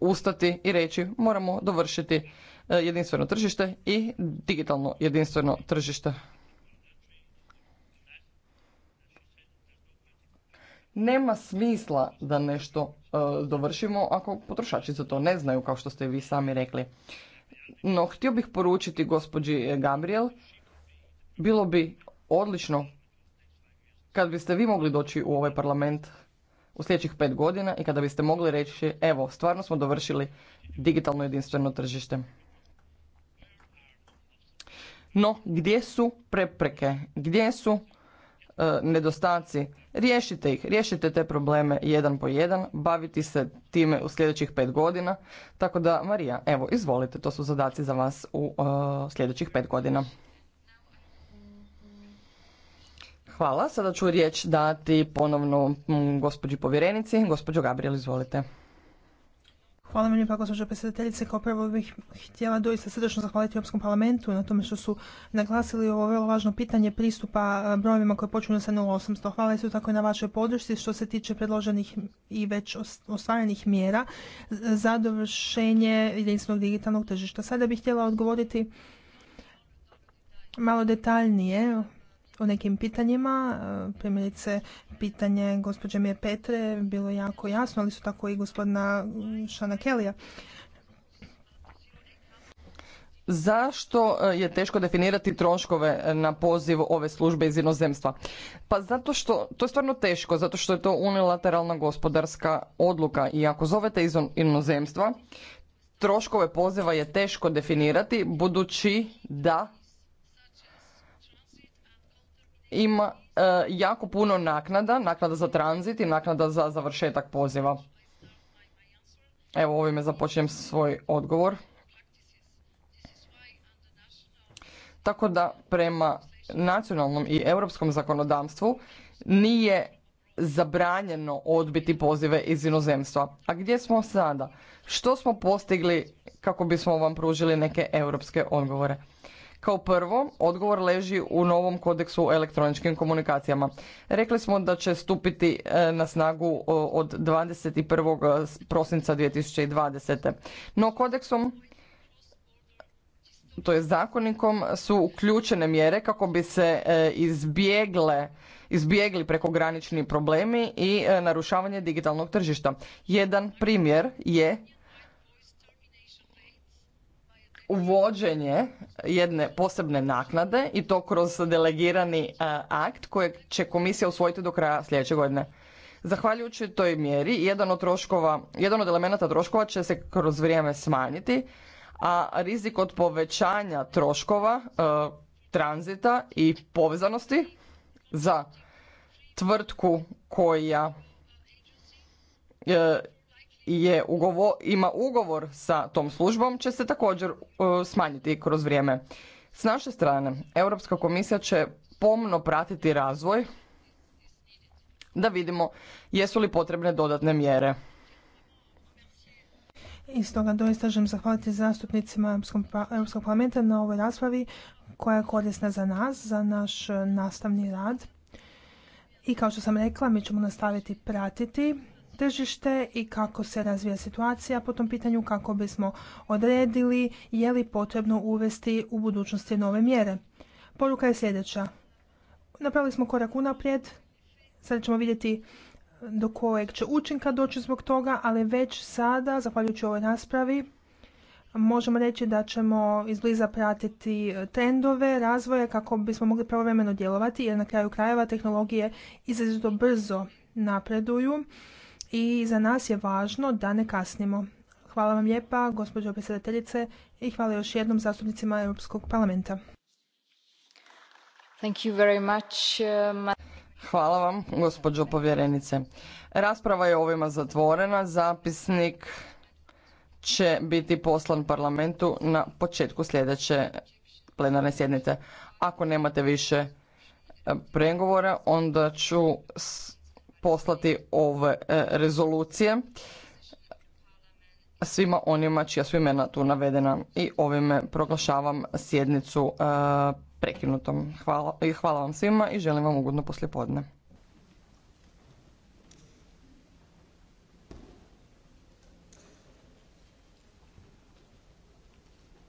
ustati i reći moramo dovršiti e, jedinstveno tržište i digitalno jedinstveno tržište. nema smisla da nešto e, dovršimo ako potrošači za to ne znaju, kao što ste vi sami rekli. No, htio bih poručiti gospođi Gabriel, bilo bi odlično kad biste vi mogli doći u ovaj parlament u sljedećih pet godina i kada biste mogli reći evo, stvarno smo dovršili digitalno jedinstveno tržište. No, gdje su prepreke? Gdje su E, nedostaci, riješite ih, riješite te probleme jedan po jedan, baviti se time u sljedećih pet godina. Tako da, Marija, evo, izvolite, to su zadaci za vas u e, sljedećih pet godina. Hvala, sada ću riječ dati ponovno mm, gospođi povjerenici. Gospođo Gabriel, izvolite. Hvala vam lijepa, gospođo predsjedateljice. Kao prvo bih htjela doista srdečno zahvaliti Europskom parlamentu na tome što su naglasili ovo vrlo važno pitanje pristupa e, brojevima koje počinju sa 0800. Hvala isto tako i na vašoj podršci što se tiče predloženih i već ostvarenih mjera za dovršenje jedinstvenog digitalnog tržišta. Sada bih htjela odgovoriti malo detaljnije o nekim pitanjima, e, primjerice pitanje gospođe Mije Petre, bilo jako jasno, ali su tako i gospodina Šana Kelija. Zašto e, je teško definirati troškove e, na poziv ove službe iz inozemstva? Pa zato što, to je stvarno teško, zato što je to unilateralna gospodarska odluka i ako zovete iz inozemstva, troškove poziva je teško definirati budući da ima e, jako puno naknada, naknada za tranzit i naknada za završetak poziva. Evo ovime započnem svoj odgovor. Tako da prema nacionalnom i europskom zakonodavstvu nije zabranjeno odbiti pozive iz inozemstva. A gdje smo sada? Što smo postigli kako bismo vam pružili neke europske odgovore? Kao prvo, odgovor leži u novom kodeksu o elektroničkim komunikacijama. Rekli smo da će stupiti e, na snagu od 21. E, prosinca 2020. No kodeksom to je zakonikom su uključene mjere kako bi se e, izbjegle izbjegli prekogranični problemi i narušavanje digitalnog tržišta. Jedan primjer je uvođenje jedne posebne naknade i to kroz delegirani e, akt kojeg će komisija usvojiti do kraja sljedeće godine. Zahvaljujući toj mjeri, jedan od, troškova, jedan od elemenata troškova će se kroz vrijeme smanjiti, a rizik od povećanja troškova e, tranzita i povezanosti za tvrtku koja e, je ugovo, ima ugovor sa tom službom će se također uh, smanjiti kroz vrijeme. S naše strane, Europska komisija će pomno pratiti razvoj da vidimo jesu li potrebne dodatne mjere. I stoga doista želim zahvaliti zastupnicima pa-, Europskog parlamenta na ovoj raspravi koja je korisna za nas, za naš uh, nastavni rad. I kao što sam rekla, mi ćemo nastaviti pratiti tržište i kako se razvija situacija po tom pitanju kako bismo odredili je li potrebno uvesti u budućnosti nove mjere. Poruka je sljedeća. Napravili smo korak unaprijed, sada ćemo vidjeti do kojeg će učinka doći zbog toga, ali već sada, zahvaljujući ovoj raspravi, možemo reći da ćemo izbliza pratiti trendove razvoje, kako bismo mogli pravovremeno djelovati jer na kraju krajeva tehnologije izrazito brzo napreduju i za nas je važno da ne kasnimo. Hvala vam lijepa, gospođo predsjedateljice, i hvala još jednom zastupnicima Europskog parlamenta. Thank you very much, uh, Hvala vam, gospođo povjerenice. Rasprava je ovima zatvorena. Zapisnik će biti poslan parlamentu na početku sljedeće plenarne sjednice. Ako nemate više e, pregovora, onda ću poslati ove e, rezolucije svima onima čija su imena tu navedena i ovime proglašavam sjednicu e, prekinutom. Hvala, vam svima i želim vam ugodno poslijepodne.